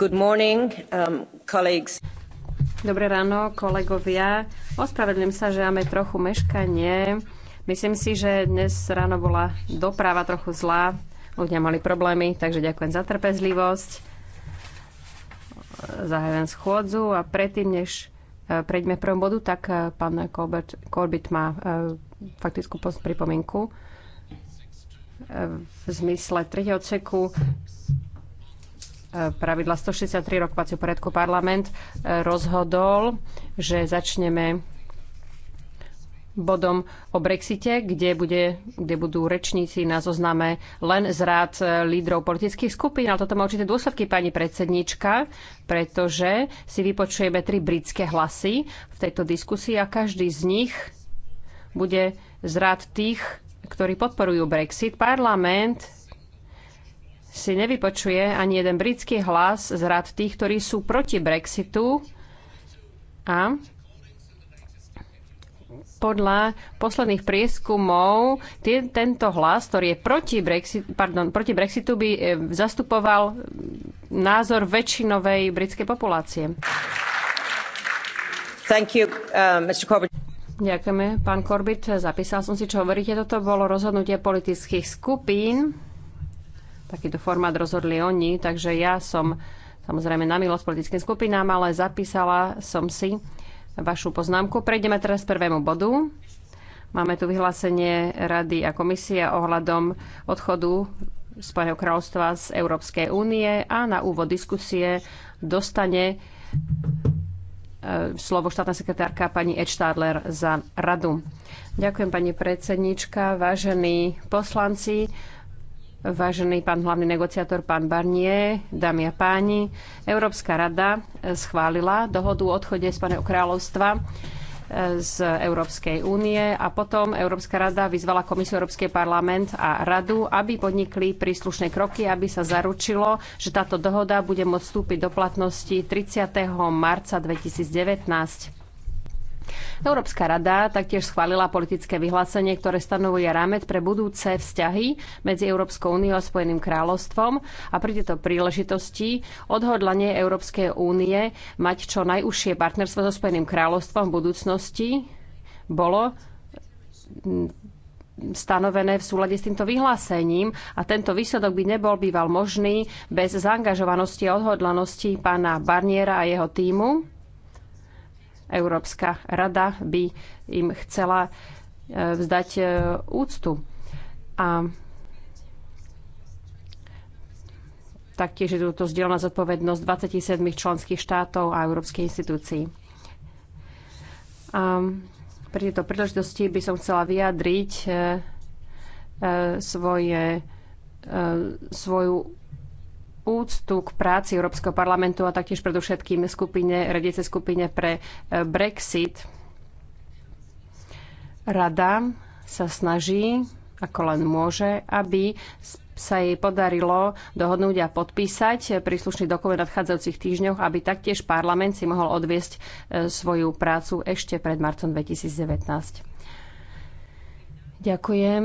Um, Dobré ráno, kolegovia. Ospravedlím sa, že máme trochu meškanie. Myslím si, že dnes ráno bola doprava trochu zlá. Ľudia mali problémy, takže ďakujem za trpezlivosť. Zahajujem schôdzu a predtým, než e, prejdeme prvom bodu, tak e, pán Colbert, Corbett má e, faktickú pripomienku v zmysle 3. odseku pravidla 163 rokovacieho poriadku parlament e, rozhodol, že začneme bodom o Brexite, kde, bude, kde budú rečníci na zozname len z rád e, lídrov politických skupín. Ale toto má určité dôsledky, pani predsednička, pretože si vypočujeme tri britské hlasy v tejto diskusii a každý z nich bude z rád tých, ktorí podporujú Brexit. Parlament si nevypočuje ani jeden britský hlas z rad tých, ktorí sú proti Brexitu a podľa posledných prieskumov tie, tento hlas, ktorý je proti, Brexit, pardon, proti Brexitu, by eh, zastupoval názor väčšinovej britskej populácie. Thank you, uh, Mr. Corbett. Ďakujeme, pán Korbit. Zapísal som si, čo hovoríte. Toto bolo rozhodnutie politických skupín takýto formát rozhodli oni, takže ja som samozrejme na milosť politickým skupinám, ale zapísala som si vašu poznámku. Prejdeme teraz k prvému bodu. Máme tu vyhlásenie Rady a komisie ohľadom odchodu Spojeného kráľovstva z Európskej únie a na úvod diskusie dostane e, slovo štátna sekretárka pani Ed Stadler za radu. Ďakujem pani predsednička, vážení poslanci. Vážený pán hlavný negociátor, pán Barnier, dámy a páni, Európska rada eh, schválila dohodu o odchode Spojeného kráľovstva eh, z Európskej únie a potom Európska rada vyzvala Komisiu Európskej parlament a radu, aby podnikli príslušné kroky, aby sa zaručilo, že táto dohoda bude môcť vstúpiť do platnosti 30. marca 2019. Európska rada taktiež schválila politické vyhlásenie, ktoré stanovuje rámec pre budúce vzťahy medzi Európskou úniou a Spojeným kráľovstvom a pri tejto príležitosti odhodlanie Európskej únie mať čo najúžšie partnerstvo so Spojeným kráľovstvom v budúcnosti bolo stanovené v súlade s týmto vyhlásením a tento výsledok by nebol býval možný bez zaangažovanosti a odhodlanosti pána Barniera a jeho týmu Európska rada by im chcela e, vzdať e, úctu. A taktiež je tu zdieľaná zodpovednosť 27 členských štátov a európskej inštitúcií. A pri tejto príležitosti by som chcela vyjadriť e, svoje, svoju úctu k práci Európskeho parlamentu a taktiež predovšetkým skupine, radiece skupine pre e, Brexit. Rada sa snaží, ako len môže, aby sa jej podarilo dohodnúť a podpísať príslušný dokument v nadchádzajúcich týždňoch, aby taktiež parlament si mohol odviesť e, svoju prácu ešte pred marcom 2019. Ďakujem.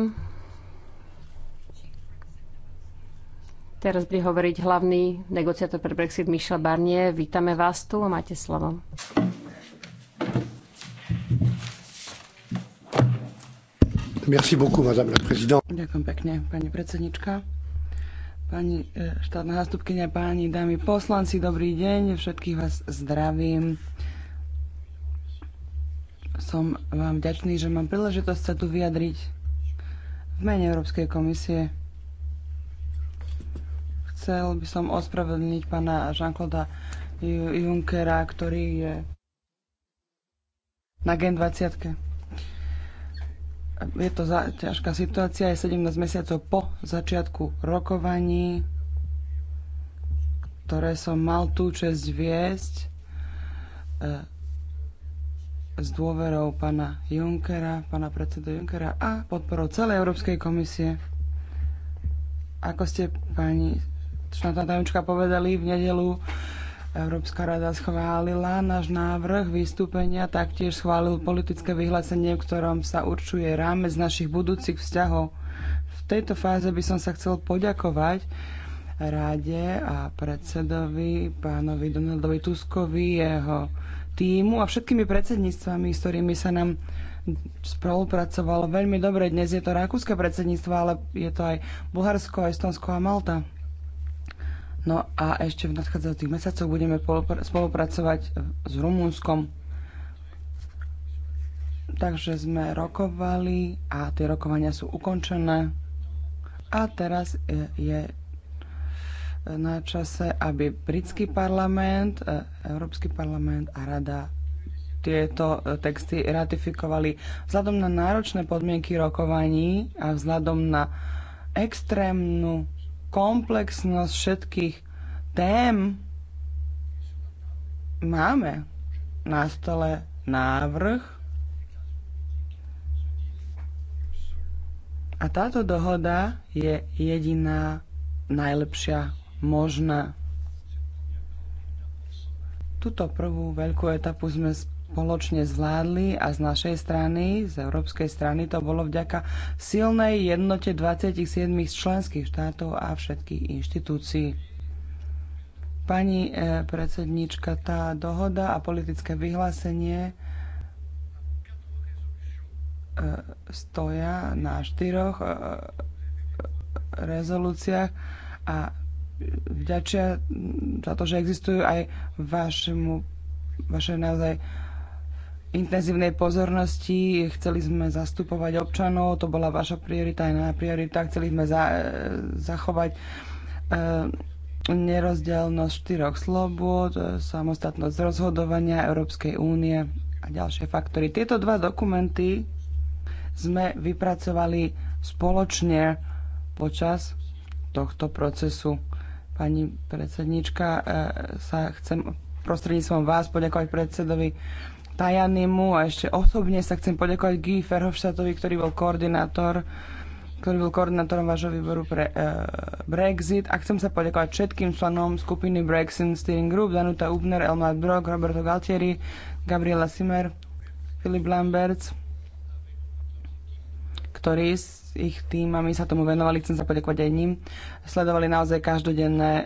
Teraz bude hovoriť hlavný negociátor pre Brexit Michel Barnier. Vítame vás tu a máte slovo. Merci beaucoup, madame la présidente. Ďakujem pekne, pani predsednička. Pani e, štátna zastupkynia, páni, dámy poslanci, dobrý deň, všetkých vás zdravím. Som vám vďačný, že mám príležitosť sa tu vyjadriť v mene Európskej komisie Chcel by som ospravedlniť pána Jean-Claude Junckera, ktorý je na Gen 20. Je to za, ťažká situácia, je 17 mesiacov po začiatku rokovaní, ktoré som mal tú čest viesť e, s dôverou pána Junckera, pána predsedu Junckera a podporou celej Európskej komisie. Ako ste, pani štátna tajomčka povedali v nedelu, Európska rada schválila náš návrh vystúpenia, taktiež schválil politické vyhlásenie, v ktorom sa určuje rámec našich budúcich vzťahov. V tejto fáze by som sa chcel poďakovať rade a predsedovi, pánovi Donaldovi Tuskovi, jeho týmu a všetkými predsedníctvami, s ktorými sa nám spolupracovalo veľmi dobre. Dnes je to rakúske predsedníctvo, ale je to aj Bulharsko, Estonsko a Malta. No a ešte v nadchádzajúcich mesiacoch budeme spolupracovať s Rumúnskom. Takže sme rokovali a tie rokovania sú ukončené. A teraz je, na čase, aby britský parlament, e, Európsky parlament a rada tieto e, texty ratifikovali. Vzhľadom na náročné podmienky rokovaní a vzhľadom na extrémnu komplexnosť všetkých tém máme na stole návrh a táto dohoda je jediná najlepšia možná. Tuto prvú veľkú etapu sme spoločne zvládli a z našej strany, z európskej strany to bolo vďaka silnej jednote 27 členských štátov a všetkých inštitúcií. Pani e, predsednička, tá dohoda a politické vyhlásenie e, stoja na štyroch e, rezolúciách a vďačia za to, že existujú aj vašemu, vaše naozaj intenzívnej pozornosti, chceli sme zastupovať občanov, to bola vaša priorita, aj na priorita, chceli sme za, e, zachovať e, nerozdielnosť štyroch slobod, e, samostatnosť rozhodovania Európskej únie a ďalšie faktory. Tieto dva dokumenty sme vypracovali spoločne počas tohto procesu. Pani predsednička, e, sa chcem prostredníctvom vás poďakovať predsedovi Tajanimu a ešte osobne sa chcem poďakovať Guy Ferhofštátovi, ktorý bol koordinátor ktorý bol koordinátorom vášho výboru pre e, Brexit. A chcem sa poďakovať všetkým členom skupiny Brexit Steering Group, Danuta Ubner, Elmar Brock, Roberto Galtieri, Gabriela Simer, Filip Lamberts, ktorí s ich týmami sa tomu venovali, chcem sa poďakovať aj ním, sledovali naozaj každodenné e,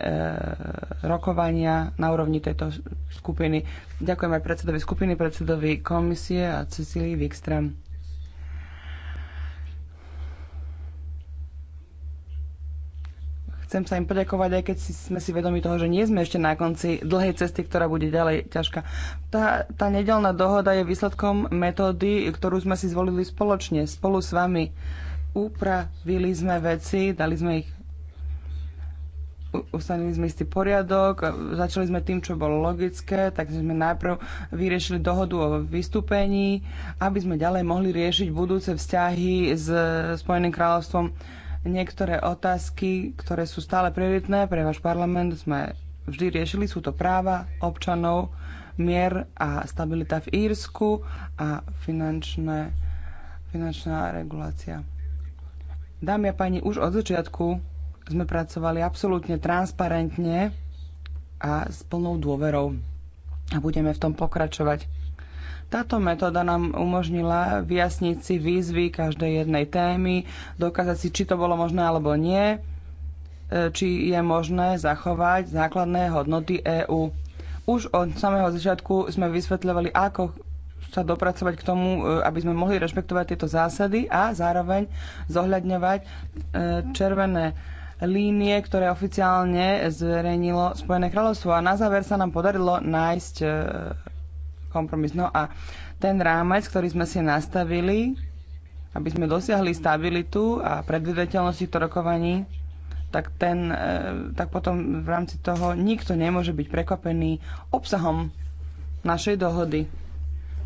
rokovania na úrovni tejto skupiny. Ďakujem aj predsedovi skupiny, predsedovi komisie a Cecílii Wikström. Chcem sa im poďakovať, aj keď si, sme si vedomi toho, že nie sme ešte na konci dlhej cesty, ktorá bude ďalej ťažká. Tá, tá nedelná dohoda je výsledkom metódy, ktorú sme si zvolili spoločne, spolu s vami. Upravili sme veci, dali sme ich ustanili sme istý poriadok, začali sme tým, čo bolo logické, takže sme najprv vyriešili dohodu o vystúpení, aby sme ďalej mohli riešiť budúce vzťahy s Spojeným kráľovstvom Niektoré otázky, ktoré sú stále prioritné pre váš parlament, sme vždy riešili. Sú to práva občanov, mier a stabilita v Írsku a finančné, finančná regulácia. Dámy a páni, už od začiatku sme pracovali absolútne transparentne a s plnou dôverou. A budeme v tom pokračovať. Táto metóda nám umožnila vyjasniť si výzvy každej jednej témy, dokázať si, či to bolo možné alebo nie, e, či je možné zachovať základné hodnoty EÚ. Už od samého začiatku sme vysvetľovali, ako sa dopracovať k tomu, e, aby sme mohli rešpektovať tieto zásady a zároveň zohľadňovať e, červené línie, ktoré oficiálne zverejnilo Spojené kráľovstvo. A na záver sa nám podarilo nájsť kompromis. No a ten rámec, ktorý sme si nastavili, aby sme dosiahli stabilitu a predvidateľnosť týchto rokovaní, tak, ten, e, tak potom v rámci toho nikto nemôže byť prekvapený obsahom našej dohody.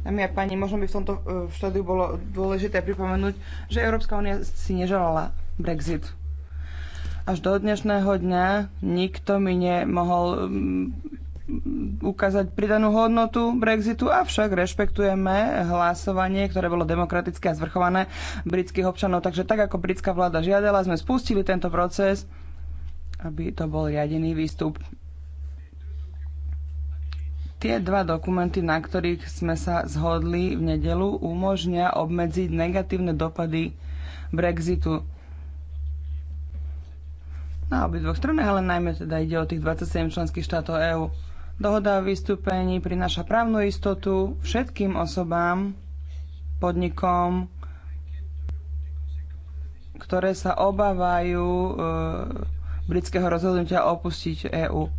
Dámy a páni, možno by v tomto e, štádiu bolo dôležité pripomenúť, že Európska únia si neželala Brexit. Až do dnešného dňa nikto mi nemohol ukázať pridanú hodnotu Brexitu, avšak rešpektujeme hlasovanie, ktoré bolo demokratické a zvrchované britských občanov. Takže tak, ako britská vláda žiadala, sme spustili tento proces, aby to bol riadený výstup. Tie dva dokumenty, na ktorých sme sa zhodli v nedelu, umožnia obmedziť negatívne dopady Brexitu na obidvoch stranách, ale najmä teda ide o tých 27 členských štátov EÚ. Dohoda o vystúpení prináša právnu istotu všetkým osobám, podnikom, ktoré sa obávajú e, britského rozhodnutia opustiť EÚ.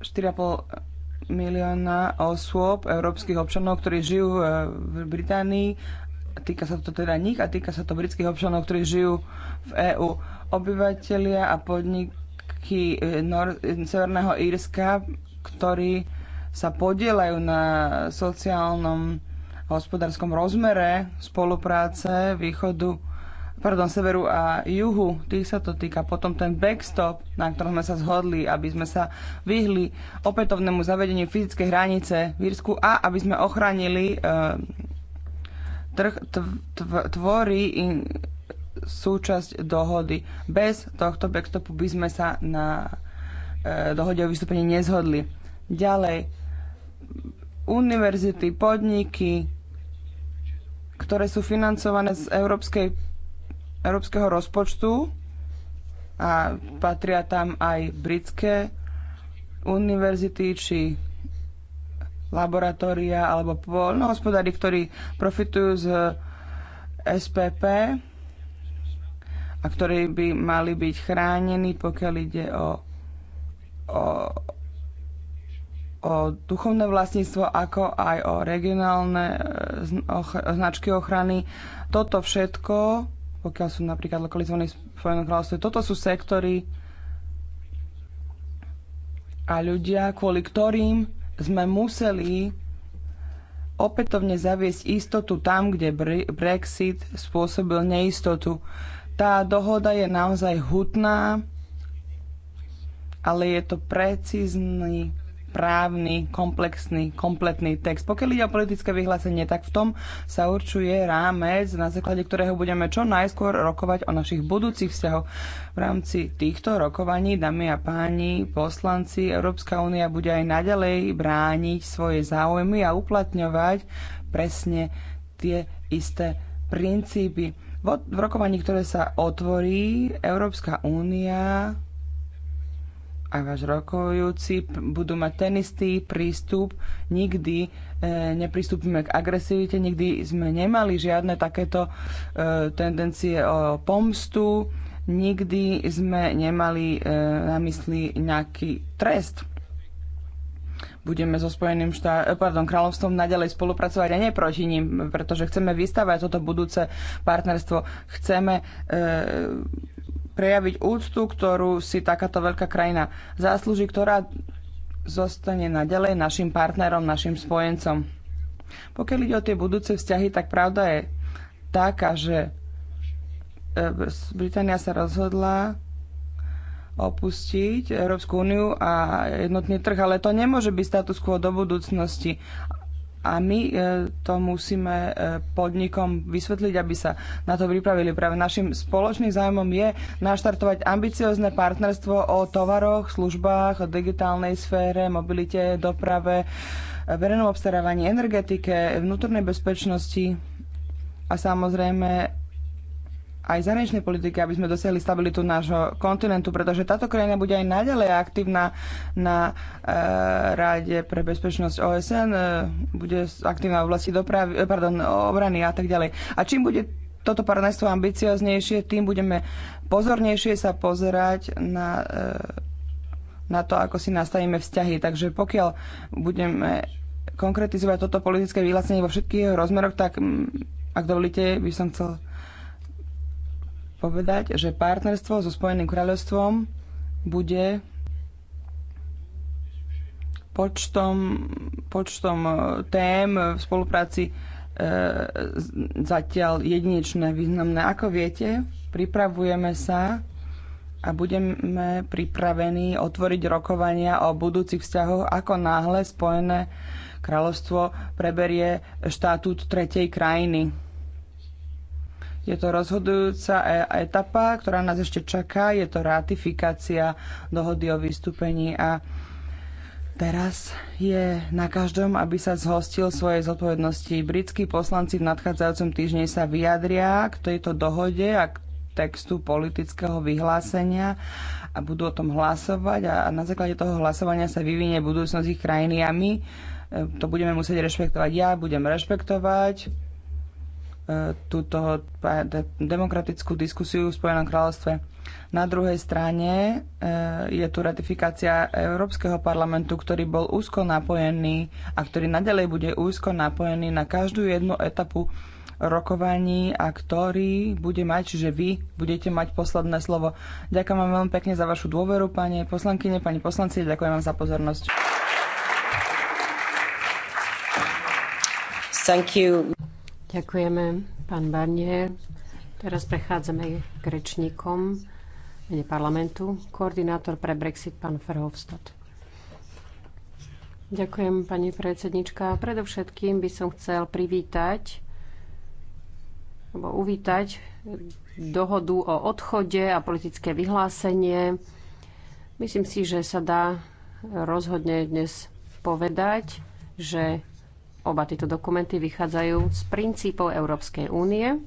4,5 milióna osôb, európskych občanov, ktorí žijú e, v Británii, týka sa to teda nich a týka sa to britských občanov, ktorí žijú v EÚ. Obyvatelia a podnik prvky e, Nor- Severného Írska, ktorí sa podielajú na sociálnom a hospodárskom rozmere spolupráce východu, pardon, severu a juhu. Tých sa to týka. Potom ten backstop, na ktorom sme sa zhodli, aby sme sa vyhli opätovnému zavedeniu fyzickej hranice v Írsku a aby sme ochránili e, trh, tv, tv, tvory in, súčasť dohody. Bez tohto backstopu by sme sa na e, dohode o vystúpení nezhodli. Ďalej, univerzity, podniky, ktoré sú financované z európskej, európskeho rozpočtu a patria tam aj britské univerzity či laboratória alebo poľnohospodári, ktorí profitujú z SPP, a ktorí by mali byť chránení, pokiaľ ide o, o, o duchovné vlastníctvo, ako aj o regionálne e, značky ochrany. Toto všetko, pokiaľ sú napríklad lokalizované v kráľovstve, toto sú sektory a ľudia, kvôli ktorým sme museli opätovne zaviesť istotu tam, kde Brexit spôsobil neistotu. Tá dohoda je naozaj hutná, ale je to precízny právny, komplexný, kompletný text. Pokiaľ ide o politické vyhlásenie, tak v tom sa určuje rámec, na základe ktorého budeme čo najskôr rokovať o našich budúcich vzťahoch. V rámci týchto rokovaní, dámy a páni, poslanci, Európska únia bude aj naďalej brániť svoje záujmy a uplatňovať presne tie isté princípy v rokovaní, ktoré sa otvorí, Európska únia a váš rokovujúci budú mať ten istý prístup. Nikdy e, nepristúpime k agresivite, nikdy sme nemali žiadne takéto e, tendencie o pomstu, nikdy sme nemali e, na mysli nejaký trest budeme so Spojeným štá- eh, pardon, kráľovstvom naďalej spolupracovať a nie proti ním, pretože chceme vystavať toto budúce partnerstvo. Chceme e, prejaviť úctu, ktorú si takáto veľká krajina zaslúži, ktorá zostane naďalej našim partnerom, našim spojencom. Pokiaľ ide o tie budúce vzťahy, tak pravda je taká, že eh, Británia sa rozhodla opustiť Európsku úniu a jednotný trh, ale to nemôže byť status quo do budúcnosti. A my e, to musíme e, podnikom vysvetliť, aby sa na to pripravili. Práve našim spoločným zájmom je naštartovať ambiciozne partnerstvo o tovaroch, službách, o digitálnej sfére, mobilite, doprave, verejnom obstarávaní, energetike, vnútornej bezpečnosti a samozrejme aj zahraničnej politiky, aby sme dosiahli stabilitu nášho kontinentu, pretože táto krajina bude aj naďalej aktívna na e, Rade pre bezpečnosť OSN, e, bude aktívna v oblasti dopravy, e, pardon, obrany a tak ďalej. A čím bude toto partnerstvo ambicioznejšie, tým budeme pozornejšie sa pozerať na, e, na to, ako si nastavíme vzťahy. Takže pokiaľ budeme konkretizovať toto politické vyhlásenie vo všetkých rozmeroch, tak ak dovolíte, by som chcel povedať, že partnerstvo so Spojeným kráľovstvom bude počtom, počtom e, tém v spolupráci e, zatiaľ jedinečné, významné. Ako viete, pripravujeme sa a budeme pripravení otvoriť rokovania o budúcich vzťahoch, ako náhle Spojené kráľovstvo preberie štatút tretej krajiny. Je to rozhodujúca e- etapa, ktorá nás ešte čaká. Je to ratifikácia dohody o vystúpení a Teraz je na každom, aby sa zhostil svojej zodpovednosti. Britskí poslanci v nadchádzajúcom týždni sa vyjadria k tejto dohode a k textu politického vyhlásenia a budú o tom hlasovať a na základe toho hlasovania sa vyvinie budúcnosť ich krajiny a my e, to budeme musieť rešpektovať. Ja budem rešpektovať E, túto demokratickú diskusiu v Spojenom kráľovstve. Na druhej strane e, je tu ratifikácia Európskeho parlamentu, ktorý bol úzko napojený a ktorý nadalej bude úzko napojený na každú jednu etapu rokovaní a ktorý bude mať, že vy budete mať posledné slovo. Ďakujem vám veľmi pekne za vašu dôveru, pani poslankyne, pani poslanci, ďakujem vám za pozornosť. Thank you. Ďakujeme, pán Barnier. Teraz prechádzame k rečníkom mene parlamentu. Koordinátor pre Brexit, pán Ferhofstadt. Ďakujem, pani predsednička. Predovšetkým by som chcel privítať alebo uvítať dohodu o odchode a politické vyhlásenie. Myslím si, že sa dá rozhodne dnes povedať, že Oba tieto dokumenty vychádzajú z princípov Európskej únie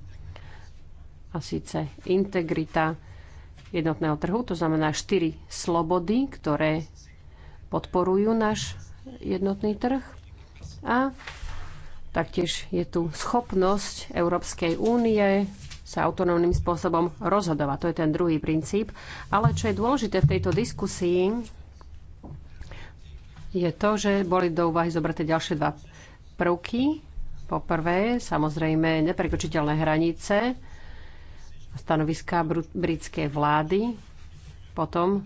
a síce integrita jednotného trhu, to znamená štyri slobody, ktoré podporujú náš jednotný trh. A taktiež je tu schopnosť Európskej únie sa autonómnym spôsobom rozhodovať. To je ten druhý princíp. Ale čo je dôležité v tejto diskusii, je to, že boli do úvahy zobraté ďalšie dva prvky. Po prvé, samozrejme, neprekročiteľné hranice, stanoviská britskej vlády, potom,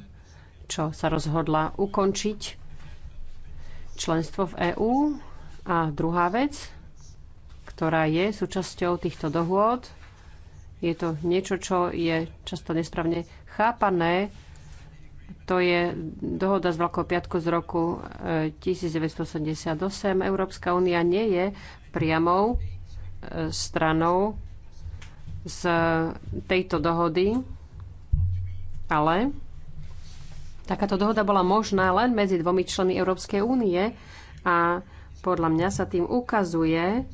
čo sa rozhodla ukončiť členstvo v EÚ. A druhá vec, ktorá je súčasťou týchto dohôd, je to niečo, čo je často nesprávne chápané to je dohoda z Veľkou piatku z roku 1988. E, Európska únia nie je priamou e, stranou z tejto dohody, ale takáto dohoda bola možná len medzi dvomi členmi Európskej únie a podľa mňa sa tým ukazuje,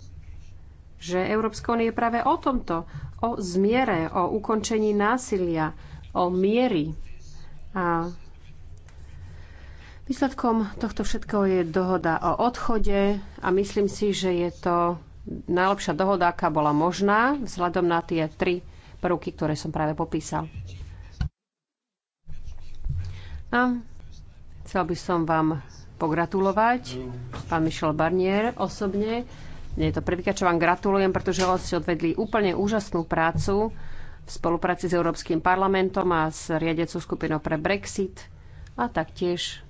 že Európska únia je práve o tomto, o zmiere, o ukončení násilia, o miery. A Výsledkom tohto všetkého je dohoda o odchode a myslím si, že je to najlepšia dohoda, aká bola možná, vzhľadom na tie tri prvky, ktoré som práve popísal. A chcel by som vám pogratulovať, pán Michel Barnier osobne. Nie je to prvýkrát, čo vám gratulujem, pretože ste odvedli úplne úžasnú prácu v spolupráci s Európskym parlamentom a s riadiacou skupinou pre Brexit a taktiež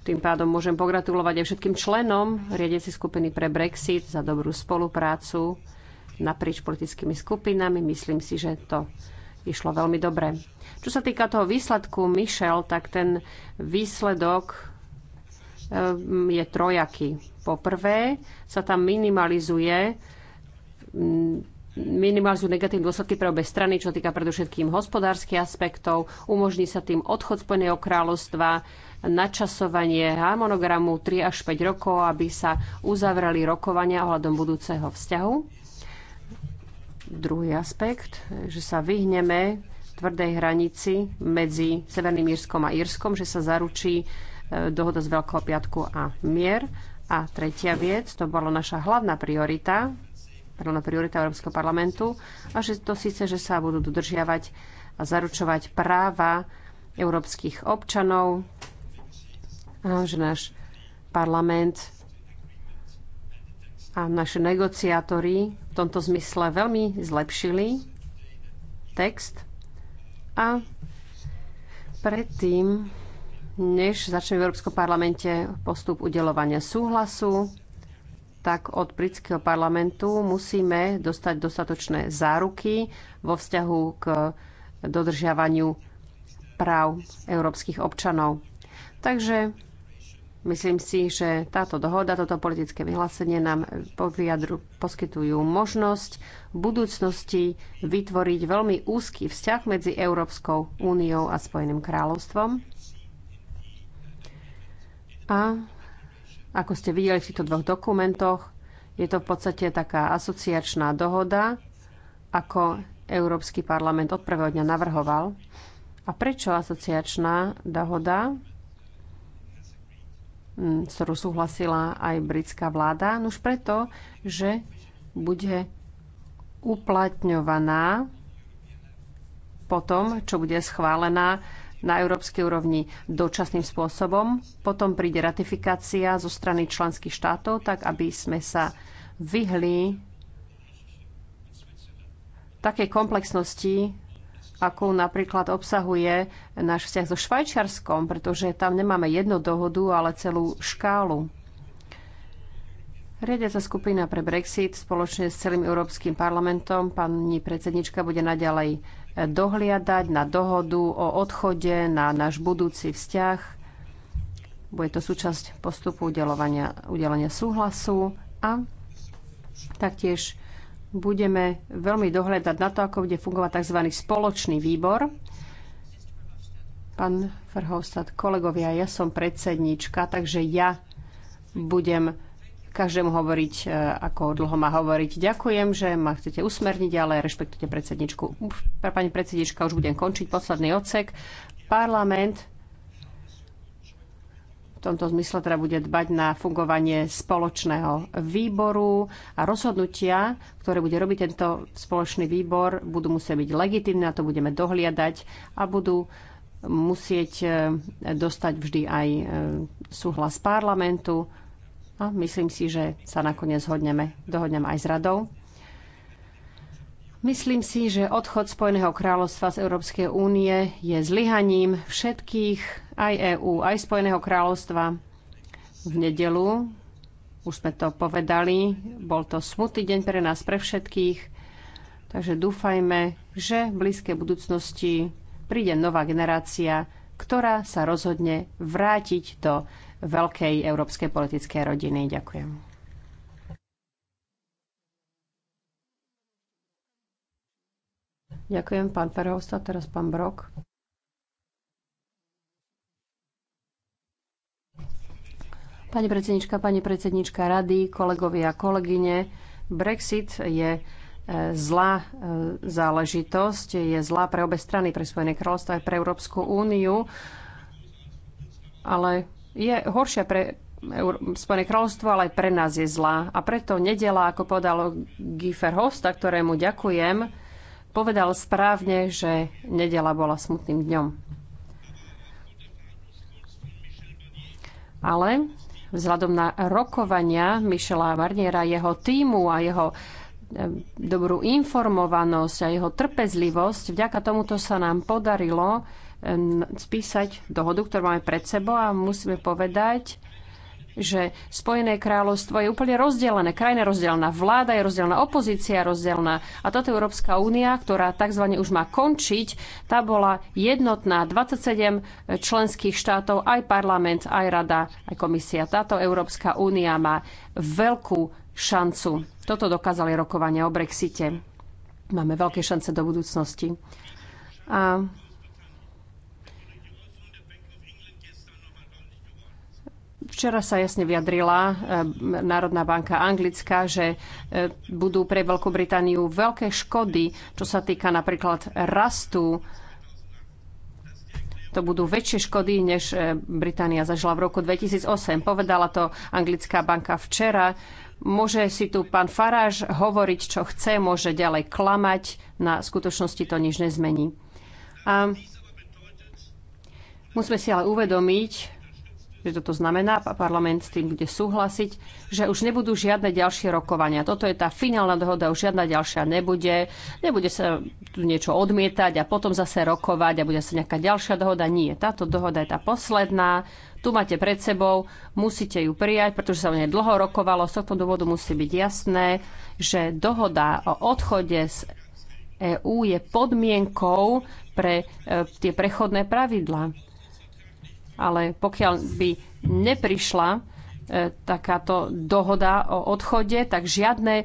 tým pádom môžem pogratulovať aj všetkým členom riadiacej skupiny pre Brexit za dobrú spoluprácu naprieč politickými skupinami. Myslím si, že to išlo veľmi dobre. Čo sa týka toho výsledku Michel, tak ten výsledok eh, je trojaký. Po prvé sa tam minimalizuje mm, minimalizujú negatívne dôsledky pre obe strany, čo týka predovšetkým hospodárskych aspektov. Umožní sa tým odchod Spojeného kráľovstva načasovanie harmonogramu 3 až 5 rokov, aby sa uzavrali rokovania ohľadom budúceho vzťahu. Druhý aspekt, že sa vyhneme tvrdej hranici medzi Severným Írskom a Írskom, že sa zaručí e, dohoda z Veľkého piatku a mier. A tretia vec, to bola naša hlavná priorita, hlavná priorita Európskeho parlamentu, a že to síce, že sa budú dodržiavať a zaručovať práva európskych občanov, že náš parlament a naši negociátori v tomto zmysle veľmi zlepšili text a predtým, než začne v Európskom parlamente postup udelovania súhlasu, tak od britského parlamentu musíme dostať dostatočné záruky vo vzťahu k dodržiavaniu práv európskych občanov. Takže Myslím si, že táto dohoda, toto politické vyhlásenie nám poviadru, poskytujú možnosť v budúcnosti vytvoriť veľmi úzky vzťah medzi Európskou úniou a Spojeným kráľovstvom. A ako ste videli v týchto dvoch dokumentoch, je to v podstate taká asociačná dohoda, ako Európsky parlament od prvého dňa navrhoval. A prečo asociačná dohoda? Mm, s ktorou súhlasila aj britská vláda. No už preto, že bude uplatňovaná potom, čo bude schválená na európskej úrovni dočasným spôsobom. Potom príde ratifikácia zo strany členských štátov, tak aby sme sa vyhli také komplexnosti ako napríklad obsahuje náš vzťah so Švajčiarskom, pretože tam nemáme jednu dohodu, ale celú škálu. Riediaca skupina pre Brexit spoločne s celým Európskym parlamentom pani predsednička bude naďalej eh, dohliadať na dohodu o odchode, na náš budúci vzťah. Bude to súčasť postupu udelovania, udelenia súhlasu a taktiež budeme veľmi dohľadať na to, ako bude fungovať tzv. spoločný výbor. Pán Verhofstadt, kolegovia, ja som predsednička, takže ja budem každému hovoriť, e, ako dlho má hovoriť. Ďakujem, že ma chcete usmerniť, ale rešpektujte predsedničku. Uf, pani predsednička, už budem končiť posledný odsek. Parlament v tomto zmysle teda bude dbať na fungovanie spoločného výboru a rozhodnutia, ktoré bude robiť tento spoločný výbor, budú musieť byť legitimné a to budeme dohliadať a budú musieť e, dostať vždy aj e, súhlas parlamentu a myslím si, že sa nakoniec zhodneme, dohodneme aj s radou. Myslím si, že odchod Spojeného kráľovstva z Európskej únie je zlyhaním všetkých, aj EÚ, aj Spojeného kráľovstva. V nedelu, už sme to povedali, bol to smutný deň pre nás, pre všetkých. Takže dúfajme, že v blízkej budúcnosti príde nová generácia, ktorá sa rozhodne vrátiť do veľkej európskej politickej rodiny. Ďakujem. Ďakujem, pán Ferhovsta, teraz pán Brok. Pani predsednička, pani predsednička rady, kolegovia a kolegyne, Brexit je e, zlá e, záležitosť, je zlá pre obe strany, pre Spojené kráľovstvo aj pre Európsku úniu, ale je horšia pre Spojené kráľovstvo, ale aj pre nás je zlá. A preto nedela, ako povedal Giefer Hosta, ktorému ďakujem, povedal správne, že nedela bola smutným dňom. Ale vzhľadom na rokovania Michela Barniera, jeho týmu a jeho eh, dobrú informovanosť a jeho trpezlivosť, vďaka tomuto sa nám podarilo eh, spísať dohodu, ktorú máme pred sebou a musíme povedať, že Spojené kráľovstvo je úplne rozdelené. Krajina je rozdelená, vláda je rozdelená, opozícia je rozdelená. A toto Európska únia, ktorá tzv. už má končiť, tá bola jednotná. 27 členských štátov, aj parlament, aj rada, aj komisia. Táto Európska únia má veľkú šancu. Toto dokázali rokovania o Brexite. Máme veľké šance do budúcnosti. A Včera sa jasne vyjadrila e, Národná banka Anglická, že e, budú pre Veľkú Britániu veľké škody, čo sa týka napríklad rastu. To budú väčšie škody, než e, Británia zažila v roku 2008. Povedala to Anglická banka včera. Môže si tu pán Faráž hovoriť, čo chce, môže ďalej klamať, na skutočnosti to nič nezmení. A musíme si ale uvedomiť, že toto znamená, parlament s tým bude súhlasiť, že už nebudú žiadne ďalšie rokovania. Toto je tá finálna dohoda, už žiadna ďalšia nebude. Nebude sa tu niečo odmietať a potom zase rokovať a bude sa nejaká ďalšia dohoda. Nie, táto dohoda je tá posledná. Tu máte pred sebou, musíte ju prijať, pretože sa o nej dlho rokovalo. Z tohto dôvodu musí byť jasné, že dohoda o odchode z EÚ je podmienkou pre e, tie prechodné pravidlá ale pokiaľ by neprišla e, takáto dohoda o odchode, tak žiadne e,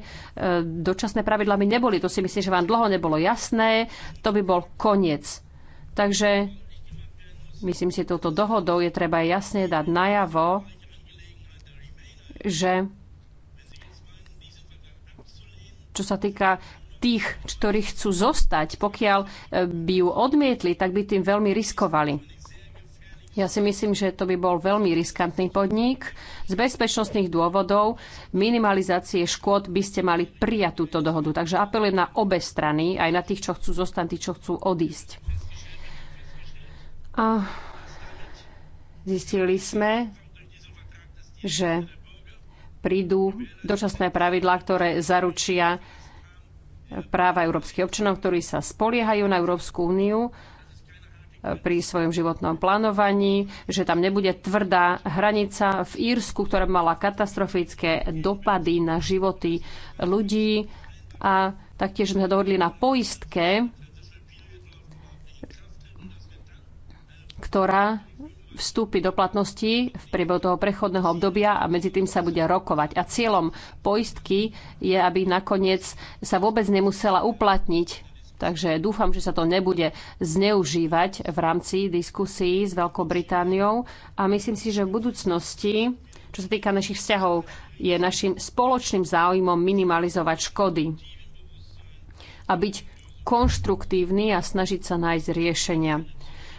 dočasné pravidla by neboli. To si myslím, že vám dlho nebolo jasné. To by bol koniec. Takže myslím si, touto dohodou je treba jasne dať najavo, že čo sa týka tých, ktorí chcú zostať, pokiaľ e, by ju odmietli, tak by tým veľmi riskovali. Ja si myslím, že to by bol veľmi riskantný podnik. Z bezpečnostných dôvodov minimalizácie škôd by ste mali prijať túto dohodu. Takže apelujem na obe strany, aj na tých, čo chcú zostať, tých, čo chcú odísť. A zistili sme, že prídu dočasné pravidlá, ktoré zaručia práva európskych občanov, ktorí sa spoliehajú na Európsku úniu pri svojom životnom plánovaní, že tam nebude tvrdá hranica v Írsku, ktorá mala katastrofické dopady na životy ľudí. A taktiež sme dohodli na poistke, ktorá vstúpi do platnosti v priebehu toho prechodného obdobia a medzi tým sa bude rokovať. A cieľom poistky je, aby nakoniec sa vôbec nemusela uplatniť Takže dúfam, že sa to nebude zneužívať v rámci diskusí s Veľkou Britániou a myslím si, že v budúcnosti, čo sa týka našich vzťahov, je našim spoločným záujmom minimalizovať škody a byť konštruktívny a snažiť sa nájsť riešenia.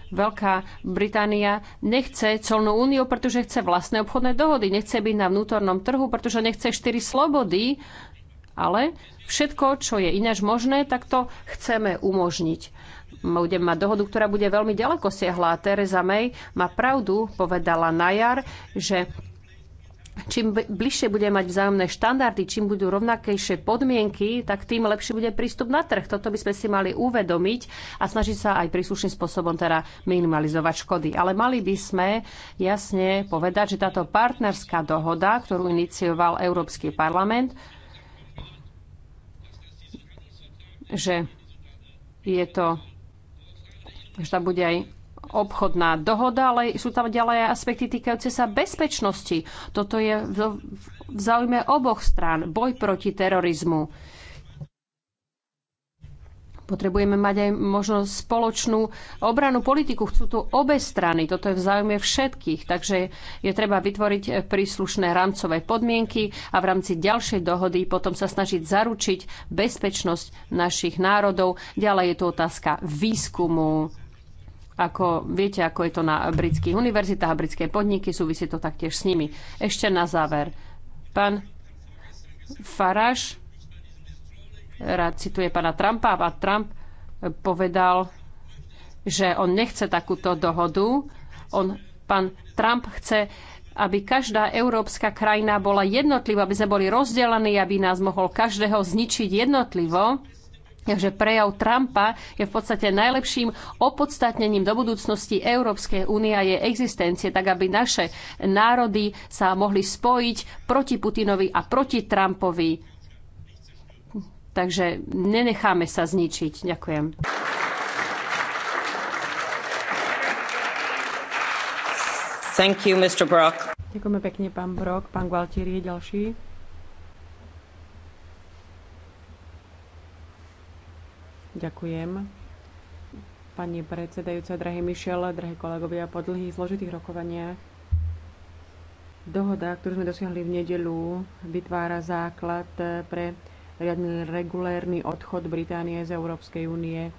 Veľká Británia nechce colnú úniu, pretože chce vlastné obchodné dohody, nechce byť na vnútornom trhu, pretože nechce štyri slobody, ale Všetko, čo je ináč možné, tak to chceme umožniť. Budem mať dohodu, ktorá bude veľmi ďaleko siahla. Teresa May má pravdu, povedala na jar, že čím bližšie bude mať vzájomné štandardy, čím budú rovnakejšie podmienky, tak tým lepší bude prístup na trh. Toto by sme si mali uvedomiť a snažiť sa aj príslušným spôsobom teda minimalizovať škody. Ale mali by sme jasne povedať, že táto partnerská dohoda, ktorú inicioval Európsky parlament, že je to, že tam bude aj obchodná dohoda, ale sú tam ďalej aspekty týkajúce sa bezpečnosti. Toto je v, v záujme oboch strán. Boj proti terorizmu Potrebujeme mať aj možno spoločnú obranú politiku. Chcú tu obe strany. Toto je v záujme všetkých. Takže je treba vytvoriť príslušné rámcové podmienky a v rámci ďalšej dohody potom sa snažiť zaručiť bezpečnosť našich národov. Ďalej je tu otázka výskumu. Ako viete, ako je to na britských univerzitách a britské podniky, súvisí to taktiež s nimi. Ešte na záver. Pán Faraš, rád cituje pána Trumpa a Trump povedal, že on nechce takúto dohodu. On, pán Trump chce, aby každá európska krajina bola jednotlivá, aby sme boli rozdelení, aby nás mohol každého zničiť jednotlivo. Takže prejav Trumpa je v podstate najlepším opodstatnením do budúcnosti Európskej únie a jej existencie, tak aby naše národy sa mohli spojiť proti Putinovi a proti Trumpovi Takže nenecháme sa zničiť. Ďakujem. Thank you, Mr. Brock. Ďakujeme pekne, pán Brock. Pán Gualtieri je ďalší. Ďakujem. Pani predsedajúca, drahý Mišel, drahí kolegovia, po dlhých zložitých rokovaniach dohoda, ktorú sme dosiahli v nedelu, vytvára základ pre riadny regulérny odchod Británie z Európskej únie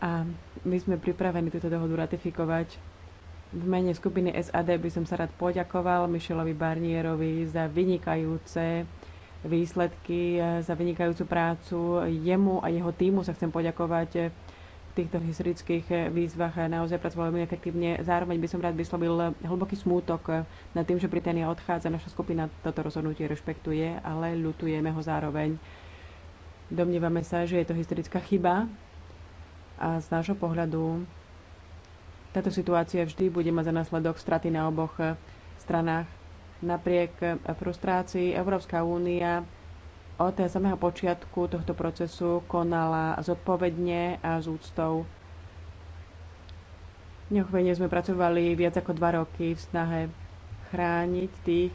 a my sme pripravení túto dohodu ratifikovať. V mene skupiny SAD by som sa rád poďakoval Michelovi Barnierovi za vynikajúce výsledky, za vynikajúcu prácu. Jemu a jeho týmu sa chcem poďakovať týchto historických výzvach naozaj pracovali veľmi efektívne. Zároveň by som rád vyslovil hlboký smútok nad tým, že Británia odchádza. Naša skupina toto rozhodnutie rešpektuje, ale ľutujeme ho zároveň. Domnievame sa, že je to historická chyba a z nášho pohľadu táto situácia vždy bude mať za následok straty na oboch stranách. Napriek frustrácii Európska únia od samého počiatku tohto procesu konala zodpovedne a s úctou. Neochvejne sme pracovali viac ako dva roky v snahe chrániť tých,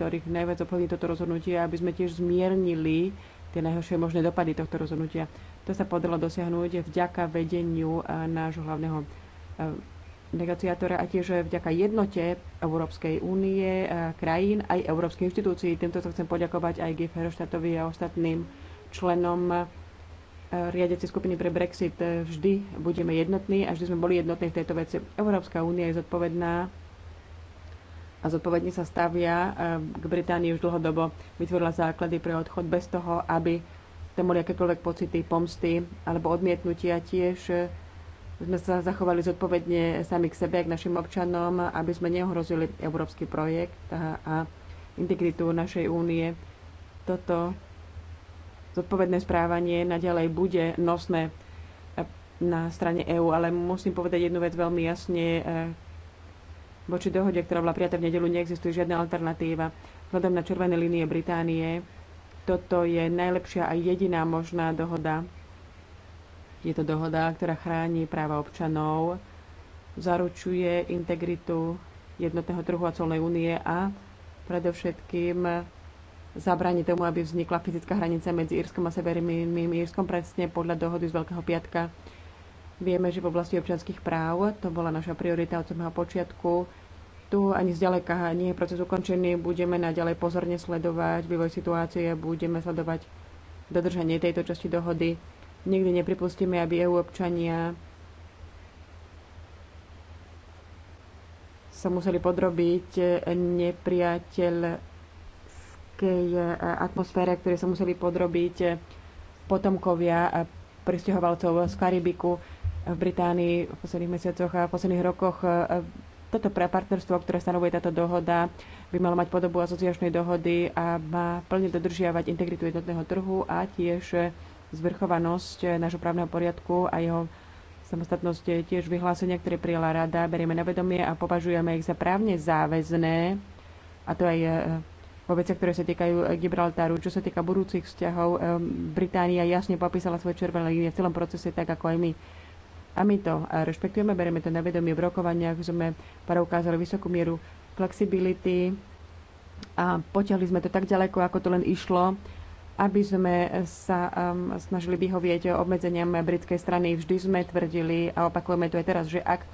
ktorých najviac ovplyvní toto rozhodnutie, aby sme tiež zmiernili tie najhoršie možné dopady tohto rozhodnutia. To sa podarilo dosiahnuť vďaka vedeniu eh, nášho hlavného eh, negociátora a tiež vďaka jednote Európskej únie, eh, krajín aj Európskej inštitúcií. Týmto sa chcem poďakovať aj GIF Heroštátovi a ostatným členom eh, riadiacej skupiny pre Brexit. Eh, vždy budeme jednotní a vždy sme boli jednotní v tejto veci. Európska únia je zodpovedná a zodpovedne sa stavia k Británii už dlhodobo. Vytvorila základy pre odchod bez toho, aby tam boli akékoľvek pocity pomsty alebo odmietnutia tiež sme sa zachovali zodpovedne sami k sebe, k našim občanom, aby sme neohrozili európsky projekt a, a integritu našej únie. Toto zodpovedné správanie naďalej bude nosné na strane EÚ, ale musím povedať jednu vec veľmi jasne. E, voči dohode, ktorá bola prijatá v nedelu, neexistuje žiadna alternatíva. Vzhľadom na červené línie Británie, toto je najlepšia a jediná možná dohoda je to dohoda, ktorá chráni práva občanov, zaručuje integritu jednotného trhu a colnej únie a predovšetkým zabráni tomu, aby vznikla fyzická hranica medzi Írskom a Severným Írskom presne podľa dohody z Veľkého piatka. Vieme, že v oblasti občanských práv, to bola naša priorita od samého počiatku, tu ani zďaleka nie je proces ukončený, budeme naďalej pozorne sledovať vývoj situácie, budeme sledovať dodržanie tejto časti dohody Nikdy nepripustíme, aby EU občania sa museli podrobiť nepriateľskej atmosfére, ktoré sa museli podrobiť potomkovia pristahovalcov z Karibiku v Británii v posledných mesiacoch a v posledných rokoch. Toto pre partnerstvo, ktoré stanovuje táto dohoda, by malo mať podobu asociačnej dohody a má plne dodržiavať integritu jednotného trhu a tiež zvrchovanosť eh, nášho právneho poriadku a jeho samostatnosť tiež vyhlásenia, ktoré prijala rada, berieme na vedomie a považujeme ich za právne záväzné, a to aj vo eh, veciach, ktoré sa týkajú eh, Gibraltáru. Čo sa týka budúcich vzťahov, Británia jasne popísala svoje červené línie v celom procese, tak ako aj my. A my to rešpektujeme, bereme to na vedomie v rokovaniach, sme preukázali vysokú mieru flexibility a potiahli sme to tak ďaleko, ako to len išlo aby sme sa um, snažili vyhovieť obmedzeniam britskej strany. Vždy sme tvrdili a opakujeme to aj teraz, že ak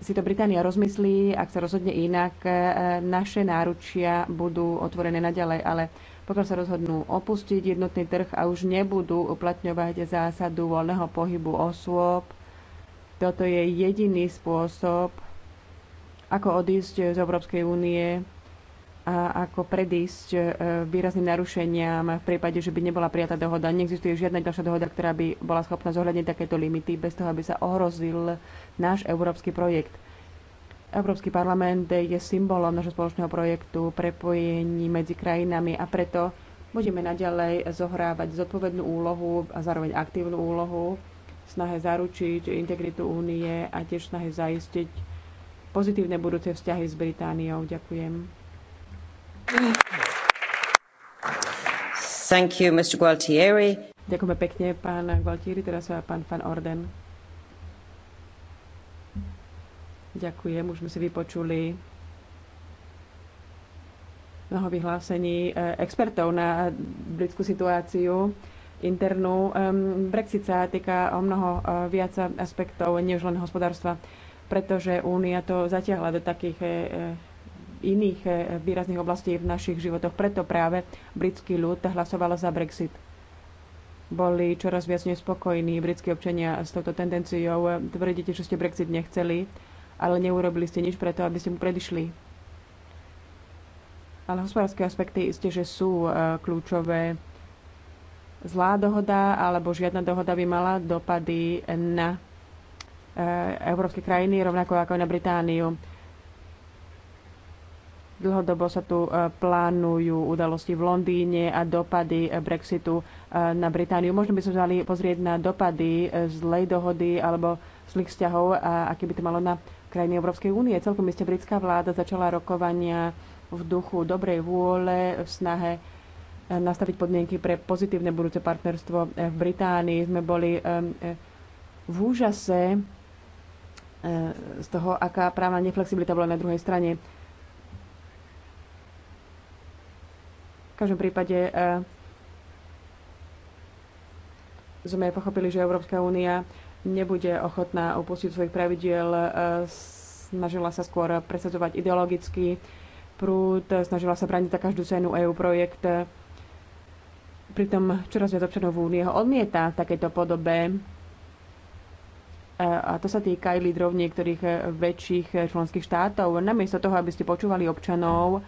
si to Británia rozmyslí, ak sa rozhodne inak, eh, naše náručia budú otvorené naďalej, ale pokiaľ sa rozhodnú opustiť jednotný trh a už nebudú uplatňovať zásadu voľného pohybu osôb, toto je jediný spôsob, ako odísť z Európskej únie a ako predísť e, výrazným narušeniam v prípade, že by nebola prijatá dohoda. Neexistuje žiadna ďalšia dohoda, ktorá by bola schopná zohľadniť takéto limity bez toho, aby sa ohrozil náš európsky projekt. Európsky parlament je symbolom našho spoločného projektu, prepojení medzi krajinami a preto budeme naďalej zohrávať zodpovednú úlohu a zároveň aktívnu úlohu v snahe zaručiť integritu únie a tiež snahe zaistiť pozitívne budúce vzťahy s Britániou. Ďakujem. Thank you, Mr. Gualtieri. Ďakujeme pekne, pán Gualtieri, teraz pán Van Orden. Ďakujem, už sme si vypočuli mnoho vyhlásení eh, expertov na britskú situáciu internú. Ehm, Brexit sa týka o mnoho eh, viac aspektov, než len hospodárstva, pretože Únia to zatiahla do takých eh, iných eh, výrazných oblastí v našich životoch. Preto práve britský ľud hlasoval za Brexit. Boli čoraz viac nespokojní britskí občania s touto tendenciou. Tvrdíte, že ste Brexit nechceli, ale neurobili ste nič preto, aby ste mu predišli. Ale hospodárske aspekty isté, že sú eh, kľúčové. Zlá dohoda alebo žiadna dohoda by mala dopady na eh, európske krajiny, rovnako ako na Britániu Dlhodobo sa tu e, plánujú udalosti v Londýne a dopady e, Brexitu e, na Britániu. Možno by sme mali pozrieť na dopady zlej dohody alebo zlých vzťahov, a aký by to malo na krajiny Európskej únie. Celkom iste britská vláda začala rokovania v duchu dobrej vôle, v snahe nastaviť podmienky pre pozitívne budúce partnerstvo v Británii. Sme boli v úžase z toho, aká právna neflexibilita bola na druhej strane každom prípade eh, sme pochopili, že Európska únia nebude ochotná opustiť svojich pravidiel, eh, snažila sa skôr presadzovať ideologický prúd, snažila sa brániť za každú cenu EU projekt. Pritom čoraz viac občanov únie ho odmieta v takejto podobe. Eh, a to sa týka aj lídrov niektorých väčších členských štátov. Namiesto toho, aby ste počúvali občanov,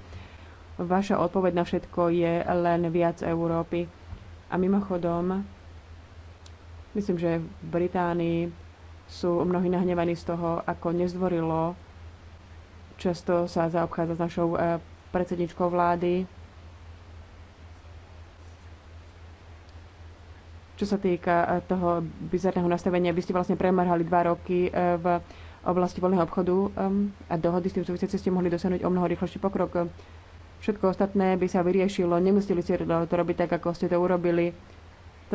Vaša odpoveď na všetko je len viac Európy. A mimochodom, myslím, že v Británii sú mnohí nahnevaní z toho, ako nezdvorilo často sa zaobchádza s našou e, predsedničkou vlády. Čo sa týka e, toho bizarného nastavenia, vy ste vlastne premrhali dva roky e, v oblasti voľného obchodu a dohody s tým súvisiaci ste mohli dosiahnuť o mnoho rýchlejší pokrok. Všetko ostatné by sa vyriešilo. Nemuseli ste to robiť tak, ako ste to urobili.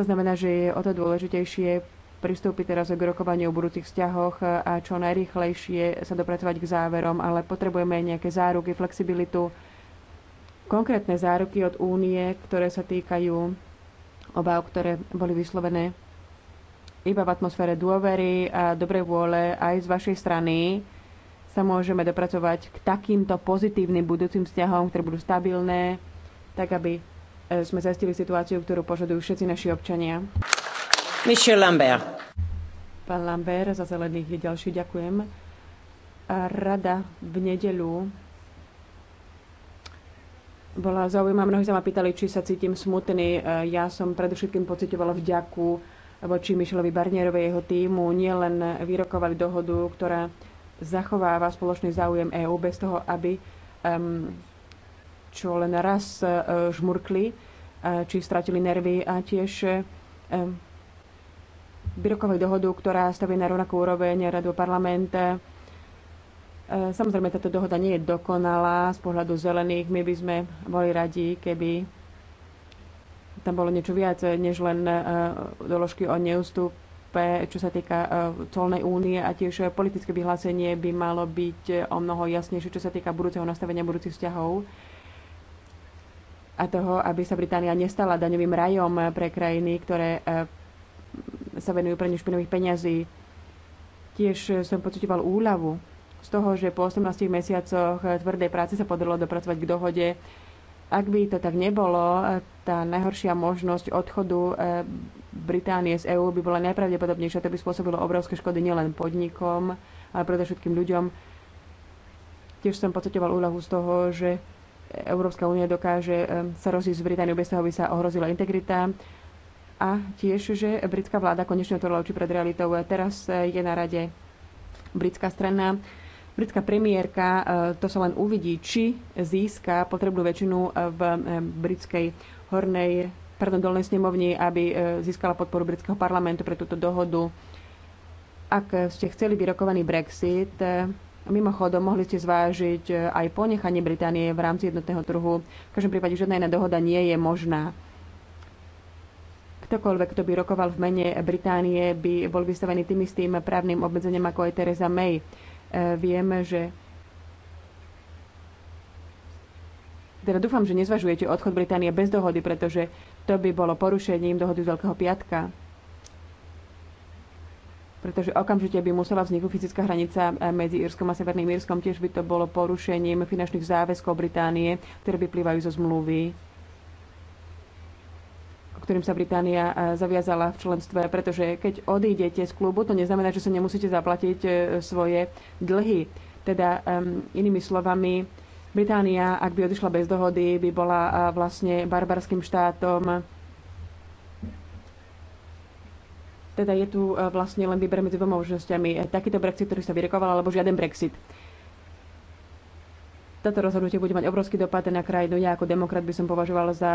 To znamená, že je o to dôležitejšie pristúpiť teraz k rokovaniu o budúcich vzťahoch a čo najrýchlejšie sa dopracovať k záverom, ale potrebujeme aj nejaké záruky, flexibilitu, konkrétne záruky od únie, ktoré sa týkajú obav, ktoré boli vyslovené iba v atmosfére dôvery a dobrej vôle aj z vašej strany sa môžeme dopracovať k takýmto pozitívnym budúcim vzťahom, ktoré budú stabilné, tak aby e, sme zaistili situáciu, ktorú požadujú všetci naši občania. Michel Lambert. Pán Lambert, za zelených je ďalší, ďakujem. Rada v nedeľu bola zaujímavá. Mnohí sa ma pýtali, či sa cítim smutný. E, ja som predovšetkým pocitovala vďaku voči Michelovi Barnierovej jeho týmu. Nielen vyrokovali dohodu, ktorá zachováva spoločný záujem EÚ bez toho, aby um, čo len raz uh, žmurkli, uh, či stratili nervy a tiež um, e, byrokovej dohodu, ktorá stavie na rovnakú úroveň radu parlament. Samozrejme, táto dohoda nie je dokonalá z pohľadu zelených. My by sme boli radi, keby tam bolo niečo viac, než len doložky o neústup čo sa týka e, colnej únie a tiež politické vyhlásenie by malo byť e, o mnoho jasnejšie, čo sa týka budúceho nastavenia budúcich vzťahov a toho, aby sa Británia nestala daňovým rajom pre krajiny, ktoré e, sa venujú pre špinových peňazí. Tiež som pocitoval úľavu z toho, že po 18 mesiacoch tvrdej práce sa podarilo dopracovať k dohode. Ak by to tak nebolo, tá najhoršia možnosť odchodu Británie z EÚ by bola najpravdepodobnejšia. To by spôsobilo obrovské škody nielen podnikom, ale všetkým ľuďom. Tiež som pocitoval úlohu z toho, že Európska únia dokáže eh, sa rozísť s Britániou bez toho, aby sa ohrozila integrita. A tiež, že britská vláda konečne otvorila oči pred realitou. Eh, teraz eh, je na rade britská strana, britská premiérka. To sa len uvidí, či získa potrebnú väčšinu v britskej hornej pardon, dolnej snemovni, aby e, získala podporu britského parlamentu pre túto dohodu. Ak ste chceli vyrokovaný Brexit, e, mimochodom mohli ste zvážiť e, aj ponechanie Británie v rámci jednotného trhu. V každom prípade žiadna iná dohoda nie je možná. Ktokoľvek, kto by rokoval v mene Británie, by bol vystavený tým istým právnym obmedzeniam ako aj Theresa May. Vieme, že teda dúfam, že nezvažujete odchod Británie bez dohody, pretože to by bolo porušením dohody z Veľkého piatka. Pretože okamžite by musela vzniknúť fyzická hranica medzi Írskom a Severným Írskom. Tiež by to bolo porušením finančných záväzkov Británie, ktoré vyplývajú zo zmluvy ktorým sa Británia e, zaviazala v členstve, pretože keď odídete z klubu, to neznamená, že sa nemusíte zaplatiť e, svoje dlhy. Teda um, inými slovami, Británia, ak by odišla bez dohody, by bola vlastne barbarským štátom. Teda je tu vlastne len výber medzi dvoma možnosťami. E, takýto Brexit, ktorý sa vyrokoval, alebo žiaden Brexit. Toto rozhodnutie bude mať obrovský dopad na krajinu. Ja ako demokrat by som považovala za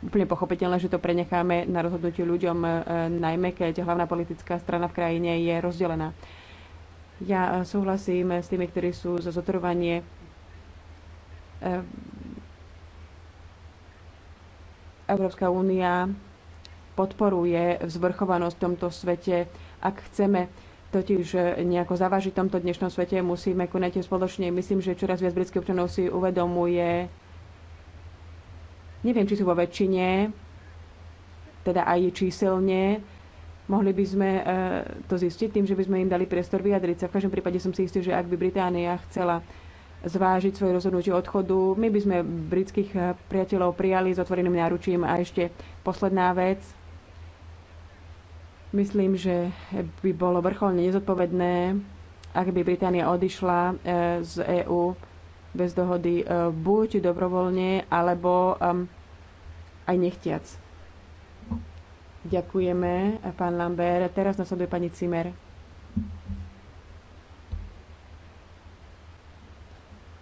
úplne pochopiteľné, že to prenecháme na rozhodnutie ľuďom, najmä keď hlavná politická strana v krajine je rozdelená. Ja súhlasím s tými, ktorí sú za zotrovanie Ehm, Európska únia podporuje vzvrchovanosť v tomto svete. Ak chceme totiž eh, nejako zavažiť v tomto dnešnom svete, musíme konať spoločne. Myslím, že čoraz viac britských občanov si uvedomuje, neviem, či sú vo väčšine, teda aj číselne, mohli by sme eh, to zistiť tým, že by sme im dali priestor vyjadriť sa. V každom prípade som si istý, že ak by Británia chcela zvážiť svoje rozhodnutie odchodu. My by sme britských eh, priateľov prijali s otvoreným náručím. A ešte posledná vec. Myslím, že by bolo vrcholne nezodpovedné, ak by Británia odišla eh, z EÚ bez dohody eh, buď dobrovoľne, alebo aj nechtiac. Ďakujeme, pán Lambert. Teraz nasleduje pani Cimer.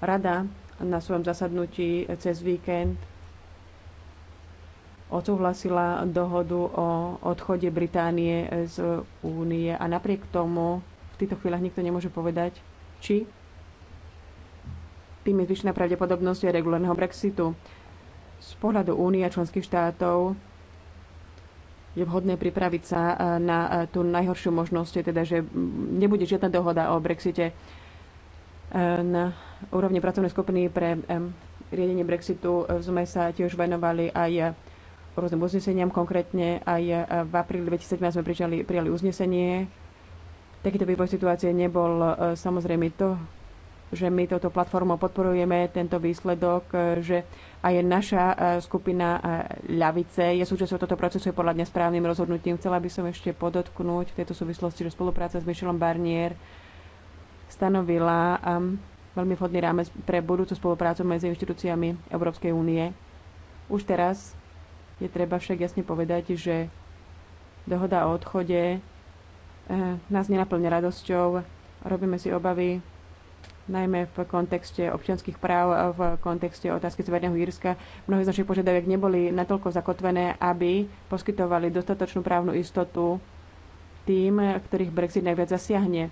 Rada na svojom zasadnutí cez víkend odsúhlasila dohodu o odchode Británie z únie a napriek tomu v týchto chvíľach nikto nemôže povedať, či tým je zvyšená pravdepodobnosť regulárneho Brexitu. Z pohľadu únie a členských štátov je vhodné pripraviť sa eh, na eh, tú najhoršiu možnosť, teda že mm, nebude žiadna dohoda o Brexite na úrovni pracovnej skupiny pre riadenie Brexitu eh, sme sa tiež venovali aj eh, rôznym uzneseniam, konkrétne aj eh, v apríli 2017 sme pričali, prijali uznesenie. Takýto vývoj situácie nebol samozrejme to, že my touto platformou podporujeme tento výsledok, že aj naša skupina ľavice je súčasťou tohto procesu je podľa dňa správnym rozhodnutím. Chcela by som ešte podotknúť v tejto súvislosti, že spolupráca s Michelom Barnier stanovila um, veľmi vhodný rámec pre budúcu spoluprácu medzi inštitúciami Európskej únie. Už teraz je treba však jasne povedať, že dohoda o odchode eh, nás nenaplňa radosťou, robíme si obavy najmä v kontexte občianských práv, v kontexte otázky Severného Jírska Mnohé z našich požiadaviek neboli natoľko zakotvené, aby poskytovali dostatočnú právnu istotu tým, ktorých Brexit najviac zasiahne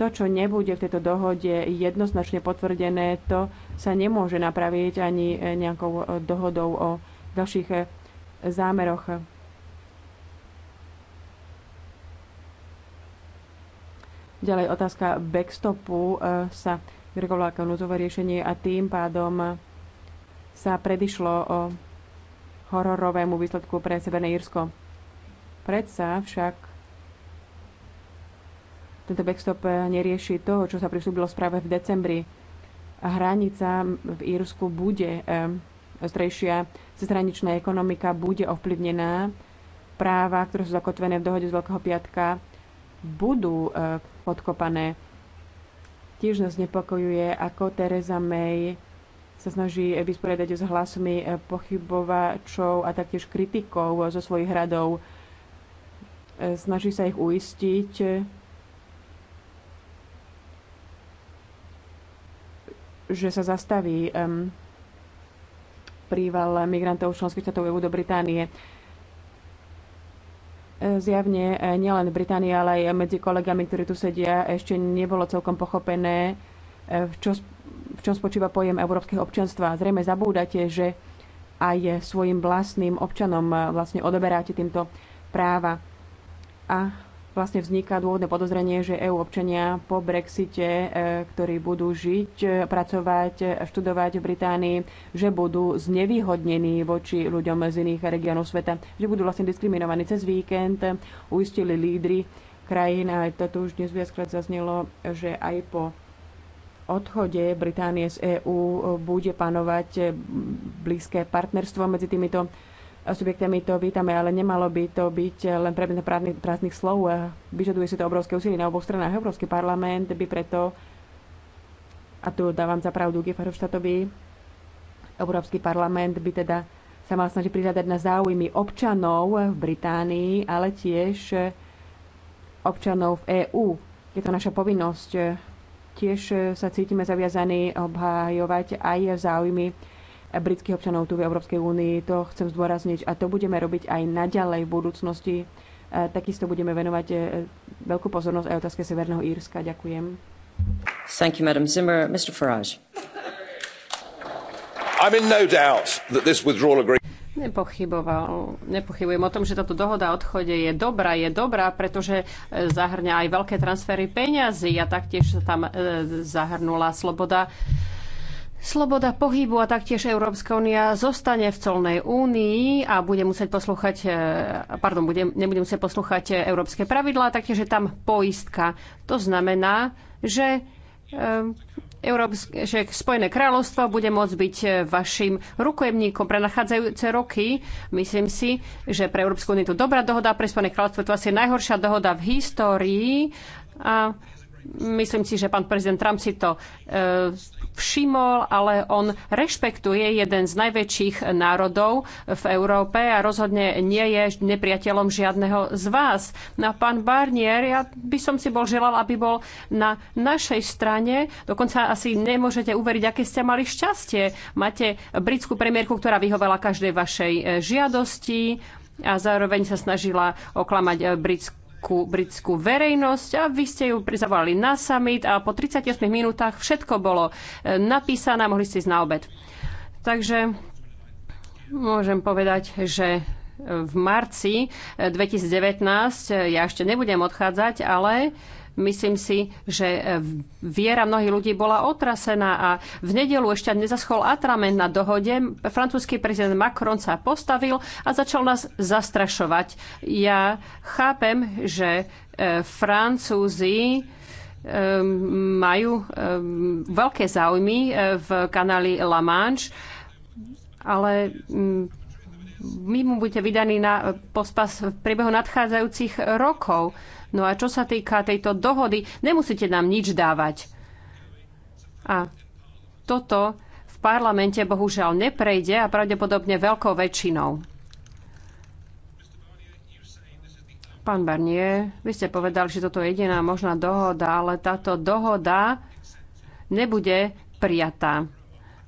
to, čo nebude v tejto dohode jednoznačne potvrdené, to sa nemôže napraviť ani e, nejakou e, dohodou o ďalších e, zámeroch. Ďalej otázka backstopu sa vyregulovalo ako núdzové riešenie a tým pádom sa predišlo o hororovému výsledku pre Severné Írsko. Predsa však tento backstop eh, nerieši to, čo sa prisúbilo správe v decembri. A hranica v Írsku bude ostrejšia, eh, cezhraničná ekonomika bude ovplyvnená, práva, ktoré sú zakotvené v dohode z Veľkého piatka, budú eh, podkopané. Tiež nás nepokojuje, ako Teresa May sa snaží vysporiadať s hlasmi pochybovačov a taktiež kritikov zo svojich hradov. Snaží sa ich uistiť, že sa zastaví um, príval migrantov členských štátov EU do Británie. E, zjavne e, nielen v Británii, ale aj medzi kolegami, ktorí tu sedia, ešte nebolo celkom pochopené, e, v, čo, v čom spočíva pojem európskeho občanstva. Zrejme zabúdate, že aj svojim vlastným občanom vlastne odoberáte týmto práva. A vlastne vzniká dôvodné podozrenie, že EU občania po Brexite, e, ktorí budú žiť, e, pracovať, e, študovať v Británii, že budú znevýhodnení voči ľuďom z iných regiónov sveta, že budú vlastne diskriminovaní cez víkend, uistili lídry krajín, a aj toto už dnes viackrát zaznelo, že aj po odchode Británie z EÚ bude panovať blízke partnerstvo medzi týmito subjektami to vítame, ale nemalo by to byť len predmet prázdnych, prázdnych slov. Vyžaduje si to obrovské úsilie na oboch stranách. Európsky parlament by preto, a tu dávam za pravdu Gifarovštatovi, Európsky parlament by teda sa mal snažiť prihľadať na záujmy občanov v Británii, ale tiež občanov v EÚ. Je to naša povinnosť. Tiež sa cítime zaviazaní obhajovať aj záujmy britských občanov tu v Európskej únii. To chcem zdôrazniť a to budeme robiť aj naďalej v budúcnosti. E, takisto budeme venovať e, veľkú pozornosť aj otázke Severného Írska. Ďakujem. Thank you, Madam Zimmer. Mr. Farage. I'm in no doubt that this withdrawal agreement Nepochyboval. Nepochybujem o tom, že táto dohoda o odchode je dobrá. Je dobrá, pretože e, zahrňa aj veľké transfery peňazí a taktiež sa tam zahrnula sloboda Sloboda pohybu a taktiež Európska únia zostane v colnej únii a bude musieť poslúchať, e, pardon, bude, nebude musieť poslúchať európske pravidlá, taktiež je tam poistka. To znamená, že e, Európske, že Spojené kráľovstvo bude môcť byť e, vašim rukojemníkom pre nachádzajúce roky. Myslím si, že pre Európsku úniu to dobrá dohoda, pre Spojené kráľovstvo to asi najhoršia dohoda v histórii. A Myslím si, že pán prezident Trump si to e, všimol, ale on rešpektuje jeden z najväčších národov v Európe a rozhodne nie je nepriateľom žiadneho z vás. No pán Barnier, ja by som si bol želal, aby bol na našej strane. Dokonca asi nemôžete uveriť, aké ste mali šťastie. Máte britskú premiérku, ktorá vyhovela každej vašej e, žiadosti a zároveň sa snažila oklamať e, britskú britskú, britskú verejnosť a vy ste ju prizavolali na summit a po 38 minútach všetko bolo e, napísané a mohli ste ísť na obed. Takže môžem povedať, že e, v marci 2019, e, ja ešte nebudem odchádzať, ale Myslím si, že e, viera mnohých ľudí bola otrasená a v nedelu ešte nezaschol atrament na dohode. Francúzsky prezident Macron sa postavil a začal nás zastrašovať. Ja chápem, že e, Francúzi e, majú veľké záujmy v kanáli La Manche, ale my mu budete vydaní na pospas v priebehu nadchádzajúcich rokov. No a čo sa týka tejto dohody, nemusíte nám nič dávať. A toto v parlamente bohužiaľ neprejde a pravdepodobne veľkou väčšinou. Pán Barnier, vy ste povedali, že toto je jediná možná dohoda, ale táto dohoda nebude prijatá.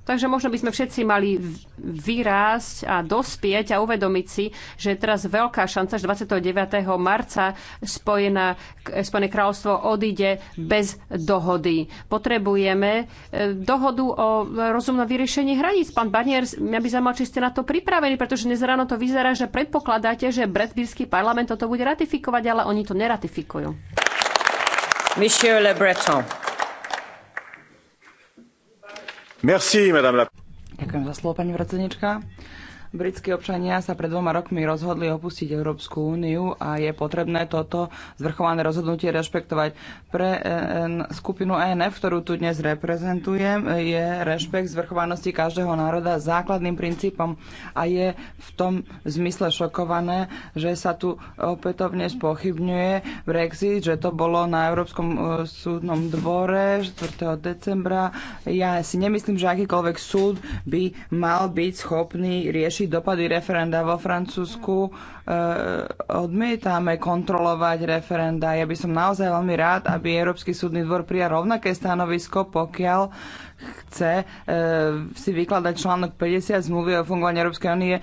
Takže možno by sme všetci mali vyrásť a dospieť a uvedomiť si, že je teraz veľká šanca, že 29. marca Spojená, Spojené kráľovstvo odíde bez dohody. Potrebujeme e, dohodu o rozumnom vyriešení hraníc. Pán Barnier, mňa by zaujímalo, či ste na to pripravení, pretože dnes ráno to vyzerá, že predpokladáte, že bretbírsky parlament toto bude ratifikovať, ale oni to neratifikujú. Monsieur Le Breton. Merci, madame la... Ďakujem za slovo, pani predsednička. Britskí občania sa pred dvoma rokmi rozhodli opustiť Európsku úniu a je potrebné toto zvrchované rozhodnutie rešpektovať. Pre eh, skupinu ENF, ktorú tu dnes reprezentujem, je rešpekt zvrchovanosti každého národa základným princípom a je v tom zmysle šokované, že sa tu opätovne spochybňuje Brexit, že to bolo na Európskom eh, súdnom dvore 4. decembra. Ja si nemyslím, že akýkoľvek súd by mal byť schopný riešiť či dopady referenda vo Francúzsku e, odmietame kontrolovať referenda. Ja by som naozaj veľmi rád, aby Európsky súdny dvor prijal rovnaké stanovisko, pokiaľ chce e, si vykladať článok 50 zmluvy o fungovaní Európskej únie e,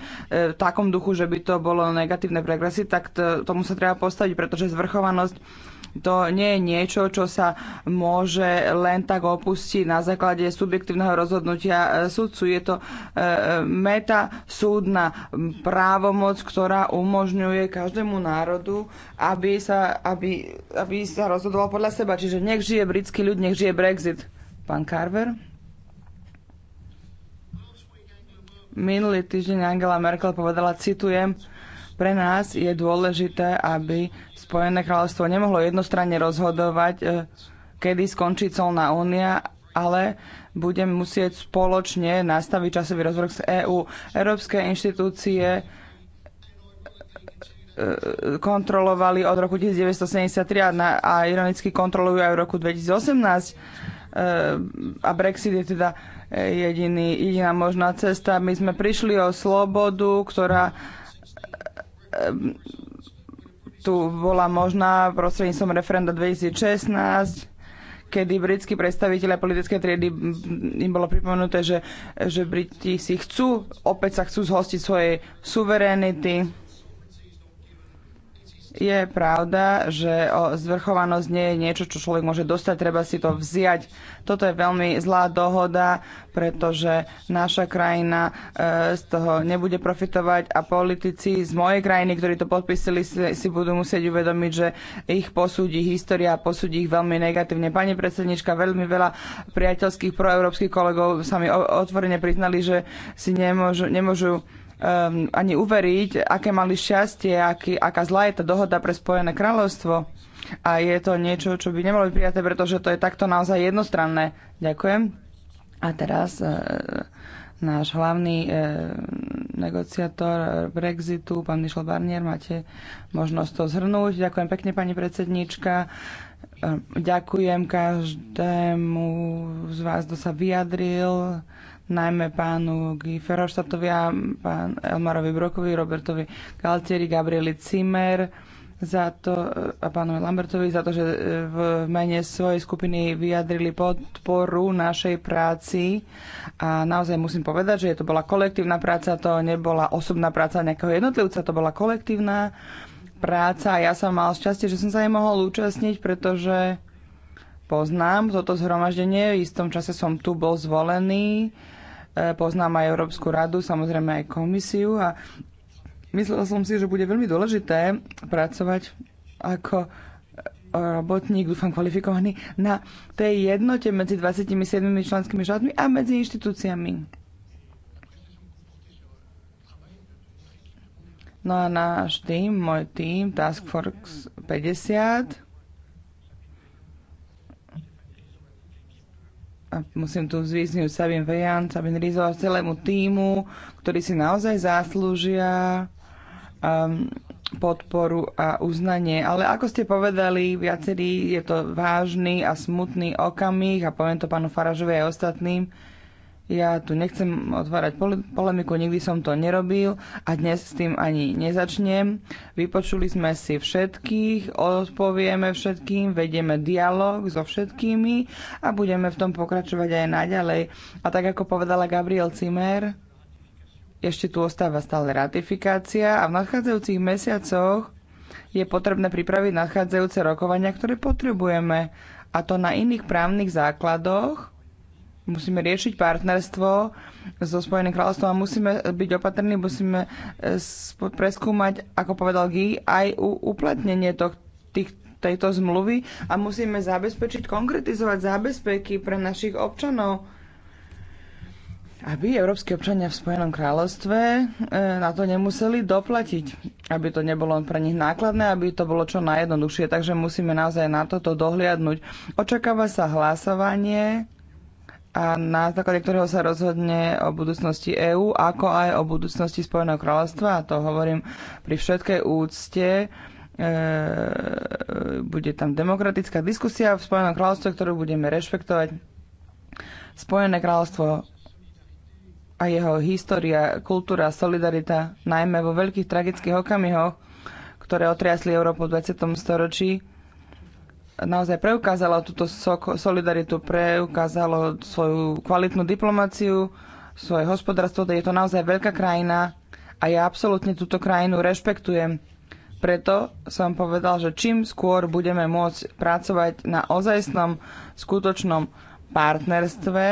v takom duchu, že by to bolo negatívne pre tak to, tomu sa treba postaviť, pretože zvrchovanosť to nie je niečo, čo sa môže len tak opustiť na základe subjektívneho rozhodnutia e, sudcu. Je to e, e, meta súdna právomoc, ktorá umožňuje každému národu, aby sa, aby, aby sa rozhodoval podľa seba. Čiže nech žije britský ľud, nech žije Brexit. Pán Carver? Minulý týždeň Angela Merkel povedala, citujem, pre nás je dôležité, aby Spojené kráľovstvo nemohlo jednostranne rozhodovať, e, kedy skončí colná únia, ale budeme musieť spoločne nastaviť časový rozvrh z EÚ. Európske inštitúcie e, kontrolovali od roku 1973 a, a ironicky kontrolujú aj v roku 2018 e, a Brexit je teda jediný, jediná možná cesta. My sme prišli o slobodu, ktorá Ehm, tu bola možná prostredníctvom referenda 2016, kedy britskí predstavitelia politické triedy mm, im bolo pripomenuté, že, že Briti si chcú, opäť sa chcú zhostiť svojej suverenity je pravda, že zvrchovanosť nie je niečo, čo človek môže dostať, treba si to vziať. Toto je veľmi zlá dohoda, pretože naša krajina e, z toho nebude profitovať a politici z mojej krajiny, ktorí to podpísali, si budú musieť uvedomiť, že ich posúdi história a posúdi ich veľmi negatívne. Pani predsednička, veľmi veľa priateľských proeurópskych kolegov sa mi otvorene priznali, že si nemôžu, nemôžu um, ehm, ani uveriť, aké mali šťastie, aký, aká zlá je tá dohoda pre Spojené kráľovstvo. A je to niečo, čo by nemalo byť prijaté, pretože to je takto naozaj jednostranné. Ďakujem. A teraz uh, náš hlavný uh, negociátor Brexitu, pán Michel Barnier, máte možnosť to zhrnúť. Ďakujem pekne, pani predsedníčka. Ehm, ďakujem každému z vás, kto sa vyjadril najmä pánu Giferoštatovi a pán Elmarovi Brokovi, Robertovi Galtieri, Gabrieli Cimer za to, a pánovi Lambertovi za to, že e, v mene svojej skupiny vyjadrili podporu našej práci. A naozaj musím povedať, že to bola kolektívna práca, to nebola osobná práca nejakého jednotlivca, to bola kolektívna práca a ja som mal šťastie, že som sa jej mohol účastniť, pretože poznám toto zhromaždenie. V istom čase som tu bol zvolený E, poznám aj Európsku radu, samozrejme aj komisiu a myslel som si, že bude veľmi dôležité pracovať ako e, robotník, dúfam kvalifikovaný, na tej jednote medzi 27 členskými štátmi a medzi inštitúciami. No a náš tým, môj tým, Task Force 50, a musím tu zvýzniť Sabin Vejan, Sabin Rizo a celému týmu, ktorí si naozaj zaslúžia um, podporu a uznanie. Ale ako ste povedali, viacerí je to vážny a smutný okamih a poviem to pánu Faražovi aj ostatným, ja tu nechcem otvárať polemiku, nikdy som to nerobil a dnes s tým ani nezačnem. Vypočuli sme si všetkých, odpovieme všetkým, vedieme dialog so všetkými a budeme v tom pokračovať aj naďalej. A tak ako povedala Gabriel Cimer, ešte tu ostáva stále ratifikácia a v nadchádzajúcich mesiacoch je potrebné pripraviť nadchádzajúce rokovania, ktoré potrebujeme. A to na iných právnych základoch, musíme riešiť partnerstvo so Spojeným kráľovstvom a musíme byť opatrní, musíme e, preskúmať, ako povedal Guy, aj uplatnenie to, tých, tejto zmluvy a musíme zabezpečiť, konkretizovať zábezpeky pre našich občanov, aby európsky občania v Spojenom kráľovstve e, na to nemuseli doplatiť, aby to nebolo pre nich nákladné, aby to bolo čo najjednoduchšie. Takže musíme naozaj na toto dohliadnúť. Očakáva sa hlasovanie a na základe ktorého sa rozhodne o budúcnosti EÚ, ako aj o budúcnosti Spojeného kráľovstva. A to hovorím pri všetkej úcte. E, bude tam demokratická diskusia v Spojenom kráľovstve, ktorú budeme rešpektovať. Spojené kráľovstvo a jeho história, kultúra, solidarita, najmä vo veľkých tragických okamihoch, ktoré otriasli Európu v 20. storočí, naozaj preukázalo túto solidaritu, preukázalo svoju kvalitnú diplomáciu, svoje hospodárstvo. Je to naozaj veľká krajina a ja absolútne túto krajinu rešpektujem. Preto som povedal, že čím skôr budeme môcť pracovať na ozajstnom, skutočnom partnerstve,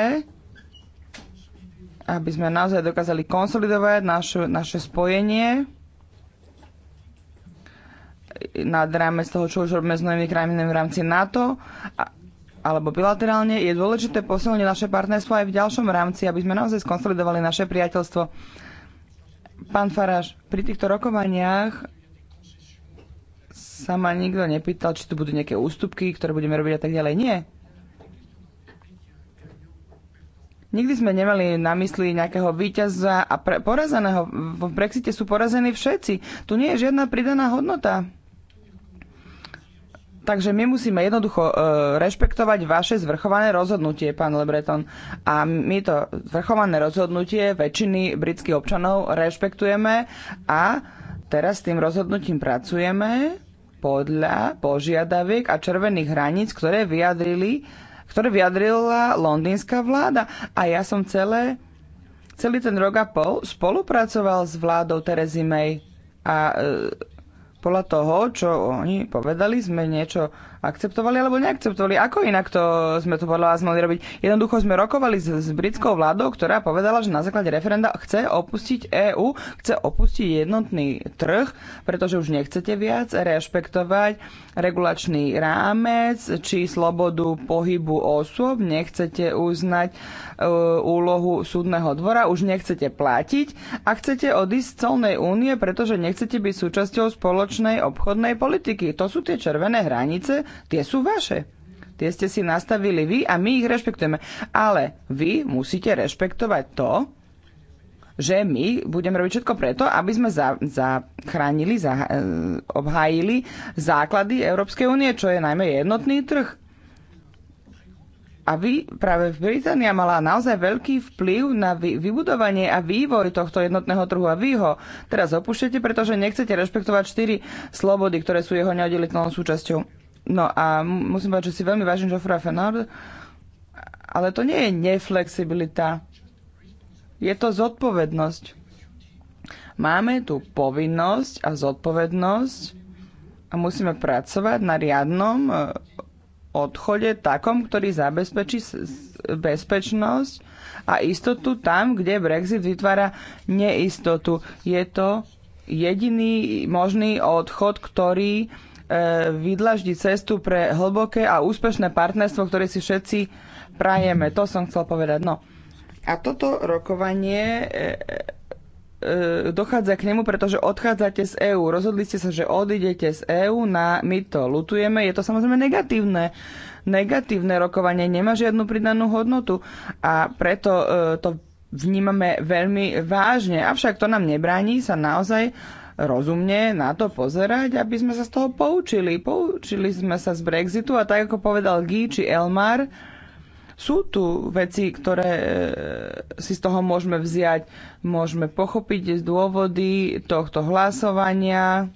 aby sme naozaj dokázali konsolidovať našu, naše spojenie nad rámec toho, čo už robíme s novými krajinami v rámci NATO a, alebo bilaterálne, je dôležité posilniť naše partnerstvo aj v ďalšom rámci, aby sme naozaj skonsolidovali naše priateľstvo. Pán Faráš, pri týchto rokovaniach sa ma nikto nepýtal, či tu budú nejaké ústupky, ktoré budeme robiť a tak ďalej. Nie. Nikdy sme nemali na mysli nejakého víťaza a pre- porazeného. V Brexite sú porazení všetci. Tu nie je žiadna pridaná hodnota. Takže my musíme jednoducho e, rešpektovať vaše zvrchované rozhodnutie, pán Lebreton. A my to zvrchované rozhodnutie väčšiny britských občanov rešpektujeme a teraz s tým rozhodnutím pracujeme podľa požiadaviek a červených hraníc, ktoré vyjadrili ktoré vyjadrila londýnska vláda. A ja som celé, celý ten rok a pol spolupracoval s vládou Terezy May a e, podľa toho, čo oni povedali, sme niečo akceptovali alebo neakceptovali. Ako inak to sme to podľa vás mali robiť? Jednoducho sme rokovali s, s britskou vládou, ktorá povedala, že na základe referenda chce opustiť EÚ, chce opustiť jednotný trh, pretože už nechcete viac rešpektovať regulačný rámec či slobodu pohybu osôb, nechcete uznať uh, úlohu súdneho dvora, už nechcete platiť a chcete odísť z celnej únie, pretože nechcete byť súčasťou spoločnej obchodnej politiky. To sú tie červené hranice, tie sú vaše. Tie ste si nastavili vy a my ich rešpektujeme. Ale vy musíte rešpektovať to, že my budeme robiť všetko preto, aby sme zachránili, za, eh, obhájili základy Európskej únie, čo je najmä jednotný trh. A vy, práve Británia mala naozaj veľký vplyv na vy, vybudovanie a vývoj tohto jednotného trhu a vy ho teraz opúšťate, pretože nechcete rešpektovať štyri slobody, ktoré sú jeho neoddeliteľnou súčasťou. No a musím povedať, že si veľmi vážim Joffra Fenard, ale to nie je neflexibilita. Je to zodpovednosť. Máme tu povinnosť a zodpovednosť a musíme pracovať na riadnom e, odchode takom, ktorý zabezpečí bezpečnosť a istotu tam, kde Brexit vytvára neistotu. Je to jediný možný odchod, ktorý E, vydlaždiť cestu pre hlboké a úspešné partnerstvo, ktoré si všetci prajeme. To som chcel povedať. No. A toto rokovanie e, e, dochádza k nemu, pretože odchádzate z EÚ. Rozhodli ste sa, že odídete z EÚ na my to lutujeme. Je to samozrejme negatívne. Negatívne rokovanie nemá žiadnu pridanú hodnotu a preto e, to vnímame veľmi vážne. Avšak to nám nebráni sa naozaj rozumne na to pozerať, aby sme sa z toho poučili. Poučili sme sa z Brexitu a tak ako povedal Guy či Elmar, sú tu veci, ktoré e, si z toho môžeme vziať, môžeme pochopiť z dôvody tohto hlasovania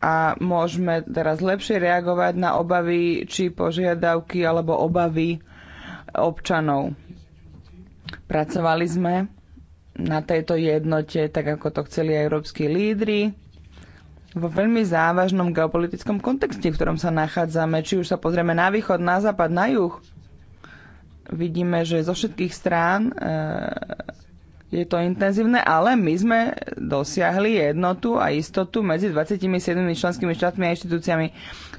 a môžeme teraz lepšie reagovať na obavy či požiadavky alebo obavy občanov. Pracovali sme na tejto jednote, tak ako to chceli aj európsky lídry, vo veľmi závažnom geopolitickom kontexte, v ktorom sa nachádzame, či už sa pozrieme na východ, na západ, na juh, vidíme, že zo všetkých strán e, je to intenzívne, ale my sme dosiahli jednotu a istotu medzi 27 členskými štátmi a inštitúciami.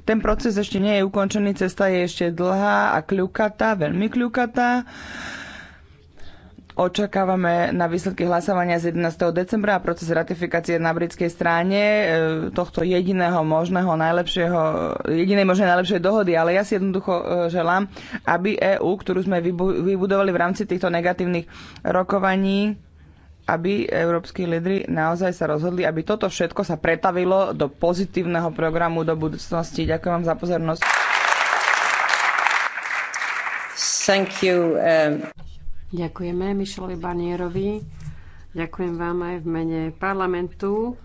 Ten proces ešte nie je ukončený, cesta je ešte dlhá a kľukatá, veľmi kľukatá. E, Očakávame na výsledky hlasovania z 11. decembra a proces ratifikácie na britskej strane e, tohto jediného možného najlepšieho, jedinej možnej najlepšej dohody, ale ja si jednoducho e, želám, aby EÚ, ktorú sme vybudovali v rámci týchto negatívnych rokovaní, aby európsky lídry naozaj sa rozhodli, aby toto všetko sa pretavilo do pozitívneho programu do budúcnosti. Ďakujem vám za pozornosť. Thank you. Um... Ďakujeme Mišelovi Barnierovi. Ďakujem vám aj v mene parlamentu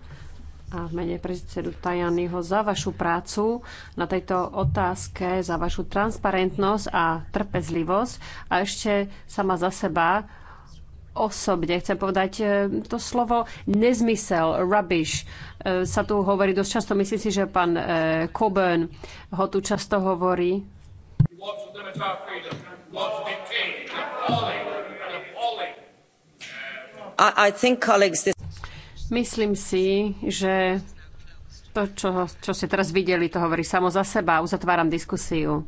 a v mene predsedu Tajanyho za vašu prácu na tejto otázke, za vašu transparentnosť a trpezlivosť. A ešte sama za seba osobne chcem povedať e, to slovo nezmysel, rubbish. E, sa tu hovorí dosť často, myslím si, že pán e, Coburn ho tu často hovorí. What's Myslím si, že to, čo, čo ste teraz videli, to hovorí samo za seba. Uzatváram diskusiu.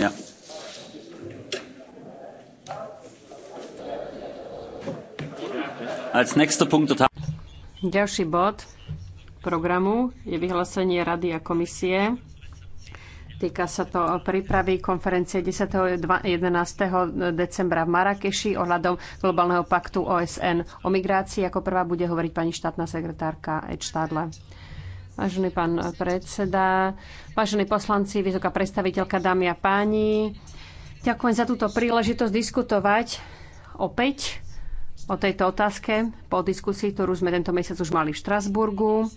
Ja. Ďalší bod programu je vyhlásenie Rady a komisie. Týka sa to prípravy konferencie 10. 11. decembra v Marrakeši ohľadom globálneho paktu OSN o migrácii. Ako prvá bude hovoriť pani štátna sekretárka Ed Štádle. Vážený pán predseda, vážení poslanci, vysoká predstaviteľka, dámy a páni, ďakujem za túto príležitosť diskutovať opäť o tejto otázke po diskusii, ktorú sme tento mesiac už mali v Štrasburgu.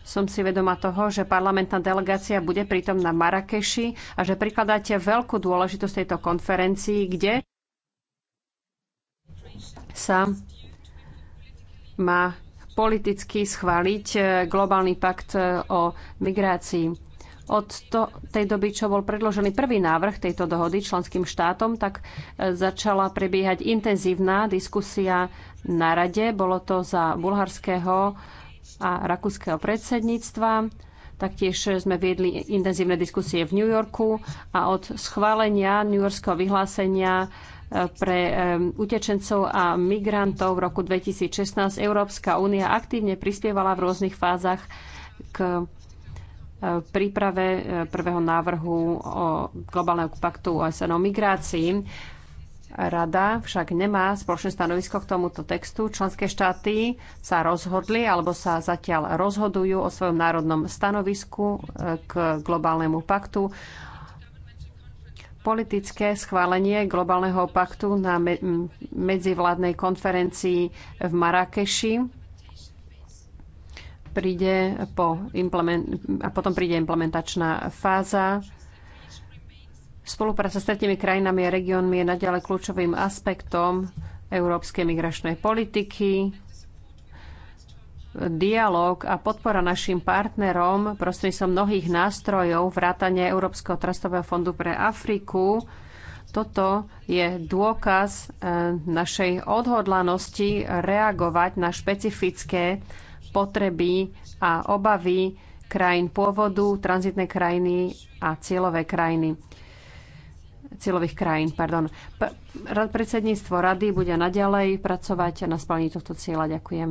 Som si vedoma toho, že parlamentná delegácia bude pritom na Marrakeši a že prikladáte veľkú dôležitosť tejto konferencii, kde sa má politicky schváliť globálny pakt o migrácii. Od to, tej doby, čo bol predložený prvý návrh tejto dohody členským štátom, tak e, začala prebiehať intenzívna diskusia na rade. Bolo to za bulharského a rakúskeho predsedníctva. Taktiež sme viedli intenzívne diskusie v New Yorku a od schválenia New Yorkského vyhlásenia e, pre e, utečencov a migrantov v roku 2016 Európska únia aktívne prispievala v rôznych fázach k E, príprave e, prvého návrhu o globálneho paktu OSN o migrácii. Rada však nemá spoločné stanovisko k tomuto textu. Členské štáty sa rozhodli alebo sa zatiaľ rozhodujú o svojom národnom stanovisku e, k globálnemu paktu. Politické schválenie globálneho paktu na medzivládnej konferencii v Marrakeši príde po implement- a potom príde implementačná fáza. Spolupráca s tretimi krajinami a regiónmi je naďalej kľúčovým aspektom európskej migračnej politiky. Dialóg a podpora našim partnerom prostredníctvom mnohých nástrojov vrátane Európskeho trastového fondu pre Afriku toto je dôkaz eh, našej odhodlanosti reagovať na špecifické potreby a obavy krajín pôvodu, tranzitnej krajiny a cieľové krajiny cieľových krajín. Pardon. predsedníctvo rady bude naďalej pracovať na splnení tohto cieľa. Ďakujem.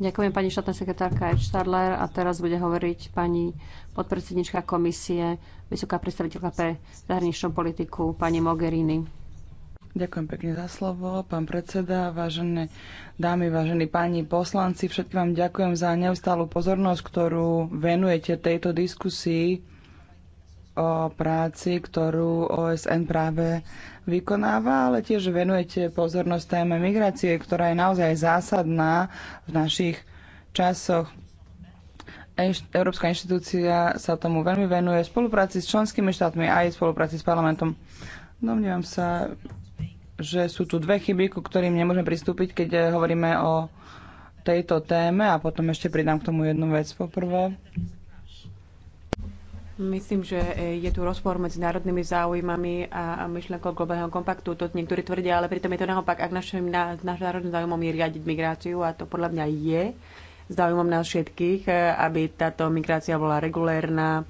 Ďakujem pani štátna sekretárka Edstadler a teraz bude hovoriť pani podpredsednička komisie, vysoká predstaviteľka pre zahraničnú politiku, pani Mogherini. Ďakujem pekne za slovo, pán predseda, vážené dámy, vážení páni poslanci. Všetkým vám ďakujem za neustálu pozornosť, ktorú venujete tejto diskusii o práci, ktorú OSN práve vykonáva, ale tiež venujete pozornosť téme migrácie, ktorá je naozaj zásadná v našich časoch. Európska inštitúcia sa tomu veľmi venuje v spolupráci s členskými štátmi a aj v spolupráci s parlamentom. Domnievam sa, že sú tu dve chyby, ku ktorým nemôžeme pristúpiť, keď eh, hovoríme o tejto téme a potom ešte pridám k tomu jednu vec poprvé. Myslím, že eh, je tu rozpor medzi národnými záujmami a myšlenkou globálneho kompaktu. To niektorí tvrdia, ale pritom je to naopak. Ak našim, našim národným záujmom je riadiť migráciu, a to podľa mňa je záujmom nás všetkých, eh, aby táto migrácia bola regulérna,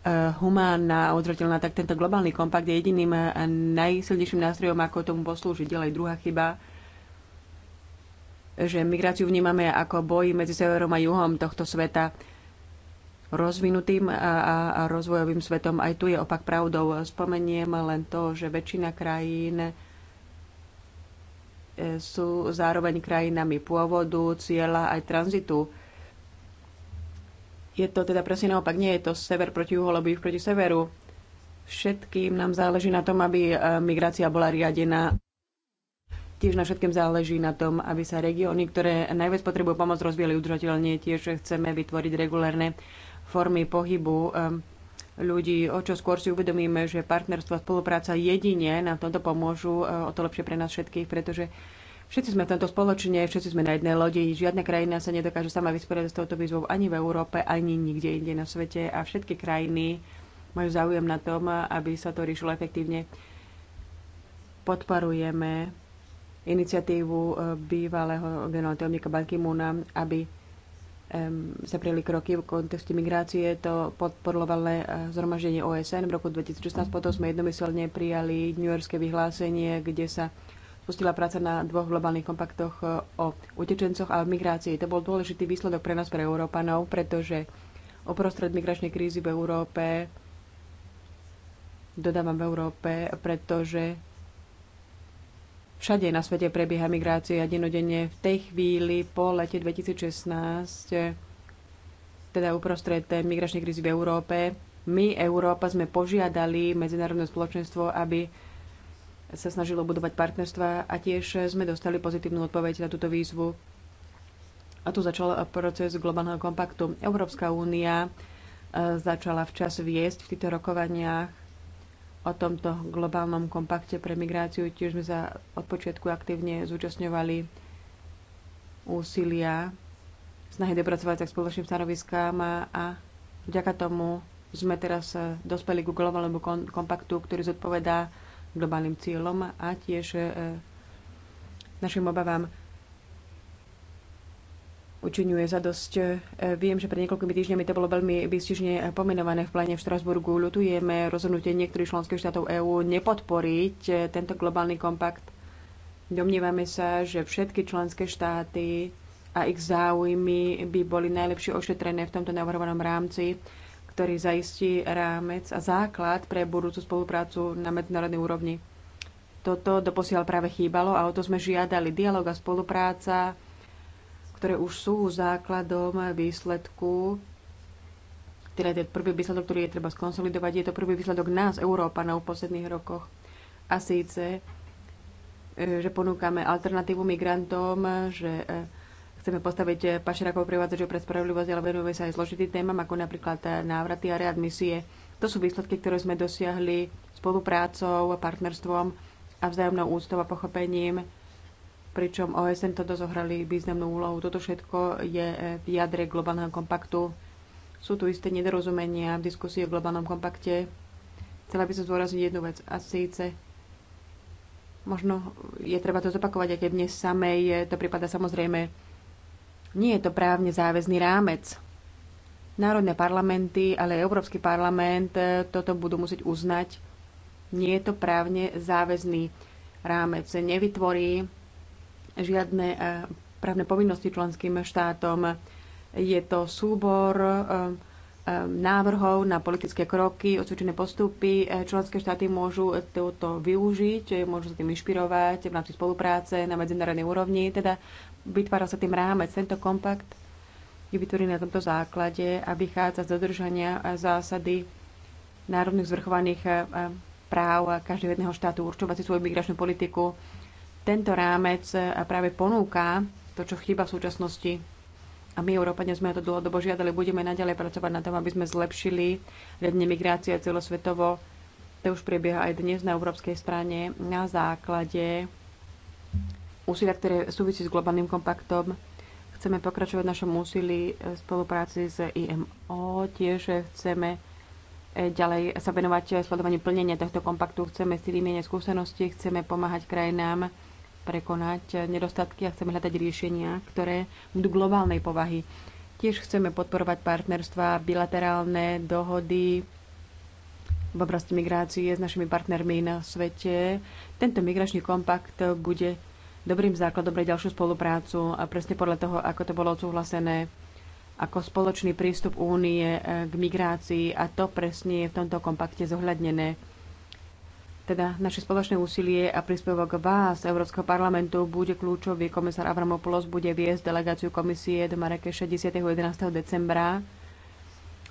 Eh, humánna a odvrateľná, tak tento globálny kompakt je jediným eh, najsilnejším nástrojom, ako tomu poslúžiť. Ďalej druhá chyba, že migráciu vnímame ako boj medzi severom a juhom tohto sveta rozvinutým a, a, a rozvojovým svetom. Aj tu je opak pravdou. Spomeniem len to, že väčšina krajín eh, sú zároveň krajinami pôvodu, cieľa aj tranzitu je to teda presne naopak, nie je to sever proti juhu, alebo juh proti severu. Všetkým nám záleží na tom, aby eh, migrácia bola riadená. Tiež na všetkým záleží na tom, aby sa regióny, ktoré najviac potrebujú pomoc, rozvíjali udržateľne. Tiež chceme vytvoriť regulárne formy pohybu eh, ľudí. O čo skôr si uvedomíme, že partnerstvo a spolupráca jedine nám toto pomôžu, eh, o to lepšie pre nás všetkých, pretože Všetci sme v tomto spoločne, všetci sme na jednej lodi, žiadna krajina sa nedokáže sama vysporiadať s touto výzvou ani v Európe, ani nikde inde na svete a všetky krajiny majú záujem na tom, aby sa to riešilo efektívne. Podporujeme iniciatívu eh, bývalého generálneho tajomníka Banky Múna, aby sa prijeli kroky v kontexte migrácie. To podporovalo eh, zhromaždenie OSN v roku 2016. Potom sme jednomyselne prijali New Yorkské vyhlásenie, kde sa spustila práca na dvoch globálnych kompaktoch e, o utečencoch a o migrácii. To bol dôležitý výsledok pre nás, pre Európanov, pretože uprostred migračnej krízy v Európe, dodávam v Európe, pretože všade na svete prebieha migrácia denodenne. V tej chvíli po lete 2016, teda uprostred migračnej krízy v Európe, my, Európa, sme požiadali medzinárodné spoločenstvo, aby sa snažilo budovať partnerstva a tiež sme dostali pozitívnu odpoveď na túto výzvu. A tu začal proces globálneho kompaktu. Európska únia e, začala včas viesť v týchto rokovaniach o tomto globálnom kompakte pre migráciu. Tiež sme sa od počiatku aktívne zúčastňovali úsilia snahy dopracovať sa k spoločným stanoviskám a, a vďaka tomu sme teraz e, dospeli ku globálnemu kompaktu, ktorý zodpovedá globálnym cieľom a tiež e, našim obavám učiňuje dosť e, Viem, že pred niekoľkými týždňami to bolo veľmi vystižne pomenované v pláne v Štrasburgu. Ľutujeme rozhodnutie niektorých členských štátov EÚ nepodporiť e, tento globálny kompakt. Domnievame sa, že všetky členské štáty a ich záujmy by boli najlepšie ošetrené v tomto navrhovanom rámci ktorý zaistí rámec a základ pre budúcu spoluprácu na medzinárodnej úrovni. Toto doposiaľ práve chýbalo a o to sme žiadali. dialog a spolupráca, ktoré už sú základom výsledku, teda je prvý výsledok, ktorý je treba skonsolidovať, je to prvý výsledok nás, Európa, na posledných rokoch. A síce, e, že ponúkame alternatívu migrantom, že e, Chceme postaviť eh, pašerakov privádzačov pre spravodlivosť, ale venujeme sa aj zložitým témam, ako napríklad eh, návraty a readmisie. To sú výsledky, ktoré sme dosiahli spoluprácou, partnerstvom a vzájomnou úctou a pochopením, pričom OSN toto zohrali významnú úlohu. Toto všetko je eh, v jadre globálneho kompaktu. Sú tu isté nedorozumenia v diskusii o globálnom kompakte. Chcela by som zdôrazniť jednu vec a síce možno je treba to zopakovať, aké dnes samej to prípada samozrejme nie je to právne záväzný rámec. Národné parlamenty, ale aj Európsky parlament e, toto budú musieť uznať. Nie je to právne záväzný rámec. Nevytvorí žiadne e, právne povinnosti členským štátom. Je to súbor e, návrhov na politické kroky, osvedčené postupy. E, členské štáty môžu toto využiť, e, môžu sa tým inšpirovať v rámci spolupráce na medzinárodnej úrovni. Teda vytvára sa tým rámec. Tento kompakt je vytvorený na tomto základe a vychádza z dodržania zásady národných zvrchovaných e, práv každého jedného štátu určovať si svoju migračnú politiku. Tento rámec práve ponúka to, čo chýba v súčasnosti a my, Európania, sme to dlhodobo žiadali. Budeme naďalej pracovať na tom, aby sme zlepšili riadne migrácie celosvetovo. To už prebieha aj dnes na európskej strane na základe úsilia, ktoré súvisí s globálnym kompaktom. Chceme pokračovať v našom úsilí v spolupráci s IMO. Tiež chceme eh, ďalej sa venovať sledovaniu plnenia tohto kompaktu. Chceme si vymieňať skúsenosti, chceme pomáhať krajinám, prekonať nedostatky a chceme hľadať riešenia, ktoré budú globálnej povahy. Tiež chceme podporovať partnerstva, bilaterálne dohody v oblasti migrácie s našimi partnermi na svete. Tento migračný kompakt bude dobrým základom pre ďalšiu spoluprácu a presne podľa toho, ako to bolo odsúhlasené ako spoločný prístup únie k migrácii a to presne je v tomto kompakte zohľadnené. Teda naše spoločné úsilie a príspevok vás, Európskeho parlamentu, bude kľúčový. Komisár Avramopoulos bude viesť delegáciu komisie do Marrakeša 10. 11. decembra.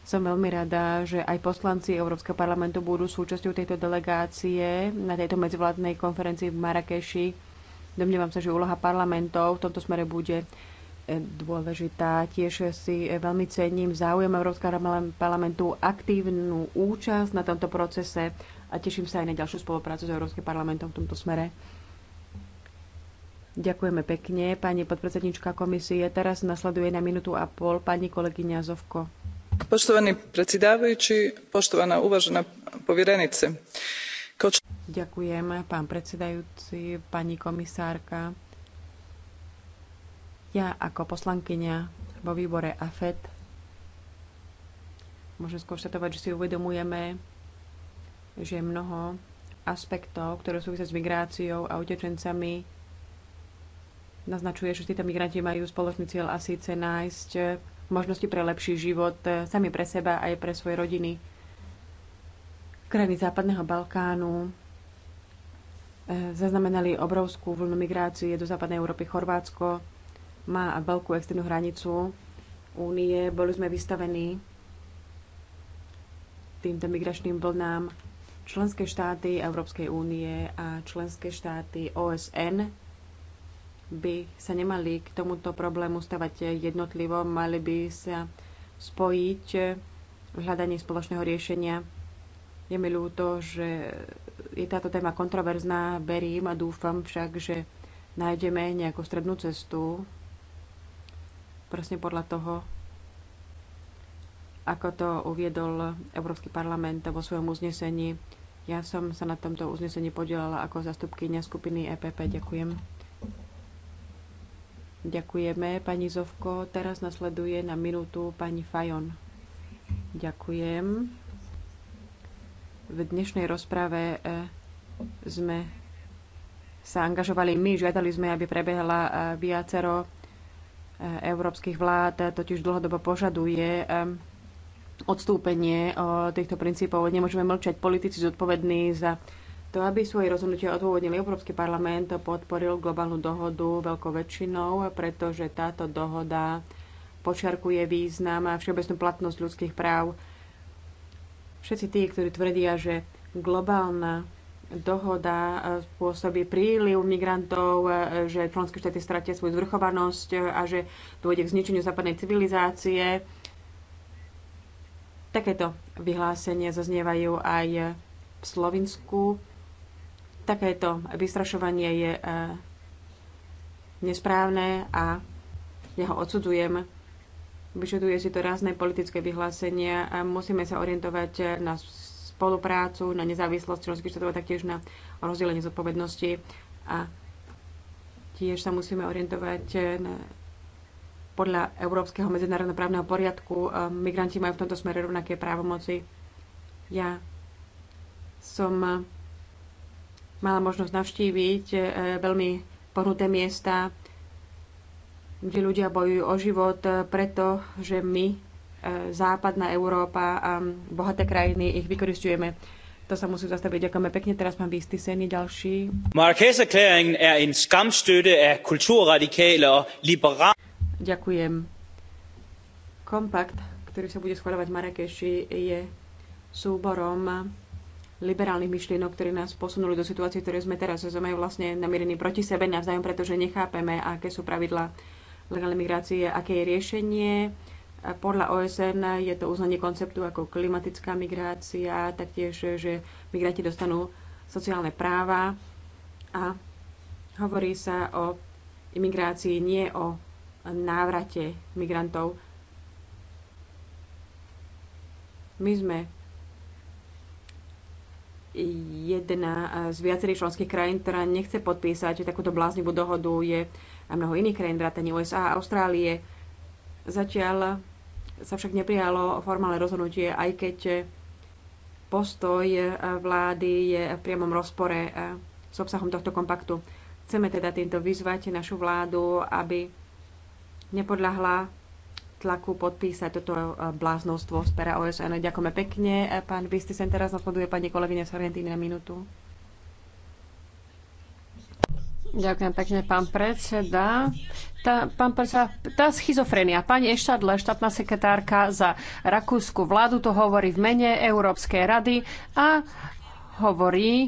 Som veľmi rada, že aj poslanci Európskeho parlamentu budú súčasťou tejto delegácie na tejto medzivládnej konferencii v Marrakeši. Domnievam sa, že úloha parlamentov v tomto smere bude e, dôležitá. Tiež si e, veľmi cením záujem Európskeho parlamentu aktívnu účasť na tomto procese a teším sa aj na ďalšiu spoluprácu s Európskym parlamentom v tomto smere. Ďakujeme pekne, pani podpredsednička komisie. Teraz nasleduje na minútu a pol pani kolegyňa Zovko. Poštovani predsedávajúci, poštovaná uvažená povierenice. Koč... Ďakujem, pán predsedajúci, pani komisárka. Ja ako poslankyňa vo výbore AFET môžem skonštatovať, že si uvedomujeme, že mnoho aspektov, ktoré súvisia s migráciou a utečencami, naznačuje, že títo migranti majú spoločný cieľ a síce nájsť možnosti pre lepší život e, sami pre seba aj pre svoje rodiny. Krajiny Západného Balkánu e, zaznamenali obrovskú vlnu migrácie do západnej Európy. Chorvátsko má veľkú externú hranicu únie. Boli sme vystavení týmto migračným vlnám Členské štáty Európskej únie a členské štáty OSN by sa nemali k tomuto problému stavať jednotlivo, mali by sa spojiť v hľadaní spoločného riešenia. Je mi ľúto, že je táto téma kontroverzná, verím a dúfam však, že nájdeme nejakú strednú cestu, presne podľa toho, ako to uviedol Európsky parlament vo svojom uznesení ja som sa na tomto uznesení podielala ako zastupkynia skupiny EPP. Ďakujem. Ďakujeme, pani Zovko. Teraz nasleduje na minútu pani Fajon. Ďakujem. V dnešnej rozprave e, sme sa angažovali my, žiadali sme, aby prebehla e, viacero e, európskych vlád, totiž dlhodobo požaduje odstúpenie eh, týchto princípov. Nemôžeme mlčať politici zodpovední za to, aby svoje rozhodnutie odôvodnili. Európsky parlament podporil globálnu dohodu veľkou väčšinou, pretože táto dohoda počiarkuje význam a všeobecnú platnosť ľudských práv. Všetci tí, ktorí tvrdia, že globálna dohoda eh, spôsobí príliv migrantov, eh, že členské štáty stratia svoju zvrchovanosť a že dôjde k zničeniu západnej civilizácie, Takéto vyhlásenia zaznievajú aj v Slovinsku. Takéto vystrašovanie je e, nesprávne a ja ho odsudzujem. Vyšetuje si to rázne politické vyhlásenia a musíme sa orientovať na spoluprácu, na nezávislosť členských štátov a taktiež na rozdelenie zodpovednosti a tiež sa musíme orientovať na podľa európskeho medzinárodného právneho poriadku eh, migranti majú v tomto smere rovnaké právomoci. Ja som eh, mala možnosť navštíviť eh, veľmi pohnuté miesta, kde ľudia bojujú o život, pretože my, západná Európa a mm, bohaté krajiny, ich vykoristujeme. To sa musí zastaviť. Ďakujeme pekne. Teraz mám výstý sen ďalší. Marrakesh-erklæringen er en skamstøtte af kulturradikale og liberale Ďakujem. Kompakt, ktorý sa bude schváľovať v Marrakeši, je súborom liberálnych myšlienok, ktoré nás posunuli do situácie, ktoré sme teraz. Sme vlastne namierení proti sebe navzájom, pretože nechápeme, aké sú pravidla legálnej migrácie, aké je riešenie. Podľa OSN je to uznanie konceptu ako klimatická migrácia, taktiež, že migranti dostanú sociálne práva a hovorí sa o imigrácii, nie o návrate migrantov. My sme jedna z viacerých členských krajín, ktorá nechce podpísať takúto bláznivú dohodu. Je a mnoho iných krajín, vrátane USA a Austrálie. Zatiaľ sa však neprijalo formálne rozhodnutie, aj keď postoj vlády je v priamom rozpore s obsahom tohto kompaktu. Chceme teda týmto vyzvať našu vládu, aby nepodľahla tlaku podpísať toto eh, bláznostvo z pera OSN. Ďakujeme pekne. Eh, pán Bistisen teraz nasleduje pani kolegyňa Sorrentini na minútu. Ďakujem pekne, pán predseda. Tá, pán predseda, tá schizofrenia. Pani Eštadle, štátna sekretárka za rakúsku vládu, to hovorí v mene Európskej rady a hovorí e,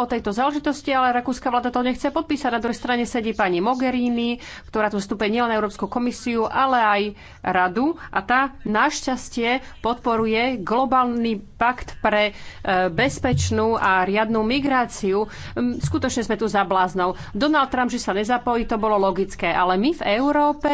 o tejto záležitosti, ale rakúska vláda to nechce podpísať. Na druhej strane sedí pani Mogherini, ktorá tu vstupuje nielen Európsku komisiu, ale aj radu a tá našťastie podporuje globálny pakt pre e, bezpečnú a riadnu migráciu. Skutočne sme tu za bláznou. Donald Trump, že sa nezapojí, to bolo logické, ale my v Európe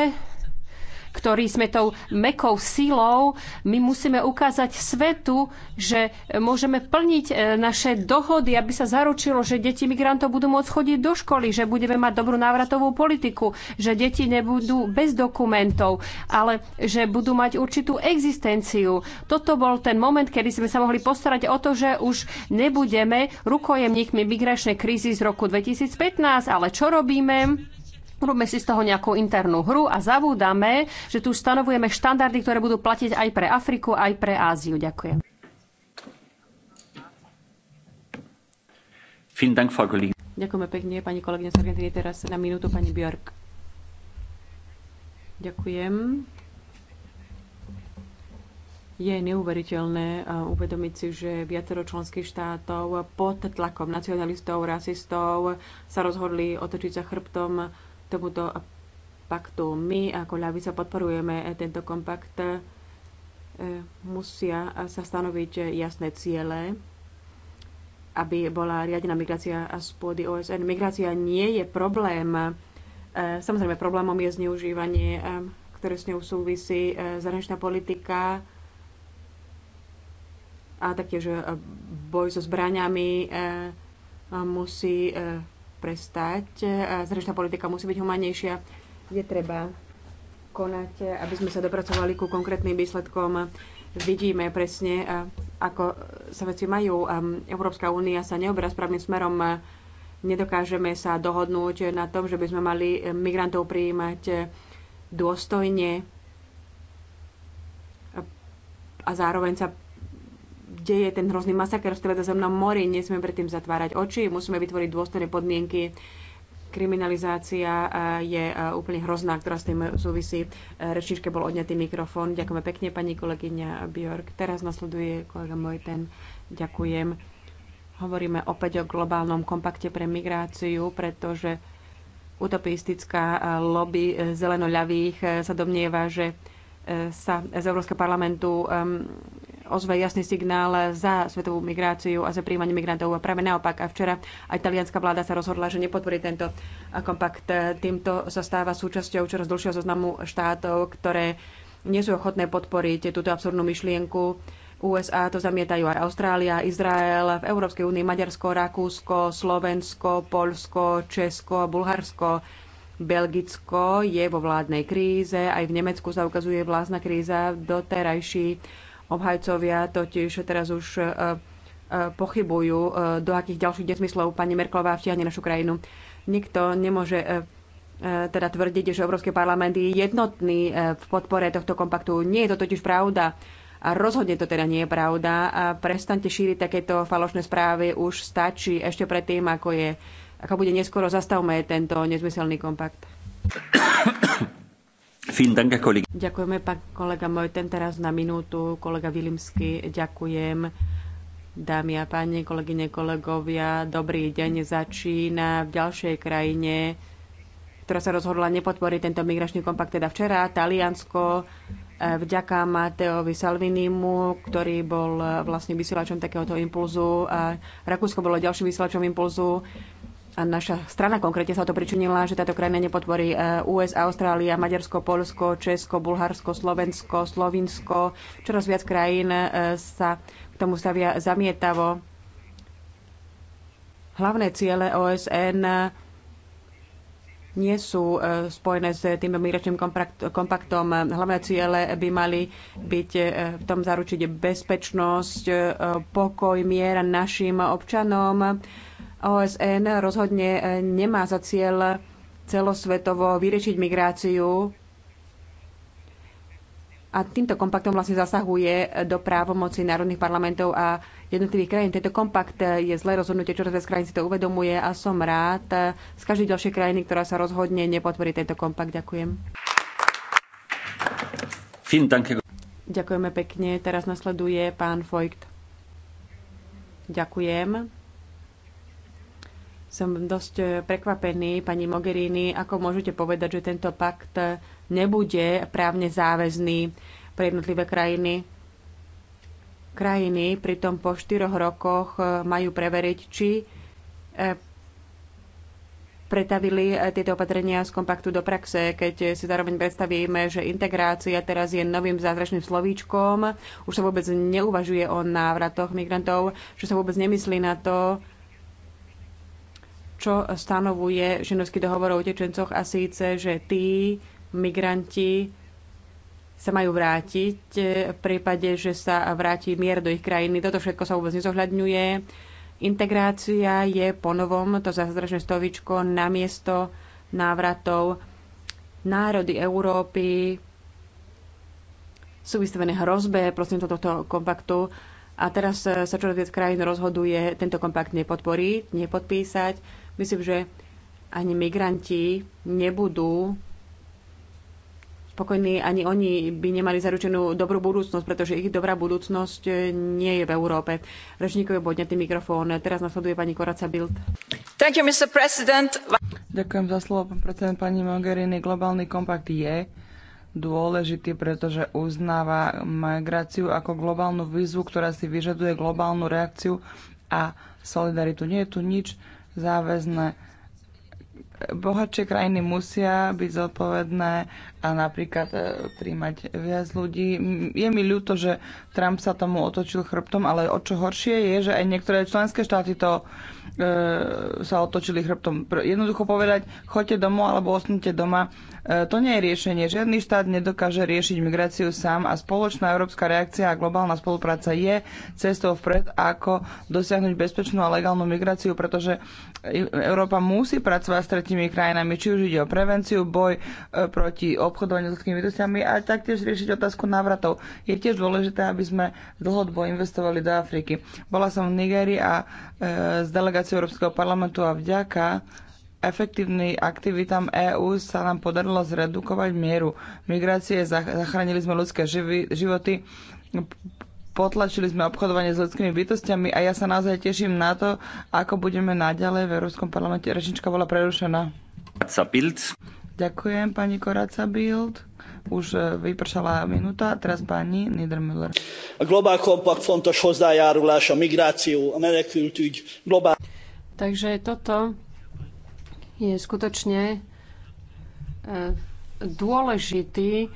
ktorí sme tou mekou silou, my musíme ukázať svetu, že môžeme plniť e, naše dohody, aby sa zaručilo, že deti migrantov budú môcť chodiť do školy, že budeme mať dobrú návratovú politiku, že deti nebudú bez dokumentov, ale že budú mať určitú existenciu. Toto bol ten moment, kedy sme sa mohli postarať o to, že už nebudeme rukojemníkmi migračnej krízy z roku 2015, ale čo robíme? Robíme si z toho nejakú internú hru a zavúdame, že tu stanovujeme štandardy, ktoré budú platiť aj pre Afriku, aj pre Áziu. Ďakujem. Ďakujeme pekne, pani kolegyňa z Argentíny. Teraz na minútu pani Björk. Ďakujem. Je neuveriteľné uvedomiť si, že viacero členských štátov pod tlakom nacionalistov, rasistov sa rozhodli otočiť sa chrbtom tomuto paktu. My ako ľavica podporujeme tento kompakt. E, musia sa stanoviť jasné ciele, aby bola riadená migrácia a spôdy OSN. Migrácia nie je problém. E, samozrejme, problémom je zneužívanie, e, ktoré s ňou súvisí zahraničná politika a taktiež boj so zbraniami musí prestať. Zrečná politika musí byť humanejšia, Je treba konať, aby sme sa dopracovali ku konkrétnym výsledkom. Vidíme presne, ako sa veci majú. Európska únia sa neobrá správnym smerom. Nedokážeme sa dohodnúť na tom, že by sme mali migrantov prijímať dôstojne a zároveň sa deje ten hrozný masaker v Stredozemnom mori. Nesmieme predtým zatvárať oči, musíme vytvoriť dôstojné podmienky. Kriminalizácia eh, je eh, úplne hrozná, ktorá s tým súvisí. Eh, rečničke bol odňatý mikrofón. Ďakujeme pekne, pani kolegyňa Bjork. Teraz nasleduje kolega Mojten. Ďakujem. Hovoríme opäť o globálnom kompakte pre migráciu, pretože utopistická lobby zelenoľavých sa domnieva, že sa z Európskeho parlamentu ehm, ozve jasný signál za svetovú migráciu a za príjmanie migrantov. A práve naopak, a včera aj talianská vláda sa rozhodla, že nepodporí tento kompakt. Týmto sa stáva súčasťou čoraz dlhšieho zoznamu štátov, ktoré nie sú ochotné podporiť túto absurdnú myšlienku. USA to zamietajú aj Austrália, Izrael, v Európskej únii Maďarsko, Rakúsko, Slovensko, Polsko, Česko, Bulharsko. Belgicko je vo vládnej kríze, aj v Nemecku sa ukazuje vládna kríza, doterajší Obhajcovia totiž teraz už e, e, pochybujú, e, do akých ďalších nesmyslov pani Merklová vtiahne našu krajinu. Nikto nemôže teda tvrdiť, že Európsky parlament je jednotný v podpore tohto kompaktu. Nie je to totiž pravda. A rozhodne to teda nie je pravda. A prestante šíriť takéto falošné správy. Už stačí ešte pred tým, ako, je, ako bude neskoro zastavme tento nezmyselný kompakt. Ďakujeme, pán kolega Mojten. Teraz na minútu kolega Vilimsky. Ďakujem. Dámy a páni, kolegyne, kolegovia, dobrý deň začína v ďalšej krajine, ktorá sa rozhodla nepodporiť tento migračný kompakt. Teda včera Taliansko e, vďaka Mateovi Salvinimu, ktorý bol vlastne vysielačom takéhoto impulzu. A Rakúsko bolo ďalším vysielačom impulzu a naša strana konkrétne sa o to pričinila, že táto krajina nepodporí e, USA, Austrália, Maďarsko, Polsko, Česko, Bulharsko, Slovensko, Slovinsko. Čoraz viac krajín e, sa k tomu stavia zamietavo. Hlavné ciele OSN nie sú e, spojené s tým migračným kompaktom. Hlavné ciele by mali byť v tom zaručiť bezpečnosť, pokoj, mier našim občanom OSN rozhodne e, nemá za cieľ celosvetovo vyriešiť migráciu a týmto kompaktom vlastne zasahuje do právomoci národných parlamentov a jednotlivých krajín. Tento kompakt e, je zle rozhodnutie, čo viac krajín si to uvedomuje a som rád e, z každej ďalšej krajiny, ktorá sa rozhodne nepotvorí tento kompakt. Ďakujem. Ďakujeme pekne. Teraz nasleduje pán Fojt. Ďakujem. Som dosť e, prekvapený, pani Mogherini, ako môžete povedať, že tento pakt nebude právne záväzný pre jednotlivé krajiny. Krajiny pritom po štyroch rokoch e, majú preveriť, či e, pretavili tieto opatrenia z kompaktu do praxe, keď si zároveň predstavíme, že integrácia teraz je novým zázračným slovíčkom, už sa vôbec neuvažuje o návratoch migrantov, že sa vôbec nemyslí na to, čo stanovuje ženovský dohovor o utečencoch a síce, že tí migranti sa majú vrátiť v prípade, že sa vráti mier do ich krajiny. Toto všetko sa vôbec nezohľadňuje. Integrácia je ponovom to zázračné stovičko na miesto návratov. Národy Európy sú vystavené hrozbe prosím tohto kompaktu a teraz sa čo viac krajín rozhoduje tento kompakt nepodporiť, nepodpísať Myslím, že ani migranti nebudú spokojní, ani oni by nemali zaručenú dobrú budúcnosť, pretože ich dobrá budúcnosť nie je v Európe. Rečníkov je podnetý mikrofón. Teraz nasleduje pani Koraca Bild. Thank you, Mr. President. Ďakujem za slovo, pán predseda pani Mogherini. Globálny kompakt je dôležitý, pretože uznáva migráciu ako globálnu výzvu, ktorá si vyžaduje globálnu reakciu a solidaritu. Nie je tu nič záväzné. Bohatšie krajiny musia byť zodpovedné a napríklad príjmať e, viac ľudí. Je mi ľúto, že Trump sa tomu otočil chrbtom, ale o čo horšie je, že aj niektoré členské štáty to e, sa otočili chrbtom. Jednoducho povedať, choďte domov alebo ostanete doma, e, to nie je riešenie. Žiadny štát nedokáže riešiť migráciu sám a spoločná európska reakcia a globálna spolupráca je cestou vpred, ako dosiahnuť bezpečnú a legálnu migráciu, pretože Európa musí pracovať s tretími krajinami, či už ide o prevenciu, boj e, proti obchodovaniu s ľudskými bytostiami a taktiež riešiť otázku návratov. Je tiež dôležité, aby sme dlhodobo investovali do Afriky. Bola som v Nigerii a e, z delegáciou Európskeho parlamentu a vďaka efektívnej aktivitám EÚ sa nám podarilo zredukovať mieru migrácie, zachránili sme ľudské živy, životy, potlačili sme obchodovanie s ľudskými bytostiami a ja sa naozaj teším na to, ako budeme naďalej v Európskom parlamente. Rečnička bola prerušená. Ďakujem pani Koraca Bild. Už e, vypršala minúta, teraz pani Niedermüller. A Global Compact fontos hozzájárulás a migráciu, a ügy, globál... Takže toto je skutočne e, dôležitý e,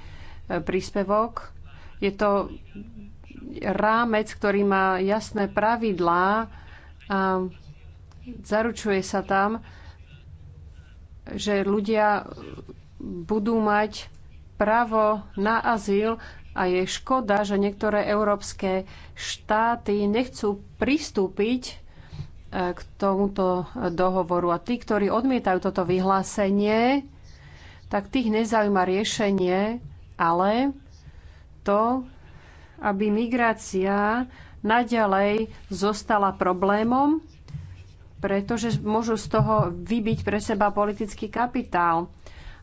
príspevok. Je to rámec, ktorý má jasné pravidlá a zaručuje sa tam, že ľudia budú mať právo na azyl a je škoda, že niektoré európske štáty nechcú pristúpiť e, k tomuto dohovoru. A tí, ktorí odmietajú toto vyhlásenie, tak tých nezaujíma riešenie, ale to, aby migrácia naďalej zostala problémom, pretože môžu z toho vybiť pre seba politický kapitál.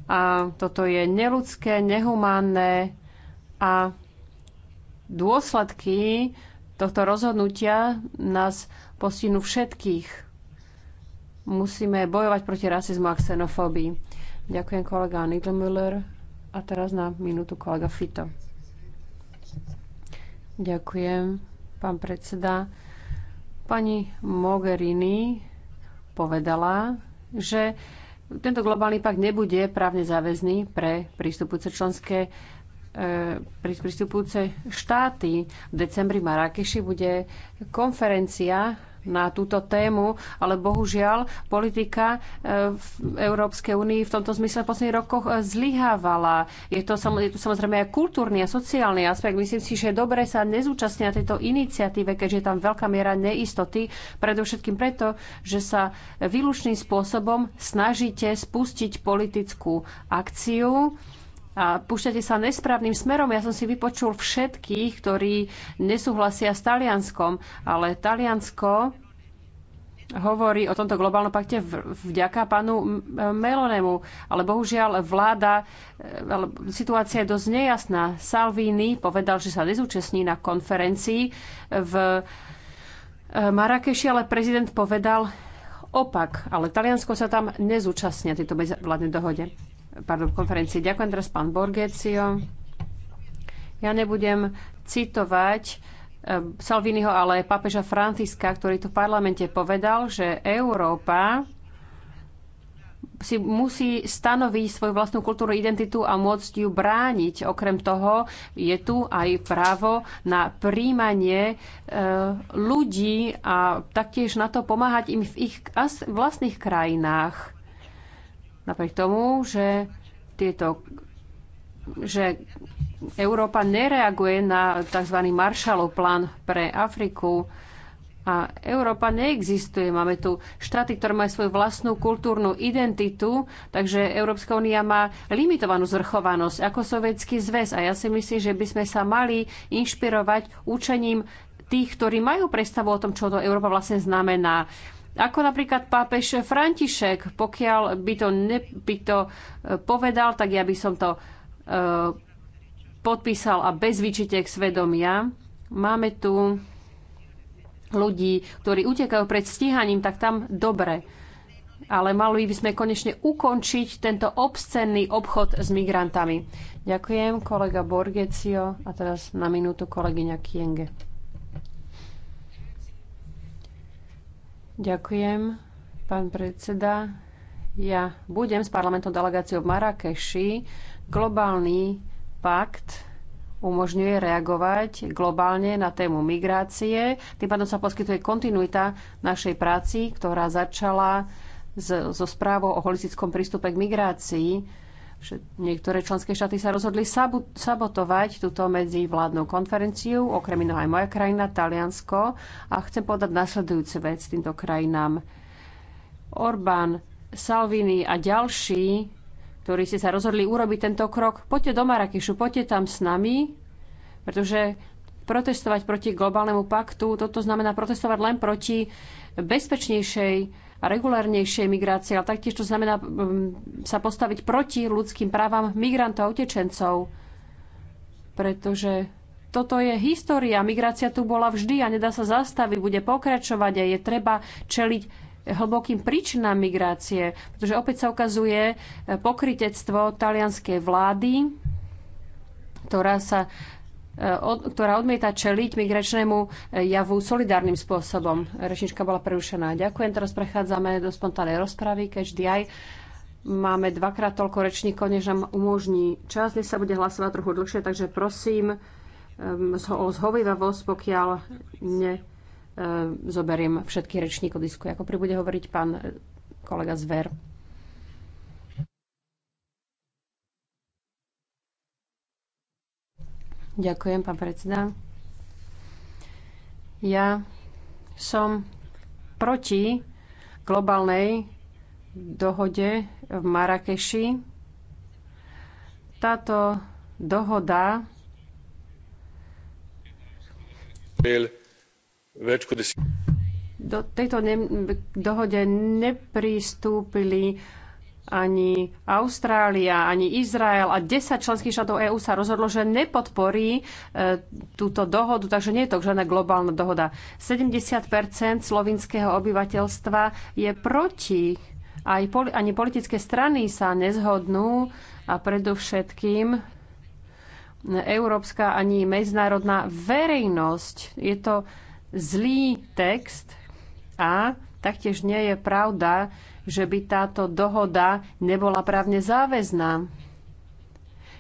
A toto je neludské, nehumánne a dôsledky tohto rozhodnutia nás postihnú všetkých. Musíme bojovať proti rasizmu a xenofóbii. Ďakujem kolega Nidlmüller a teraz na minútu kolega Fito. Ďakujem, pán predseda. Pani Mogherini povedala, že tento globálny pakt nebude právne záväzný pre prístupujúce členské pri e, pristupujúce štáty. V decembri v Marrakeši bude konferencia na túto tému, ale bohužiaľ politika e, v Európskej únii v tomto zmysle v posledných rokoch e, zlyhávala. Je to, je to samozrejme aj kultúrny a sociálny aspekt. Myslím si, že dobre sa nezúčastnia tejto iniciatíve, keďže je tam veľká miera neistoty, predovšetkým preto, že sa výlučným spôsobom snažíte spustiť politickú akciu, a púšťate sa nesprávnym smerom. Ja som si vypočul všetkých, ktorí nesúhlasia s Talianskom, ale Taliansko hovorí o tomto globálnom pakte vďaka pánu Melonemu. Ale bohužiaľ vláda, e, situácia je dosť nejasná. Salvini povedal, že sa nezúčastní na konferencii v e, Marakeši, ale prezident povedal opak. Ale Taliansko sa tam nezúčastnia tejto vládnej dohode pardon, konferencii. Ďakujem teraz pán Borgecio. Ja nebudem citovať eh, Salviniho, ale pápeža Františka, ktorý tu v parlamente povedal, že Európa si musí stanoviť svoju vlastnú kultúru, identitu a môcť ju brániť. Okrem toho je tu aj právo na príjmanie e, ľudí a taktiež na to pomáhať im v ich vlastných krajinách. Napriek tomu, že tieto že Európa nereaguje na tzv. Marshallov plán pre Afriku a Európa neexistuje. Máme tu štáty, ktoré majú svoju vlastnú kultúrnu identitu, takže Európska únia má limitovanú zrchovanosť ako sovietský zväz a ja si myslím, že by sme sa mali inšpirovať učením tých, ktorí majú predstavu o tom, čo to Európa vlastne znamená. Ako napríklad pápež František, pokiaľ by to, ne, by to e, povedal, tak ja by som to e, podpísal a bez výčitek svedomia. Máme tu ľudí, ktorí utekajú pred stíhaním, tak tam dobre. Ale mali by sme konečne ukončiť tento obscenný obchod s migrantami. Ďakujem, kolega Borgecio. A teraz na minútu kolegyňa Kienge. Ďakujem, pán predseda. Ja budem s parlamentom delegáciou v Marrakeši. Globálny pakt umožňuje reagovať globálne na tému migrácie. Tým pádom sa poskytuje kontinuita našej práci, ktorá začala so správou o holistickom prístupe k migrácii Niektoré členské štáty sa rozhodli sabotovať túto medzivládnu konferenciu, okrem iného aj moja krajina, Taliansko. A chcem podať nasledujúce vec týmto krajinám. Orbán, Salvini a ďalší, ktorí ste sa rozhodli urobiť tento krok, poďte do Marrakešu, poďte tam s nami, pretože protestovať proti globálnemu paktu, toto znamená protestovať len proti bezpečnejšej regulárnejšej migrácie, ale taktiež to znamená sa postaviť proti ľudským právam migrantov a utečencov, pretože toto je história. Migrácia tu bola vždy a nedá sa zastaviť, bude pokračovať a je treba čeliť hlbokým príčinám migrácie, pretože opäť sa ukazuje e, pokritectvo talianskej vlády, ktorá sa E, ktorá odmieta čeliť migračnému e, javu solidárnym spôsobom. Rečnička bola prerušená. Ďakujem. Teraz prechádzame do spontánnej rozpravy. Každý aj máme dvakrát toľko rečníkov, než nám umožní čas. Dnes sa bude hlasovať trochu dlhšie, takže prosím e, o zhovivavosť, pokiaľ ne zoberiem všetky rečníkov disku. Ako pribude hovoriť pán kolega Zver. Ďakujem, pán predseda. Ja som proti globálnej dohode v Marrakeši. Táto dohoda do tejto ne- dohode nepristúpili ani Austrália, ani Izrael a 10 členských štátov EÚ sa rozhodlo, že nepodporí e, túto dohodu, takže nie je to žiadna globálna dohoda. 70 slovinského obyvateľstva je proti. Aj poli- ani politické strany sa nezhodnú a predovšetkým európska ani medzinárodná verejnosť. Je to zlý text a taktiež nie je pravda, že by táto dohoda nebola právne záväzná.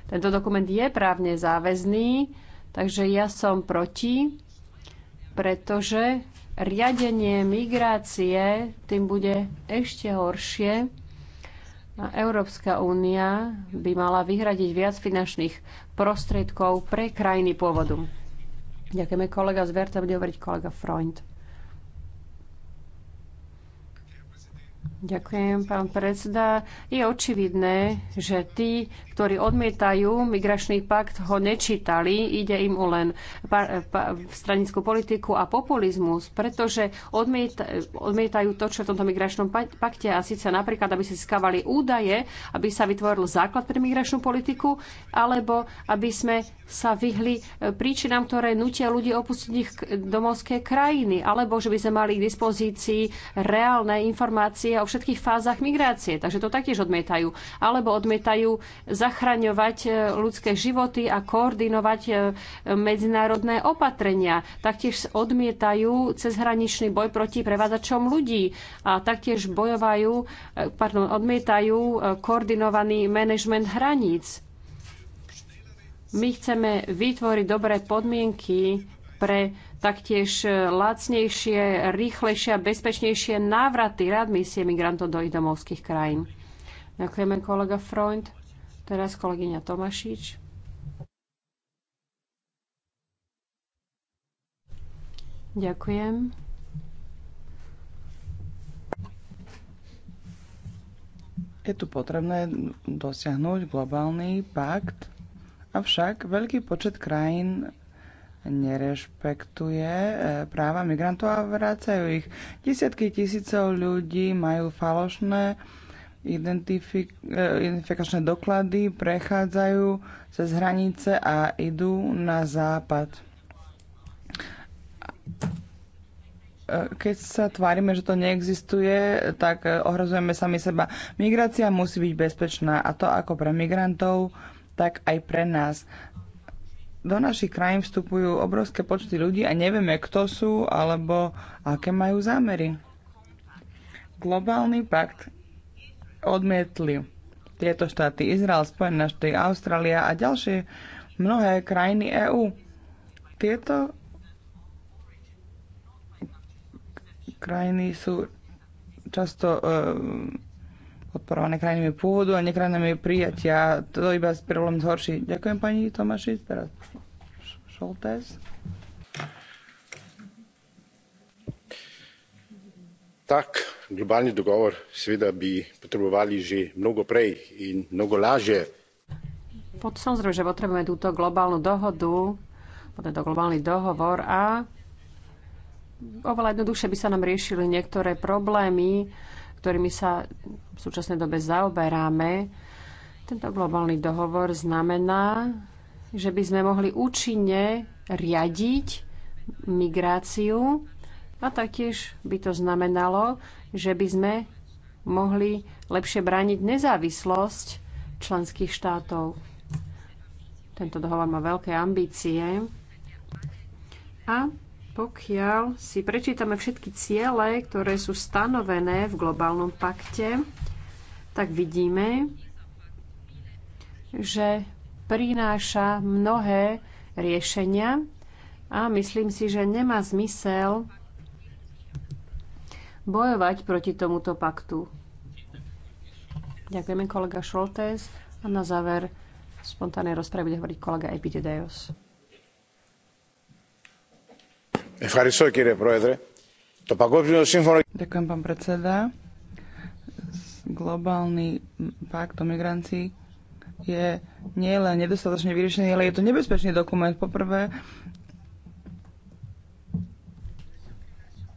Tento dokument je právne záväzný, takže ja som proti, pretože riadenie migrácie tým bude ešte horšie. A Európska únia by mala vyhradiť viac finančných prostriedkov pre krajiny pôvodu. Ďakujeme kolega Z Verta, bude hovoriť kolega Freund. Ďakujem, pán predseda. Je očividné, že tí, ktorí odmietajú migračný pakt, ho nečítali. Ide im o len pa, pa, stranickú politiku a populizmus, pretože odmiet, odmietajú to, čo v tomto migračnom pakte a síce napríklad, aby si skávali údaje, aby sa vytvoril základ pre migračnú politiku, alebo aby sme sa vyhli e, príčinám, ktoré nutia ľudí opustiť ich domovské krajiny, alebo že by sme mali k dispozícii reálne informácie o všetkých fázach migrácie. Takže to taktiež odmietajú. Alebo odmietajú za zachraňovať e, ľudské životy a koordinovať e, medzinárodné opatrenia. Taktiež odmietajú cezhraničný boj proti prevádzačom ľudí a taktiež bojovajú, e, pardon, odmietajú koordinovaný manažment hraníc. My chceme vytvoriť dobré podmienky pre taktiež lacnejšie, rýchlejšie a bezpečnejšie návraty readmisie migrantov do ich domovských krajín. Ďakujeme, kolega Freund. Teraz kolegyňa Tomašič. Ďakujem. Je tu potrebné dosiahnuť globálny pakt, avšak veľký počet krajín nerešpektuje e, práva migrantov a vracajú ich. Desiatky tisícov ľudí majú falošné identifik- eh, identifikačné doklady, prechádzajú cez hranice a idú na západ. Eh, keď sa tvárime, že to neexistuje, tak eh, ohrozujeme sami seba. Migrácia musí byť bezpečná a to ako pre migrantov, tak aj pre nás. Do našich krajín vstupujú obrovské počty ľudí a nevieme, kto sú alebo aké majú zámery. Globálny pakt odmietli tieto štáty Izrael, Spojené štáty Austrália a ďalšie mnohé krajiny EÚ. Tieto krajiny sú často eh, podporované krajinami pôvodu a nekrajinami prijatia. To iba problém zhorší. Ďakujem pani Tomáši. Teraz Šoltes. Tak, globalni dogovor seveda bi potrebovali že mnogo prej in mnogo lažje. Pod, samozrejme, že potrebujeme túto globálnu dohodu, tento globálny dohovor a oveľa jednoduchšie by sa nám riešili niektoré problémy, ktorými sa v súčasnej dobe zaoberáme. Tento globálny dohovor znamená, že by sme mohli účinne riadiť migráciu a taktiež by to znamenalo, že by sme mohli lepšie brániť nezávislosť členských štátov. Tento dohovor má veľké ambície. A pokiaľ si prečítame všetky ciele, ktoré sú stanovené v globálnom pakte, tak vidíme, že prináša mnohé riešenia a myslím si, že nemá zmysel bojovať proti tomuto paktu. Ďakujeme kolega Šoltés a na záver v spontánnej rozprave bude hovoriť kolega Epitedeios. Ďakujem, pán predseda. Globálny pakt o migrancii je nielen nedostatočne vyriešený, ale je to nebezpečný dokument. Poprvé,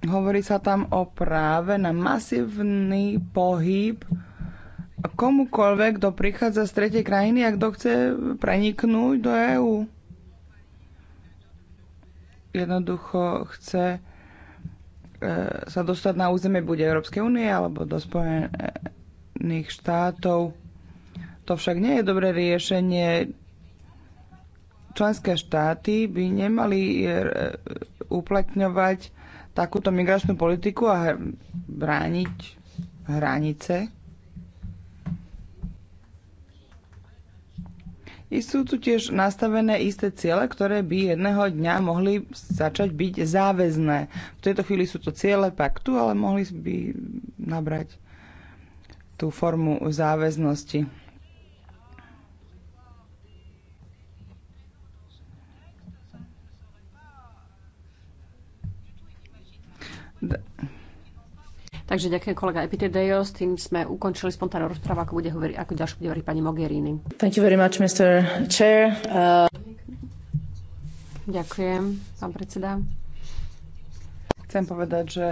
Hovorí sa tam o práve na masívny pohyb komukoľvek, kto prichádza z tretej krajiny a kto chce preniknúť do EÚ. Jednoducho chce e, sa dostať na územie buď Európskej únie alebo do Spojených štátov. To však nie je dobré riešenie. Členské štáty by nemali e, uplatňovať takúto migračnú politiku a brániť hranice. I sú tu tiež nastavené isté ciele, ktoré by jedného dňa mohli začať byť záväzné. V tejto chvíli sú to ciele paktu, ale mohli by nabrať tú formu záväznosti. Takže ďakujem kolega Epitedejo, s tým sme ukončili spontánnu rozprávu, ako, bude hovoriť, ako ďalšie bude hovoriť pani Mogherini. Thank you very much, Mr. Chair. Uh... Ďakujem, pán predseda. Chcem povedať, že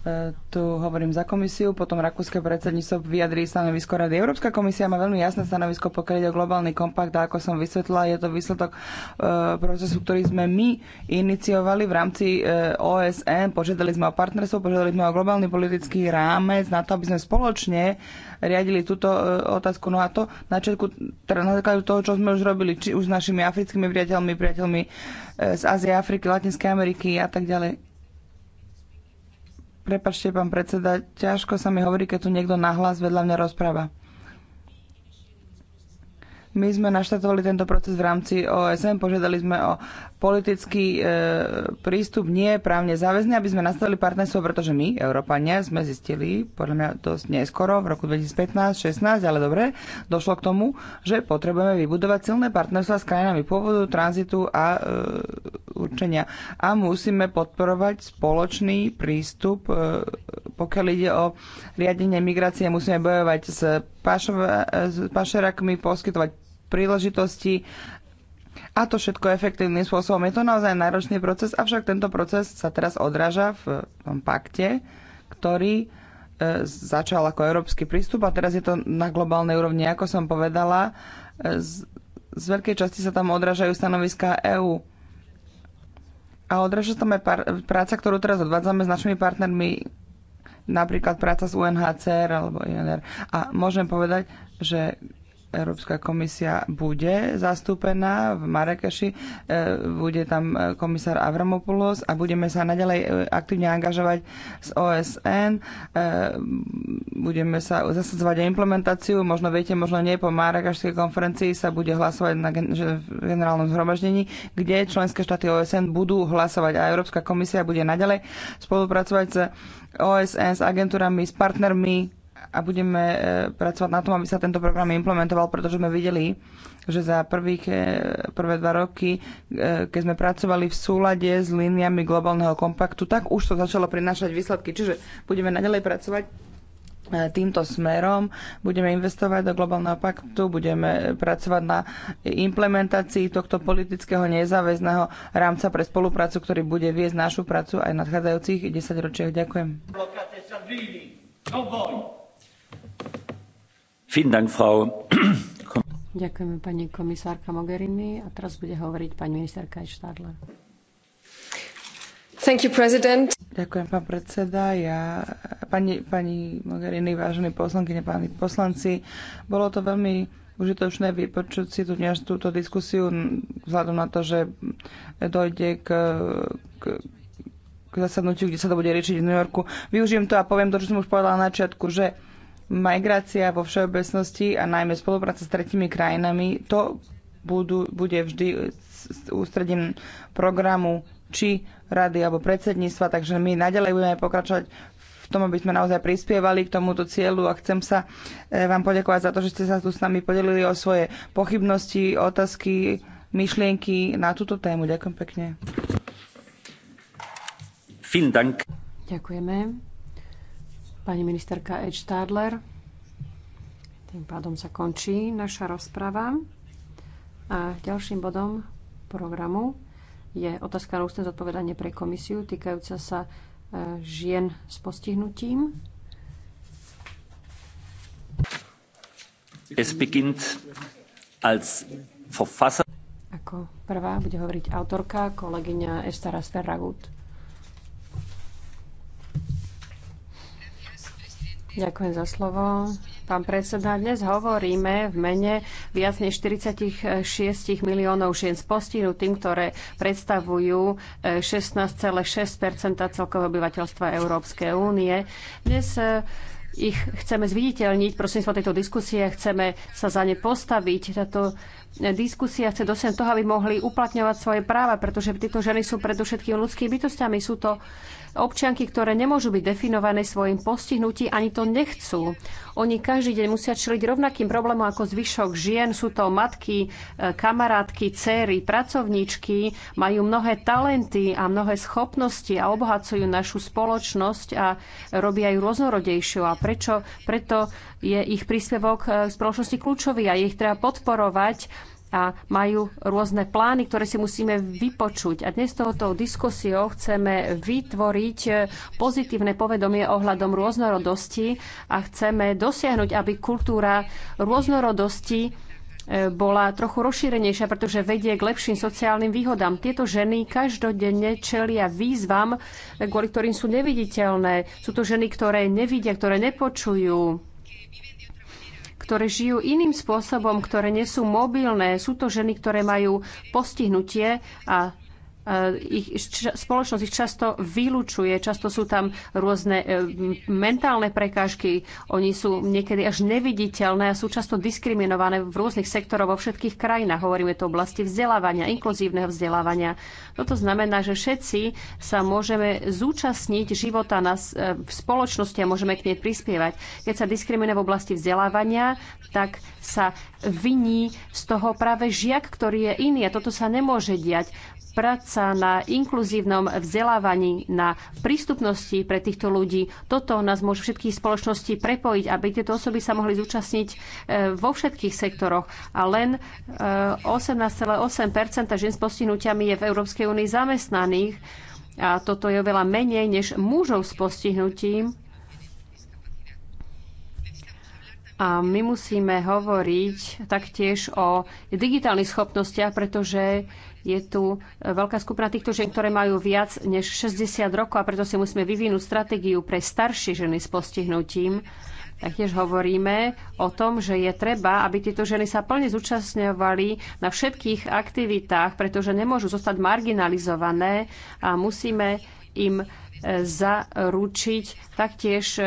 E, tu hovorím za komisiu, potom rakúske predsedníctvo vyjadrí stanovisko Rady. Európska komisia má veľmi jasné stanovisko, pokiaľ ide o globálny kompakt a ako som vysvetlila, je to výsledok e, procesu, ktorý sme my iniciovali v rámci e, OSN. Požiadali sme o partnerstvo, požiadali sme o globálny politický rámec na to, aby sme spoločne riadili túto otázku. No a to na začiatku, teda na základu toho, čo sme už robili, či už s našimi africkými priateľmi, priateľmi z Ázie, Afriky, Latinskej Ameriky a tak ďalej Prepačte, pán predseda, ťažko sa mi hovorí, keď tu niekto nahlas vedľa mňa rozpráva. My sme naštatovali tento proces v rámci OSN, požiadali sme o politický e, prístup nie je právne záväzný, aby sme nastavili partnerstvo, pretože my, Európania, sme zistili, podľa mňa dosť neskoro, v roku 2015-16, ale dobre, došlo k tomu, že potrebujeme vybudovať silné partnerstva s krajinami pôvodu, tranzitu a e, určenia. A musíme podporovať spoločný prístup, e, pokiaľ ide o riadenie migrácie, musíme bojovať s, e, s pašerakmi, poskytovať príležitosti a to všetko efektívnym spôsobom. Je to naozaj náročný proces, avšak tento proces sa teraz odráža v tom pakte, ktorý e, začal ako európsky prístup a teraz je to na globálnej úrovni. Ako som povedala, e, z, z veľkej časti sa tam odrážajú stanoviská EÚ. A odráža sa tam aj par- práca, ktorú teraz odvádzame s našimi partnermi, napríklad práca s UNHCR alebo INR. A môžem povedať, že Európska komisia bude zastúpená v Marekeši, e, bude tam e, komisár Avramopoulos a budeme sa naďalej e, aktívne angažovať z OSN, budeme sa zasadzovať o implementáciu, možno viete, možno nie, po Marekešskej konferencii sa bude hlasovať na generálnom zhromaždení, kde členské štáty OSN budú hlasovať a Európska komisia bude naďalej spolupracovať s OSN, s agentúrami, s partnermi a budeme e, pracovať na tom, aby sa tento program implementoval, pretože sme videli, že za prvých, e, prvé dva roky, e, keď sme pracovali v súlade s líniami globálneho kompaktu, tak už to začalo prinášať výsledky. Čiže budeme naďalej pracovať týmto smerom, budeme investovať do globálneho paktu, budeme pracovať na implementácii tohto politického nezáväzného rámca pre spoluprácu, ktorý bude viesť našu prácu aj v nadchádzajúcich 10 ročiach. Ďakujem. Ďakujeme pani komisárka Mogherini a teraz bude hovoriť pani ministerka Štadler. Ďakujem, pán predseda. Ja, pani, pani Mogherini, vážení poslankyne, páni poslanci, bolo to veľmi užitočné vypočuť si tu dnes túto diskusiu vzhľadom na to, že dojde k, k k zasadnutiu, kde sa to bude riešiť v New Yorku. Využijem to a poviem to, čo som už povedala na začiatku, že Migrácia vo všeobecnosti a najmä spolupráca s tretimi krajinami, to budú, bude vždy ústredím programu či rady alebo predsedníctva, takže my naďalej budeme pokračovať v tom, aby sme naozaj prispievali k tomuto cieľu a chcem sa eh, vám poďakovať za to, že ste sa tu s nami podelili o svoje pochybnosti, otázky, myšlienky na túto tému. Ďakujem pekne. Ďakujeme pani ministerka Ed Stadler. Tým pádom sa končí naša rozprava. A ďalším bodom programu je otázka na ústne zodpovedanie pre komisiu týkajúca sa e, žien s postihnutím. Es beginnt als Verfasser. Ako prvá bude hovoriť autorka, kolegyňa Estara Sferragut. Ďakujem za slovo. Pán predseda, dnes hovoríme v mene viac než 46 miliónov žien s postihnutým, ktoré predstavujú 16,6 eh, celkového obyvateľstva Európskej únie. Dnes eh, ich chceme zviditeľniť prosím sa tejto diskusie, chceme sa za ne postaviť. Táto eh, diskusia chce dosiahnuť toho, aby mohli uplatňovať svoje práva, pretože tieto ženy sú predovšetkým ľudskými bytostiami. Sú to občianky, ktoré nemôžu byť definované svojim postihnutím, ani to nechcú. Oni každý deň musia čeliť rovnakým problémom ako zvyšok žien. Sú to matky, e, kamarátky, céry, pracovníčky, majú mnohé talenty a mnohé schopnosti a obohacujú našu spoločnosť a robia ju rôznorodejšiu. A prečo? Preto je ich príspevok e, v spoločnosti kľúčový a ich treba podporovať a majú rôzne plány, ktoré si musíme vypočuť. A dnes tohoto diskusiou chceme vytvoriť pozitívne povedomie ohľadom rôznorodosti a chceme dosiahnuť, aby kultúra rôznorodosti e, bola trochu rozšírenejšia, pretože vedie k lepším sociálnym výhodám. Tieto ženy každodenne čelia výzvam, kvôli ktorým sú neviditeľné. Sú to ženy, ktoré nevidia, ktoré nepočujú, ktoré žijú iným spôsobom, ktoré nie sú mobilné. Sú to ženy, ktoré majú postihnutie a ich, spoločnosť ich často vylúčuje, často sú tam rôzne e, mentálne prekážky, oni sú niekedy až neviditeľné a sú často diskriminované v rôznych sektoroch vo všetkých krajinách. Hovoríme to oblasti vzdelávania, inkluzívneho vzdelávania. Toto znamená, že všetci sa môžeme zúčastniť života na, e, v spoločnosti a môžeme k nej prispievať. Keď sa diskriminuje v oblasti vzdelávania, tak sa viní z toho práve žiak, ktorý je iný a toto sa nemôže diať práca na inkluzívnom vzdelávaní, na prístupnosti pre týchto ľudí. Toto nás môže všetkých spoločností prepojiť, aby tieto osoby sa mohli zúčastniť e, vo všetkých sektoroch. A len 18,8 e, žien s postihnutiami je v Európskej únii zamestnaných. A toto je oveľa menej než mužov s postihnutím. A my musíme hovoriť taktiež o digitálnych schopnostiach, pretože je tu e, veľká skupina týchto žien, ktoré majú viac než 60 rokov a preto si musíme vyvinúť stratégiu pre staršie ženy s postihnutím. Taktiež hovoríme o tom, že je treba, aby tieto ženy sa plne zúčastňovali na všetkých aktivitách, pretože nemôžu zostať marginalizované a musíme im zaručiť taktiež e,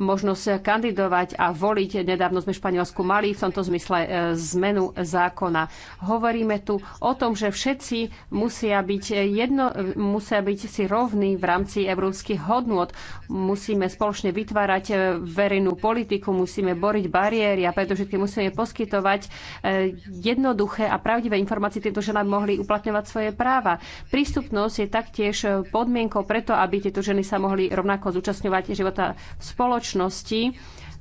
možnosť kandidovať a voliť. Nedávno sme v Španielsku mali v tomto zmysle e, zmenu zákona. Hovoríme tu o tom, že všetci musia byť, jedno, musia byť si rovní v rámci európskych hodnôt. Musíme spoločne vytvárať e, verejnú politiku, musíme boriť bariéry a predovšetkým musíme poskytovať jednoduché a pravdivé informácie, tieto ženám mohli uplatňovať svoje práva. Prístupnosť je taktiež podmienkou preto, aby tieto tu ženy sa mohli rovnako zúčastňovať života v spoločnosti.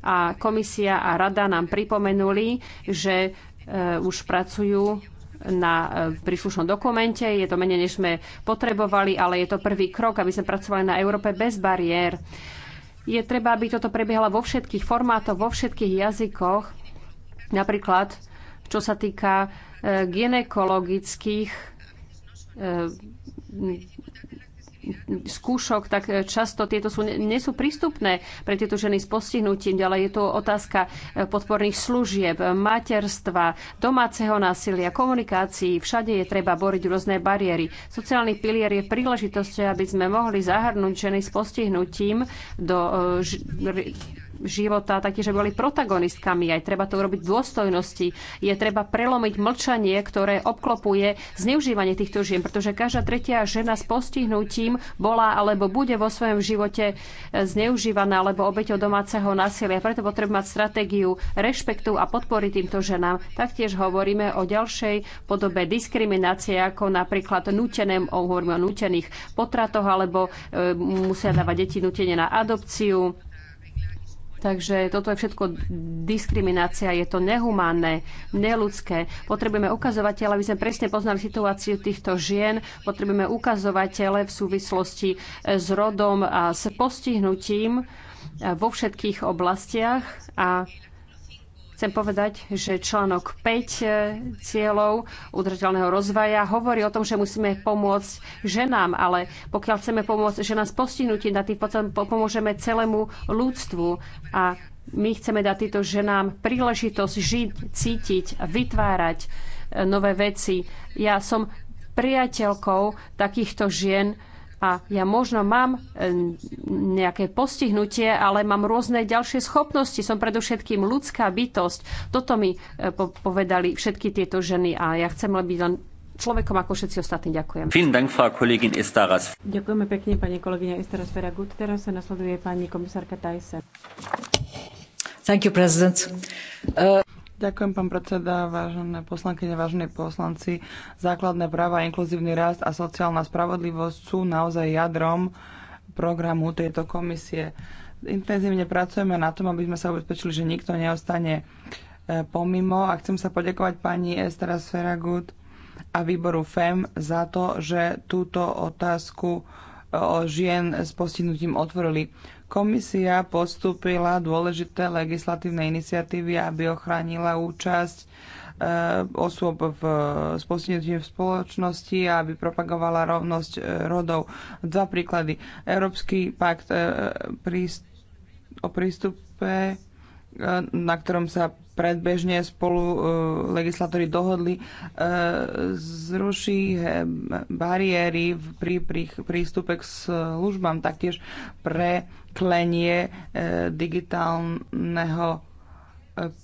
A komisia a rada nám pripomenuli, že e, už pracujú na e, príslušnom dokumente. Je to menej, než sme potrebovali, ale je to prvý krok, aby sme pracovali na Európe bez bariér. Je treba, aby toto prebiehalo vo všetkých formátoch, vo všetkých jazykoch. Napríklad, čo sa týka e, ginekologických skúšok, tak e, často tieto sú, nie sú prístupné pre tieto ženy s postihnutím. Ďalej je tu otázka e, podporných služieb, materstva, domáceho násilia, komunikácií. Všade je treba boriť rôzne bariéry. Sociálny pilier je príležitosť, aby sme mohli zahrnúť ženy s postihnutím do e, života taktiež boli protagonistkami. Aj treba to urobiť v dôstojnosti. Je treba prelomiť mlčanie, ktoré obklopuje zneužívanie týchto žien, pretože každá tretia žena s postihnutím bola alebo bude vo svojom živote e, zneužívaná alebo obeťou domáceho násilia. Preto potrebujeme mať stratégiu rešpektu a podpory týmto ženám. Taktiež hovoríme o ďalšej podobe diskriminácie, ako napríklad nuteném, hovoríme o nutených potratoch alebo e, musia dávať deti nutenie na adopciu Takže toto je všetko diskriminácia, je to nehumánne, neludské. Potrebujeme ukazovateľ, aby sme presne poznali situáciu týchto žien. Potrebujeme ukazovateľe v súvislosti s rodom a s postihnutím vo všetkých oblastiach a Chcem povedať, že článok 5 e, cieľov udržateľného rozvoja hovorí o tom, že musíme pomôcť ženám, ale pokiaľ chceme pomôcť ženám s postihnutím, tak potom pomôžeme celému ľudstvu a my chceme dať týmto ženám príležitosť žiť, cítiť, vytvárať e, nové veci. Ja som priateľkou takýchto žien, a ja možno mám e, nejaké postihnutie, ale mám rôzne ďalšie schopnosti. Som predovšetkým ľudská bytosť. Toto mi e, povedali všetky tieto ženy a ja chcem byť len človekom ako všetci ostatní. Ďakujem. Ďakujeme pekne, pani kolegyňa Estaras Feragut. Teraz sa nasleduje pani komisárka Tyson. Thank you, President. Uh... Ďakujem, pán predseda, vážené poslankyne, vážení poslanci. Základné práva, inkluzívny rast a sociálna spravodlivosť sú naozaj jadrom programu tejto komisie. Intenzívne pracujeme na tom, aby sme sa ubezpečili, že nikto neostane e, pomimo a chcem sa poďakovať pani Estera Sferagut a výboru FEM za to, že túto otázku e, žien s postihnutím otvorili. Komisia postúpila dôležité legislatívne iniciatívy, aby ochránila účasť e, osôb v, spostnutí v spoločnosti a aby propagovala rovnosť e, rodov. Dva príklady. Európsky pakt e, o prístupe, na ktorom sa predbežne spolu e, legislatóri dohodli, e, zruší e, bariéry v, pri, pri prístupe k službám, taktiež preklenie e, digitálneho e,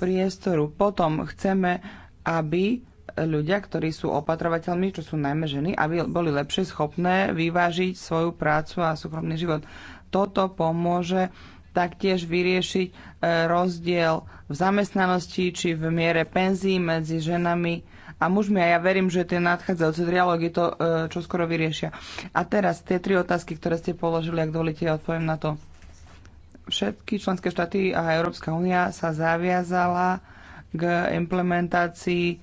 priestoru. Potom chceme, aby ľudia, ktorí sú opatrovateľmi, čo sú najmä ženy, aby boli lepšie schopné vyvážiť svoju prácu a súkromný život. Toto pomôže taktiež vyriešiť e, rozdiel v zamestnanosti či v miere penzí medzi ženami a mužmi. A ja verím, že tie nadchádzajúce trialógy to e, čo skoro vyriešia. A teraz tie tri otázky, ktoré ste položili, ak dovolíte, ja odpoviem na to. Všetky členské štáty a Európska únia sa zaviazala k implementácii e,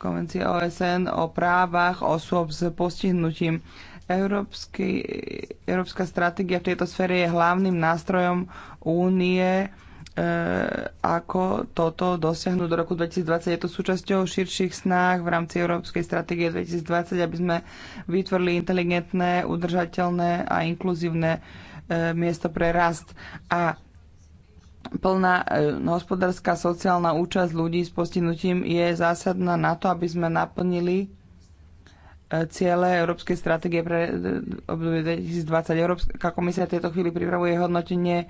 konvencie OSN o právach osôb s postihnutím Európsky, európska stratégia v tejto sfére je hlavným nástrojom únie, e, ako toto dosiahnuť do roku 2020. Je to súčasťou širších snách v rámci Európskej stratégie 2020, aby sme vytvorili inteligentné, udržateľné a inkluzívne e, miesto pre rast. A plná e, hospodárska sociálna účasť ľudí s postihnutím je zásadná na to, aby sme naplnili E, ciele Európskej stratégie pre e, obdobie 2020. Európska komisia v tejto chvíli pripravuje hodnotenie e,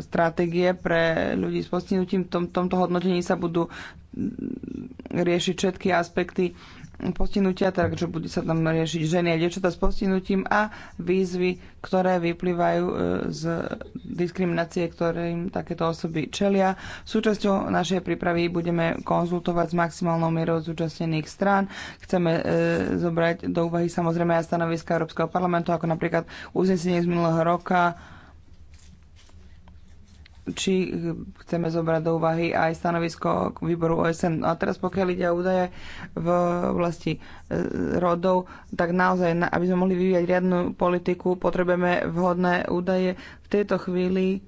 stratégie pre ľudí s postihnutím. V Tom, tomto hodnotení sa budú riešiť všetky aspekty postihnutia, takže bude sa tam riešiť ženy a dievčatá s postihnutím a výzvy, ktoré vyplývajú e, z diskriminácie, ktorým takéto osoby čelia. Súčasťou našej prípravy budeme konzultovať s maximálnou mierou zúčastnených strán. Chceme e, zobrať do úvahy samozrejme aj stanoviska Európskeho parlamentu, ako napríklad uznesenie z minulého roka či chceme zobrať do úvahy aj stanovisko k výboru OSN. A teraz pokiaľ ide o údaje v oblasti e, rodov, tak naozaj, aby sme mohli vyvíjať riadnu politiku, potrebujeme vhodné údaje. V tejto chvíli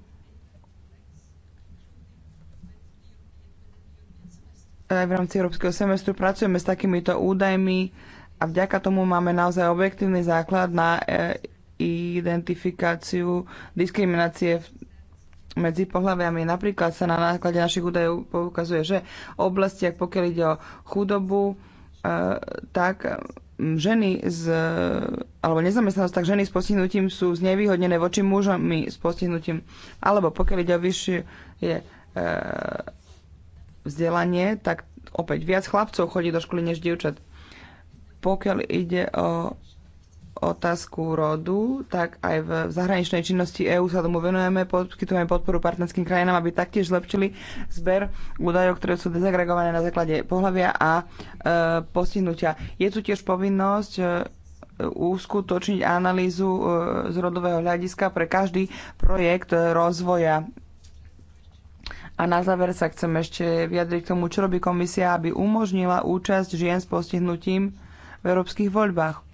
aj v rámci Európskeho semestru pracujeme s takýmito údajmi a vďaka tomu máme naozaj objektívny základ na e, identifikáciu diskriminácie v medzi pohľaviami. Napríklad sa na náklade našich údajov poukazuje, že ak pokiaľ ide o chudobu, e, tak ženy z, alebo nezamestnanosť, tak ženy s postihnutím sú znevýhodnené voči mužomi s postihnutím. Alebo pokiaľ ide o vyššie je, e, vzdelanie, tak opäť viac chlapcov chodí do školy než dievčat. Pokiaľ ide o otázku rodu, tak aj v zahraničnej činnosti EÚ sa tomu venujeme, poskytujeme podporu partnerským krajinám, aby taktiež zlepšili zber údajov, ktoré sú dezagregované na základe pohľavia a e, postihnutia. Je tu tiež povinnosť e, uskutočniť analýzu e, z rodového hľadiska pre každý projekt e, rozvoja a na záver sa chcem ešte vyjadriť k tomu, čo robí komisia, aby umožnila účasť žien s postihnutím v európskych voľbách.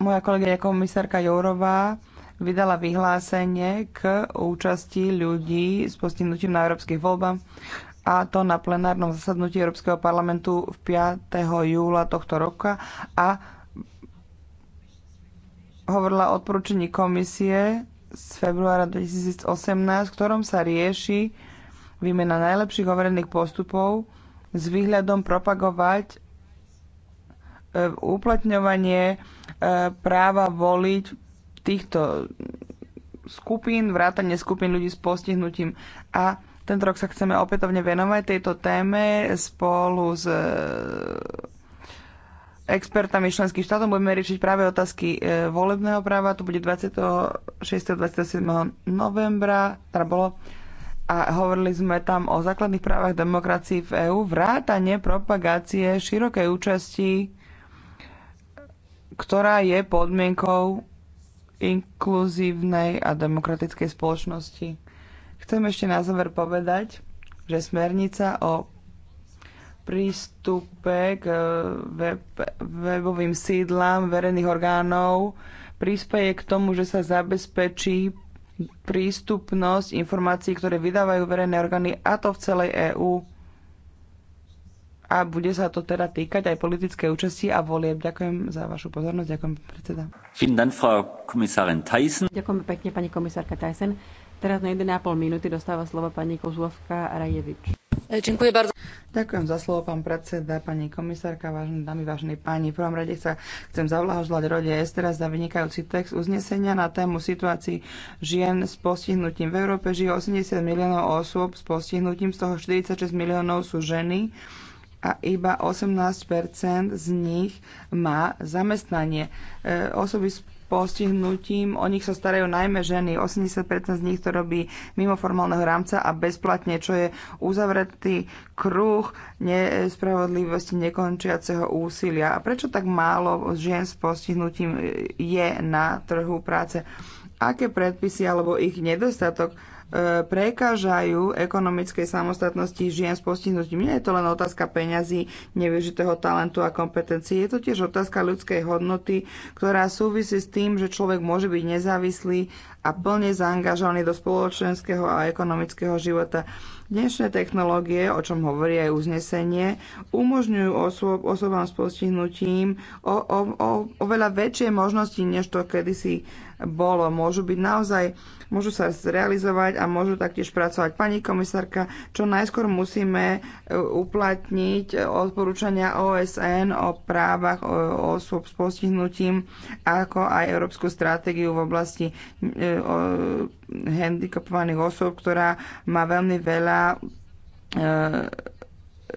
Moja kolegyňa komisárka Jourová vydala vyhlásenie k účasti ľudí s postihnutím na európskych voľbách a to na plenárnom zasadnutí Európskeho parlamentu v 5. júla tohto roka a hovorila o odporúčení komisie z februára 2018, v ktorom sa rieši výmena najlepších overených postupov s výhľadom propagovať e, uplatňovanie práva voliť týchto skupín, vrátanie skupín ľudí s postihnutím. A tento rok sa chceme opätovne venovať tejto téme spolu s e, expertami členských štátov. Budeme riešiť práve otázky e, volebného práva. Tu bude 26. 27. novembra. Teda bolo a hovorili sme tam o základných právach demokracií v EÚ, vrátane propagácie širokej účasti ktorá je podmienkou inkluzívnej a demokratickej spoločnosti. Chcem ešte na záver povedať, že smernica o prístupe k eh, web, webovým sídlám verejných orgánov prispieje k tomu, že sa zabezpečí prístupnosť informácií, ktoré vydávajú verejné orgány, a to v celej EÚ a bude sa to teda týkať aj politické účasti a volieb. Ďakujem za vašu pozornosť. Ďakujem, predseda. Ďakujem pekne, pani komisárka Tyson. Teraz na 1,5 minúty dostáva slovo pani Kozlovská Rajevič. Ďakujem bardzo. Ďakujem za slovo, pán predseda, pani komisárka, vážne dámy, vážení páni. V prvom rade sa chcem zavlahožľať rode Estera za vynikajúci text uznesenia na tému situácii žien s postihnutím. V Európe žije 80 miliónov osôb s postihnutím, z toho 46 miliónov sú ženy a iba 18 z nich má zamestnanie. E, osoby s postihnutím, o nich sa starajú najmä ženy. 80 z nich to robí mimo formálneho rámca a bezplatne, čo je uzavretý kruh nespravodlivosti nekončiaceho úsilia. A prečo tak málo žien s postihnutím je na trhu práce? Aké predpisy alebo ich nedostatok prekážajú ekonomickej samostatnosti žien s postihnutím. Nie je to len otázka peňazí, nevyužitého talentu a kompetencií. Je to tiež otázka ľudskej hodnoty, ktorá súvisí s tým, že človek môže byť nezávislý a plne zaangažovaný do spoločenského a ekonomického života. Dnešné technológie, o čom hovorí aj uznesenie, umožňujú osob, osobám s postihnutím o, o, o, oveľa väčšie možnosti, než to kedysi bolo. Môžu byť naozaj môžu sa zrealizovať a môžu taktiež pracovať. Pani komisárka, čo najskôr musíme e, uplatniť odporúčania OSN o právach osôb s postihnutím, ako aj Európsku stratégiu v oblasti e, handicapovaných osôb, ktorá má veľmi veľa e,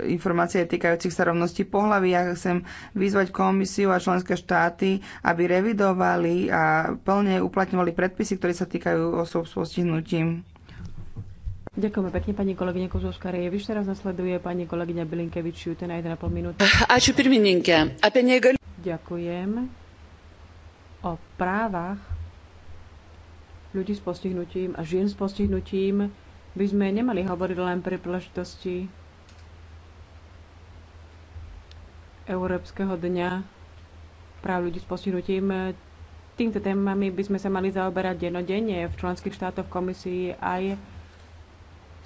informácie týkajúcich sa rovnosti pohlavy. Ja chcem vyzvať komisiu a členské štáty, aby revidovali a plne uplatňovali predpisy, ktoré sa týkajú osôb s postihnutím. Ďakujeme pekne, pani kolegyne Kozovská Rejeviš. Teraz nasleduje pani kolegyňa Bilinkevič, ten aj pol minúty. Ďakujem. O právach ľudí s postihnutím a žien s postihnutím by sme nemali hovoriť len pri príležitosti Európskeho dňa práv ľudí s postihnutím. Týmto témami by sme sa mali zaoberať denodenne v členských štátoch komisii aj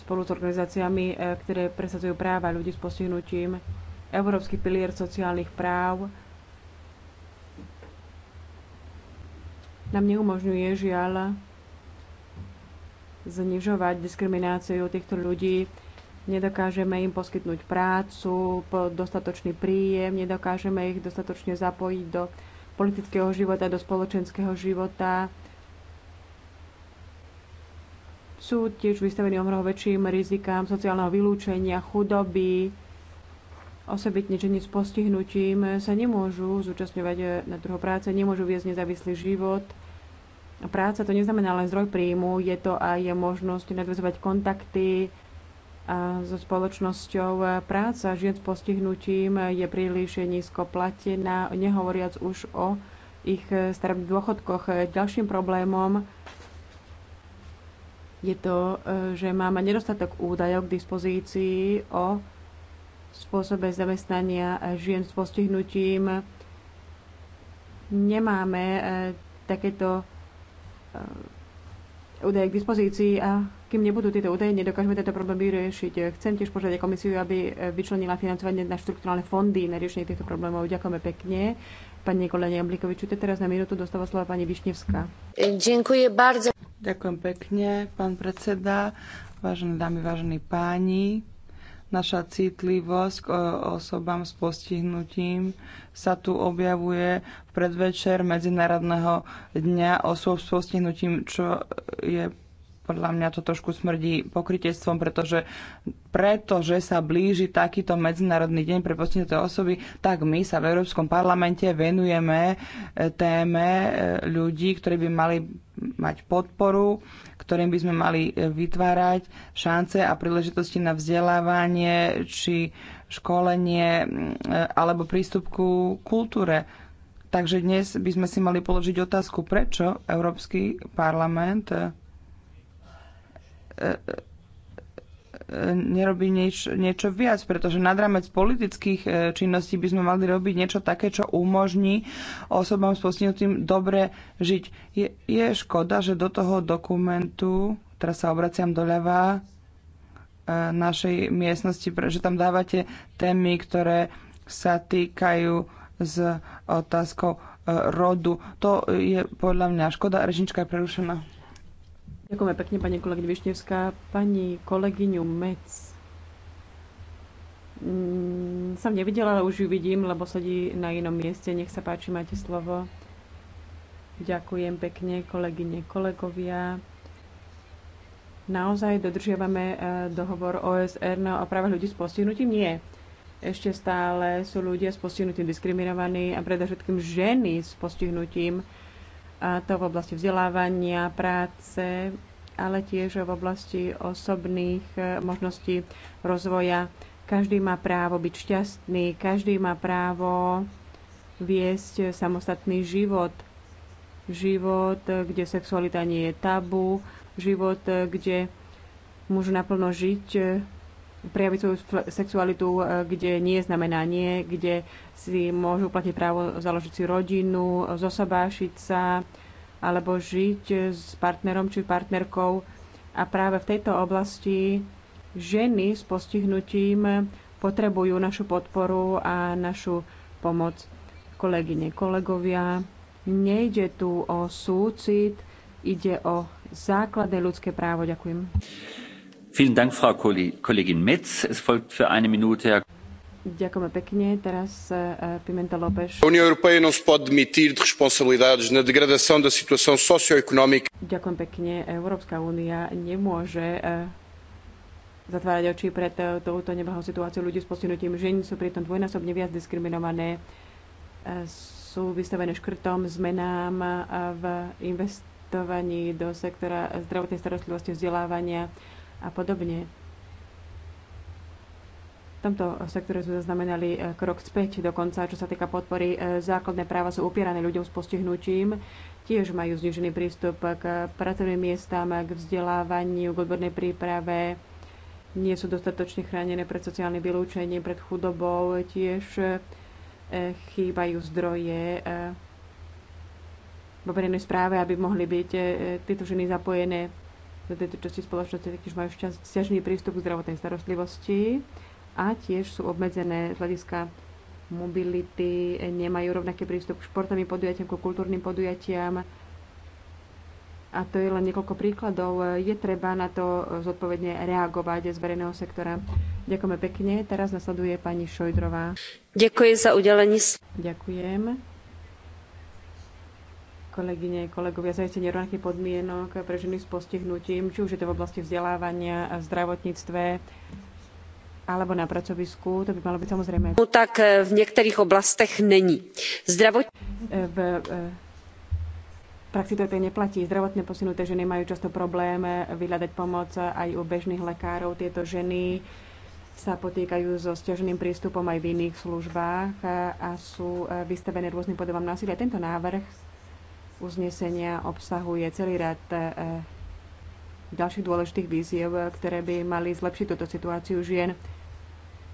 spolu s organizáciami, e, ktoré presadzujú práva ľudí s postihnutím, Európsky pilier sociálnych práv nám neumožňuje žiaľ znižovať diskrimináciu týchto ľudí nedokážeme im poskytnúť prácu, dostatočný príjem, nedokážeme ich dostatočne zapojiť do politického života, do spoločenského života. Sú tiež vystavení o mnoho väčším rizikám sociálneho vylúčenia, chudoby, osobitne ženy s postihnutím sa nemôžu zúčastňovať na trhu práce, nemôžu viesť nezávislý život. Práca to neznamená len zdroj príjmu, je to aj možnosť nadvezovať kontakty, so spoločnosťou e, práca žien s postihnutím je príliš nízko platená, nehovoriac už o ich e, starobných dôchodkoch. Ďalším problémom je to, e, že máme nedostatok údajov k dispozícii o spôsobe zamestnania žien s postihnutím. Nemáme takéto údaje k dispozícii a kým nebudú tieto údaje, nedokážeme tento problém vyriešiť. Chcem tiež požiadať komisiu, aby e, vyčlenila financovanie na štrukturálne fondy na riešenie týchto problémov. Ďakujeme pekne. Pani Kolenia Blikovičute, teraz na minútu dostáva slova pani Višnevská. Ďakujem bardzo. Ďakujem pekne, pán predseda, vážené dámy, vážení páni naša citlivosť k e, osobám s postihnutím sa tu objavuje v predvečer Medzinárodného dňa osôb s postihnutím, čo je podľa mňa to trošku smrdí pokrytectvom, pretože pretože sa blíži takýto medzinárodný deň pre postihnuté osoby, tak my sa v Európskom parlamente venujeme e, téme e, ľudí, ktorí by mali mať podporu, ktorým by sme mali e, vytvárať šance a príležitosti na vzdelávanie či školenie alebo prístup ku kultúre. Takže dnes by sme si mali položiť otázku, prečo Európsky parlament nerobí nieč, niečo viac, pretože nad rámec politických e, činností by sme mali robiť niečo také, čo umožní osobám s postihnutím dobre žiť. Je, je škoda, že do toho dokumentu, teraz sa obraciam doľava, e, našej miestnosti, že tam dávate témy, ktoré sa týkajú s otázkou e, rodu. To je podľa mňa škoda. režnička je prerušená. Ďakujeme pekne, pani kolegy Višnevská. Pani kolegyňu Mec mm, som nevidela, ale už ju vidím, lebo sedí na inom mieste. Nech sa páči, máte slovo. Ďakujem pekne, kolegyne, kolegovia. Naozaj dodržiavame e, dohovor OSR na no práve ľudí s postihnutím? Nie. Ešte stále sú ľudia s postihnutím diskriminovaní a predovšetkým ženy s postihnutím a to v oblasti vzdelávania, práce, ale tiež v oblasti osobných e, možností rozvoja. Každý má právo byť šťastný, každý má právo viesť samostatný život. Život, e, kde sexualita nie je tabu, život, e, kde môžu naplno žiť prejaviť svoju sexualitu, e, kde nie znamená nie, kde si môžu platiť právo založiť si rodinu, zosobášiť sa alebo žiť s partnerom či partnerkou. A práve v tejto oblasti ženy s postihnutím potrebujú našu podporu a našu pomoc. Kolegyne, kolegovia, nejde tu o súcit, ide o základné ľudské právo. Ďakujem. Ďakujeme pekne. Teraz eh, Pimenta López. A União Ďakujem pekne. Európska únia nemôže eh, zatvárať oči pred eh, touto nebahou situáciou ľudí s postihnutím. Ženy sú pritom dvojnásobne viac diskriminované, sú vystavené škrtom, zmenám v investovaní do sektora zdravotnej starostlivosti, vzdelávania a podobne. V tomto sektore sme zaznamenali eh, krok späť dokonca, čo sa týka podpory. Eh, základné práva sú upierané ľuďom s postihnutím, tiež majú znižený prístup k pracovným miestam, k vzdelávaniu, k odbornej príprave, nie sú dostatočne chránené pred sociálnym vylúčením, pred chudobou, tiež eh, chýbajú zdroje vo verejnej správe, aby mohli byť tieto ženy zapojené do tejto časti spoločnosti tiež majú stiažený prístup k zdravotnej starostlivosti a tiež sú obmedzené z hľadiska mobility, nemajú rovnaký prístup k športovým podujatiam, k kultúrnym podujatiam. A to je len niekoľko príkladov. Je treba na to zodpovedne reagovať z verejného sektora. Ďakujeme pekne. Teraz nasleduje pani Šojdrová. Ďakujem za udelenie. Ďakujem kolegyne, kolegovia, zajistenie rovnakých podmienok pre ženy s postihnutím, či už je to v oblasti vzdelávania, v zdravotníctve, alebo na pracovisku, to by malo byť samozrejme. No, tak e, v niektorých oblastech není. Zdravot... E, v e, praxi to neplatí. Zdravotné posunuté ženy majú často problém vyhľadať pomoc aj u bežných lekárov. Tieto ženy sa potýkajú so stiaženým prístupom aj v iných službách a sú vystavené rôznym podobám násilia. Tento návrh uznesenia obsahuje celý rad e, ďalších dôležitých víziev, ktoré by mali zlepšiť túto situáciu žien.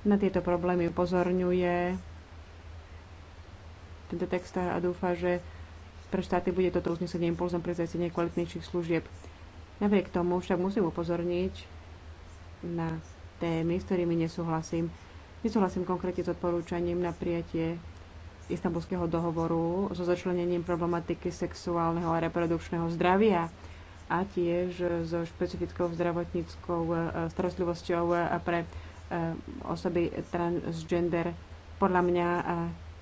Na tieto problémy upozorňuje tento text a dúfa, že pre štáty bude toto uznesenie impulzom pre zajistenie kvalitnejších služieb. Napriek tomu však musím upozorniť na témy, s ktorými nesúhlasím. Nesúhlasím konkrétne s odporúčaním na prijatie istambulského dohovoru so začlenením problematiky sexuálneho a reprodukčného zdravia a tiež so špecifickou zdravotníckou e, starostlivosťou e, pre e, osoby transgender. Podľa mňa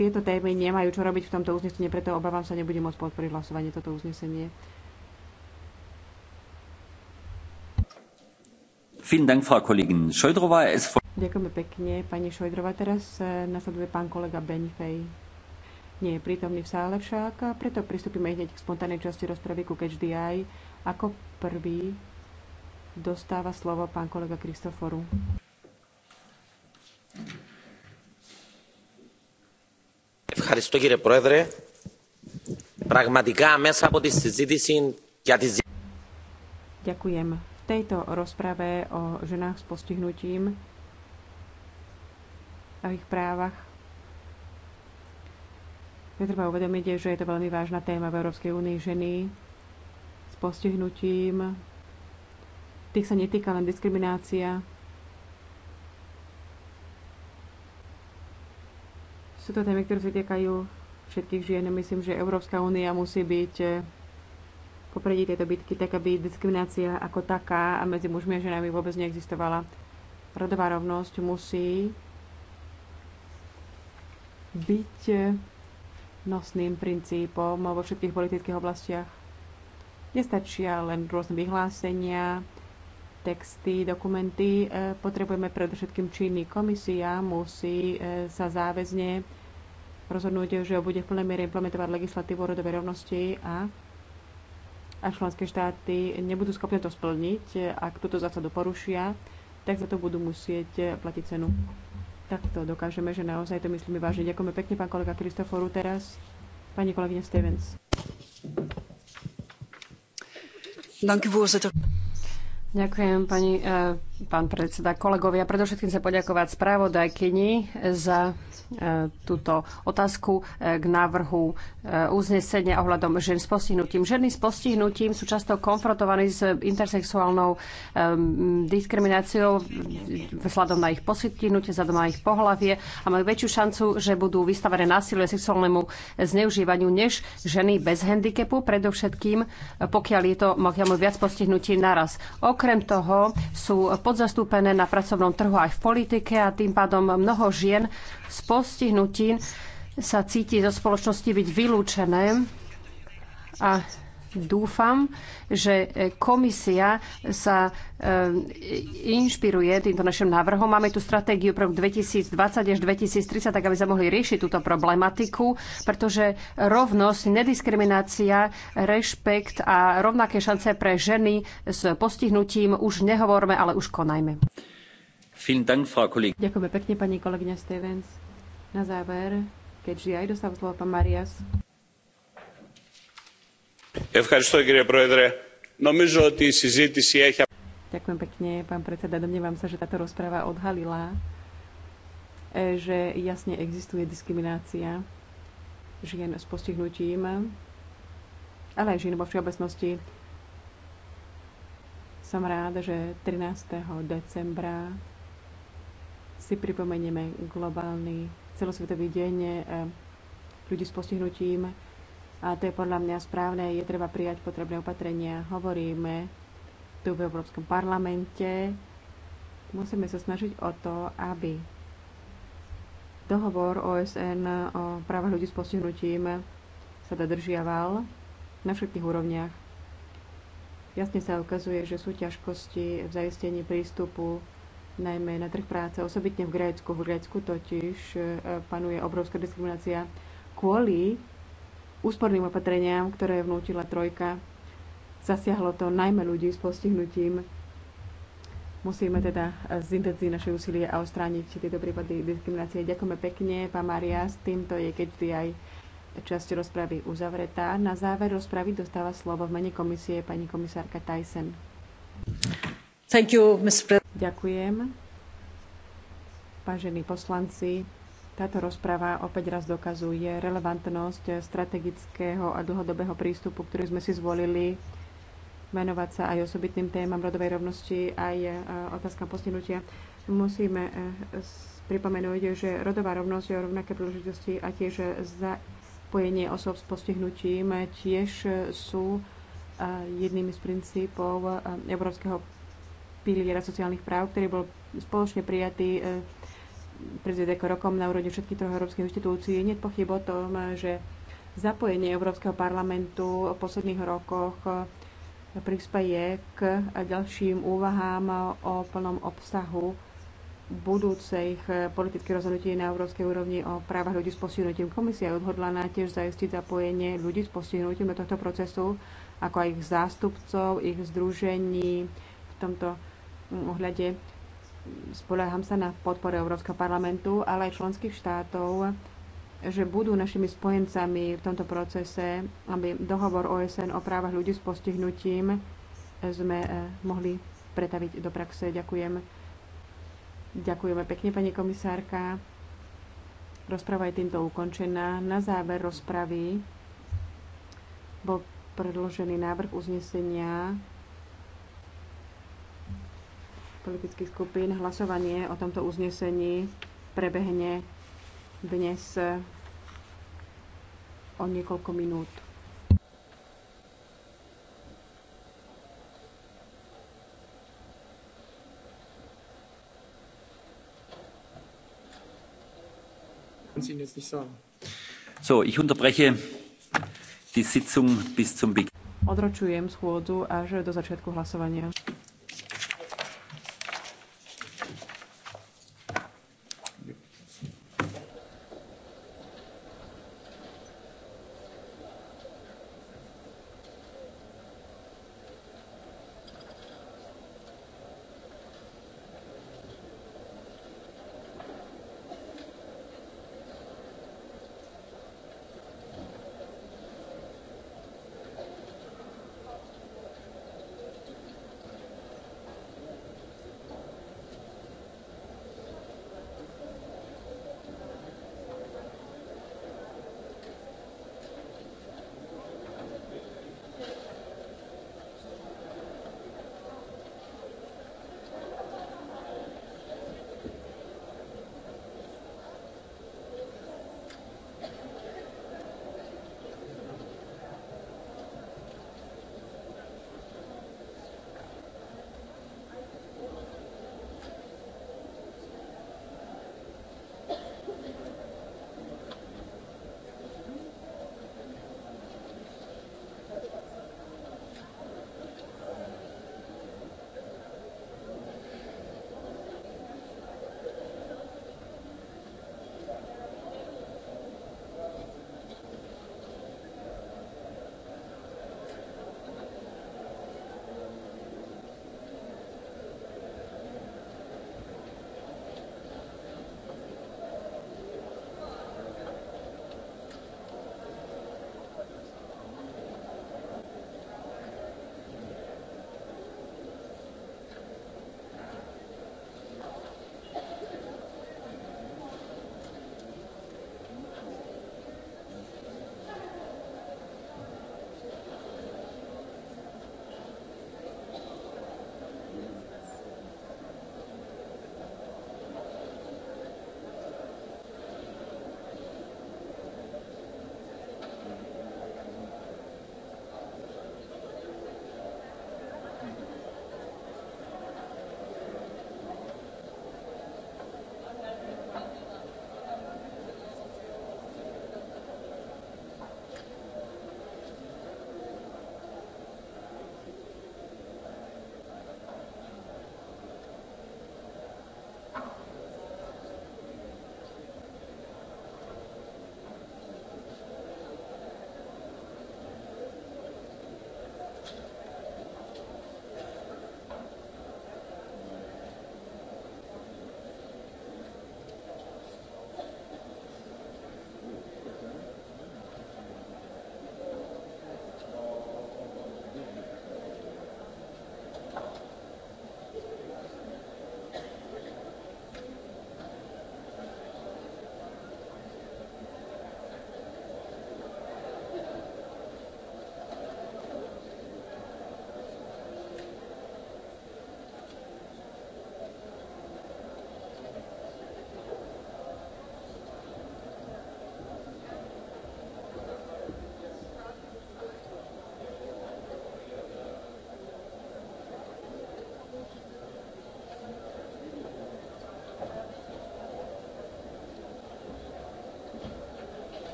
tieto témy nemajú čo robiť v tomto uznesení, preto obávam sa, nebudem môcť podporiť hlasovanie toto uznesenie. Ďakujeme pekne, pani Šojdrova. Teraz nasleduje pán kolega Benifej nie je prítomný v sále však, preto pristúpime hneď k spontánnej časti rozpravy ku Catch the Eye. Ako prvý dostáva slovo pán kolega Kristoforu. Ευχαριστώ κύριε Πρόεδρε. Πραγματικά μέσα από τη συζήτηση για τη Ďakujem. V tejto rozprave o ženách s postihnutím a ich právach Netreba uvedomiť, že je to veľmi vážna téma v Európskej únii ženy s postihnutím. Tých sa netýka len diskriminácia. Sú to témy, ktoré sa týkajú všetkých žien. Myslím, že Európska únia musí byť eh, popredí tejto bitky, tak aby diskriminácia ako taká a medzi mužmi a ženami vôbec neexistovala. Rodová rovnosť musí byť eh, nosným princípom vo všetkých politických oblastiach. Nestačia len rôzne vyhlásenia, texty, dokumenty. E, potrebujeme predovšetkým činy. Komisia musí e, sa záväzne rozhodnúť, že bude v plnej miere implementovať legislatívu o rodovej rovnosti a a členské štáty nebudú schopné to splniť, ak túto zásadu porušia, tak za to budú musieť e, platiť cenu takto dokážeme, že naozaj to myslíme vážne. Ďakujeme pekne, pán kolega Kristoforu. Teraz pani kolegyňa Stevens. Ďakujem, pani eh, pán predseda, kolegovia. Predovšetkým sa poďakovať správodajkyni za e, túto otázku e, k návrhu e, uznesenia ohľadom žien s postihnutím. Ženy s postihnutím sú často konfrontovaní s intersexuálnou diskrimináciou vzhľadom na ich postihnutie, vzhľadom na ich pohlavie a majú väčšiu šancu, že budú vystavené násiliu a sexuálnemu zneužívaniu než ženy bez handicapu, predovšetkým pokiaľ je to pokiaľ viac postihnutí naraz. Okrem toho sú podzastúpené na pracovnom trhu aj v politike a tým pádom mnoho žien z postihnutím sa cíti zo spoločnosti byť vylúčené a dúfam, že e, komisia sa e, inšpiruje týmto našim návrhom. Máme tu stratégiu pre 2020 až 2030, tak aby sme mohli riešiť túto problematiku, pretože rovnosť, nediskriminácia, rešpekt a rovnaké šance pre ženy s postihnutím už nehovorme, ale už konajme. Ďakujeme pekne, pani kolegyňa Stevens. Na záver, keďže aj dostal slovo pán Marias. Ďakujem pekne, pán predseda. Domnievam sa, že táto rozpráva odhalila, e, že jasne existuje diskriminácia žien s postihnutím, ale aj žien vo všeobecnosti. Som ráda, že 13. decembra si pripomenieme globálny celosvetový deň e, ľudí s postihnutím a to je podľa mňa správne. Je treba prijať potrebné opatrenia. Hovoríme tu v Európskom parlamente. Musíme sa snažiť o to, aby dohovor OSN o právach ľudí s postihnutím sa dodržiaval na všetkých úrovniach. Jasne sa ukazuje, že sú ťažkosti v zaistení prístupu najmä na trh práce, osobitne v Grécku. V Grécku totiž eh, panuje obrovská diskriminácia kvôli úsporným opatreniam, ktoré vnútila trojka. Zasiahlo to najmä ľudí s postihnutím. Musíme teda zintenzívniť naše úsilie a ostrániť tieto prípady diskriminácie. Ďakujeme pekne, pán Maria, s týmto je keď vždy aj časť rozpravy uzavretá. Na záver rozpravy dostáva slovo v mene komisie pani komisárka Tyson. Thank you, Ďakujem. Vážení poslanci, táto rozprava opäť raz dokazuje relevantnosť strategického a dlhodobého prístupu, ktorý sme si zvolili venovať sa aj osobitným témam rodovej rovnosti, aj e, otázkam postihnutia. Musíme e, pripomenúť, že rodová rovnosť je o rovnaké príležitosti a tiež zapojenie osob s postihnutím tiež sú e, jednými z princípov Európskeho piliera sociálnych práv, ktorý bol spoločne prijatý pred rokom na úrode všetkých troch európskych inštitúcií. Nie pochyb o tom, že zapojenie Európskeho parlamentu v posledných rokoch prispieje k ďalším úvahám o plnom obsahu budúcich politických rozhodnutí na európskej úrovni o právach ľudí s postihnutím. Komisia je odhodlaná tiež zajistiť zapojenie ľudí s postihnutím do tohto procesu, ako aj ich zástupcov, ich združení v tomto ohľade spolieham sa na podporu Európskeho parlamentu, ale aj členských štátov, že budú našimi spojencami v tomto procese, aby dohovor OSN o právach ľudí s postihnutím sme eh, mohli pretaviť do praxe. Ďakujem. Ďakujeme pekne, pani komisárka. Rozprava je týmto ukončená. Na záver rozpravy bol predložený návrh uznesenia politických skupín. Hlasovanie o tomto uznesení prebehne dnes o niekoľko minút. So, ich unterbreche die Sitzung bis zum Beginn. Odročujem schôdzu až do začiatku hlasovania.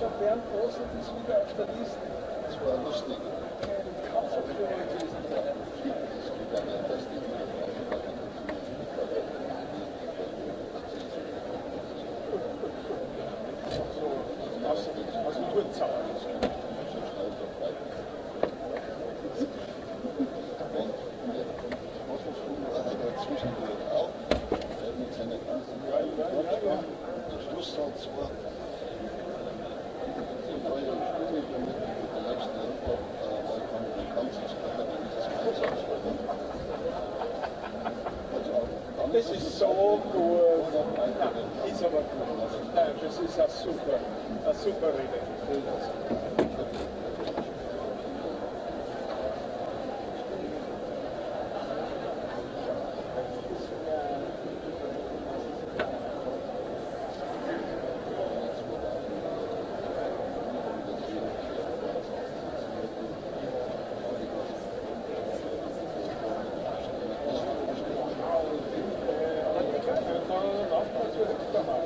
Stadtbergen aus und ist wieder auf der Ale vlastne, že to tam máš?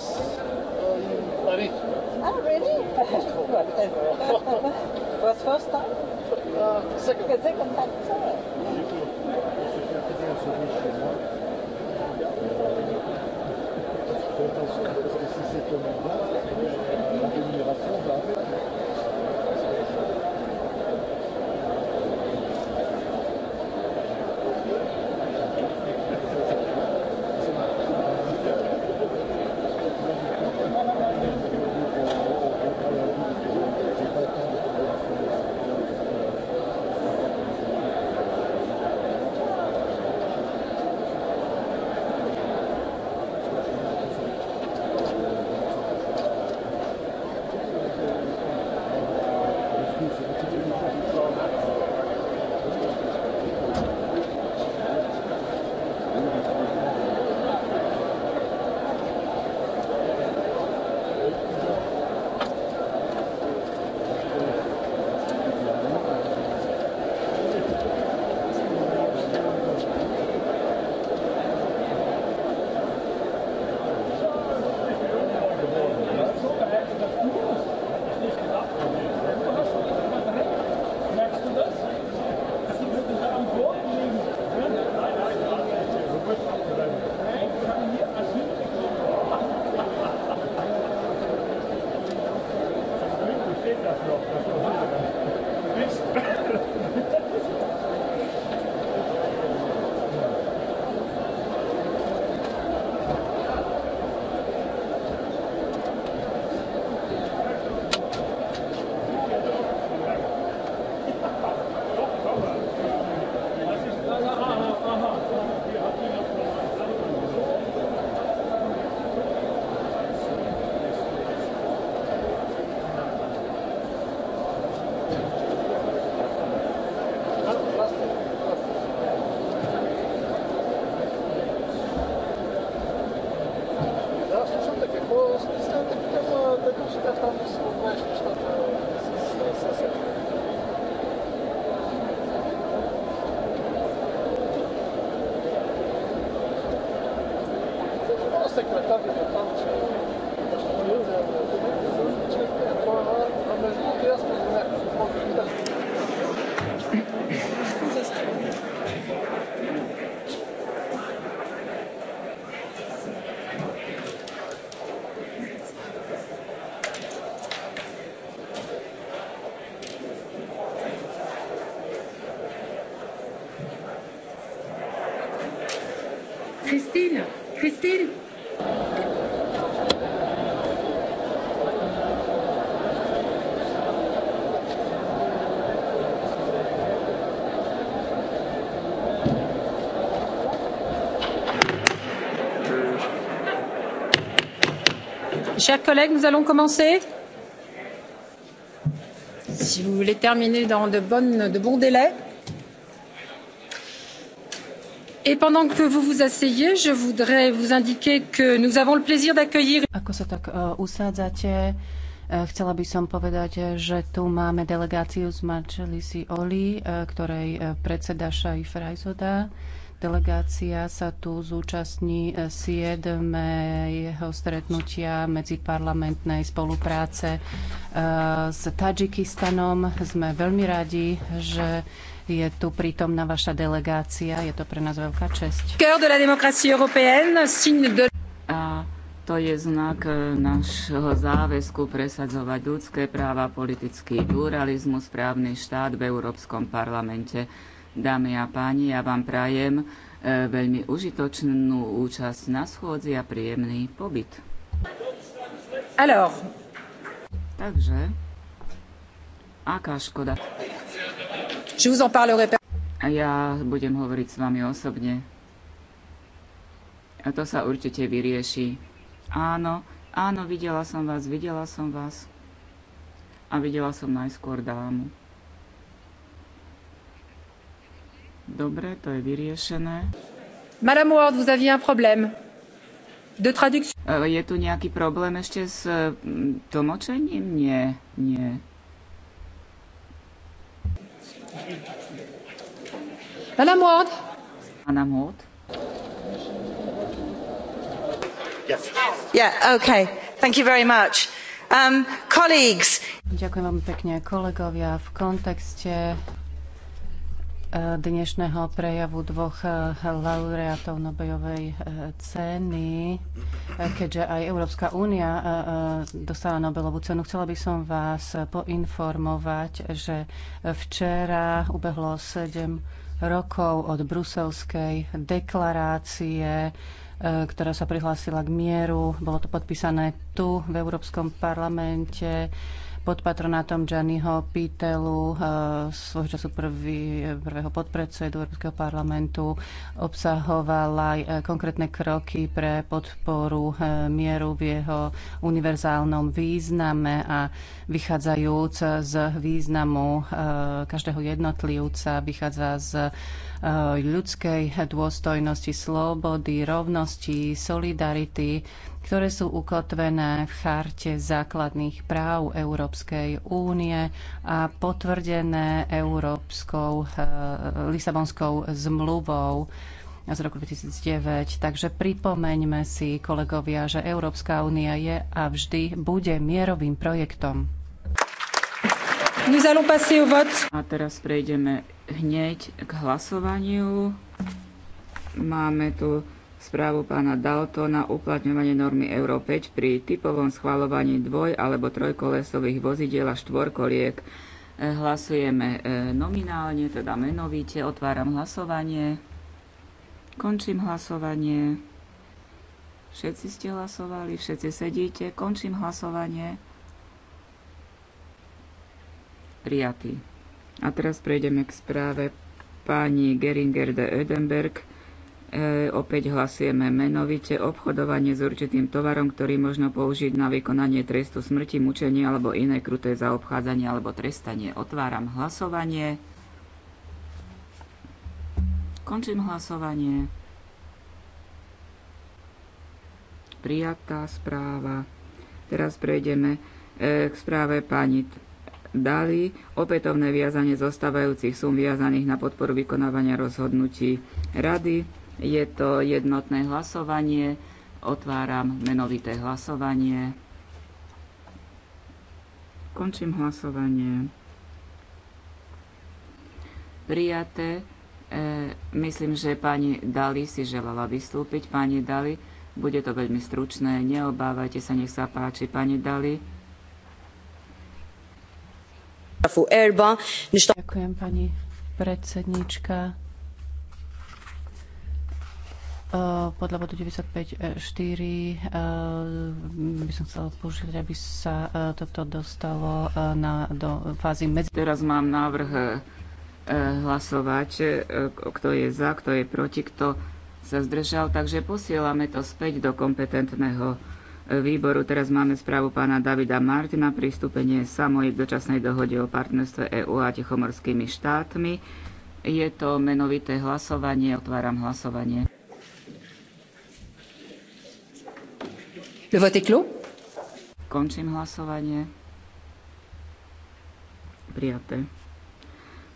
časť. Stier. Chers collègues, nous allons commencer. Si vous voulez terminer dans de, bonnes, de bons délais. pendant que vous vous asseyez, je voudrais vous indiquer que nous avons le plaisir d'accueillir... Ako sa tak uh, usádzate, uh, chcela by som povedať, že tu máme delegáciu z Marčelisi Oli, uh, ktorej uh, predseda Šaif Rajzoda. Delegácia sa tu zúčastní 7. jeho stretnutia medziparlamentnej spolupráce s Tadžikistanom. Sme veľmi radi, že je tu prítomná vaša delegácia. Je to pre nás veľká česť. A to je znak e, nášho záväzku presadzovať ľudské práva, politický pluralizmus, právny štát v Európskom parlamente. Dámy a páni, ja vám prajem e, veľmi užitočnú účasť na schôdzi a príjemný pobyt. Alors. Takže, aká škoda. Je vous en parlerai a ja budem hovoriť s vami osobne. A to sa určite vyrieši. Áno, áno, videla som vás, videla som vás. A videla som najskôr dámu. Dobre, to je vyriešené. Madame Ward, vous aviez un problème. De traduction. E, je tu nejaký problém ešte s mm, tlmočením? Nie, nie. Madame Ward. Madame Ward. Yes. Yeah, okay. Thank you very much. Um, colleagues. Ďakujem veľmi pekne kolegovia v kontexte dnešného prejavu dvoch eh, laureátov Nobejovej eh, ceny, eh, keďže aj Európska únia dostala Nobelovú cenu. Chcela by som vás poinformovať, že včera ubehlo 7 rokov od bruselskej deklarácie, ktorá sa prihlásila k mieru. Bolo to podpísané tu v Európskom parlamente pod patronátom Gianniho Pitelu, eh, svojho času prvý, prvého podpredsedu Európskeho parlamentu, obsahovala aj eh, konkrétne kroky pre podporu eh, mieru v jeho univerzálnom význame a vychádzajúc z významu každého jednotlivca, vychádza z ľudskej dôstojnosti, slobody, rovnosti, solidarity ktoré sú ukotvené v charte základných práv Európskej únie a potvrdené Európskou eh, Lisabonskou zmluvou z roku 2009. Takže pripomeňme si, kolegovia, že Európska únia je a vždy bude mierovým projektom. A teraz prejdeme hneď k hlasovaniu. Máme tu správu pána Daltona uplatňovanie normy Euro 5 pri typovom schvalovaní dvoj- alebo trojkolesových vozidiel a štvorkoliek. E, hlasujeme e, nominálne, teda menovite. Otváram hlasovanie. Končím hlasovanie. Všetci ste hlasovali, všetci sedíte. Končím hlasovanie. Prijatý. A teraz prejdeme k správe pani Geringer de Ödenberg E, opäť hlasujeme menovite obchodovanie s určitým tovarom, ktorý možno použiť na vykonanie trestu smrti, mučenia alebo iné kruté zaobchádzanie alebo trestanie. Otváram hlasovanie. Končím hlasovanie. Prijatá správa. Teraz prejdeme e, k správe pani dali opätovné viazanie zostávajúcich sum viazaných na podporu vykonávania rozhodnutí rady je to jednotné hlasovanie. Otváram menovité hlasovanie. Končím hlasovanie. Prijaté. E, myslím, že pani Dali si želala vystúpiť. Pani Dali, bude to veľmi stručné. Neobávajte sa, nech sa páči. Pani Dali. Ďakujem, pani predsednička. Eh, podľa bodu 95.4 eh, by som chcela požiadať, aby sa eh, toto dostalo na, do fázy medzi... Teraz mám návrh hlasovať, kto je za, kto je proti, kto sa zdržal, takže posielame to späť do kompetentného výboru. Teraz máme správu pána Davida Martina, pristúpenie samoj k dočasnej dohode o partnerstve EÚ a Tichomorskými štátmi. Je to menovité hlasovanie, otváram hlasovanie. Le vote est clos. Končím hlasovanie. Prijaté.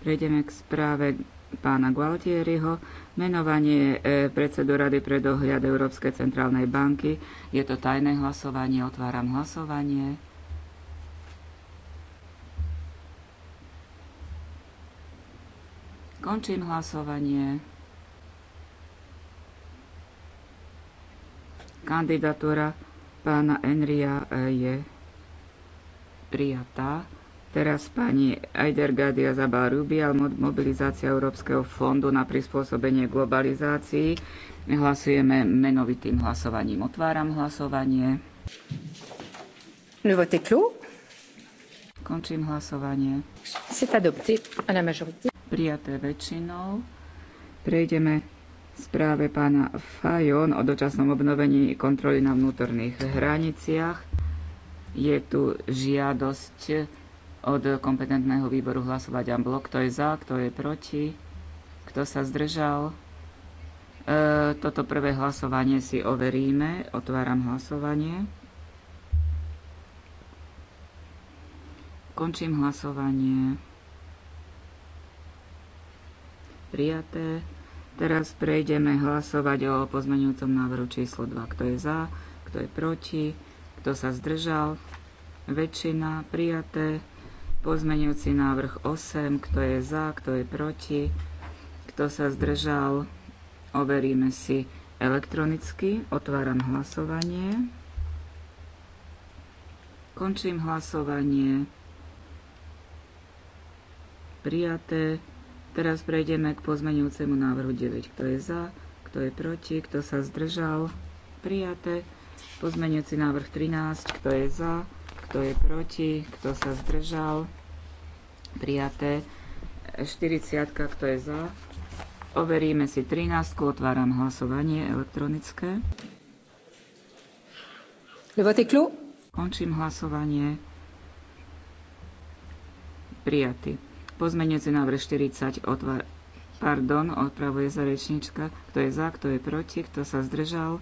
Prejdeme k správe pána Gualtieriho. Menovanie e, predsedu Rady pre dohľad Európskej centrálnej banky. Je to tajné hlasovanie. Otváram hlasovanie. Končím hlasovanie. Kandidatúra pána Enria e, je prijatá. Teraz pani Eidergadia Zabarubial, mobilizácia Európskeho fondu na prispôsobenie globalizácii. Hlasujeme menovitým hlasovaním. Otváram hlasovanie. Le vote Končím hlasovanie. C'est adopté à la majorité. Prijaté väčšinou. Prejdeme správe pána Fajon o dočasnom obnovení kontroly na vnútorných hraniciach. Je tu žiadosť od kompetentného výboru hlasovať en blok. Kto je za, kto je proti, kto sa zdržal. E, toto prvé hlasovanie si overíme. Otváram hlasovanie. Končím hlasovanie. Prijaté. Teraz prejdeme hlasovať o pozmeňujúcom návrhu číslo 2. Kto je za, kto je proti, kto sa zdržal, väčšina prijaté. Pozmeňujúci návrh 8. Kto je za, kto je proti, kto sa zdržal, overíme si elektronicky. Otváram hlasovanie. Končím hlasovanie. Prijaté. Teraz prejdeme k pozmeňujúcemu návrhu 9. Kto je za? Kto je proti? Kto sa zdržal? Prijaté. Pozmeňujúci návrh 13. Kto je za? Kto je proti? Kto sa zdržal? Prijaté. 40. Kto je za? Overíme si 13. Otváram hlasovanie elektronické. Le vote Končím hlasovanie. Prijatý. Pozmeňujúci návrh 40 otvar... Pardon, odpravuje sa rečnička. Kto je za, kto je proti, kto sa zdržal.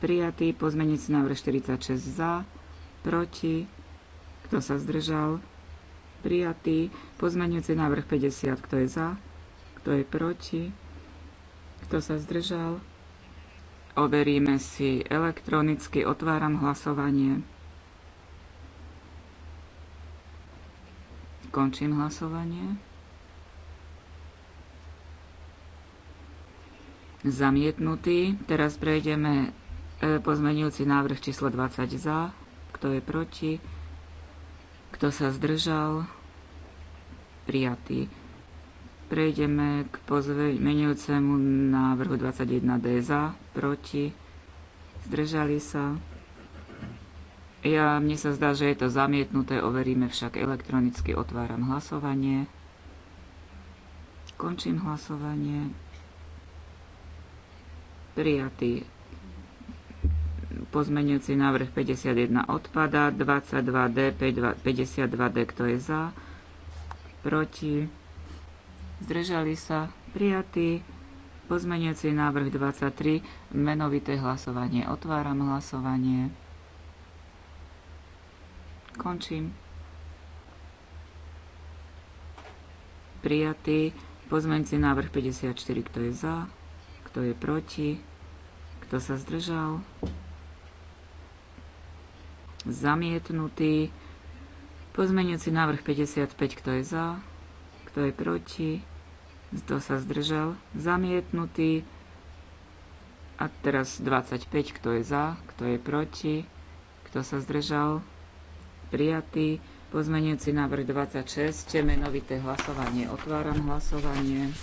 Prijatý pozmeňujúci návrh 46 za, proti, kto sa zdržal. Prijatý pozmeňujúci návrh 50, kto je za, kto je proti, kto sa zdržal. Overíme si elektronicky, otváram hlasovanie. Končím hlasovanie. Zamietnutý. Teraz prejdeme e, pozmenujúci návrh číslo 20 za. Kto je proti? Kto sa zdržal? Prijatý. Prejdeme k pozmenujúcemu návrhu 21D za. Proti? Zdržali sa? Ja, mne sa zdá, že je to zamietnuté, overíme však elektronicky, otváram hlasovanie. Končím hlasovanie. Prijatý pozmenujúci návrh 51 odpada, 22D, 52D, kto je za, proti, zdržali sa, prijatý. Pozmenujúci návrh 23, menovité hlasovanie, otváram hlasovanie. Končím. Prijatý. Pozmeňci návrh 54. Kto je za? Kto je proti? Kto sa zdržal? Zamietnutý. Pozmeňujúci návrh 55. Kto je za? Kto je proti? Kto sa zdržal? Zamietnutý. A teraz 25. Kto je za? Kto je proti? Kto sa zdržal? prijatý. Pozmenujúci návrh 26, menovité hlasovanie. Otváram hlasovanie.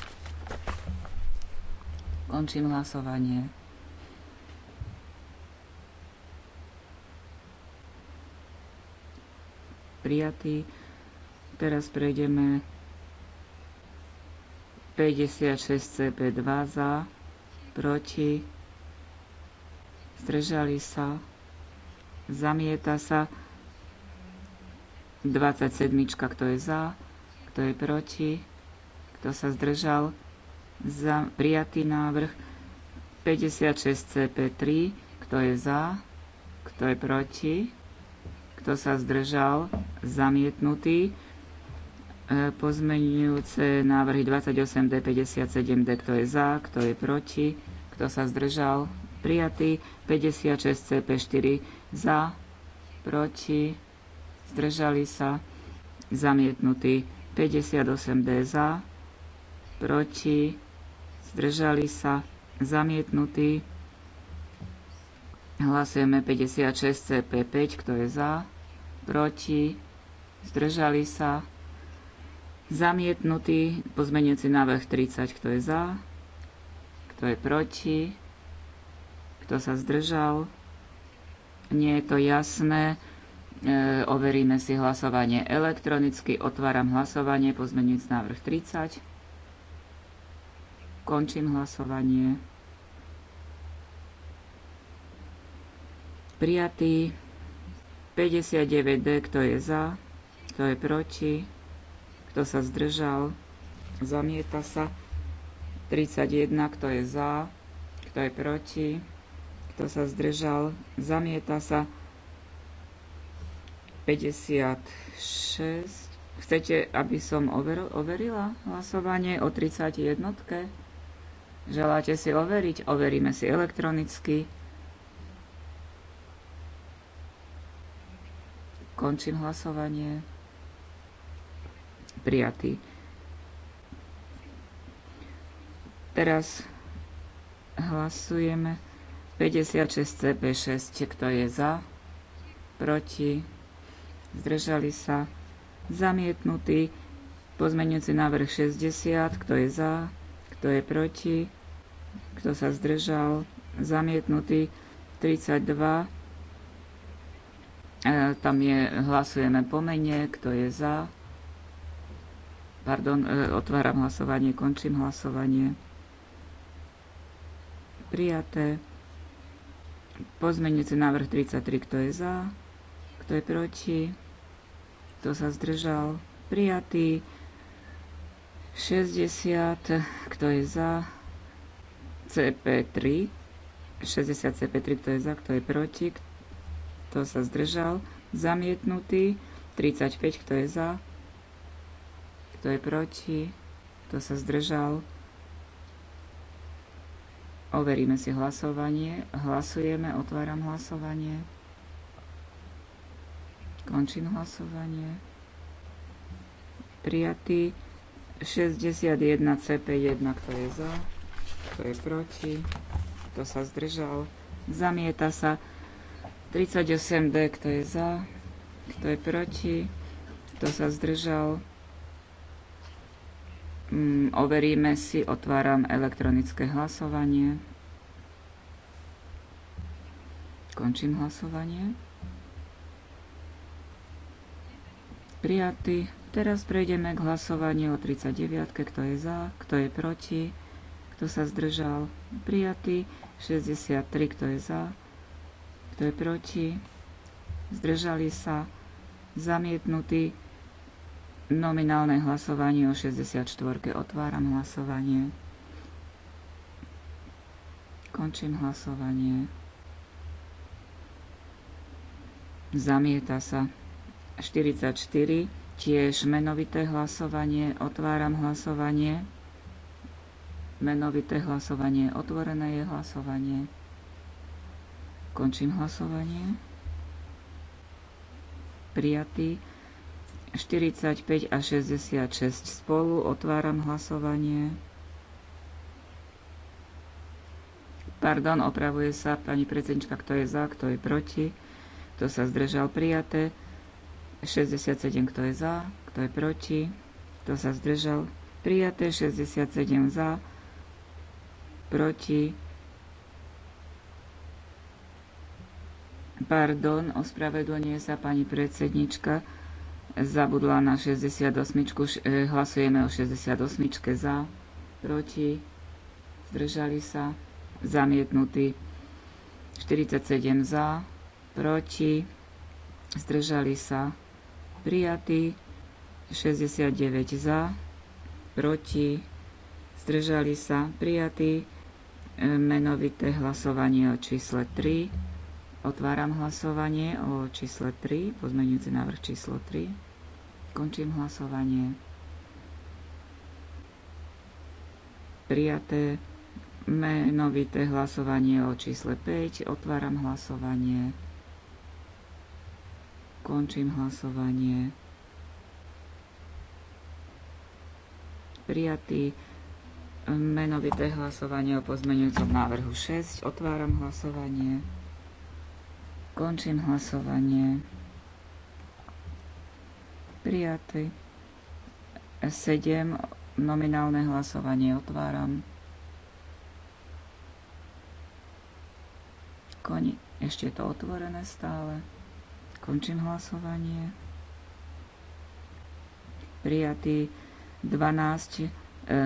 Končím hlasovanie. Prijatý. Teraz prejdeme 56 CP2 za, proti, zdržali sa, zamieta sa. 27. Kto je za? Kto je proti? Kto sa zdržal? Za, prijatý návrh 56 CP3. Kto je za? Kto je proti? Kto sa zdržal? Zamietnutý. E, pozmenujúce návrhy 28 D57 D. Kto je za? Kto je proti? Kto sa zdržal? Prijatý. 56 CP4 za? Proti? zdržali sa, zamietnutý. 58D za, proti, zdržali sa, zamietnutý. Hlasujeme 56 CP5, kto je za, proti, zdržali sa, zamietnutý. Pozmeniaci návrh 30, kto je za, kto je proti, kto sa zdržal. Nie je to jasné. E, overíme si hlasovanie elektronicky. Otváram hlasovanie. Pozmeňujúc návrh 30. Končím hlasovanie. Prijatý 59D, kto je za, kto je proti, kto sa zdržal, zamieta sa. 31, kto je za, kto je proti, kto sa zdržal, zamieta sa. 56. Chcete, aby som overila hlasovanie o 31? Želáte si overiť? Overíme si elektronicky. Končím hlasovanie. Prijatý. Teraz hlasujeme 56 CP6. Kto je za? Proti? zdržali sa, zamietnutý. Pozmeňujúci návrh 60, kto je za, kto je proti, kto sa zdržal, zamietnutý. 32, e, tam je, hlasujeme po mene, kto je za. Pardon, e, otváram hlasovanie, končím hlasovanie. Prijaté. Pozmeňujúci návrh 33, kto je za, kto je proti kto sa zdržal, prijatý. 60, kto je za, CP3, 60 CP3, kto je za, kto je proti, kto sa zdržal, zamietnutý, 35, kto je za, kto je proti, kto sa zdržal. Overíme si hlasovanie, hlasujeme, otváram hlasovanie. Končím hlasovanie. Prijatý 61 CP1, kto je za, kto je proti, kto sa zdržal. Zamieta sa 38D, kto je za, kto je proti, kto sa zdržal. Mm, overíme si, otváram elektronické hlasovanie. Končím hlasovanie. prijatý. Teraz prejdeme k hlasovaniu o 39. Kto je za, kto je proti, kto sa zdržal, prijatý. 63. Kto je za, kto je proti, zdržali sa, zamietnutý. Nominálne hlasovanie o 64. Otváram hlasovanie. Končím hlasovanie. Zamieta sa. 44, tiež menovité hlasovanie, otváram hlasovanie. Menovité hlasovanie, otvorené je hlasovanie. Končím hlasovanie. Prijatý. 45 a 66 spolu, otváram hlasovanie. Pardon, opravuje sa pani predsednička, kto je za, kto je proti, kto sa zdržal prijaté. 67, kto je za, kto je proti, kto sa zdržal, prijaté 67 za, proti, pardon, ospravedlňuje sa pani predsednička, zabudla na 68, e, hlasujeme o 68 za, proti, zdržali sa, zamietnutý, 47 za, proti, zdržali sa, prijatý, 69 za, proti, zdržali sa, prijatý, e, menovité hlasovanie o čísle 3. Otváram hlasovanie o čísle 3, pozmeňujúci návrh číslo 3. Končím hlasovanie. Prijaté menovité hlasovanie o čísle 5. Otváram hlasovanie. Končím hlasovanie. Prijatý menovité hlasovanie o pozmeňujúcom návrhu 6. Otváram hlasovanie. Končím hlasovanie. Prijatý. 7. Nominálne hlasovanie otváram. Koni. Ešte je to otvorené stále. Končím hlasovanie. Prijatý 12. E,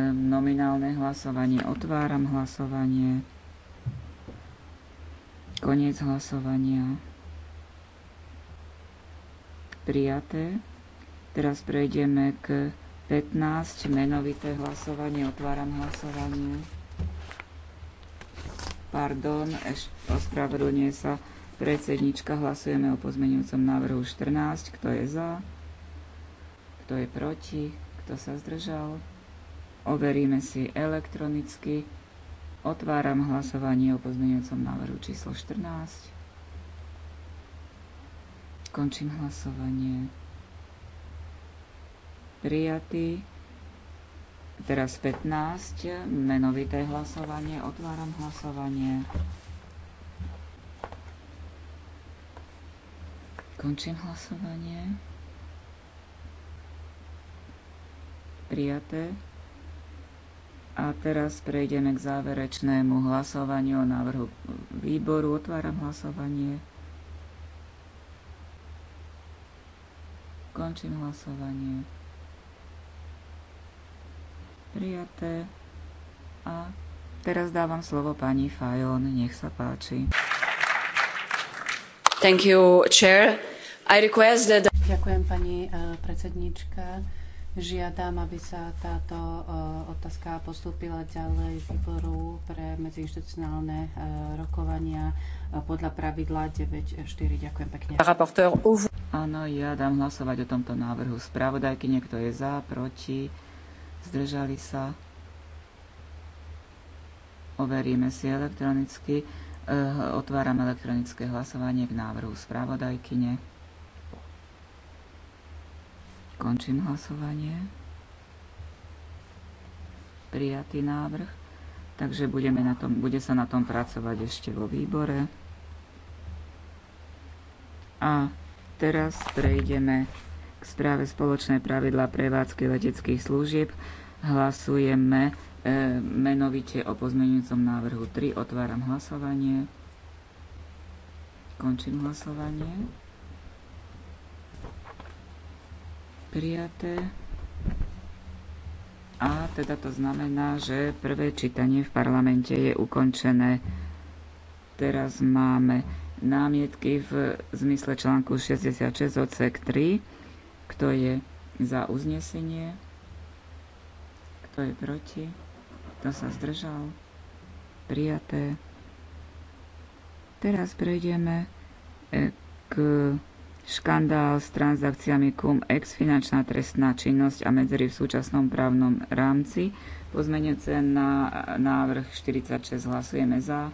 nominálne hlasovanie. Otváram hlasovanie. Koniec hlasovania. Prijaté. Teraz prejdeme k 15. Menovité hlasovanie. Otváram hlasovanie. Pardon, ešte ospravedlňuje sa Predsednička, hlasujeme o pozmeňujúcom návrhu 14. Kto je za? Kto je proti? Kto sa zdržal? Overíme si elektronicky. Otváram hlasovanie o pozmeňujúcom návrhu číslo 14. Končím hlasovanie. Prijatý. Teraz 15. Menovité hlasovanie. Otváram hlasovanie. Končím hlasovanie. Prijaté. A teraz prejdeme k záverečnému hlasovaniu o návrhu výboru. Otváram hlasovanie. Končím hlasovanie. Prijaté. A teraz dávam slovo pani Fajon. Nech sa páči. Thank you, chair. Ďakujem, pani e, predsedníčka. Žiadam, aby sa táto e, otázka postúpila ďalej výboru pre medziinstitucionálne e, rokovania podľa pravidla 9.4. Ďakujem pekne. Áno, ja dám hlasovať o tomto návrhu spravodajky. Niekto je za, proti, zdržali sa. Overíme si elektronicky. Otváram elektronické hlasovanie k návrhu spravodajkyne. Končím hlasovanie. Prijatý návrh. Takže budeme na tom, bude sa na tom pracovať ešte vo výbore. A teraz prejdeme k správe spoločné pravidla prevádzky leteckých služieb. Hlasujeme e, menovite o pozmeňujúcom návrhu 3. Otváram hlasovanie. Končím hlasovanie. prijaté. A teda to znamená, že prvé čítanie v parlamente je ukončené. Teraz máme námietky v zmysle článku 66 odsek 3. Kto je za uznesenie? Kto je proti? Kto sa zdržal? Prijaté. Teraz prejdeme e, k škandál s transakciami cum-ex finančná trestná činnosť a medzery v súčasnom právnom rámci pozmenujúce na návrh 46 hlasujeme za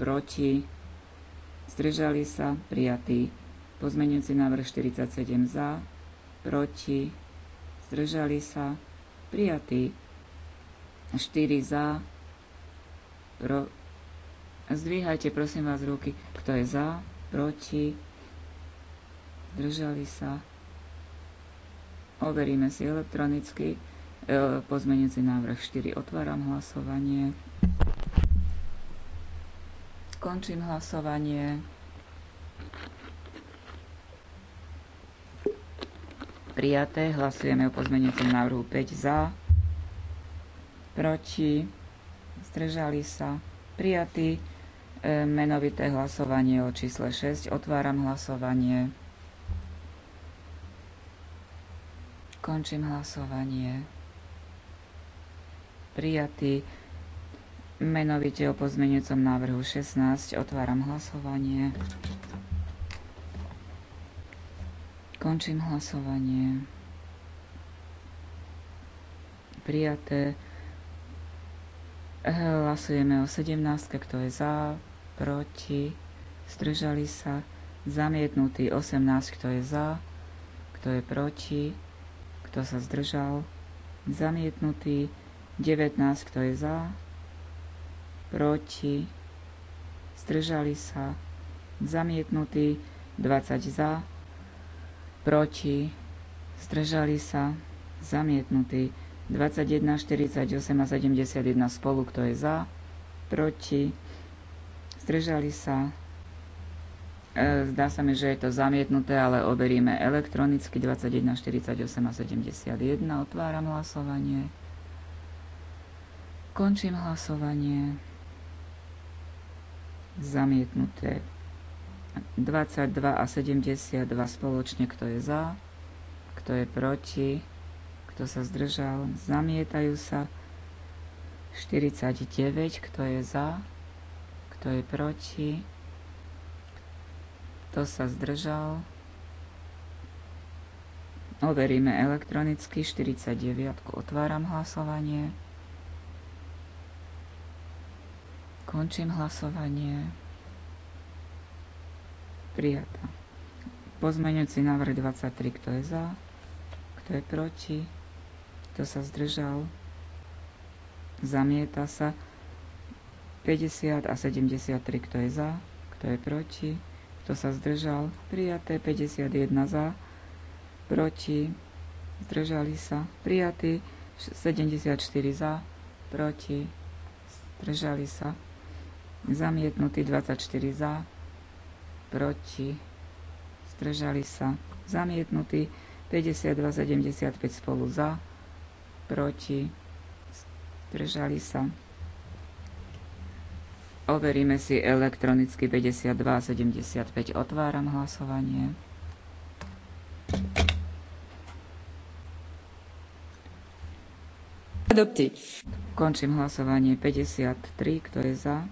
proti zdržali sa prijatý Pozmenujúci návrh 47 za proti zdržali sa prijatý 4 za pro... zdvíhajte prosím vás ruky kto je za proti zdržali sa. Overíme si elektronicky. si e, návrh 4. Otváram hlasovanie. Končím hlasovanie. Prijaté. Hlasujeme o pozmenujúcom návrhu 5 za. Proti. Zdržali sa. Prijatý. E, menovité hlasovanie o čísle 6. Otváram hlasovanie. Končím hlasovanie. Prijatý menovite o pozmenecom návrhu 16. Otváram hlasovanie. Končím hlasovanie. Prijaté. Hlasujeme o 17. Kto je za? Proti? Zdržali sa? Zamietnutý 18. Kto je za? Kto je proti? kto sa zdržal, zamietnutý, 19, kto je za, proti, zdržali sa, zamietnutý, 20 za, proti, zdržali sa, zamietnutý, 21, 48 a 71 spolu, kto je za, proti, zdržali sa, E, zdá sa mi, že je to zamietnuté, ale overíme elektronicky 21, 48 a 71. Otváram hlasovanie. Končím hlasovanie. Zamietnuté. 22 a 72 spoločne, kto je za, kto je proti, kto sa zdržal, zamietajú sa. 49, kto je za, kto je proti, kto sa zdržal? Overíme elektronicky 49. Otváram hlasovanie. Končím hlasovanie. Prijata. Pozmeňujúci návrh 23. Kto je za? Kto je proti? Kto sa zdržal? Zamieta sa. 50 a 73. Kto je za? Kto je proti? Kto sa zdržal? Prijaté. 51 za. Proti. Zdržali sa. Prijatý. 74 za. Proti. Zdržali sa. Zamietnutý 24 za. Proti. Zdržali sa. Zamietnutý 52, 75 spolu za. Proti. Zdržali sa Overíme si elektronicky 52 a 75. Otváram hlasovanie. Adopty. Končím hlasovanie 53. Kto je za?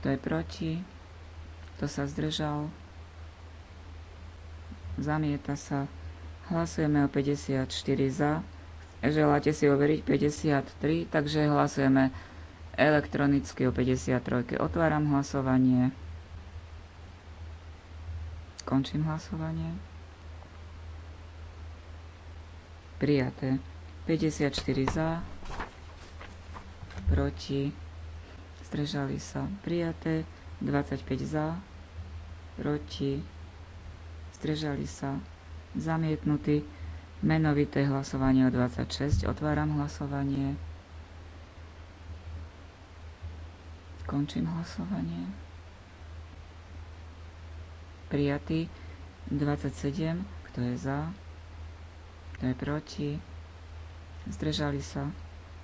Kto je proti? Kto sa zdržal? Zamieta sa. Hlasujeme o 54 za. Želáte si overiť 53, takže hlasujeme elektronicky o 53. Otváram hlasovanie. Končím hlasovanie. Prijaté. 54 za. Proti. Zdržali sa. Prijaté. 25 za. Proti. Zdržali sa. Zamietnutý. Menovité hlasovanie o 26. Otváram hlasovanie. Končím hlasovanie. Prijatý 27. Kto je za? Kto je proti? Zdržali sa?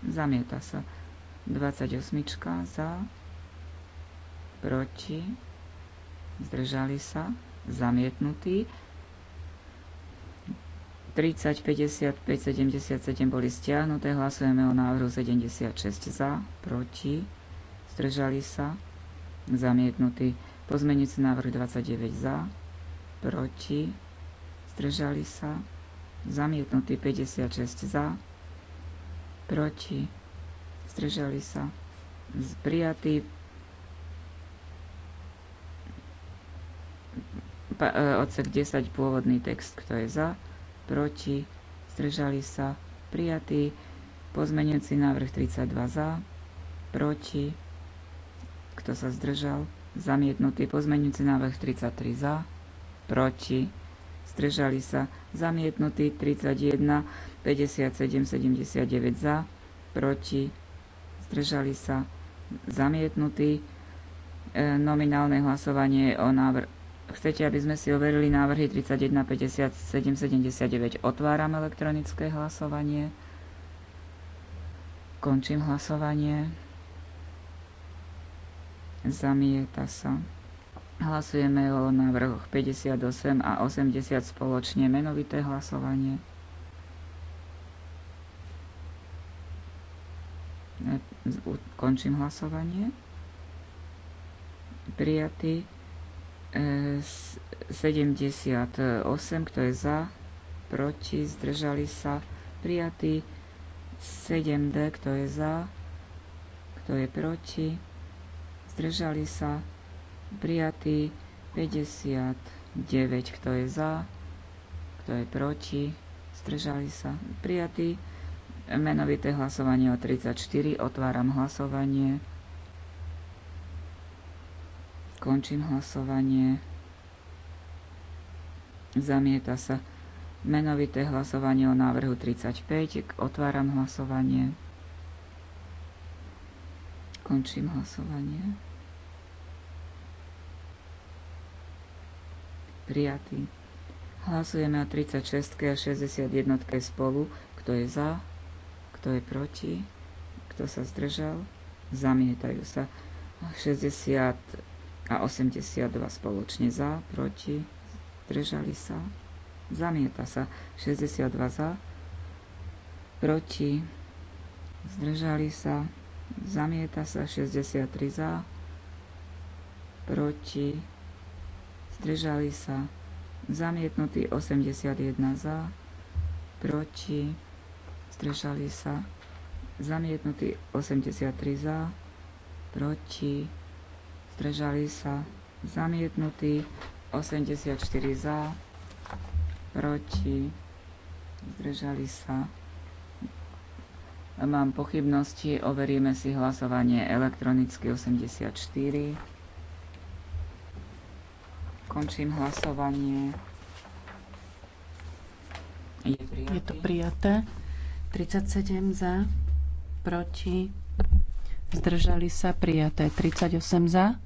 Zamieta sa. 28. Za? Proti? Zdržali sa? Zamietnutý. 30, 55, 77 boli stiahnuté. Hlasujeme o návrhu 76 za, proti zdržali sa, zamietnutý. Pozmeňujúci návrh 29 za, proti, zdržali sa, zamietnutý 56 za, proti, zdržali sa, prijatý e, odsek 10 pôvodný text, kto je za, proti, zdržali sa, prijatý pozmeňujúci návrh 32 za, proti, kto sa zdržal? Zamietnutý pozmeňujúci návrh 33 za, proti, zdržali sa. Zamietnutý 31, 57, 79 za, proti, zdržali sa. Zamietnutý e, nominálne hlasovanie o návrh. Chcete, aby sme si overili návrhy 31, 57, 79? Otváram elektronické hlasovanie. Končím hlasovanie. Zamieta sa. Hlasujeme o návrhoch 58 a 80 spoločne. Menovité hlasovanie. Končím hlasovanie. Prijatý 78, e, kto je za, proti, zdržali sa. Prijatý 7D, kto je za, kto je proti zdržali sa, prijatí. 59, kto je za, kto je proti, zdržali sa, prijatí, menovité hlasovanie o 34, otváram hlasovanie, končím hlasovanie, zamieta sa menovité hlasovanie o návrhu 35, otváram hlasovanie. Končím hlasovanie. Prijatý. Hlasujeme o 36 a 61 spolu. Kto je za? Kto je proti? Kto sa zdržal? Zamietajú sa. 60 a 82 spoločne za, proti, zdržali sa, zamieta sa. 62 za, proti, zdržali sa, Zamieta sa 63 za, proti, zdržali sa. Zamietnutý 81 za, proti, zdržali sa. Zamietnutý 83 za, proti, zdržali sa. Zamietnutý 84 za, proti, zdržali sa Mám pochybnosti, overíme si hlasovanie elektronicky 84. Končím hlasovanie. Je, Je to prijaté. 37 za, proti, zdržali sa prijaté. 38 za,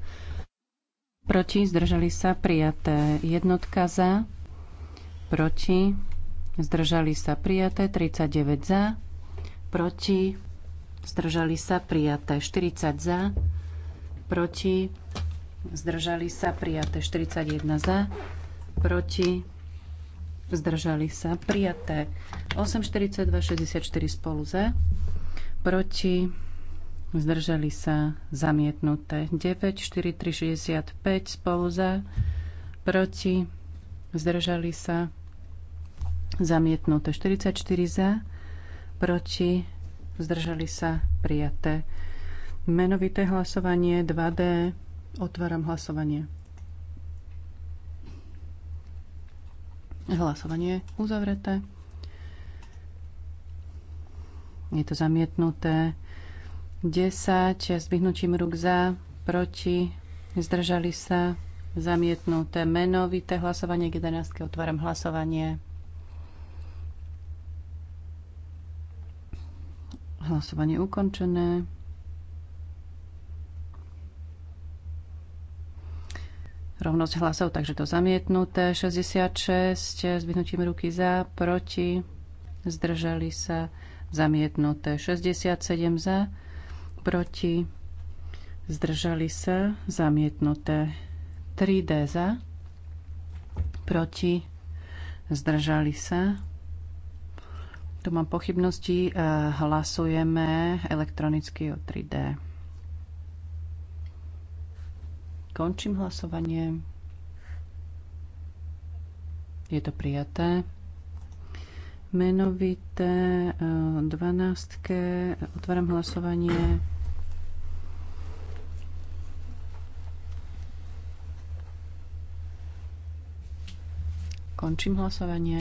proti, zdržali sa prijaté. Jednotka za, proti, zdržali sa prijaté. 39 za, proti, zdržali sa prijaté 40 za, proti, zdržali sa prijaté 41 za, proti, zdržali sa prijaté 8, 42, 64 spolu za, proti, zdržali sa zamietnuté 9, 4, 3, 65 spolu za, proti, zdržali sa zamietnuté 44 za, proti, zdržali sa prijaté. Menovité hlasovanie 2D. Otváram hlasovanie. Hlasovanie uzavreté. Je to zamietnuté. 10 s vyhnutím ruk za, proti, zdržali sa, zamietnuté menovité hlasovanie 11. Otváram hlasovanie. Hlasovanie ukončené. Rovnosť hlasov, takže to zamietnuté. 66 s vyhnutím ruky za, proti, zdržali sa, zamietnuté. 67 za, proti, zdržali sa, zamietnuté. 3D za, proti, zdržali sa, tu mám pochybnosti. Eh, hlasujeme elektronicky o 3D. Končím hlasovanie. Je to prijaté. Menovité 12. Eh, Otváram hlasovanie. Končím hlasovanie.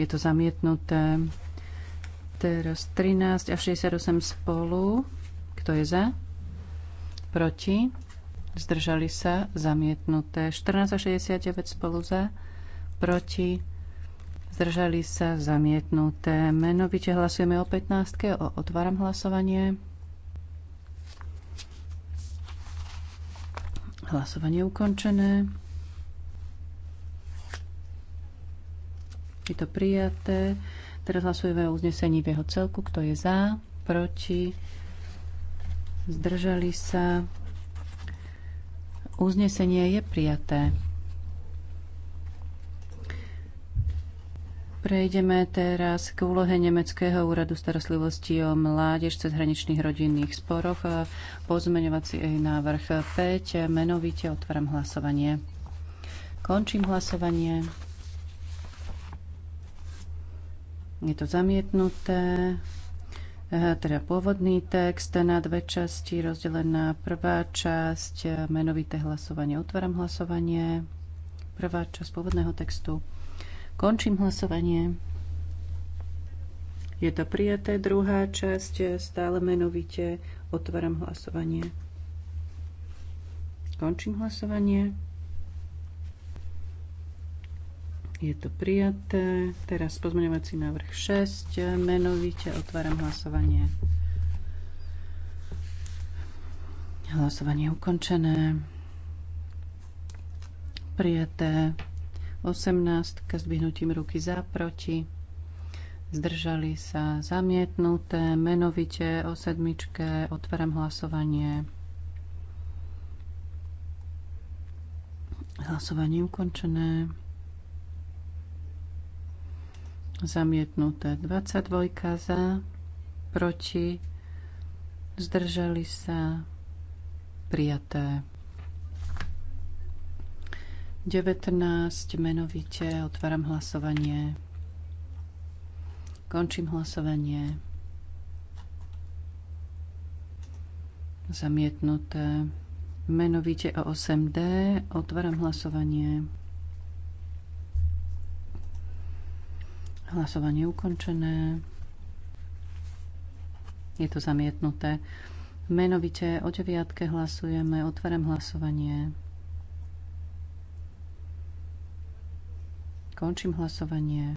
Je to zamietnuté. Teraz 13 a 68 spolu. Kto je za? Proti? Zdržali sa? Zamietnuté. 14 a 69 spolu za? Proti? Zdržali sa? Zamietnuté. Menovite hlasujeme o 15. O, otváram hlasovanie. Hlasovanie ukončené. Je to prijaté. Teraz hlasujeme o uznesení v jeho celku. Kto je za? Proti? Zdržali sa? Uznesenie je prijaté. Prejdeme teraz k úlohe Nemeckého úradu starostlivosti o mládež cez hraničných rodinných sporoch. Pozmeňovací návrh 5. Menovite otváram hlasovanie. Končím hlasovanie. Je to zamietnuté. E, teda pôvodný text na dve časti, rozdelená prvá časť, e, menovité hlasovanie. Otváram hlasovanie. Prvá časť pôvodného textu. Končím hlasovanie. Je to prijaté druhá časť, e, stále menovite. Otváram hlasovanie. Končím hlasovanie. Je to prijaté. Teraz pozmeňovací návrh 6. Menovite otváram hlasovanie. Hlasovanie je ukončené. Prijaté. 18. S vyhnutím ruky za, proti. Zdržali sa zamietnuté. Menovite o sedmičke. Otváram hlasovanie. Hlasovanie ukončené. Zamietnuté 22 za, proti, zdržali sa, prijaté. 19 menovite, otváram hlasovanie. Končím hlasovanie. Zamietnuté. Menovite o 8D, otváram hlasovanie. Hlasovanie ukončené. Je to zamietnuté. Menovite o deviatke hlasujeme. Otváram hlasovanie. Končím hlasovanie.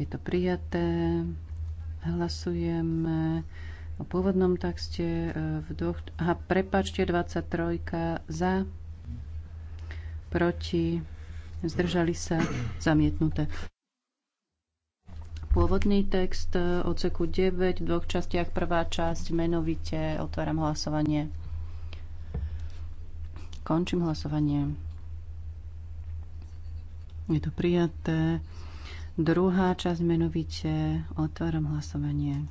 Je to prijaté. Hlasujeme o pôvodnom texte e, v Aha, prepačte, 23 za, proti zdržali sa, zamietnuté. Pôvodný text e, odseku 9 v dvoch častiach. Prvá časť menovite. Otváram hlasovanie. Končím hlasovanie. Je to prijaté. Druhá časť menovite. Otváram hlasovanie.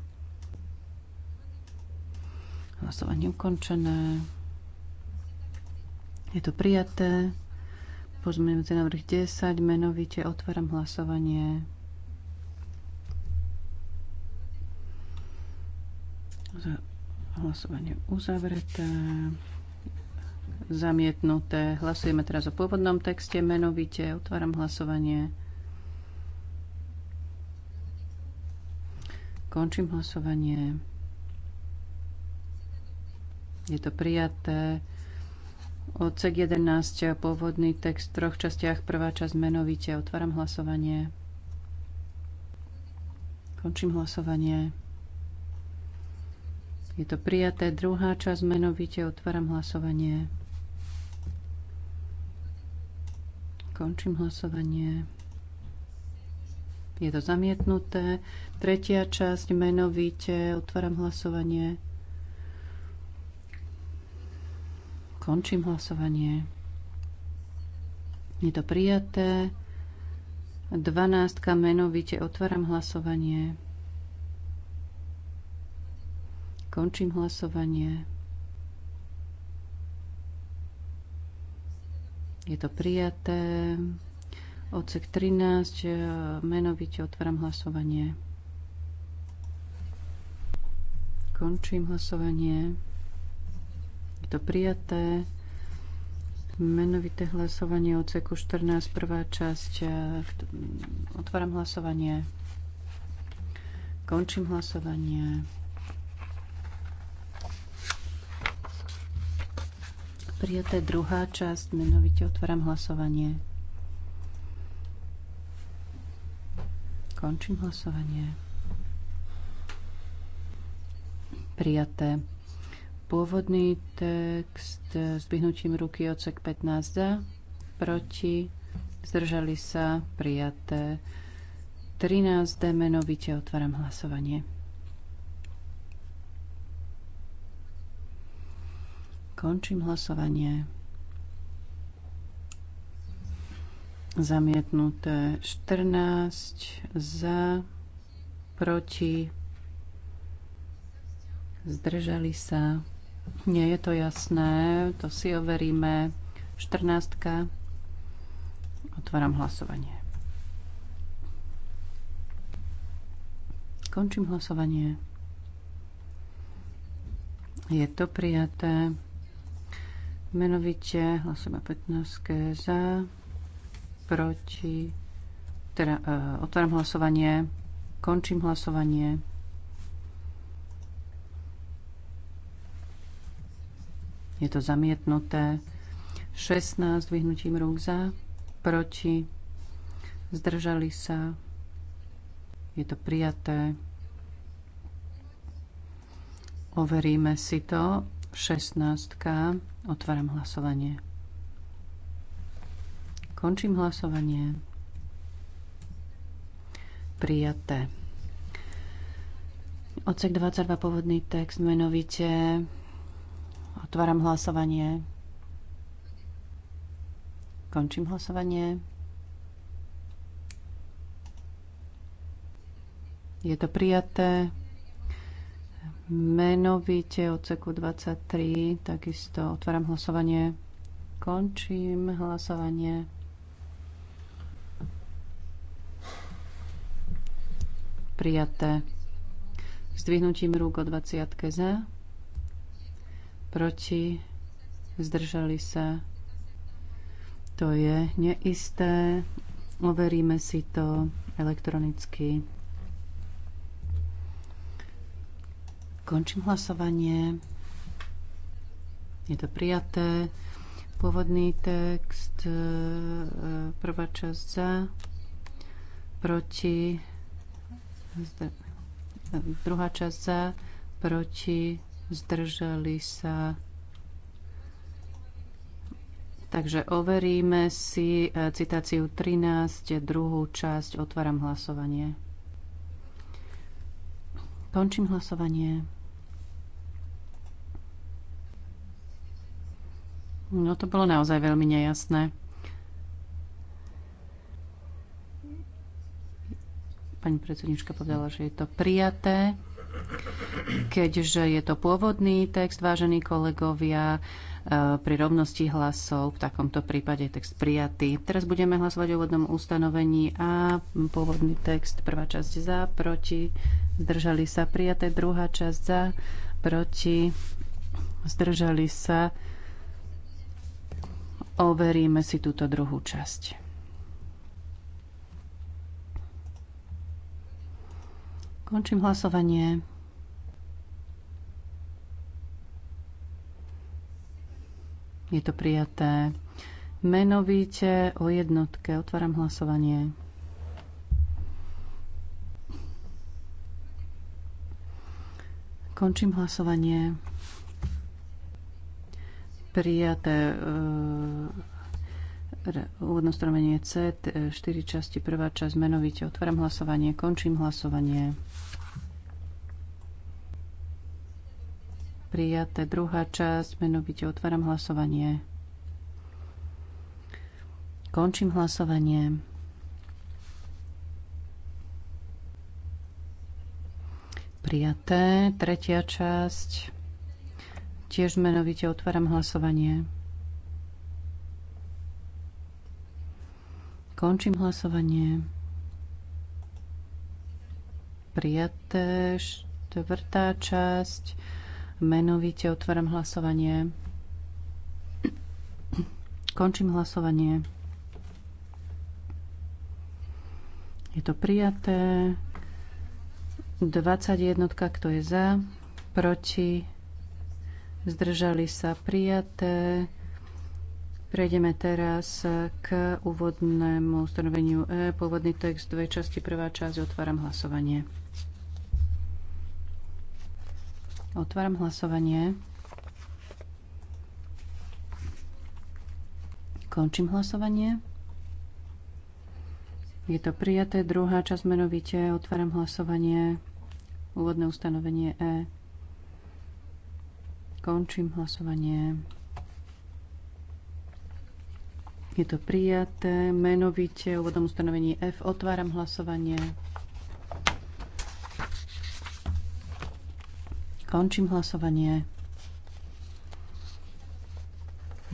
Hlasovanie ukončené. Je to prijaté. Pozmeňujúci návrh 10, menovite otváram hlasovanie. Hlasovanie uzavreté. Zamietnuté. Hlasujeme teraz o pôvodnom texte menovite. Otváram hlasovanie. Končím hlasovanie. Je to prijaté. Odsek 11, pôvodný text v troch častiach, prvá časť menovite. Otváram hlasovanie. Končím hlasovanie. Je to prijaté. Druhá časť menovite. Otváram hlasovanie. Končím hlasovanie. Je to zamietnuté. Tretia časť menovite. Otváram hlasovanie. Končím hlasovanie. Je to prijaté. 12. Menovite otváram hlasovanie. Končím hlasovanie. Je to prijaté. Odsek 13. Menovite otváram hlasovanie. Končím hlasovanie to prijaté. Menovité hlasovanie o ceku 14, prvá časť. E, otváram hlasovanie. Končím hlasovanie. Prijaté druhá časť, menovite otváram hlasovanie. Končím hlasovanie. Prijaté Pôvodný text eh, s vyhnutím ruky odsek 15 za, proti, zdržali sa, prijaté. 13 D menovite otváram hlasovanie. Končím hlasovanie. Zamietnuté 14 za, proti, zdržali sa, nie je to jasné, to si overíme. 14. Otváram hlasovanie. Končím hlasovanie. Je to prijaté. Menovite hlasujeme 15. za, proti. Teda, e, otváram hlasovanie. Končím hlasovanie. Je to zamietnuté. 16 vyhnutím rúk za, proti, zdržali sa. Je to prijaté. Overíme si to. 16. Otváram hlasovanie. Končím hlasovanie. Prijaté. Odsek 22, povodný text, menovite Otváram hlasovanie. Končím hlasovanie. Je to prijaté. Menovite odseku 23, takisto otváram hlasovanie. Končím hlasovanie. Prijaté. Zdvihnutím rúk o 20 za proti, zdržali sa. To je neisté. Overíme si to elektronicky. Končím hlasovanie. Je to prijaté. Pôvodný text, e, prvá časť za, proti, e, druhá časť za, proti, zdržali sa. Takže overíme si eh, citáciu 13, druhú časť. Otváram hlasovanie. Končím hlasovanie. No to bolo naozaj veľmi nejasné. Pani predsednička povedala, že je to prijaté. Keďže je to pôvodný text, vážení kolegovia, e, pri rovnosti hlasov v takomto prípade je text prijatý. Teraz budeme hlasovať o úvodnom ustanovení a pôvodný text, prvá časť za, proti, zdržali sa prijaté, druhá časť za, proti, zdržali sa. Overíme si túto druhú časť. Končím hlasovanie. Je to prijaté. Menovíte o jednotke. Otváram hlasovanie. Končím hlasovanie. Prijaté úvodné stromenie C, 4 e, časti, prvá časť menovite. Otváram hlasovanie, končím hlasovanie. Prijaté druhá časť, menovite otváram hlasovanie. Končím hlasovanie. Prijaté tretia časť. Tiež menovite otváram hlasovanie. Končím hlasovanie. Prijaté štvrtá časť. Menovite otváram hlasovanie. Končím hlasovanie. Je to prijaté. 21, kto je za, proti, zdržali sa prijaté. Prejdeme teraz k úvodnému stanoveniu E. Pôvodný text, dve časti, prvá časť. Otváram hlasovanie. Otváram hlasovanie. Končím hlasovanie. Je to prijaté. Druhá časť menovite. Otváram hlasovanie. Úvodné ustanovenie E. Končím hlasovanie. Je to prijaté. Menovite úvodom ustanovení F. Otváram hlasovanie. Končím hlasovanie.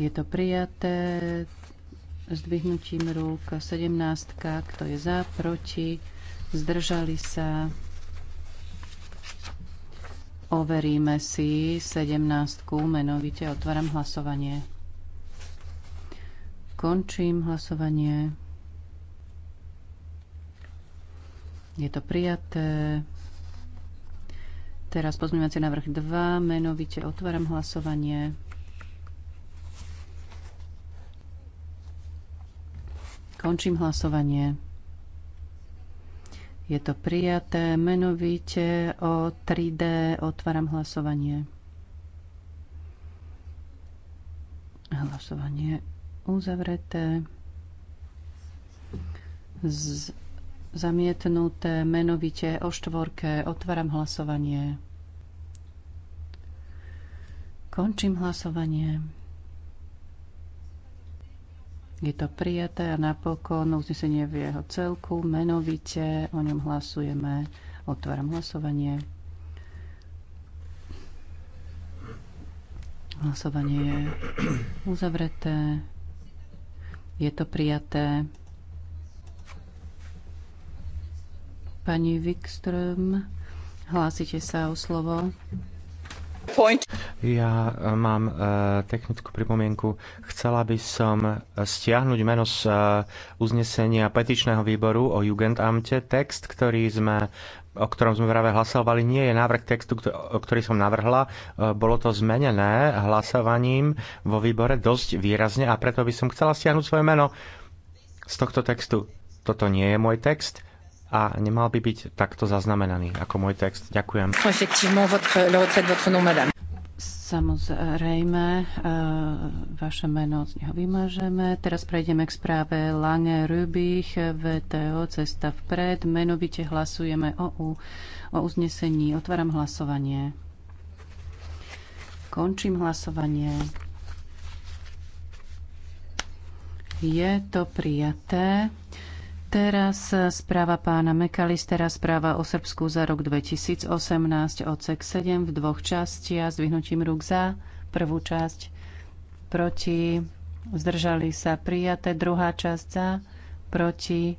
Je to prijaté zdvihnutím rúk 17. Kto je za, proti, zdržali sa. Overíme si 17. Menovite otváram hlasovanie. Končím hlasovanie. Je to prijaté. Teraz pozmeňovací návrh 2. Menovite otváram hlasovanie. Končím hlasovanie. Je to prijaté. Menovite o 3D otváram hlasovanie. Hlasovanie uzavreté, z, zamietnuté, menovite o štvorke. Otváram hlasovanie. Končím hlasovanie. Je to prijaté a napokon uznesenie v jeho celku, menovite, o ňom hlasujeme. Otváram hlasovanie. Hlasovanie je uzavreté. Je to prijaté. Pani Wikström, hlásite sa o slovo. Point. Ja e, mám uh, technickú pripomienku. Chcela by som stiahnuť meno z uh, uznesenia petičného výboru o Jugendamte, text, ktorý sme o ktorom sme práve hlasovali, nie je návrh textu, ktorý som navrhla. E, bolo to zmenené hlasovaním vo výbore dosť výrazne a preto by som chcela stiahnuť svoje meno z tohto textu. Toto nie je môj text a nemal by byť takto zaznamenaný ako môj text. Ďakujem. Samozrejme, e, vaše meno z neho vymažeme. Teraz prejdeme k správe Lange Rübich, VTO, cesta vpred. Menovite hlasujeme o, o uznesení. Otváram hlasovanie. Končím hlasovanie. Je to prijaté. Teraz správa pána Mekalistera, správa o Srbsku za rok 2018, odsek 7 v dvoch častiach, zvyhnutím rúk za, prvú časť proti, zdržali sa prijaté, druhá časť za, proti,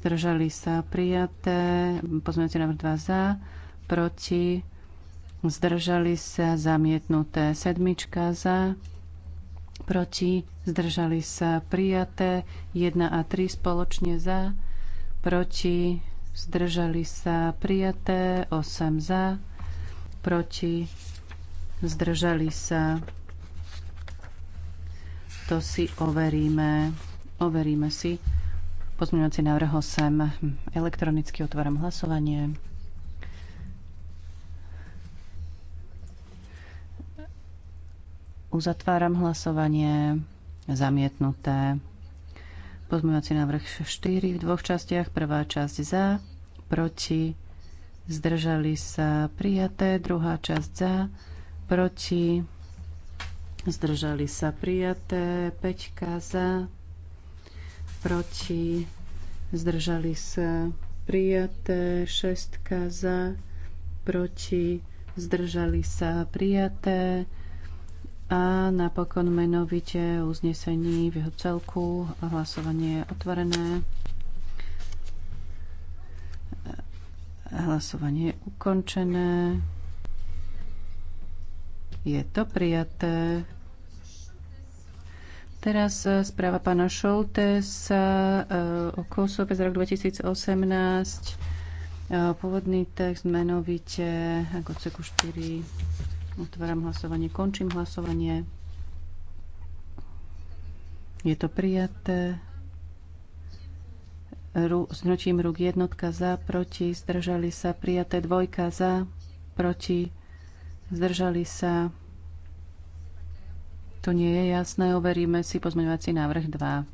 zdržali sa prijaté, pozmeňujúci návrh 2 za, proti, zdržali sa zamietnuté, sedmička za, proti, zdržali sa prijaté, 1 a 3 spoločne za, proti, zdržali sa prijaté, 8 za, proti, zdržali sa. To si overíme. Overíme si. Pozmeňovací návrh 8. Elektronicky otváram hlasovanie. Uzatváram hlasovanie. Zamietnuté. Pozmeňovací návrh 4 v dvoch častiach. Prvá časť za, proti, zdržali sa prijaté. Druhá časť za, proti, zdržali sa prijaté. Peťka za, proti, zdržali sa prijaté. Šestka za, proti, zdržali sa prijaté. A napokon menovite uznesení v jeho celku. Hlasovanie je otvorené. Hlasovanie je ukončené. Je to prijaté. Teraz e, správa pána Šoltesa e, o Kosove z roku 2018. E, pôvodný text menovite ako ceku 4. Otváram hlasovanie, končím hlasovanie. Je to prijaté. Ru, s rúk jednotka za, proti, zdržali sa, prijaté dvojka za, proti, zdržali sa. To nie je jasné, overíme si pozmeňovací návrh 2.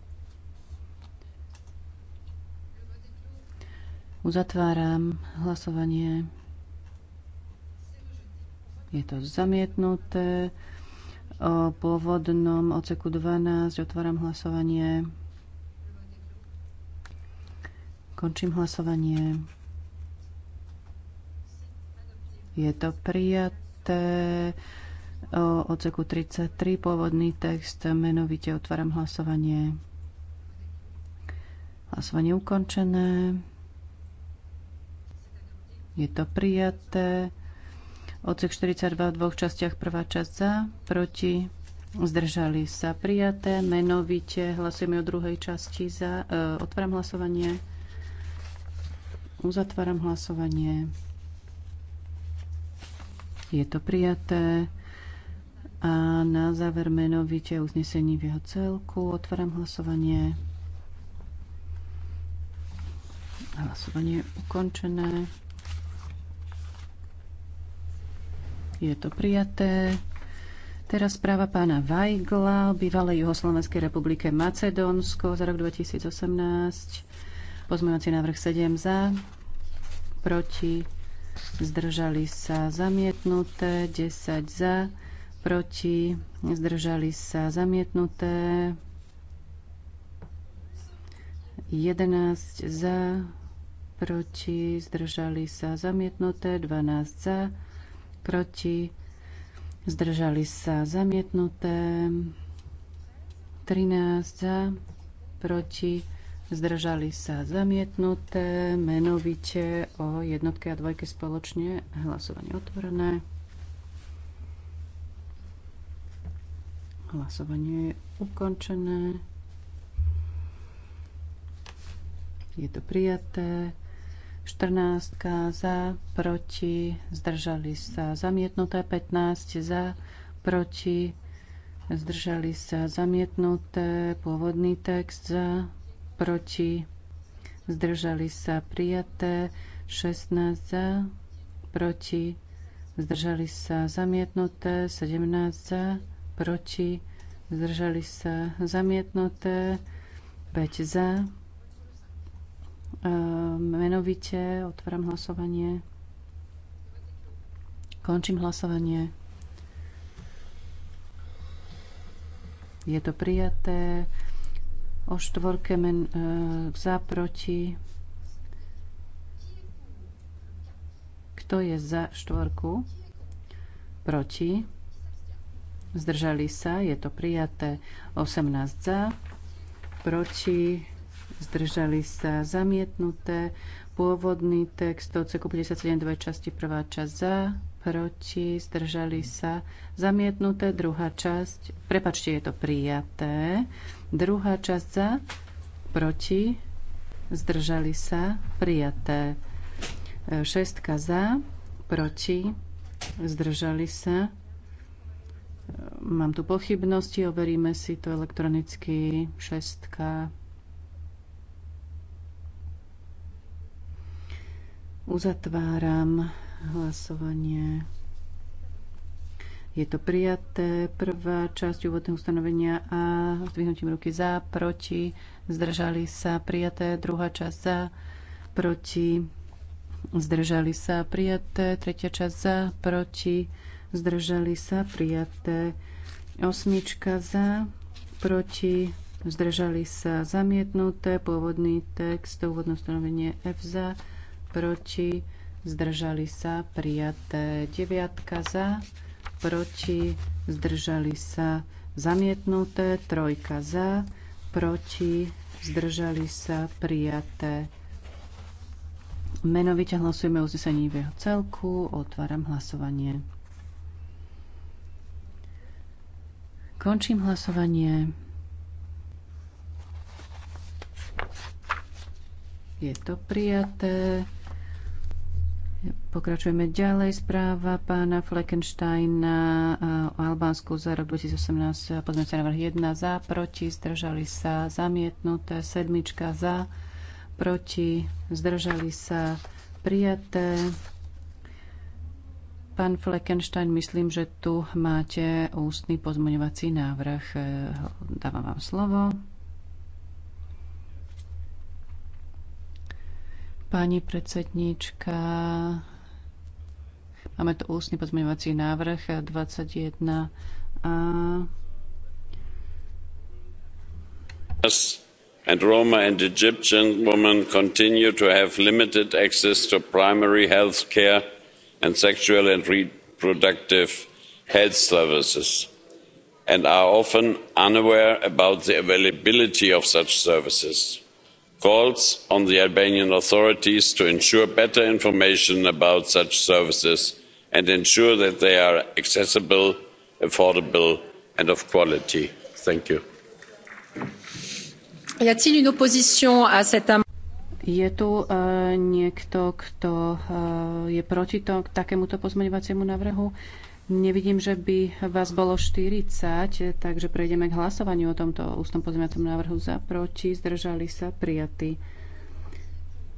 Uzatváram hlasovanie je to zamietnuté. O pôvodnom oceku 12 otváram hlasovanie. Končím hlasovanie. Je to prijaté. O oceku 33 pôvodný text menovite otváram hlasovanie. Hlasovanie ukončené. Je to prijaté. Odsek 42 v dvoch častiach. Prvá časť za, proti, zdržali sa prijaté. Menovite hlasujeme o druhej časti za. E, otváram hlasovanie. Uzatváram hlasovanie. Je to prijaté. A na záver menovite uznesení v jeho celku. Otváram hlasovanie. Hlasovanie je ukončené. Je to prijaté. Teraz správa pána Vajgla o bývalej Juhoslovenskej republike Macedónsko za rok 2018. Pozmeňovací návrh 7 za, proti, zdržali sa zamietnuté, 10 za, proti, zdržali sa zamietnuté, 11 za, proti, zdržali sa zamietnuté, 12 za, proti, zdržali sa zamietnuté, 13 za, proti, zdržali sa zamietnuté, menovite o jednotke a dvojke spoločne, hlasovanie otvorené. Hlasovanie je ukončené. Je to prijaté. 14 za, proti, zdržali sa zamietnuté, 15 za, proti, zdržali sa zamietnuté, pôvodný text za, proti, zdržali sa prijaté, 16 za, proti, zdržali sa zamietnuté, 17 za, proti, zdržali sa zamietnuté, 5 za, Ehm, menovite. Otváram hlasovanie. Končím hlasovanie. Je to prijaté. O štvorke men, e, za proti. Kto je za štvorku? Proti. Zdržali sa. Je to prijaté. 18 za. Proti zdržali sa zamietnuté. Pôvodný text od odseku 57, dve časti, prvá časť za, proti, zdržali sa zamietnuté, druhá časť, prepačte, je to prijaté, druhá časť za, proti, zdržali sa, prijaté. Šestka za, proti, zdržali sa. Mám tu pochybnosti, overíme si to elektronicky. Šestka, Uzatváram hlasovanie. Je to prijaté. Prvá časť úvodného ustanovenia A. Zdvihnutím ruky za, proti. Zdržali sa. Prijaté. Druhá časť za, proti. Zdržali sa. Prijaté. Tretia časť za, proti. Zdržali sa. Prijaté. Osmička za, proti. Zdržali sa. Zamietnuté. Pôvodný text. Úvodné ustanovenie F za proti, zdržali sa prijaté. Deviatka za, proti, zdržali sa zamietnuté. Trojka za, proti, zdržali sa prijaté. Menovite hlasujeme o uznesení v jeho celku. Otváram hlasovanie. Končím hlasovanie. Je to prijaté. Pokračujeme ďalej. Správa pána Fleckensteina eh, o Albánsku za rok 2018. sa návrh 1 za, proti, zdržali sa, zamietnuté, sedmička za, proti, zdržali sa, prijaté. Pán Fleckenstein, myslím, že tu máte ústny pozmeňovací návrh. Eh, dávam vám slovo. Pani predsedníčka, máme tu ústny pozmeňovací návrh 21a. And Roma and Egyptian women continue to have limited access to primary health care and sexual and reproductive health services and are often unaware about the availability of such services calls on the albanian authorities to ensure better information about such services and ensure that they are accessible affordable and of quality. je tu eh, niekto kto eh, je proti takémuto pozmeňovaciemu návrhu? Nevidím, že by vás bolo 40, takže prejdeme k hlasovaniu o tomto ústnom pozmeňovacom návrhu za proti. Zdržali sa prijatí.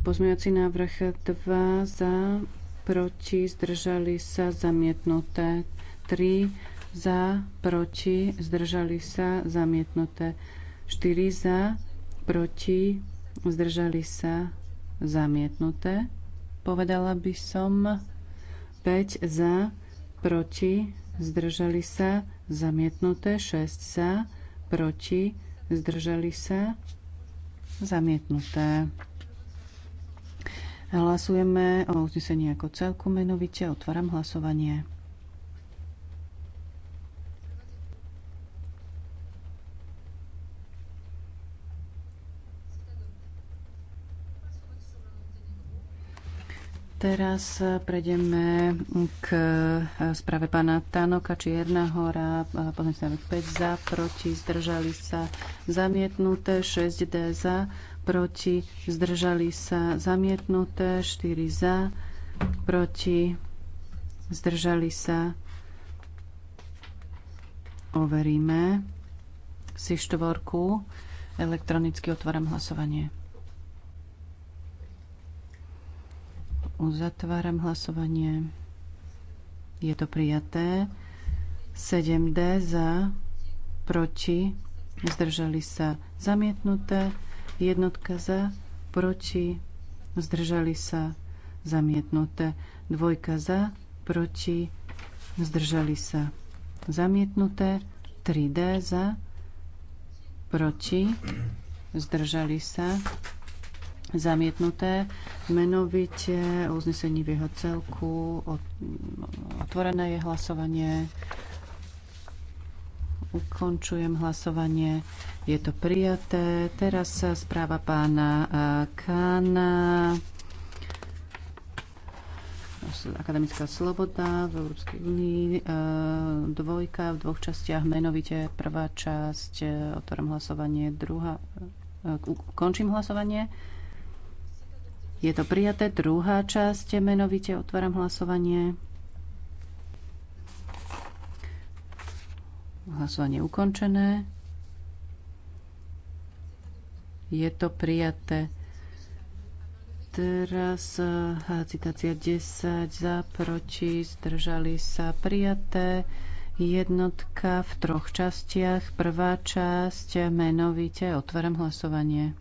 Pozmeňovací návrh 2 za proti. Zdržali sa zamietnuté. 3 za proti. Zdržali sa zamietnuté. 4 za proti. Zdržali sa zamietnuté. Povedala by som 5 za proti proti, zdržali sa, zamietnuté 6 za, proti, zdržali sa, zamietnuté. Hlasujeme o uznesení ako celku menovite. Otváram hlasovanie. Teraz eh, prejdeme k eh, správe pána Tanoka či Čierna hora. Eh, sa 5 za, proti, zdržali sa zamietnuté, 6D za, proti, zdržali sa zamietnuté, 4 za, proti, zdržali sa. Overíme si štvorku. Elektronicky otváram hlasovanie. Uzatváram hlasovanie. Je to prijaté. 7D za, proti, zdržali sa zamietnuté. Jednotka za, proti, zdržali sa zamietnuté. Dvojka za, proti, zdržali sa zamietnuté. 3D za, proti, zdržali sa zamietnuté. Menovite o uznesení v jeho celku. Otvorené je hlasovanie. Ukončujem hlasovanie. Je to prijaté. Teraz sa správa pána eh, Kána. Akademická sloboda v Európskej únii. Eh, dvojka v dvoch častiach. Menovite prvá časť. Eh, Otvorím hlasovanie. Druhá. Končím hlasovanie. Je to prijaté. Druhá časť menovite. Otváram hlasovanie. Hlasovanie ukončené. Je to prijaté. Teraz eh, citácia 10 za, proti, zdržali sa prijaté. Jednotka v troch častiach. Prvá časť menovite. Otváram hlasovanie.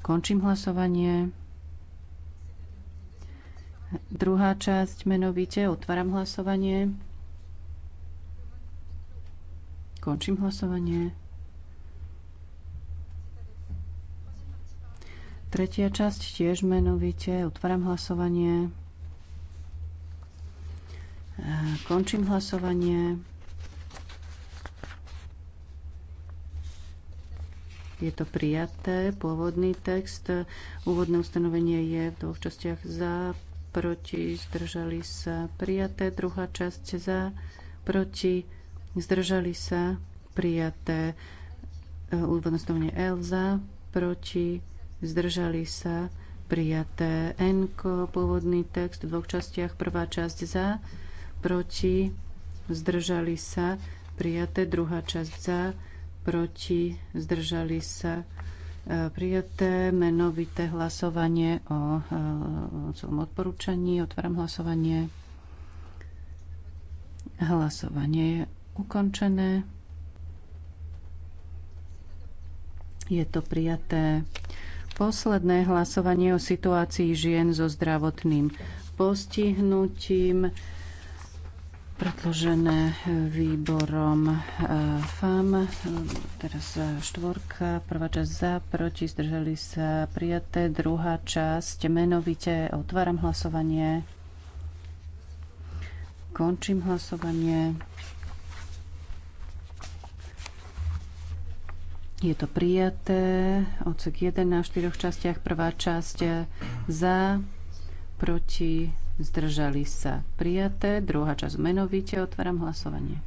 Končím hlasovanie. Druhá časť menovite. Otváram hlasovanie. Končím hlasovanie. Tretia časť tiež menovite. Otváram hlasovanie. Končím hlasovanie. Je to prijaté. Pôvodný text. Úvodné ustanovenie je v dvoch častiach za, proti, zdržali sa. Prijaté. Druhá časť za, proti, zdržali sa. Prijaté. E, úvodné ustanovenie L za, proti, zdržali sa. Prijaté. Enko. Pôvodný text v dvoch častiach. Prvá časť za, proti, zdržali sa prijaté, druhá časť za, proti, zdržali sa e, prijaté menovité hlasovanie o, o e, celom odporúčaní. Otváram hlasovanie. Hlasovanie je ukončené. Je to prijaté. Posledné hlasovanie o situácii žien so zdravotným postihnutím predložené eh, výborom eh, FAM. Teraz eh, štvorka, prvá časť za, proti, zdržali sa prijaté, druhá časť menovite, otváram hlasovanie, končím hlasovanie. Je to prijaté, odsek 1 na štyroch častiach, prvá časť za, proti, zdržali sa prijaté. Druhá časť menovite, otváram hlasovanie.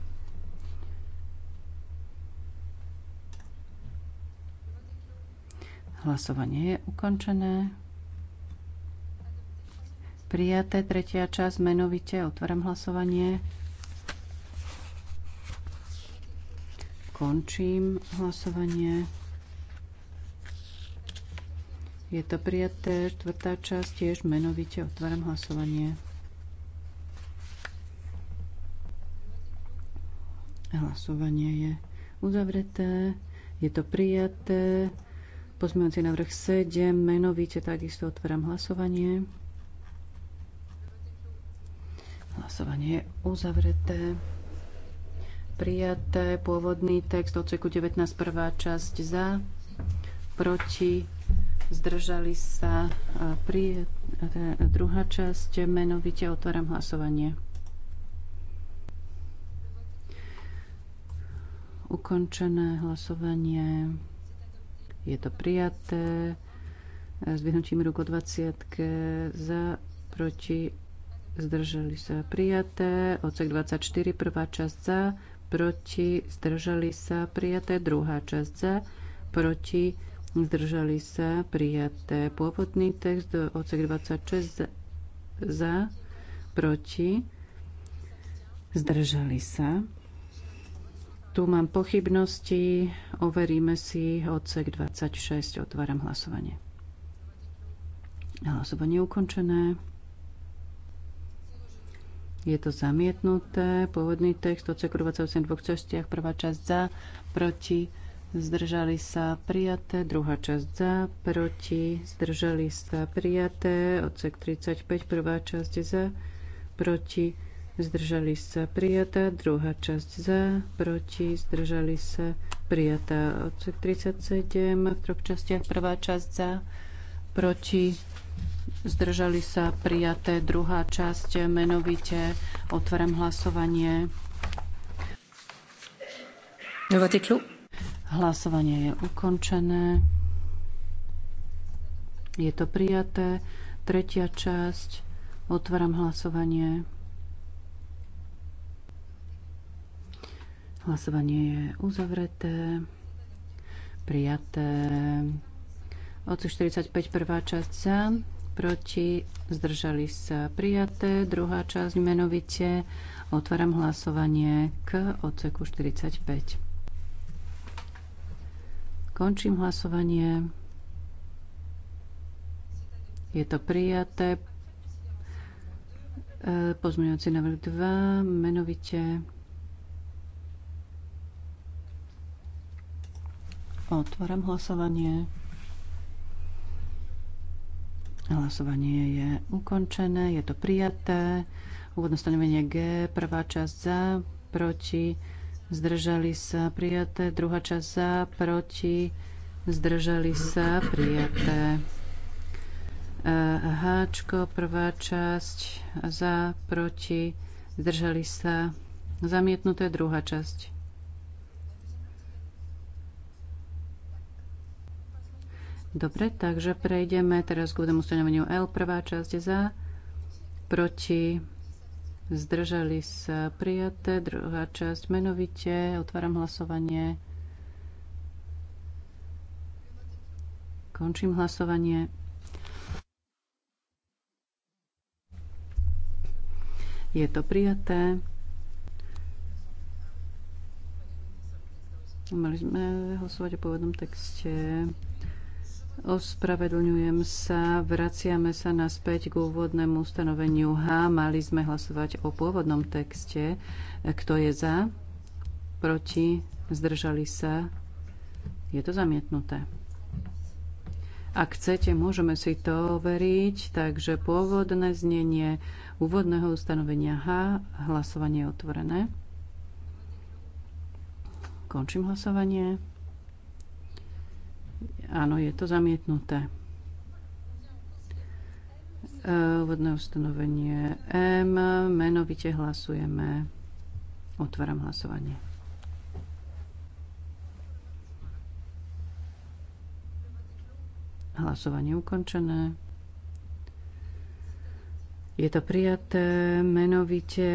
Hlasovanie je ukončené. Prijaté tretia časť menovite. Otváram hlasovanie. Končím hlasovanie. Je to prijaté. Štvrtá časť tiež menovite. Otváram hlasovanie. Hlasovanie je uzavreté. Je to prijaté. Pozmeňujúci návrh 7. Menovite takisto otváram hlasovanie. Hlasovanie je uzavreté. Prijaté pôvodný text odseku 19. prvá časť za, proti zdržali sa pri druhá časť menovite otváram hlasovanie. Ukončené hlasovanie. Je to prijaté. vyhnutím ruku 20 za, proti, zdržali sa prijaté. Odsek 24, prvá časť za, proti, zdržali sa prijaté. Druhá časť za, proti, zdržali sa, prijaté. Pôvodný text, odsek 26 za, proti, zdržali sa. Tu mám pochybnosti, overíme si odsek 26, otváram hlasovanie. Hlasovanie ukončené. Je to zamietnuté. Pôvodný text od 28 v dvoch častiach. Prvá časť za, proti, zdržali sa prijaté, druhá časť za, proti, zdržali sa prijaté, odsek 35, prvá časť za, proti, zdržali sa prijatá, druhá časť za, proti, zdržali sa prijatá, odsek 37, v troch častiach prvá časť za, proti, zdržali sa prijaté, druhá časť menovite, otváram hlasovanie. Novatý klub. Hlasovanie je ukončené. Je to prijaté. Tretia časť. Otváram hlasovanie. Hlasovanie je uzavreté. Prijaté. Odsek 45, prvá časť za, proti, zdržali sa prijaté. Druhá časť menovite. Otváram hlasovanie k odseku 45. Končím hlasovanie. Je to prijaté. E, pozmeňujúci návrh 2, menovite. Otváram hlasovanie. Hlasovanie je ukončené, je to prijaté. Úvodné stanovenie G, prvá časť za, proti zdržali sa prijaté, druhá časť za, proti, zdržali sa prijaté. Háčko, eh, prvá časť za, proti, zdržali sa zamietnuté, druhá časť. Dobre, takže prejdeme teraz k úvodnému stanoveniu L. Prvá časť za, proti, zdržali sa prijaté. Druhá časť menovite. Otváram hlasovanie. Končím hlasovanie. Je to prijaté. Mali sme hlasovať o pôvodnom texte. Ospravedlňujem sa, vraciame sa naspäť k úvodnému ustanoveniu H. Mali sme hlasovať o pôvodnom texte. Kto je za? Proti? Zdržali sa? Je to zamietnuté. Ak chcete, môžeme si to overiť. Takže pôvodné znenie úvodného ustanovenia H. Hlasovanie je otvorené. Končím hlasovanie. Áno, je to zamietnuté. E, úvodné ustanovenie M. Menovite hlasujeme. Otváram hlasovanie. Hlasovanie ukončené. Je to prijaté menovite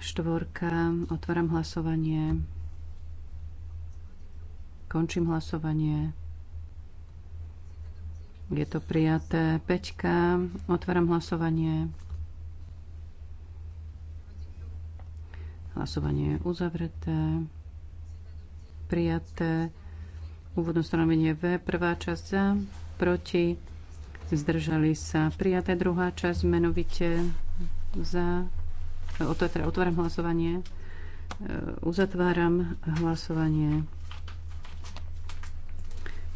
štvorka. Otváram hlasovanie. Končím hlasovanie. Je to prijaté. Peťka. Otváram hlasovanie. Hlasovanie je uzavreté. Prijaté. Úvodné stanovenie V. Prvá časť za. Proti. Zdržali sa. Prijaté druhá časť menovite za. Teda otváram hlasovanie. E, uzatváram hlasovanie.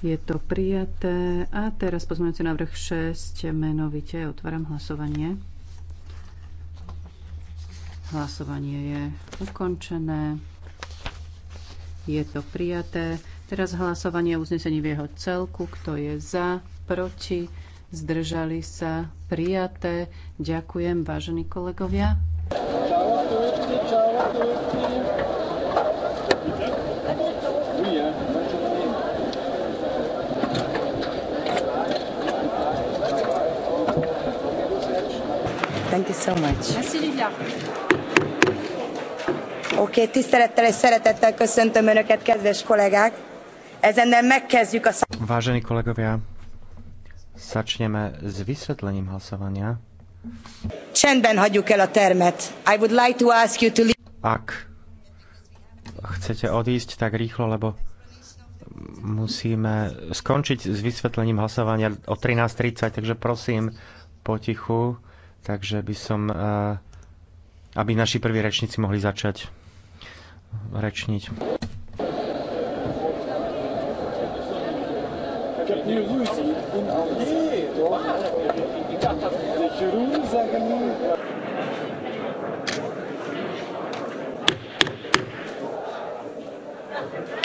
Je to prijaté. A teraz pozmeňujúci návrh 6 menovite. Otváram hlasovanie. Hlasovanie je ukončené. Je to prijaté. Teraz hlasovanie o uznesení v jeho celku. Kto je za, proti, zdržali sa, prijaté. Ďakujem, vážení kolegovia. Čau, čau, čau, Thank you so much. Merci, Livia. Oké, okay, tisztelettel és szeretettel köszöntöm Önöket, kedves kollégák. Ezennel megkezdjük a... Vážení kollégovia, začneme s vysvetlením hlasovania. Csendben hagyjuk el a termet. I would like to ask you to leave... Ak chcete odísť, tak rýchlo, lebo musíme skončiť s vysvetlením hlasovania o 13.30, takže prosím potichu. Takže by som, eh, aby naši prví rečníci mohli začať rečniť.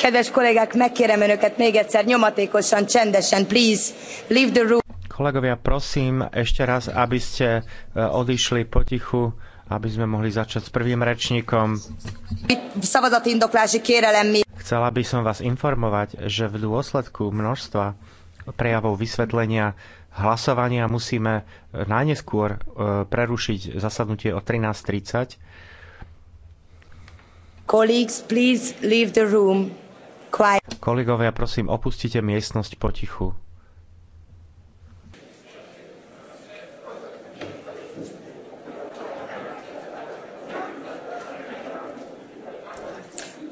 kedves kollégák megkérem önöket még egyszer nyomatékosan csendesen please leave the room. Kolegovia, prosím ešte raz, aby ste e, odišli potichu, aby sme mohli začať s prvým rečníkom. Chcela by som vás informovať, že v dôsledku množstva prejavov vysvetlenia hlasovania musíme e, najneskôr e, prerušiť zasadnutie o 13.30. Colleagues, please leave the room. Kolegovia, prosím, opustite miestnosť potichu.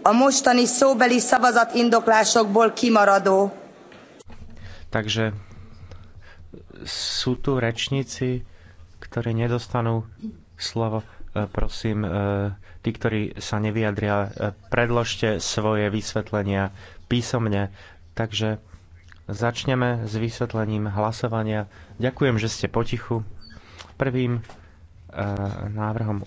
a mostani szóbeli szavazatindoklásokból kimaradó. Takže sú tu rečníci, ktorí nedostanú slovo. E, prosím, e, tí, ktorí sa nevyjadria, e, predložte svoje vysvetlenia písomne. Takže začneme s vysvetlením hlasovania. Ďakujem, že ste potichu. Prvým návrhom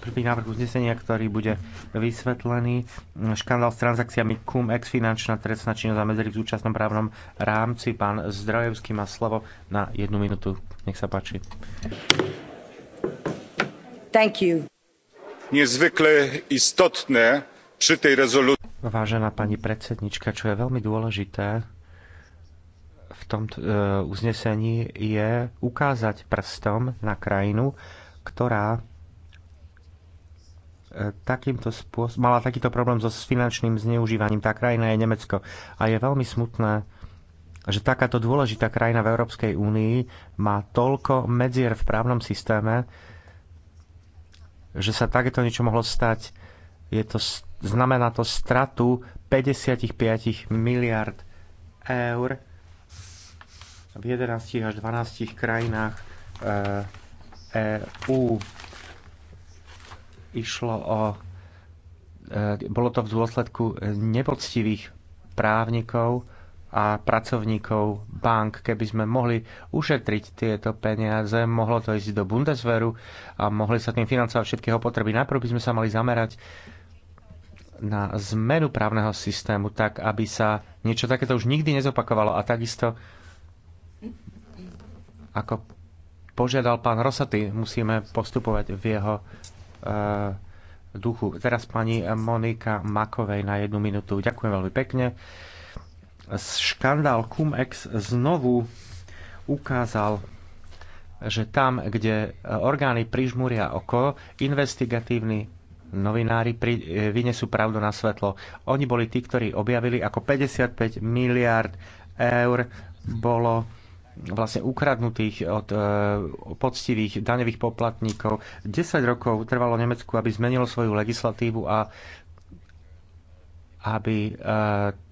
prvý návrh uznesenia, ktorý bude vysvetlený. Mm, škandál s transakciami ex finančná trestná činnosť a medzery v súčasnom právnom rámci. Pán Zdrojevský má slovo na jednu minútu. Nech sa páči. Thank you. Niezwykle istotne przy tej rezolucji. Vážená pani predsednička, čo je veľmi dôležité, v tom e, uznesení je ukázať prstom na krajinu, ktorá takýmto spôsob, mala takýto problém so finančným zneužívaním. Tá krajina je Nemecko. A je veľmi smutné, že takáto dôležitá krajina v Európskej únii má toľko medzier v právnom systéme, že sa takéto niečo mohlo stať. Je to, znamená to stratu 55 miliard eur v 11 až 12 krajinách EÚ. Eh, e išlo o... E, bolo to v dôsledku nepoctivých právnikov a pracovníkov bank. Keby sme mohli ušetriť tieto peniaze, mohlo to ísť do Bundesveru a mohli sa tým financovať všetkého potreby. Najprv by sme sa mali zamerať na zmenu právneho systému tak, aby sa niečo takéto už nikdy nezopakovalo. A takisto, ako požiadal pán Rosaty, musíme postupovať v jeho Eh, duchu. Teraz pani Monika Makovej na jednu minútu. Ďakujem veľmi pekne. Škandál Cum-Ex znovu ukázal, že tam, kde orgány prižmúria oko, investigatívni novinári eh, vyniesú vynesú pravdu na svetlo. Oni boli tí, ktorí objavili, ako 55 miliard eur bolo vlastne ukradnutých od e, poctivých daňových poplatníkov. 10 rokov trvalo Nemecku, aby zmenilo svoju legislatívu a aby e,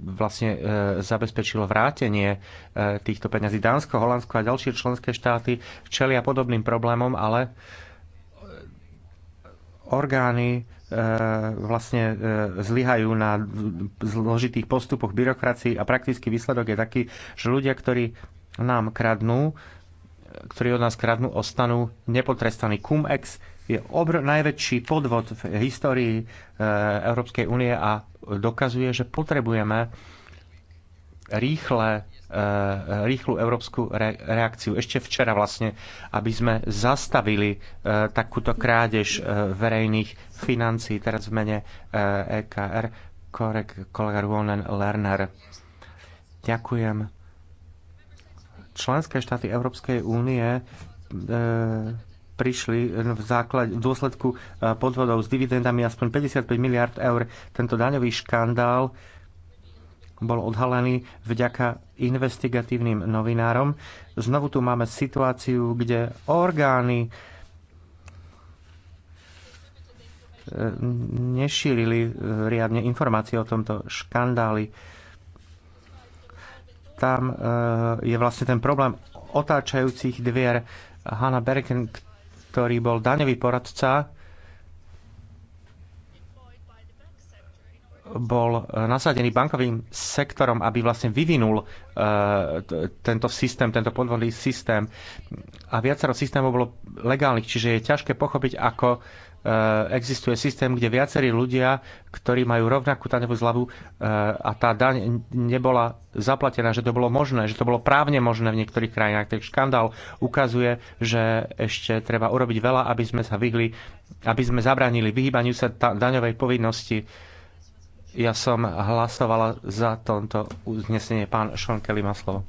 vlastne e, zabezpečilo vrátenie týchto peňazí. Dánsko, Holandsko a ďalšie členské štáty čelia podobným problémom, ale orgány vlastne zlyhajú na zložitých postupoch byrokracii a praktický výsledok je taký, že ľudia, ktorí nám kradnú, ktorí od nás kradnú, ostanú nepotrestaní. Cum-ex je obr- najväčší podvod v histórii e, Európskej únie a dokazuje, že potrebujeme rýchle, e, rýchlu európsku re- reakciu. Ešte včera vlastne, aby sme zastavili e, takúto krádež e, verejných financií, teraz v mene e, EKR, korek, kolega Ruonen Lerner. Ďakujem Členské štáty Európskej únie e, prišli v, základ, v dôsledku e, podvodov s dividendami aspoň 55 miliard eur. Tento daňový škandál bol odhalený vďaka investigatívnym novinárom. Znovu tu máme situáciu, kde orgány e, nešírili riadne informácie o tomto škandáli tam e, je vlastne ten problém otáčajúcich dvier. Hanna Bergen, ktorý bol daňový poradca, bol e, nasadený bankovým sektorom, aby vlastne vyvinul e, tento systém, tento podvodný systém. A viacero systémov bolo legálnych, čiže je ťažké pochopiť, ako Eh, existuje systém, kde viacerí ľudia, ktorí majú rovnakú daňovú zľavu eh, a tá daň nebola zaplatená, že to bolo možné, že to bolo právne možné v niektorých krajinách. Tak škandál ukazuje, že ešte treba urobiť veľa, aby sme sa vyhli, aby sme zabránili vyhýbaniu sa daňovej povinnosti. Ja som hlasovala za toto uznesenie. Pán Šonkeli má slovo.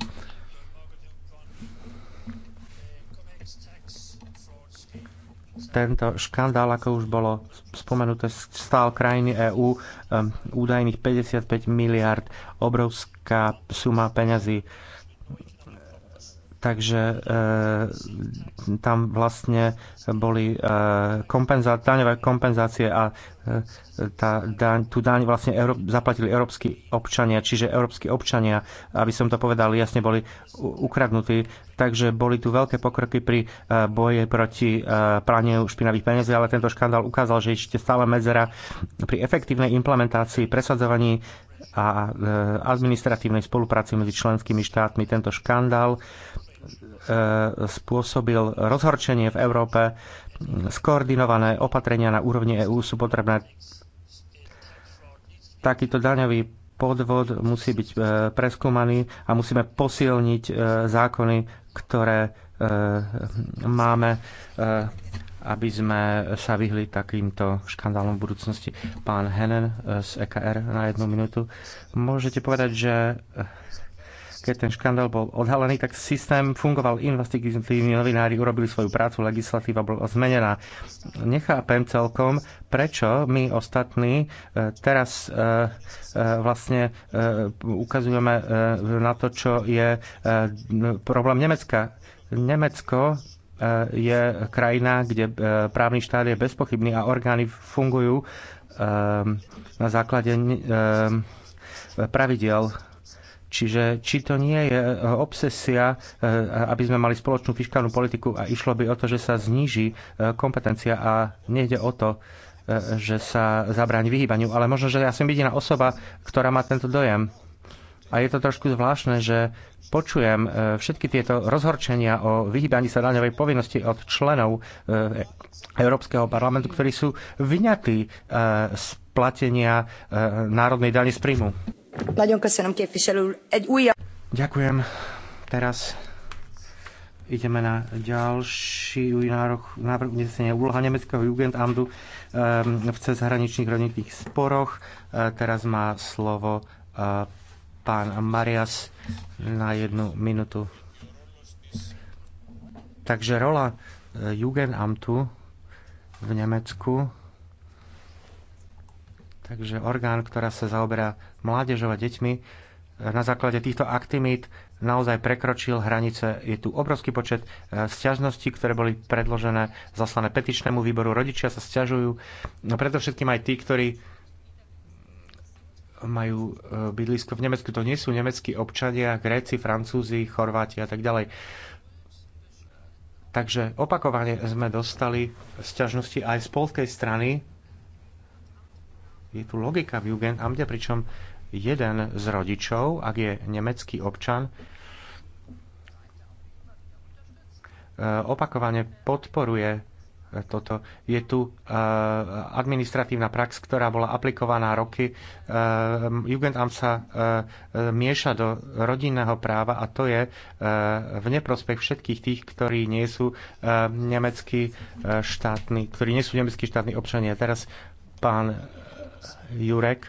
tento škandál, ako už bolo spomenuté, stál krajiny EÚ um, údajných 55 miliard, obrovská suma peňazí takže e, tam vlastne boli e, kompenzá- daňové kompenzácie a e, tá daň, tú daň vlastne Euró- zaplatili európsky občania, čiže európsky občania, aby som to povedal jasne, boli ukradnutí. Takže boli tu veľké pokroky pri e, boje proti e, praniu špinavých peniazí, ale tento škandál ukázal, že ešte stále medzera pri efektívnej implementácii, presadzovaní a e, administratívnej spolupráci medzi členskými štátmi. Tento škandál E, spôsobil rozhorčenie v Európe. Skoordinované opatrenia na úrovni EÚ sú potrebné. Takýto daňový podvod musí byť e, preskúmaný a musíme posilniť e, zákony, ktoré máme, aby sme sa vyhli takýmto škandálom v budúcnosti. Pán Henen z EKR na jednu minútu. Môžete povedať, že keď ten škandál bol odhalený, tak systém fungoval. Investigatívni novinári urobili svoju prácu, legislatíva bola zmenená. Nechápem celkom, prečo my ostatní e, teraz e, e, vlastne ukazujeme na to, čo je problém Nemecka. Nemecko je krajina, kde právny štát je bezpochybný a orgány fungujú na základe pravidel Čiže či to nie je eh, obsesia, eh, aby sme mali spoločnú fiskálnu politiku a išlo by o to, že sa zníži eh, kompetencia a nejde o to, že sa zabráni vyhýbaniu. Ale možno, že ja som jediná osoba, ktorá má tento dojem. A je to trošku zvláštne, že počujem e, všetky tieto rozhorčenia o vyhýbaní sa daňovej povinnosti od členov e, Európskeho parlamentu, ktorí sú vyňatí e, z platenia národnej dane z príjmu. Ďakujem. Teraz ideme na ďalší nároch, návrh unesenia úloha nemeckého Jugendamtu v cezhraničných rodinných sporoch. Teraz má slovo pán Marias na jednu minutu. Takže rola e, Jugendamtu v Nemecku, takže orgán, ktorá sa zaoberá mládežov a deťmi, e, na základe týchto aktivít naozaj prekročil hranice. Je tu obrovský počet e, sťažností, ktoré boli predložené, zaslané petičnému výboru. Rodičia sa sťažujú, no predovšetkým aj tí, ktorí majú e, bydlisko v Nemecku. To nie sú nemeckí občania, Gréci, Francúzi, Chorváti a tak ďalej. Takže opakovane sme dostali sťažnosti aj z polskej strany. Je tu logika v Jugendamte, pričom jeden z rodičov, ak je nemecký občan, e, opakovane podporuje toto. Je tu e, administratívna prax, ktorá bola aplikovaná roky. E, Jugendamt sa e, mieša do rodinného práva a to je v neprospech všetkých tých, ktorí nie sú nemeckí štátni, ktorí nie sú nemeckí štátni občania. Teraz pán Jurek,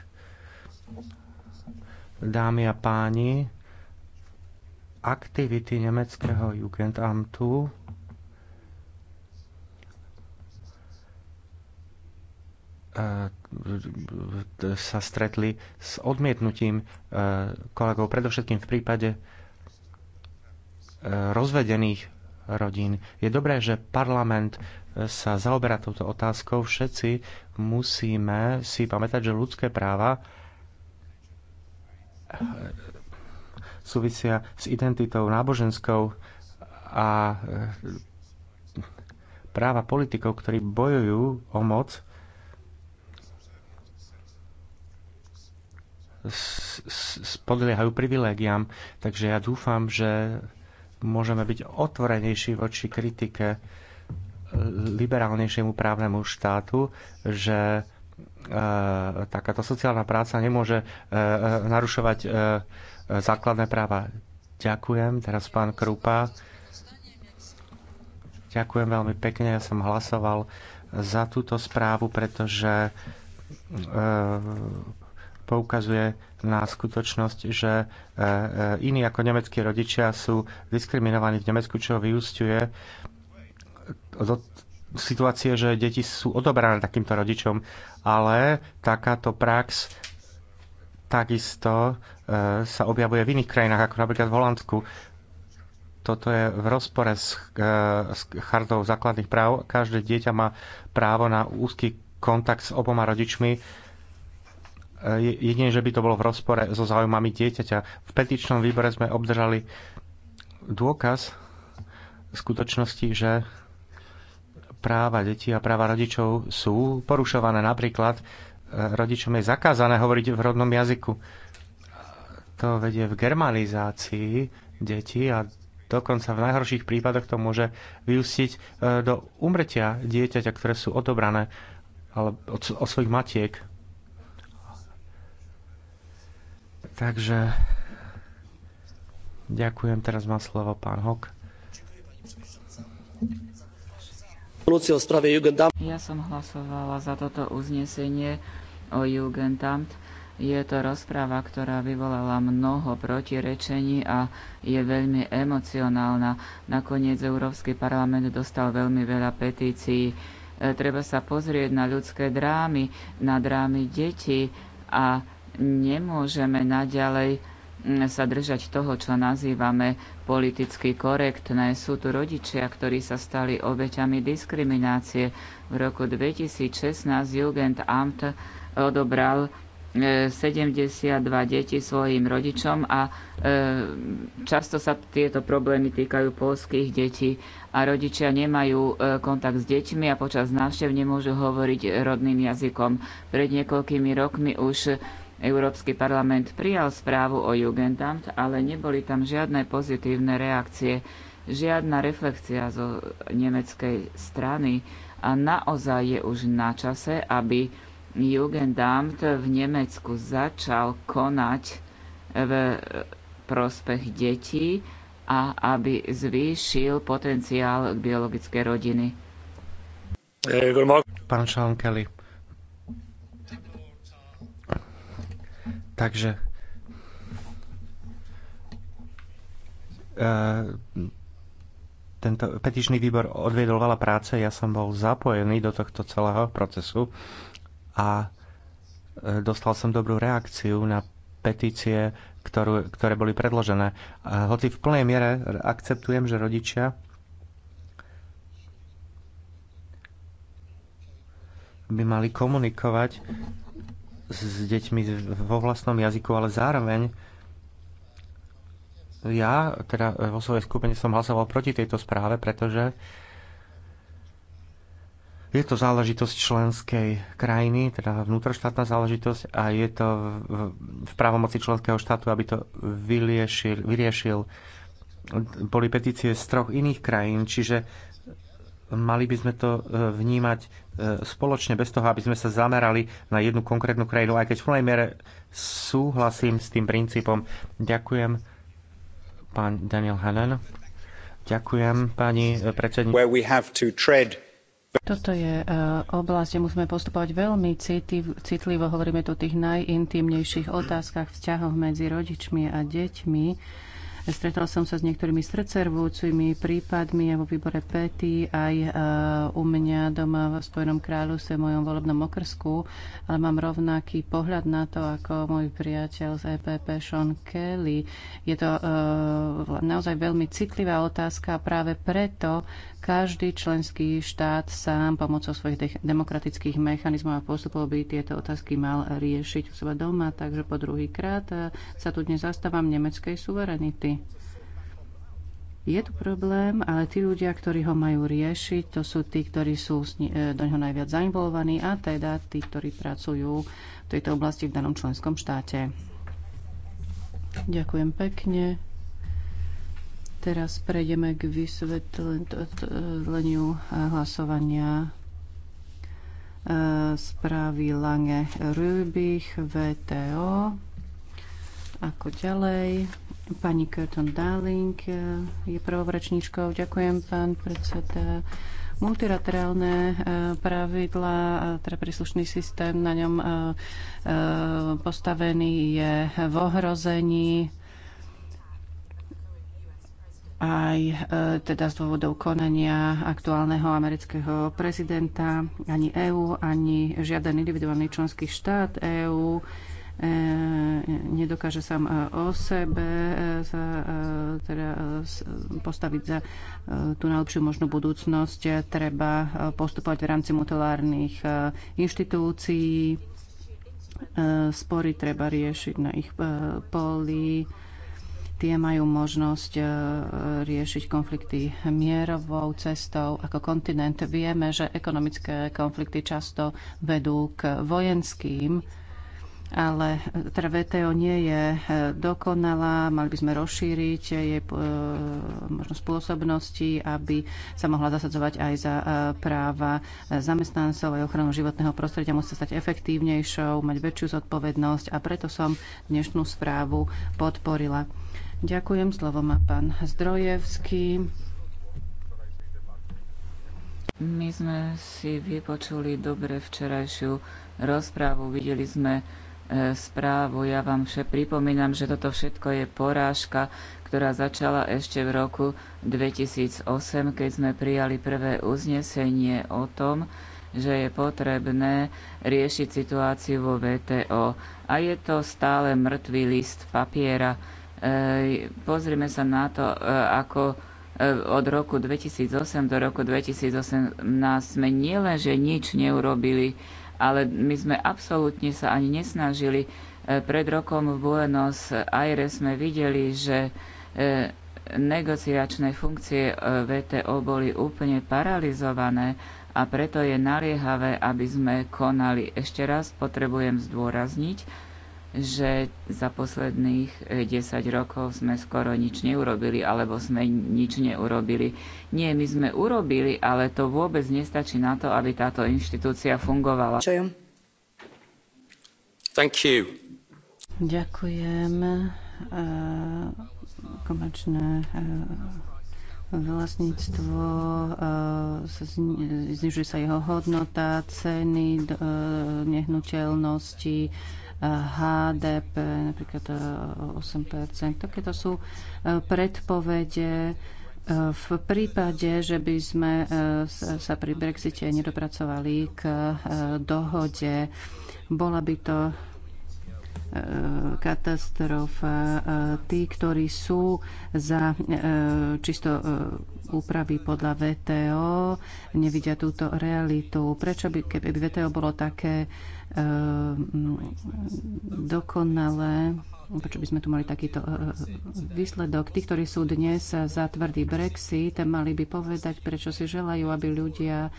dámy a páni, aktivity nemeckého Jugendamtu E, sa stretli s odmietnutím e, kolegov, predovšetkým v prípade e, rozvedených rodín. Je dobré, že parlament sa zaoberá touto otázkou. Všetci musíme si pamätať, že ľudské práva súvisia s identitou náboženskou a práva politikov, ktorí bojujú o moc, spodliehajú privilégiám. Takže ja dúfam, že môžeme byť otvorenejší voči kritike e, liberálnejšiemu právnemu štátu, že e, takáto sociálna práca nemôže e, narušovať základné práva. Ďakujem. Teraz pán Krupa. Ďakujem veľmi pekne. Ja som hlasoval za túto správu, pretože poukazuje na skutočnosť, že e, e, iní ako nemeckí rodičia sú diskriminovaní v Nemecku, čo vyústiuje do situácie, že deti sú odobrané takýmto rodičom, ale takáto prax takisto e, sa objavuje v iných krajinách, ako napríklad v Holandsku. Toto je v rozpore s, s chartou základných práv. Každé dieťa má právo na úzky kontakt s oboma rodičmi jedine, že by to bolo v rozpore so záujmami dieťaťa. V petičnom výbore sme obdržali dôkaz skutočnosti, že práva detí a práva rodičov sú porušované. Napríklad e, rodičom je zakázané hovoriť v rodnom jazyku. To vedie v germanizácii detí a dokonca v najhorších prípadoch to môže vyústiť e, do umrtia dieťaťa, ktoré sú odobrané ale od, od svojich matiek. Takže ďakujem, teraz má slovo pán Hok. Ja som hlasovala za toto uznesenie o Jugendamt. Je to rozpráva, ktorá vyvolala mnoho protirečení a je veľmi emocionálna. Nakoniec Európsky parlament dostal veľmi veľa petícií. E, treba sa pozrieť na ľudské drámy, na drámy detí a nemôžeme naďalej mm, sa držať toho, čo nazývame politicky korektné. Sú tu rodičia, ktorí sa stali obeťami diskriminácie. V roku 2016 Jugendamt eh, odobral 72 eh, deti svojim rodičom a eh, často sa tieto problémy týkajú polských detí a rodičia nemajú kontakt s deťmi a počas návštev nemôžu hovoriť rodným jazykom. Pred niekoľkými rokmi už Európsky parlament prijal správu o Jugendamt, ale neboli tam žiadne pozitívne reakcie, žiadna reflexia zo nemeckej strany a naozaj je už na čase, aby Jugendamt v Nemecku začal konať v prospech detí a aby zvýšil potenciál biologickej rodiny. Eh, Pán Sean Kelly. Takže e, tento petičný výbor odviedol veľa práce, ja som bol zapojený do tohto celého procesu a e, dostal som dobrú reakciu na petície, ktorú, ktoré boli predložené. A hoci v plnej miere akceptujem, že rodičia by mali komunikovať s deťmi vo vlastnom jazyku, ale zároveň ja teda e, vo svojej skupine som hlasoval proti tejto správe, pretože je to záležitosť členskej krajiny, teda vnútroštátna záležitosť a je to v, v právomoci členského štátu, aby to vyriešil. Boli petície z troch iných krajín, čiže mali by sme to e, vnímať e, spoločne bez toho, aby sme sa zamerali na jednu konkrétnu krajinu, aj keď v plnej miere súhlasím s tým princípom. Ďakujem, pán Daniel Hanen. Ďakujem, pani e, predsedníčka. Toto je oblasť, kde musíme postupovať veľmi citlivo. Hovoríme tu o tých najintimnejších otázkach, vzťahov medzi rodičmi a deťmi Stretol som sa s niektorými srdcervúcimi prípadmi vo výbore Pety aj e, u mňa doma v Spojenom kráľovstve, v mojom volebnom okrsku, ale mám rovnaký pohľad na to, ako môj priateľ z EPP Sean Kelly. Je to e, naozaj veľmi citlivá otázka a práve preto každý členský štát sám pomocou svojich demokratických mechanizmov a postupov by tieto otázky mal riešiť u seba doma, takže po druhý krát eh, sa tu dnes zastávam nemeckej suverenity. Je tu problém, ale tí ľudia, ktorí ho majú riešiť, to sú tí, ktorí sú eh, do ňoho najviac zainvolovaní a teda tí, ktorí pracujú v tejto oblasti v danom členskom štáte. Ďakujem pekne. Teraz prejdeme k vysvetleniu hlasovania e, správy Lange Rübich VTO. Ako ďalej? Pani Curtin Darling je prvovračníčkou. Ďakujem, pán predseda multilaterálne e, pravidla, teda príslušný systém na ňom e, postavený je v ohrození aj e, teda z dôvodov konania aktuálneho amerického prezidenta. Ani EÚ, ani žiaden individuálny členský štát EÚ e, nedokáže sám e, o sebe sa, teda postaviť za tú najlepšiu možnú budúcnosť. Treba postupovať v rámci mutilárnych inštitúcií. Spory treba riešiť na ich poli Tie majú možnosť e, riešiť konflikty mierovou cestou. Ako kontinent vieme, že ekonomické konflikty často vedú k vojenským ale teda VTO nie je e, dokonalá, mali by sme rozšíriť jej e, možnosť spôsobnosti, aby sa mohla zasadzovať aj za práva zamestnancov aj ochranu životného prostredia, musí stať efektívnejšou, mať väčšiu zodpovednosť a preto som dnešnú správu podporila. Ďakujem. Slovo má pán Zdrojevský. My sme si vypočuli dobre včerajšiu rozprávu. Videli sme e, správu. Ja vám vše pripomínam, že toto všetko je porážka, ktorá začala ešte v roku 2008, keď sme prijali prvé uznesenie o tom, že je potrebné riešiť situáciu vo VTO. A je to stále mŕtvý list papiera. E, pozrime sa na to, e, ako e, od roku 2008 do roku 2018 sme nielenže nič neurobili, ale my sme absolútne sa ani nesnažili. Pred rokom v Buenos Aires sme videli, že negociačné funkcie VTO boli úplne paralizované a preto je naliehavé, aby sme konali. Ešte raz potrebujem zdôrazniť, že za posledných 10 eh, rokov sme skoro nič neurobili, alebo sme nič neurobili. Nie, my sme urobili, ale to vôbec nestačí na to, aby táto inštitúcia fungovala. Thank you. Ďakujem. Eh, komerčné eh, vlastníctvo, znižuje sa jeho hodnota, ceny, nehnuteľnosti, HDP, napríklad 8%. E, Takéto sú e, predpovede e, v prípade, že by sme sa pri Brexite nedopracovali k dohode. Bola by to E, katastrofa. E, tí, ktorí sú za e, čisto úpravy podľa VTO, nevidia túto realitu. Prečo by, keby VTO bolo také dokonalé, prečo by sme tu mali takýto výsledok. Tí, ktorí sú dnes za tvrdý Brexit, mali by povedať, prečo si želajú, aby ľudia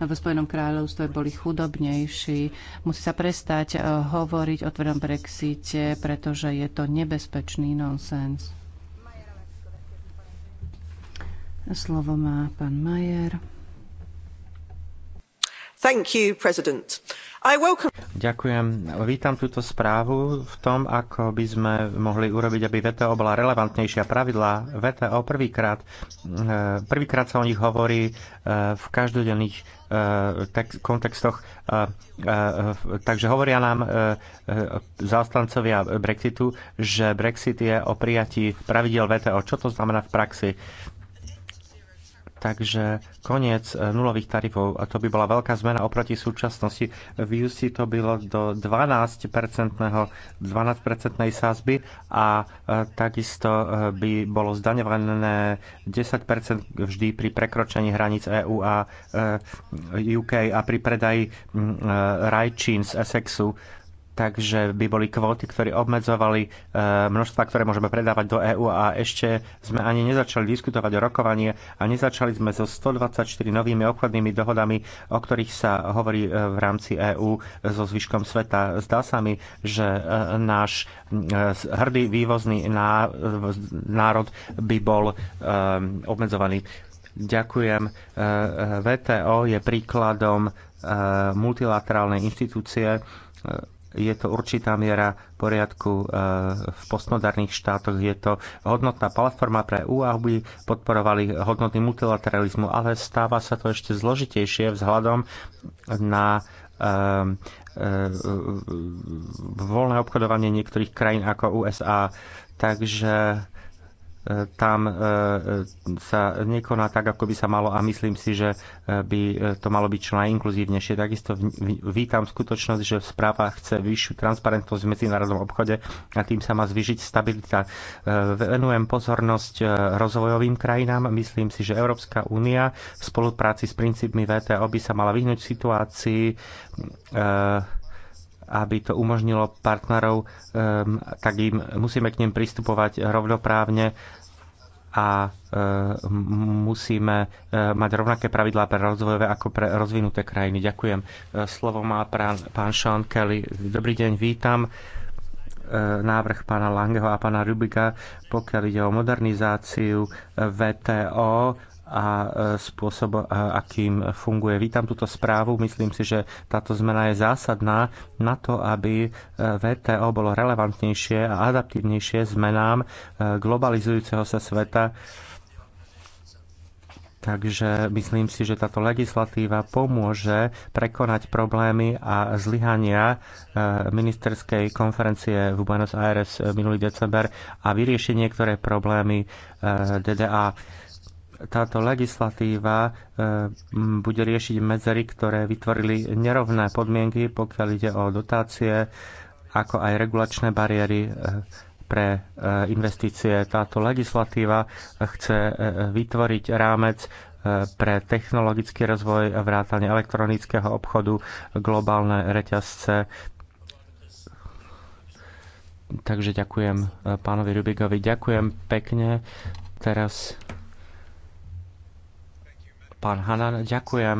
v Spojenom kráľovstve boli chudobnejší. Musí sa prestať eh, hovoriť o tvrdom Brexite, pretože je to nebezpečný nonsens. Slovo má pán Majer. Ďakujem. Vítam túto správu v tom, ako by sme mohli urobiť, aby VTO bola relevantnejšia pravidlá. VTO prvýkrát, eh, prvýkrát sa o nich hovorí eh, v každodenných eh, kontextoch. Takže hovoria nám zástancovia Brexitu, že Brexit je o prijatí pravidiel VTO. Čo to znamená v praxi? Takže koniec e, nulových tarifov, a to by bola veľká zmena oproti súčasnosti. V UC to bylo do 12-percentnej 12 sázby a e, takisto e, by bolo zdaňované 10% vždy pri prekročení hraníc EÚ a UK a pri predaji rajčín z Essexu takže by boli kvóty, ktoré obmedzovali e, množstva, ktoré môžeme predávať do EÚ a ešte sme ani nezačali diskutovať o rokovanie a nezačali sme so 124 novými obchodnými dohodami, o ktorých sa hovorí e, v rámci EÚ so zvyškom sveta. Zdá sa mi, že e, náš hrdý vývozný národ by bol obmedzovaný. Ďakujem. VTO je príkladom multilaterálnej inštitúcie, je to určitá miera poriadku e, v postmoderných štátoch. Je to hodnotná platforma pre EU, aby podporovali hodnoty multilateralizmu, ale stáva sa to ešte zložitejšie vzhľadom na e, e, voľné obchodovanie niektorých krajín ako USA. Takže tam e, sa nekoná tak, ako by sa malo a myslím si, že e, by e, to malo byť čo najinkluzívnejšie. Takisto vítam skutočnosť, že správa chce vyššiu transparentnosť v medzinárodnom obchode a tým sa má zvýšiť stabilita. Venujem pozornosť rozvojovým krajinám. Myslím si, že Európska únia v spolupráci s princípmi VTO by sa mala vyhnúť v situácii aby to umožnilo partnerov, ehm, tak im musíme k nim pristupovať rovnoprávne a ehm, musíme ehm, mať rovnaké pravidlá pre rozvojové ako pre rozvinuté krajiny. Ďakujem. E, slovo má pán, pán Sean Kelly. Dobrý deň, vítam e, návrh pána Langeho a pána Rubiga, pokiaľ ide o modernizáciu e, VTO a e, spôsob, e, akým funguje. Vítam túto správu. Myslím si, že táto zmena je zásadná na to, aby e, VTO bolo relevantnejšie a adaptívnejšie zmenám globalizujúceho sa sveta. Takže myslím si, že táto legislatíva pomôže prekonať problémy a zlyhania ministerskej konferencie v Buenos Aires minulý december a vyriešiť niektoré problémy DDA táto legislatíva e, bude riešiť medzery, ktoré vytvorili nerovné podmienky, pokiaľ ide o dotácie, ako aj regulačné bariéry e, pre e, investície. Táto legislatíva chce vytvoriť rámec pre technologický rozvoj, vrátanie elektronického obchodu, globálne reťazce. Takže ďakujem pánovi Rubigovi. Ďakujem pekne. Teraz Pán Hanan, ďakujem.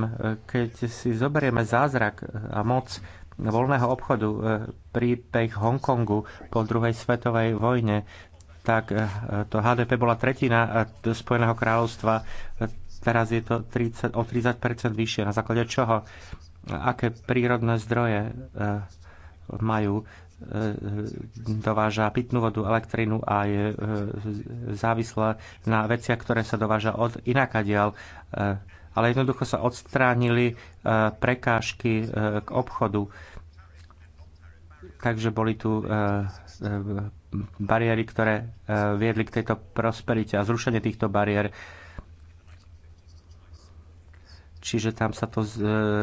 Keď si zoberieme zázrak a moc voľného obchodu, e, príbeh Hongkongu po druhej svetovej vojne, tak e, to HDP bola tretina e, Spojeného kráľovstva, teraz je to 30, o 30 vyššie. Na základe čoho? Aké prírodné zdroje majú? E, dováža pitnú vodu, elektrínu a je e, závislá na veciach, ktoré sa dováža od inakadiaľ. E, ale jednoducho sa odstránili prekážky k obchodu. Takže boli tu bariéry, ktoré viedli k tejto prosperite a zrušenie týchto bariér čiže tam sa to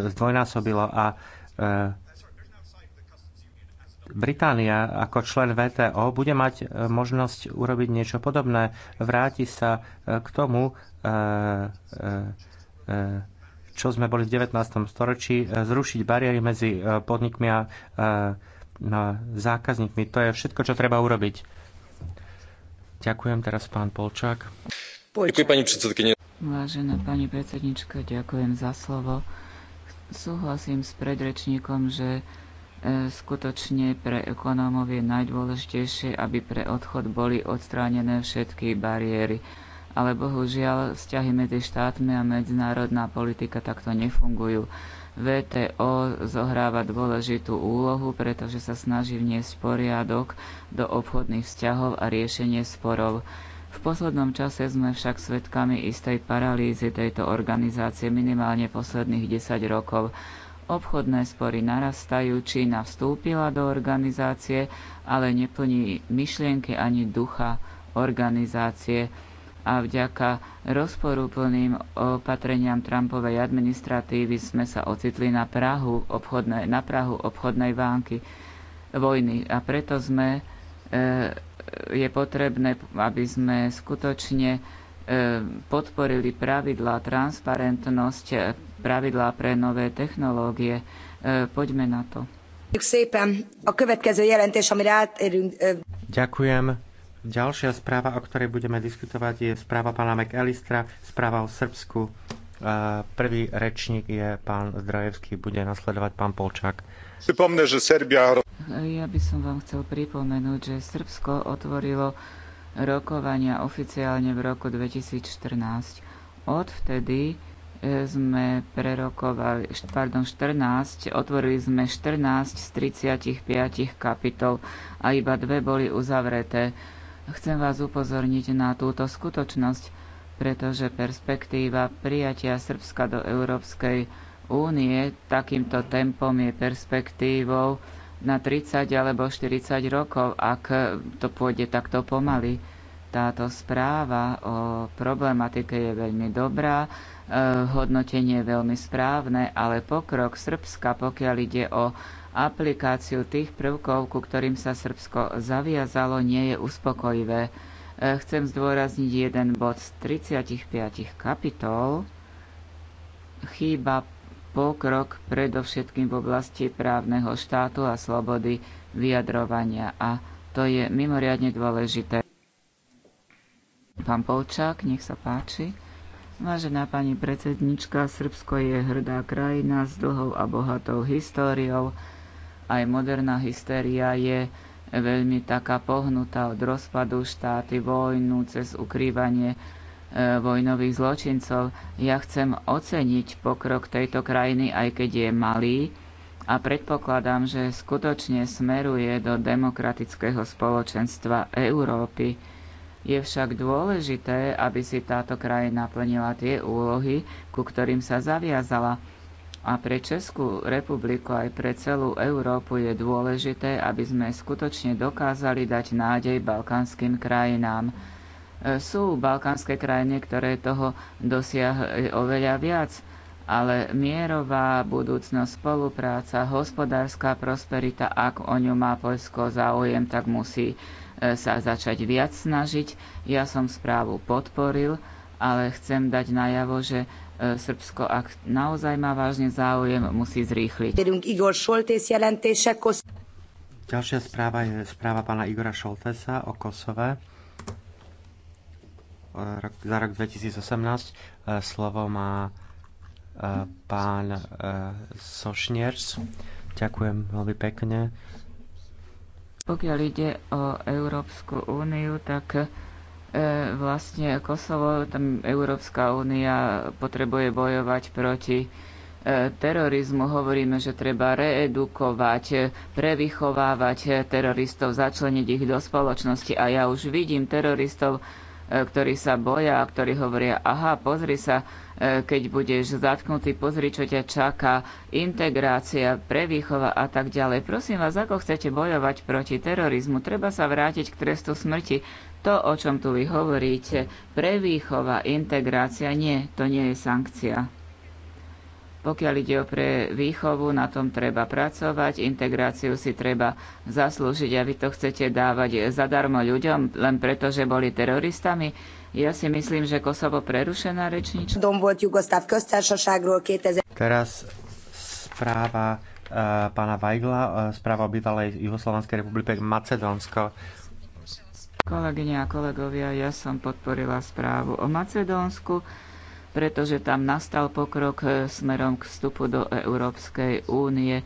zdvojnásobilo a Británia ako člen VTO bude mať e, možnosť urobiť niečo podobné, vráti sa e, k tomu, e, čo sme boli v 19. storočí, zrušiť bariéry medzi podnikmi a no, zákazníkmi. To je všetko, čo treba urobiť. Ďakujem teraz pán Polčák. Ďakujem pani predsedkynia. Vážená pani predsednička, ďakujem za slovo. Súhlasím s predrečníkom, že E, skutočne pre ekonómov je najdôležitejšie, aby pre odchod boli odstránené všetky bariéry. Ale bohužiaľ vzťahy medzi štátmi a medzinárodná politika takto nefungujú. VTO zohráva dôležitú úlohu, pretože sa snaží vniesť poriadok do obchodných vzťahov a riešenie sporov. V poslednom čase sme však svedkami istej paralýzy tejto organizácie minimálne posledných 10 rokov Obchodné spory narastajú, Čína vstúpila do organizácie, ale neplní myšlienky ani ducha organizácie a vďaka rozporúplným opatreniam Trumpovej administratívy sme sa ocitli na Prahu obchodnej, na Prahu obchodnej vánky vojny. A preto sme, e, je potrebné, aby sme skutočne podporili pravidlá transparentnosť, pravidlá pre nové technológie. E, poďme na to. Ďakujem. Ďalšia správa, o ktorej budeme diskutovať, je správa pána McAllistra, správa o Srbsku. E, prvý rečník je pán Zdrajevský, bude nasledovať pán Polčák. Ja by som vám chcel pripomenúť, že Srbsko otvorilo rokovania oficiálne v roku 2014. Odvtedy e, sme prerokovali, pardon, 14, otvorili sme 14 z 35 kapitol a iba dve boli uzavreté. Chcem vás upozorniť na túto skutočnosť, pretože perspektíva prijatia Srbska do Európskej únie takýmto tempom je perspektívou, na 30 alebo 40 rokov, ak to pôjde takto pomaly. Táto správa o problematike je veľmi dobrá, e, hodnotenie je veľmi správne, ale pokrok Srbska, pokiaľ ide o aplikáciu tých prvkov, ku ktorým sa Srbsko zaviazalo, nie je uspokojivé. E, chcem zdôrazniť jeden bod z 35 kapitol. Chýba pokrok predovšetkým v oblasti právneho štátu a slobody vyjadrovania. A to je mimoriadne dôležité. Pán Polčák, nech sa páči. Vážená pani predsednička, Srbsko je hrdá krajina s dlhou a bohatou históriou. Aj moderná hystéria je veľmi taká pohnutá od rozpadu štáty, vojnu, cez ukrývanie Eh, vojnových zločincov. Ja chcem oceniť pokrok tejto krajiny, aj keď je malý, a predpokladám, že skutočne smeruje do demokratického spoločenstva Európy. Je však dôležité, aby si táto krajina plnila tie úlohy, ku ktorým sa zaviazala. A pre Českú republiku aj pre celú Európu je dôležité, aby sme skutočne dokázali dať nádej balkánskym krajinám. Sú balkánske krajiny, ktoré toho dosiahli oveľa viac, ale mierová budúcnosť, spolupráca, hospodárska prosperita, ak o ňu má Poľsko záujem, tak musí e, sa začať viac snažiť. Ja som správu podporil, ale chcem dať najavo, že e, Srbsko, ak naozaj má vážne záujem, musí zrýchliť. Ďalšia správa je správa pána Igora Šoltesa o Kosove za rok 2018. E, slovo má e, pán e, Sošniers. Ďakujem veľmi pekne. Pokiaľ ide o Európsku úniu, tak e, vlastne Kosovo, tam Európska únia potrebuje bojovať proti e, terorizmu. Hovoríme, že treba reedukovať, prevychovávať teroristov, začleniť ich do spoločnosti. A ja už vidím teroristov, E, ktorí sa boja a ktorí hovoria, aha, pozri sa, e, keď budeš zatknutý, pozri, čo ťa čaká, integrácia, prevýchova a tak ďalej. Prosím vás, ako chcete bojovať proti terorizmu, treba sa vrátiť k trestu smrti. To, o čom tu vy hovoríte, prevýchova, integrácia, nie, to nie je sankcia. Pokiaľ ide o pre výchovu, na tom treba pracovať, integráciu si treba zaslúžiť a vy to chcete dávať zadarmo ľuďom len preto, že boli teroristami. Ja si myslím, že Kosovo prerušená rečnička. Teraz správa uh, pána Vajgla, uh, e, správa o bývalej Juhoslovanskej republike Macedónsko. Kolegyne a kolegovia, ja som podporila správu o Macedónsku pretože tam nastal pokrok e, smerom k vstupu do Európskej únie. E,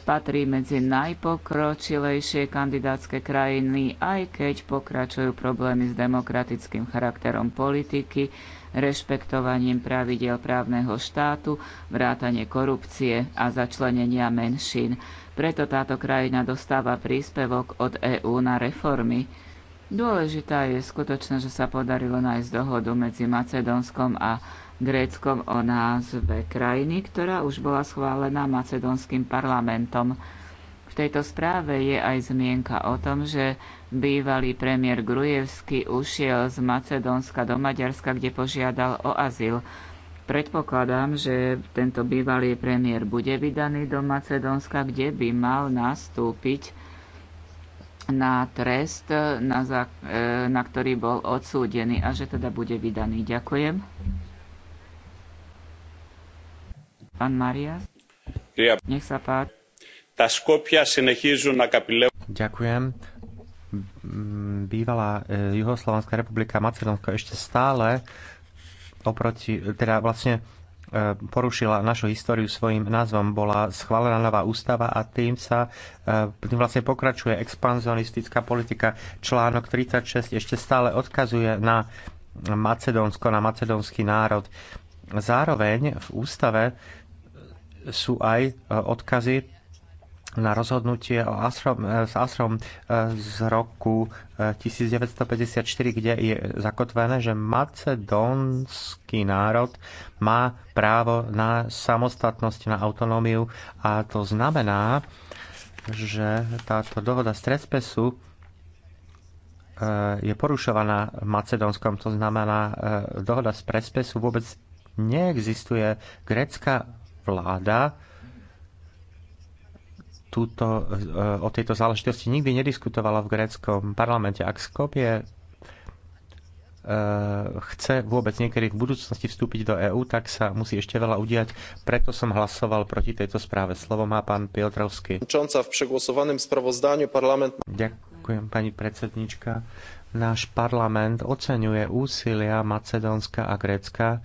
patrí medzi najpokročilejšie kandidátske krajiny, aj keď pokračujú problémy s demokratickým charakterom politiky, rešpektovaním pravidel právneho štátu, vrátanie korupcie a začlenenia menšín. Preto táto krajina dostáva príspevok od EÚ na reformy. Dôležitá je skutočne, že sa podarilo nájsť dohodu medzi Macedónskom a Gréckom o názve krajiny, ktorá už bola schválená Macedónskym parlamentom. V tejto správe je aj zmienka o tom, že bývalý premiér Grujevsky ušiel z Macedónska do Maďarska, kde požiadal o azyl. Predpokladám, že tento bývalý premiér bude vydaný do Macedónska, kde by mal nastúpiť na trest, na, za, e, na ktorý bol odsúdený a že teda bude vydaný. Ďakujem. Pán Maria. nech sa páči. Ďakujem. Bývalá e, Juhoslovanská republika Macedónska ešte stále oproti, e, teda vlastne E, porušila našu históriu svojim názvom. Bola schválená nová ústava a tým sa e, tým vlastne pokračuje expanzionistická politika. Článok 36 ešte stále odkazuje na Macedónsko, na macedónsky národ. Zároveň v ústave sú aj e, odkazy na rozhodnutie o Asrom, eh, s Asrom eh, z roku 1954, eh, kde je zakotvené, že macedónsky národ má právo na samostatnosť, na autonómiu a to znamená, že táto dohoda z Trespesu je porušovaná Macedónskom, to znamená, dohoda z Prespesu vôbec neexistuje. Grécka vláda túto, eh, o tejto záležitosti nikdy nediskutovala v gréckom parlamente. Ak Skopie eh, chce vôbec niekedy v budúcnosti vstúpiť do EÚ, tak sa musí ešte veľa udiať. Preto som hlasoval proti tejto správe. Slovo má pán Piotrovský. v parlament... Ďakujem, pani predsednička. Náš parlament oceňuje úsilia Macedónska a Grécka,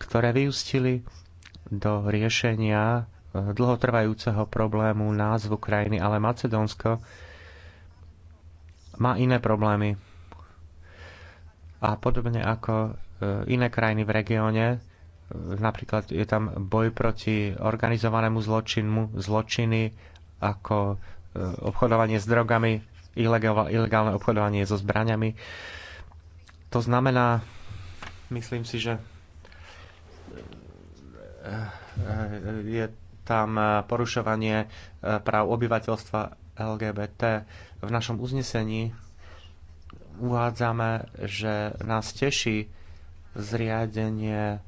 ktoré vyústili do riešenia dlhotrvajúceho problému názvu krajiny, ale Macedónsko má iné problémy. A podobne ako e, iné krajiny v regióne, e, napríklad je tam boj proti organizovanému zločinu, zločiny ako e, obchodovanie s drogami, ilegálne obchodovanie so zbraniami. To znamená, myslím si, že je tam e, porušovanie e, práv obyvateľstva LGBT. V našom uznesení uvádzame, že nás teší zriadenie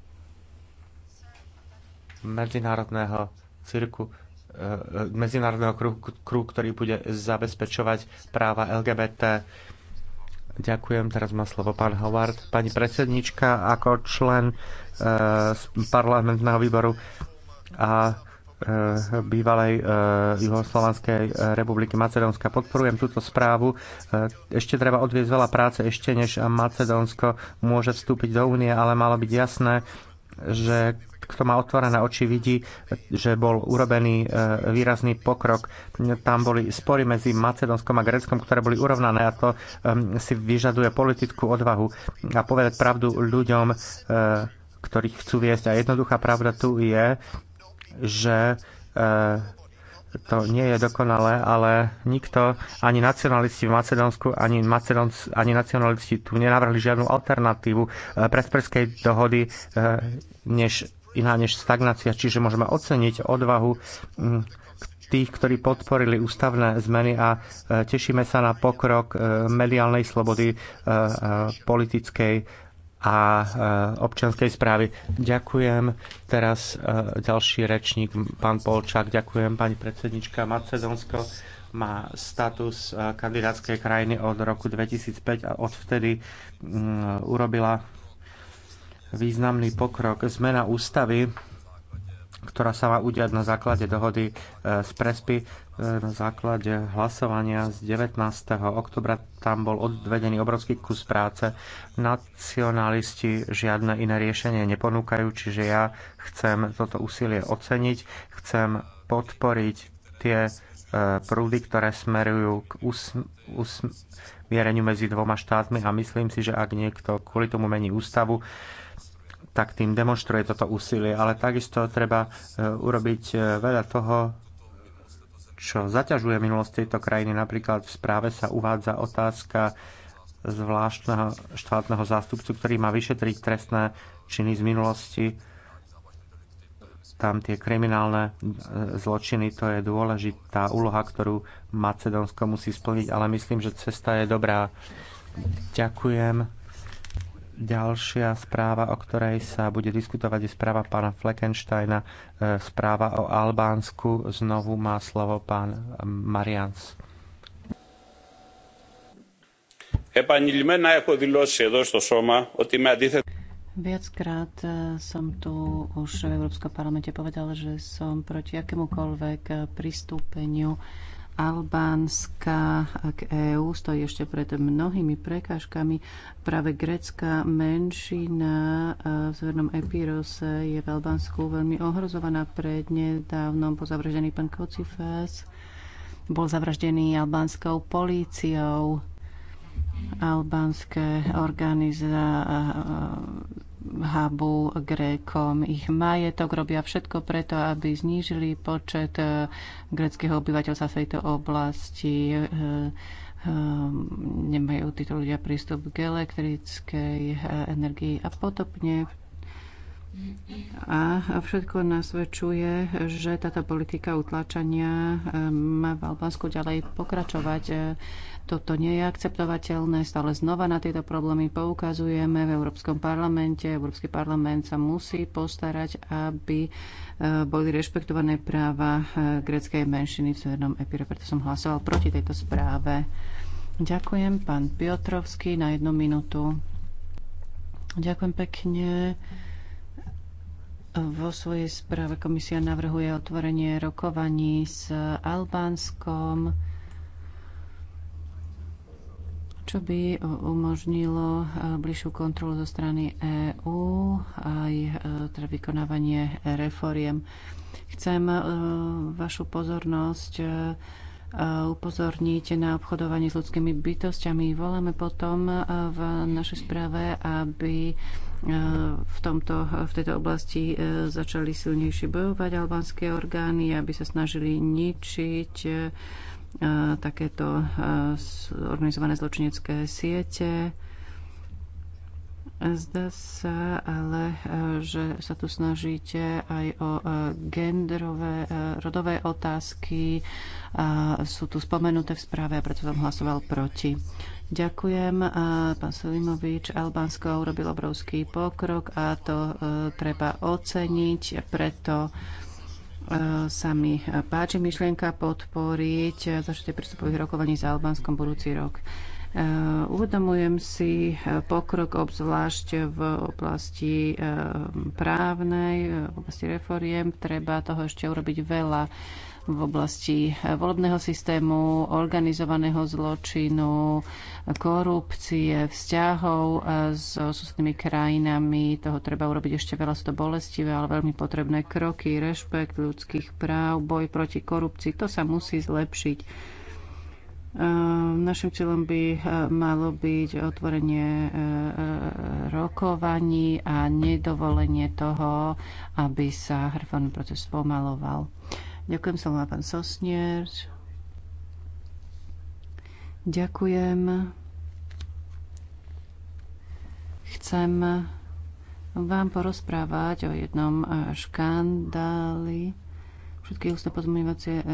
medzinárodného cirku, e, medzinárodného kruhu, ktorý bude zabezpečovať práva LGBT. Ďakujem, teraz má slovo pán Howard. Pani predsednička, ako člen e, parlamentného výboru a Eh, bývalej eh, Juhoslovanskej eh, republiky Macedónska. Podporujem túto správu. Ešte treba odviezť veľa práce, ešte než Macedónsko môže vstúpiť do únie, ale malo byť jasné, že kto má otvorené oči, vidí, že bol urobený výrazný pokrok. Tam boli spory medzi Macedónskom a Gréckom, ktoré boli urovnané a to ehm, si vyžaduje politickú odvahu a povedať pravdu ľuďom, ktorých chcú viesť. A jednoduchá pravda tu je, že e, to nie je dokonalé, ale nikto, ani nacionalisti v Macedónsku, ani, Macedons, ani nacionalisti tu nenavrhli žiadnu alternatívu e, predprskej dohody e, než, iná než stagnácia. Čiže môžeme oceniť odvahu tých, ktorí podporili ústavné zmeny a tešíme sa na pokrok mediálnej slobody politickej a e, občianskej správy. Ďakujem. Teraz e, ďalší rečník, pán Polčák. Ďakujem, pani predsednička. Macedónsko má status e, kandidátskej krajiny od roku 2005 a odvtedy urobila významný pokrok. Zmena ústavy ktorá sa má udiať na základe dohody e, z Prespy, e, na základe hlasovania z 19. oktobra. Tam bol odvedený obrovský kus práce. Nacionalisti žiadne iné riešenie neponúkajú, čiže ja chcem toto úsilie oceniť, chcem podporiť tie e, prúdy, ktoré smerujú k usmiereniu medzi dvoma štátmi a myslím si, že ak niekto kvôli tomu mení ústavu, tak tým demonstruje toto úsilie. Ale takisto treba e, urobiť e, veľa toho, čo zaťažuje minulosť tejto krajiny. Napríklad v správe sa uvádza otázka zvláštneho štátneho zástupcu, ktorý má vyšetriť trestné činy z minulosti. Tam tie kriminálne e, zločiny, to je dôležitá úloha, ktorú Macedónsko musí splniť, ale myslím, že cesta je dobrá. Ďakujem. Ďalšia správa, o ktorej sa bude diskutovať, je správa pána Fleckensteina. E, správa o Albánsku. Znovu má slovo pán Marians. Viackrát som tu už v Európskom parlamente povedal, že som proti akémukoľvek pristúpeniu Albánska k EÚ stojí ešte pred mnohými prekážkami. Práve grécka menšina e, v zvernom Epirose je v Albánsku veľmi ohrozovaná. Prednedávnom zavraždení pán Kocifes bol zavraždený albánskou políciou. Albánske organiza e, Habu, Grékom ich majetok, robia všetko preto, aby znížili počet eh, greckého obyvateľstva v tejto oblasti. Eh, eh, nemajú títo ľudia prístup k elektrickej energii a podobne. A všetko nasvedčuje, že táto politika utlačania má v Albánsku ďalej pokračovať. Toto nie je akceptovateľné. Stále znova na tieto problémy poukazujeme v Európskom parlamente. Európsky parlament sa musí postarať, aby eh, boli rešpektované práva eh, greckej menšiny v Severnom Epíre. Preto som hlasoval proti tejto správe. Ďakujem, pán Piotrovský, na jednu minútu. Ďakujem pekne. Vo svojej správe komisia navrhuje otvorenie rokovaní s Albánskom, čo by umožnilo eh, bližšiu kontrolu zo strany EÚ aj eh, teda vykonávanie reforiem. Chcem eh, vašu pozornosť upozorniť na obchodovanie s ľudskými bytostiami. Voláme potom v našej správe, aby E, v, tomto, v tejto oblasti e, začali silnejšie bojovať albánske orgány, aby sa snažili ničiť e, takéto organizované zločinecké siete. Zdá sa ale, že sa tu snažíte aj o genderové, rodové otázky. Sú tu spomenuté v správe a preto som hlasoval proti. Ďakujem. Pán Solimovič. Albánsko urobil obrovský pokrok a to e, treba oceniť, preto e, sa mi páči myšlienka podporiť začiatie prístupových rokovaní za Albánskom budúci rok. E, uvedomujem si pokrok obzvlášť v oblasti právnej, v oblasti reforiem. Treba toho ešte urobiť veľa v oblasti eh, volebného systému, organizovaného zločinu, korupcie, vzťahov eh, so susednými krajinami. Toho treba urobiť ešte veľa, sú to bolestivé, ale veľmi potrebné kroky, rešpekt ľudských práv, boj proti korupcii. To sa musí zlepšiť. Eh, našim cieľom by malo byť otvorenie rokovaní a nedovolenie toho, aby sa reformný proces pomaloval. Ďakujem má pán Sosnier. Ďakujem. Chcem vám porozprávať o jednom škandáli. Všetky ústne pozmeňovacie e,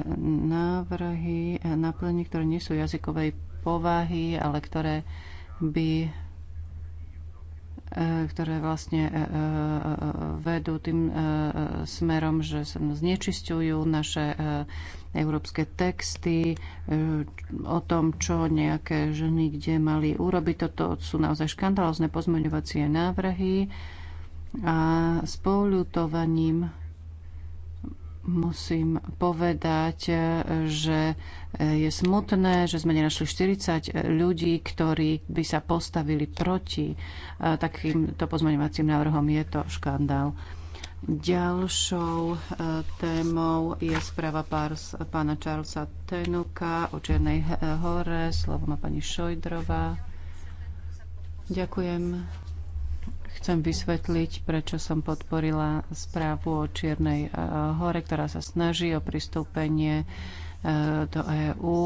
návrhy naplnenie, ktoré nie sú jazykovej povahy, ale ktoré by E, ktoré vlastne e, e, vedú tým smerom, že sa znečisťujú naše európske texty o tom, čo nejaké ženy kde mali urobiť. Toto sú naozaj škandalozne pozmeňovacie návrhy a s poľutovaním Musím povedať, e, že e, je smutné, že sme nenašli 40 e, ľudí, ktorí by sa postavili proti takýmto pozmeňovacím návrhom. Je to škandál. Ďalšou témou je správa párs, pána Charlesa Tenuka o Čiernej hore. Slovo má pani Šojdrová. Ďakujem. Chcem vysvetliť, prečo som podporila správu o Čiernej e, hore, ktorá sa snaží o pristúpenie e, do EÚ.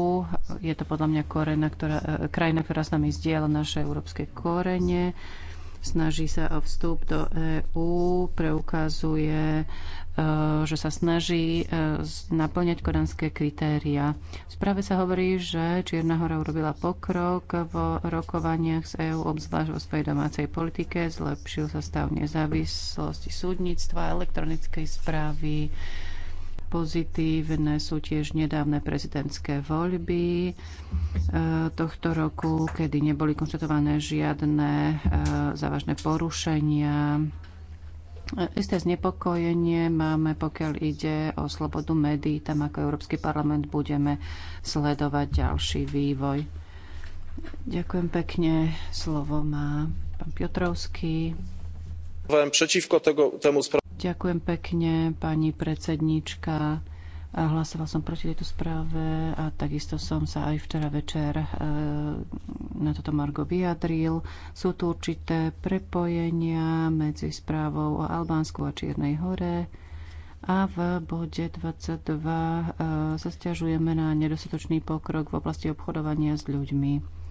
Je to podľa mňa korena, ktorá, e, krajina, ktorá s nami zdieľa naše európske korene snaží sa o vstup do EÚ, preukazuje Eh, že sa snaží eh, naplňať kodanské kritéria. V správe sa hovorí, že Čierna hora urobila pokrok v rokovaniach s EÚ, obzvlášť vo svojej domácej politike. Zlepšil sa stav nezávislosti súdnictva, elektronickej správy. Pozitívne sú tiež nedávne prezidentské voľby eh, tohto roku, kedy neboli konštatované žiadne závažné porušenia Isté znepokojenie máme, pokiaľ ide o slobodu médií. Tam ako Európsky parlament budeme sledovať ďalší vývoj. Ďakujem pekne. Slovo má pán Piotrovský. Ďakujem pekne, pani predsedníčka. Hlasoval som proti tejto správe a takisto som sa aj včera večer e, na toto Margo vyjadril. Sú tu určité prepojenia medzi správou o Albánsku a Čiernej hore a v bode 22 e, sa stiažujeme na nedostatočný pokrok v oblasti obchodovania s ľuďmi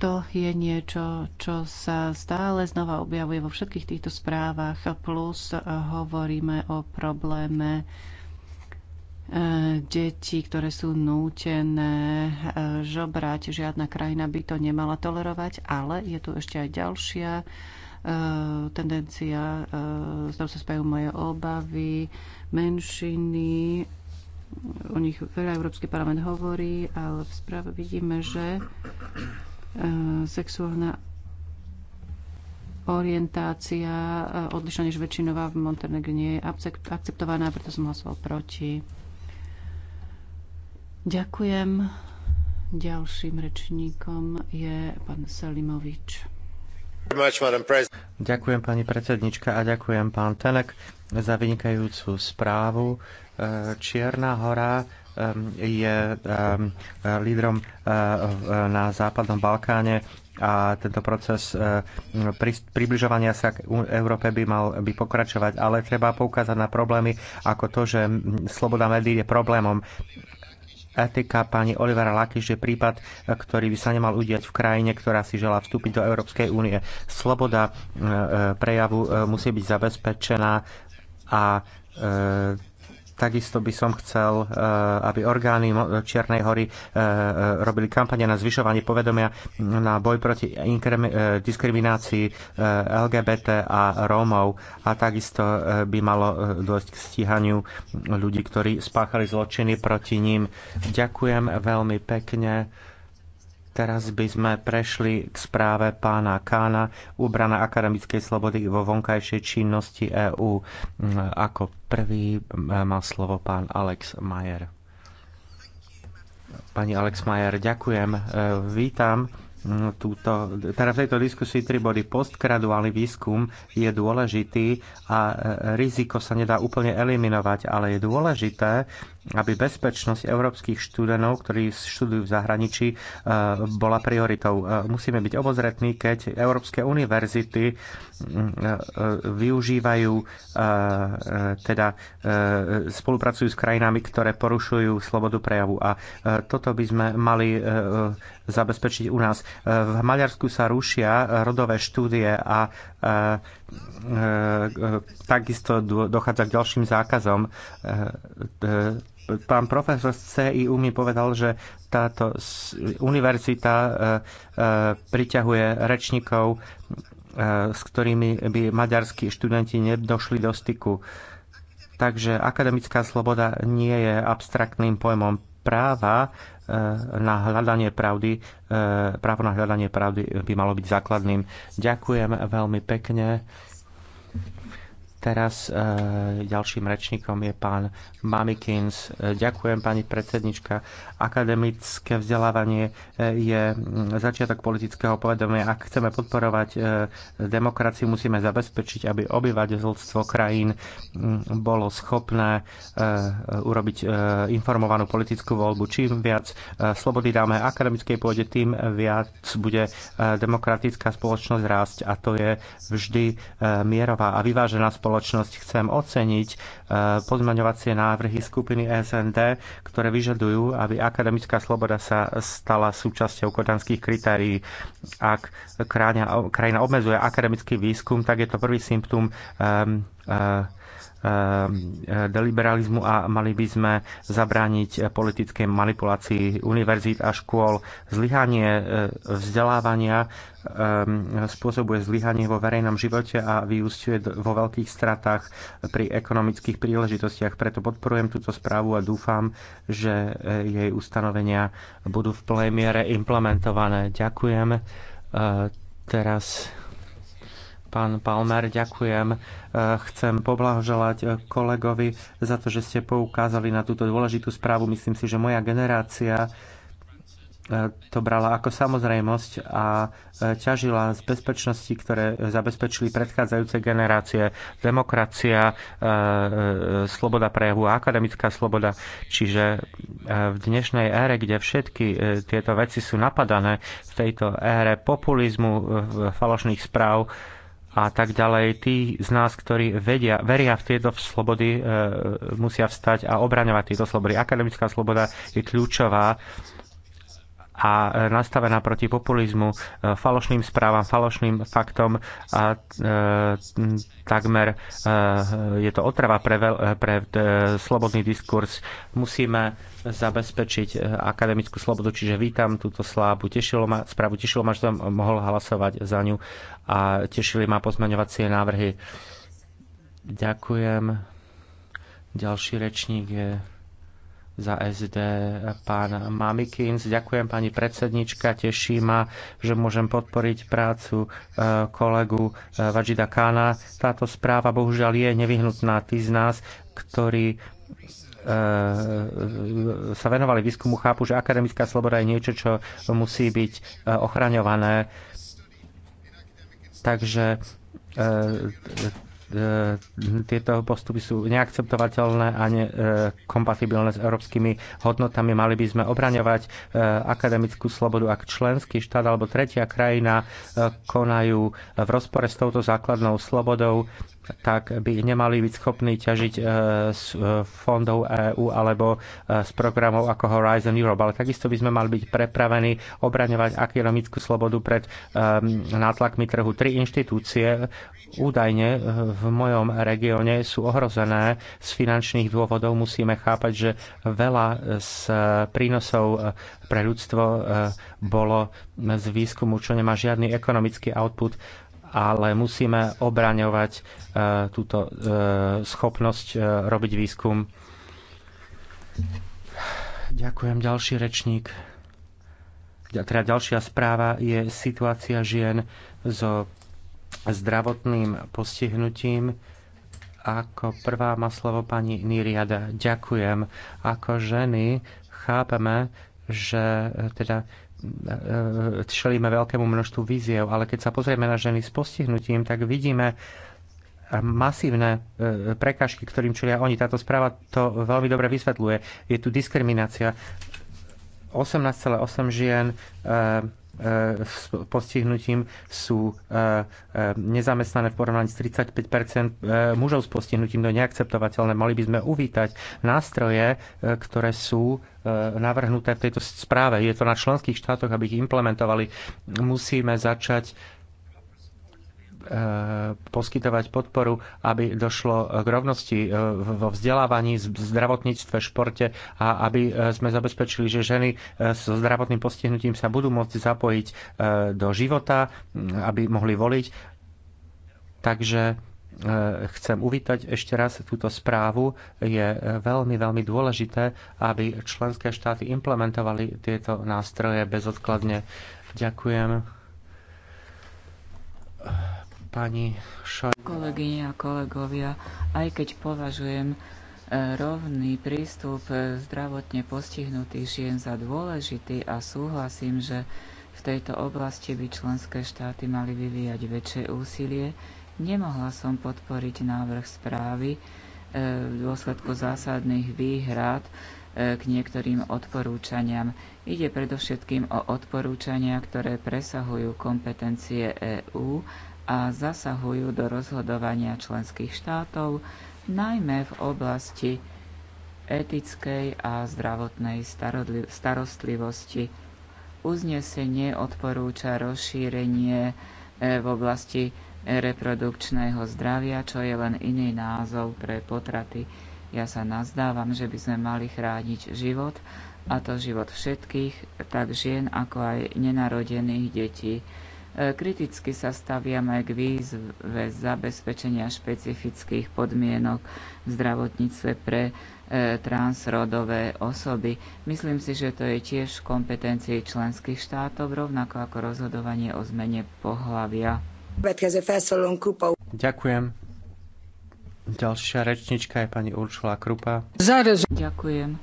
to je niečo, čo sa stále znova objavuje vo všetkých týchto správach, plus hovoríme o probléme deti, ktoré sú nútené eh, žobrať. Žiadna krajina by to nemala tolerovať, ale je tu ešte aj ďalšia eh, tendencia, s eh, ktorou sa spajú moje obavy, menšiny, o nich veľa Európsky parlament hovorí, ale v správe vidíme, že sexuálna orientácia odlišná než väčšinová v Montenegre nie je akceptovaná, preto som hlasoval proti. Ďakujem. Ďalším rečníkom je pán Salimovič. Ďakujem pani predsednička a ďakujem pán Tenek za vynikajúcu správu. E, Čierna hora e, je e, lídrom na Západnom Balkáne a tento proces približovania sa k Európe by mal by pokračovať, ale treba poukázať na problémy ako to, že sloboda médií je problémom etika pani Olivera Lakiš je prípad, ktorý by sa nemal udiať v krajine, ktorá si želá vstúpiť do Európskej únie. Sloboda e, e, prejavu e, musí byť zabezpečená a Takisto by som chcel, eh, aby orgány Čiernej hory eh, eh, robili kampane na zvyšovanie povedomia na boj proti diskriminácii LGBT a Rómov a takisto by malo dôjsť k stíhaniu ľudí, ktorí spáchali zločiny proti ním. Ďakujem veľmi pekne. Teraz by sme prešli k správe pána Kána, úbrana akademickej slobody vo vonkajšej činnosti EÚ. Ako prvý má slovo pán Alex Majer. Pani Alex Majer, ďakujem. E, vítam túto, teda v tejto diskusii tri body. Postgraduálny výskum je dôležitý a e, riziko sa nedá úplne eliminovať, ale je dôležité, aby bezpečnosť európskych študentov, ktorí študujú v zahraničí, e, bola prioritou. E, musíme byť obozretní, keď európske univerzity e, využívajú, teda spolupracujú s krajinami, ktoré porušujú slobodu prejavu. A toto by sme mali zabezpečiť u nás. V Maďarsku sa rušia rodové štúdie a E, takisto dochádza k ďalším zákazom. E, e, pán profesor z CIU mi povedal, že táto univerzita priťahuje rečníkov, s ktorými by maďarskí študenti nedošli do styku. Takže akademická sloboda nie je abstraktným pojmom práva e, na hľadanie pravdy, e, právo na hľadanie pravdy by malo byť základným. Ďakujem veľmi pekne. Teraz e, ďalším rečníkom je pán Mamikins. E, ďakujem, pani predsednička. Akademické vzdelávanie e, je začiatok politického povedomia. Ak chceme podporovať e, demokraciu, musíme zabezpečiť, aby obyvateľstvo krajín bolo schopné e, urobiť e, informovanú politickú voľbu. Čím viac e, slobody dáme akademickej pôde, tým viac bude e, demokratická spoločnosť rásť a to je vždy e, mierová a vyvážená spoločnosť spoločnosť. Chcem oceniť e, pozmaňovacie návrhy skupiny SND, ktoré vyžadujú, aby akademická sloboda sa stala súčasťou kodanských kritérií. Ak krajina obmedzuje akademický výskum, tak je to prvý symptom um, uh, Eh, deliberalizmu a mali by sme zabrániť politickej manipulácii univerzít a škôl. Zlyhanie eh, vzdelávania eh, spôsobuje zlyhanie vo verejnom živote a vyústiuje vo veľkých stratách pri ekonomických príležitostiach. Preto podporujem túto správu a dúfam, že jej ustanovenia budú v plnej miere implementované. Ďakujem. Teraz Pán Palmer, ďakujem. E, chcem poblahoželať e, kolegovi za to, že ste poukázali na túto dôležitú správu. Myslím si, že moja generácia e, to brala ako samozrejmosť a ťažila z bezpečnosti, ktoré zabezpečili predchádzajúce generácie. Demokracia, sloboda prejavu a akademická sloboda. Čiže v dnešnej ére, kde všetky tieto veci sú napadané, v tejto ére populizmu, falošných správ, a tak ďalej. Tí z nás, ktorí vedia, veria v tieto slobody, e, musia vstať a obraňovať tieto slobody. Akademická sloboda je kľúčová a e, nastavená proti populizmu, e, falošným správam, falošným faktom a e, takmer e, je to otrava pre, veľ, e, pre e, slobodný diskurs. Musíme zabezpečiť akademickú slobodu, čiže vítam túto slábu. Tešilo ma, správu tešilo ma, že som mohol hlasovať za ňu a tešili ma pozmeňovacie návrhy. Ďakujem. Ďalší rečník je za SD pán Mamikins. Ďakujem pani predsednička, teší ma, že môžem podporiť prácu e, kolegu e, Vajida Kána. Táto správa bohužiaľ je nevyhnutná tí z nás, ktorí e, sa venovali výskumu, chápu, že akademická sloboda je niečo, čo musí byť ochraňované. Takže E, tieto postupy sú neakceptovateľné a nekompatibilné s európskymi hodnotami. Mali by sme obraňovať e, akademickú slobodu, ak členský štát alebo tretia krajina e, konajú v rozpore s touto základnou slobodou tak by nemali byť schopní ťažiť z e, e, fondov EÚ alebo z e, programov ako Horizon Europe. Ale takisto by sme mali byť prepravení obraňovať akademickú slobodu pred nátlakmi trhu. Tri inštitúcie údajne v mojom regióne sú ohrozené z finančných dôvodov. Musíme chápať, že veľa z prínosov pre ľudstvo bolo z výskumu, čo nemá žiadny ekonomický output ale musíme obraňovať e, túto e, schopnosť e, robiť výskum. Ďakujem, ďalší rečník. Teda ďalšia správa je situácia žien so zdravotným postihnutím. Ako prvá má slovo pani Niriada. Ďakujem. Ako ženy chápeme, že teda E, čelíme veľkému množstvu víziev, ale keď sa pozrieme na ženy s postihnutím, tak vidíme masívne e, prekážky, ktorým čelia oni. Táto správa to veľmi dobre vysvetľuje. Je tu diskriminácia. 18,8 žien e, s postihnutím sú e, e, nezamestnané v porovnaní s 35 e, mužov s postihnutím. To je neakceptovateľné. Mali by sme uvítať nástroje, ktoré sú navrhnuté v tejto správe. Je to na členských štátoch, aby ich implementovali. Musíme začať Eh, poskytovať podporu, aby došlo k rovnosti eh, vo vzdelávaní, zdravotníctve, športe a aby eh, sme zabezpečili, že ženy so zdravotným postihnutím sa budú môcť zapojiť do života, mm, aby mohli voliť. Takže chcem uvítať ešte raz túto správu. Je veľmi, veľmi dôležité, aby členské štáty implementovali tieto nástroje bezodkladne. Ďakujem pani Šaj. Kolegyne a kolegovia, aj keď považujem e, rovný prístup e, zdravotne postihnutých žien za dôležitý a súhlasím, že v tejto oblasti by členské štáty mali vyvíjať väčšie úsilie, nemohla som podporiť návrh správy e, v dôsledku zásadných výhrad k niektorým odporúčaniam. Ide predovšetkým o odporúčania, ktoré presahujú kompetencie EÚ a zasahujú do rozhodovania členských štátov, najmä v oblasti etickej a zdravotnej starostlivosti. Uznesenie odporúča rozšírenie e, v oblasti reprodukčného zdravia, čo je len iný názov pre potraty. Ja sa nazdávam, že by sme mali chrániť život, a to život všetkých, tak žien ako aj nenarodených detí. E, kriticky sa staviame k výzve zabezpečenia špecifických podmienok v zdravotníctve pre e, transrodové osoby. Myslím si, že to je tiež v kompetencii členských štátov, rovnako ako rozhodovanie o zmene pohlavia. Ďakujem. Ďalšia rečnička je pani Uršula Krupa. Ďakujem.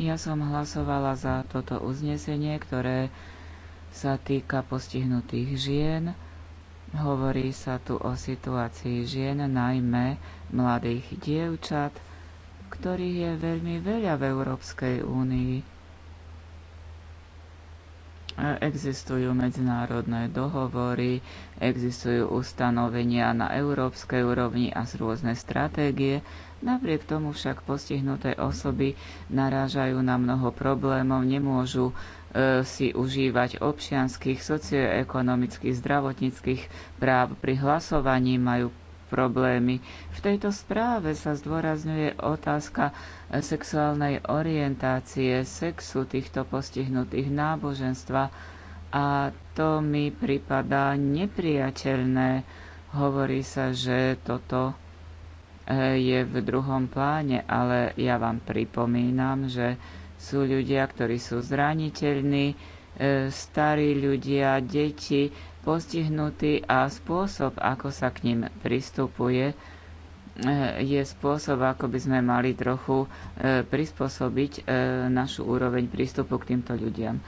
Ja som hlasovala za toto uznesenie, ktoré sa týka postihnutých žien. Hovorí sa tu o situácii žien, najmä mladých dievčat, ktorých je veľmi veľa v Európskej únii. Existujú medzinárodné dohovory, existujú ustanovenia na európskej úrovni a z rôzne stratégie, Napriek tomu však postihnuté osoby narážajú na mnoho problémov, nemôžu si užívať občianských, socioekonomických, zdravotníckých práv. Pri hlasovaní majú problémy. V tejto správe sa zdôrazňuje otázka sexuálnej orientácie, sexu týchto postihnutých náboženstva a to mi pripadá nepriateľné. Hovorí sa, že toto eh, je v druhom pláne, ale ja vám pripomínam, že sú ľudia, ktorí sú zraniteľní, e, starí ľudia, deti, postihnutí a spôsob, ako sa k ním pristupuje, e, je spôsob, ako by sme mali trochu e, prispôsobiť našu úroveň prístupu k týmto ľuďom.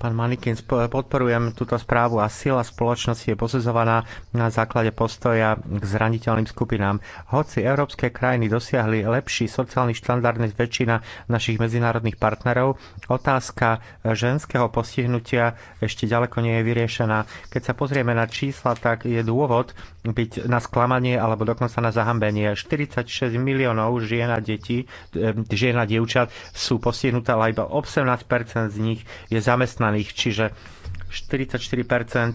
Pán malikín, podporujem túto správu a sila spoločnosti je posudzovaná na základe postoja k zraniteľným skupinám. Hoci európske krajiny dosiahli lepší sociálny štandard než väčšina našich medzinárodných partnerov, otázka ženského postihnutia ešte ďaleko nie je vyriešená. Keď sa pozrieme na čísla, tak je dôvod byť na sklamanie alebo dokonca na zahambenie. 46 miliónov žien a detí, e, žien a dievčat sú postihnuté, ale iba 18% z nich je zamestnané zamestnaných, čiže 44% e, e,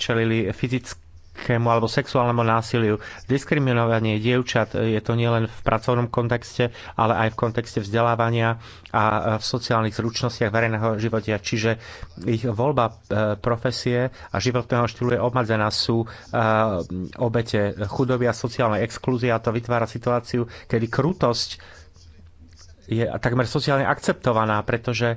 čelili fyzickému alebo sexuálnemu násiliu. Diskriminovanie dievčat e, je to nielen v pracovnom kontexte, ale aj v kontexte vzdelávania a v sociálnych zručnostiach verejného života. Čiže ich voľba profesie a životného štýlu je obmedzená. Sú obete chudoby a sociálnej exklúzie a to vytvára situáciu, kedy krutosť je takmer sociálne akceptovaná, pretože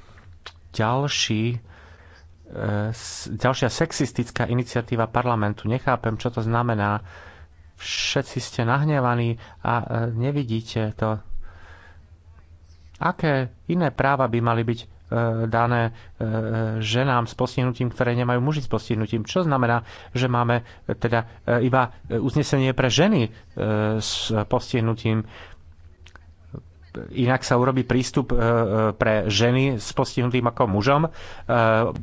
ďalší e, ďalšia sexistická iniciatíva parlamentu. Nechápem, čo to znamená. Všetci ste nahnevaní a e, nevidíte to. Aké iné práva by mali byť e, dané ženám s postihnutím, ktoré nemajú muži s postihnutím. Čo znamená, že máme teda iba uznesenie pre ženy s postihnutím inak sa urobí prístup e, e, pre ženy s postihnutým ako mužom. E,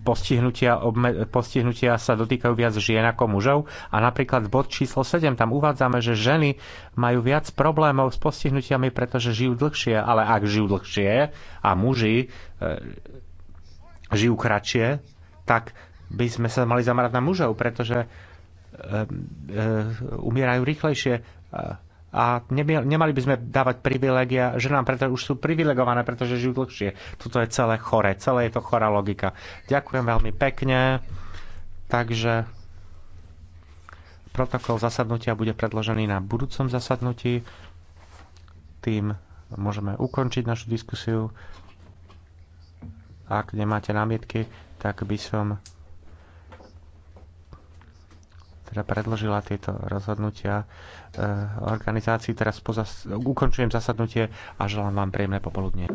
postihnutia, obme, postihnutia sa dotýkajú viac žien ako mužov a napríklad bod číslo 7 tam uvádzame, že ženy majú viac problémov s postihnutiami, pretože žijú dlhšie, ale ak žijú dlhšie a muži žijú kratšie, tak by sme sa mali zamerať na mužov, pretože umierajú rýchlejšie a nemali by sme dávať privilegia nám preto už sú privilegované, pretože žijú dlhšie. Toto je celé chore, celé je to chorá logika. Ďakujem veľmi pekne. Takže protokol zasadnutia bude predložený na budúcom zasadnutí. Tým môžeme ukončiť našu diskusiu. Ak nemáte námietky, tak by som teda predložila tieto rozhodnutia e, organizácií. Teraz pozas- ukončujem zasadnutie a želám vám príjemné popoludne.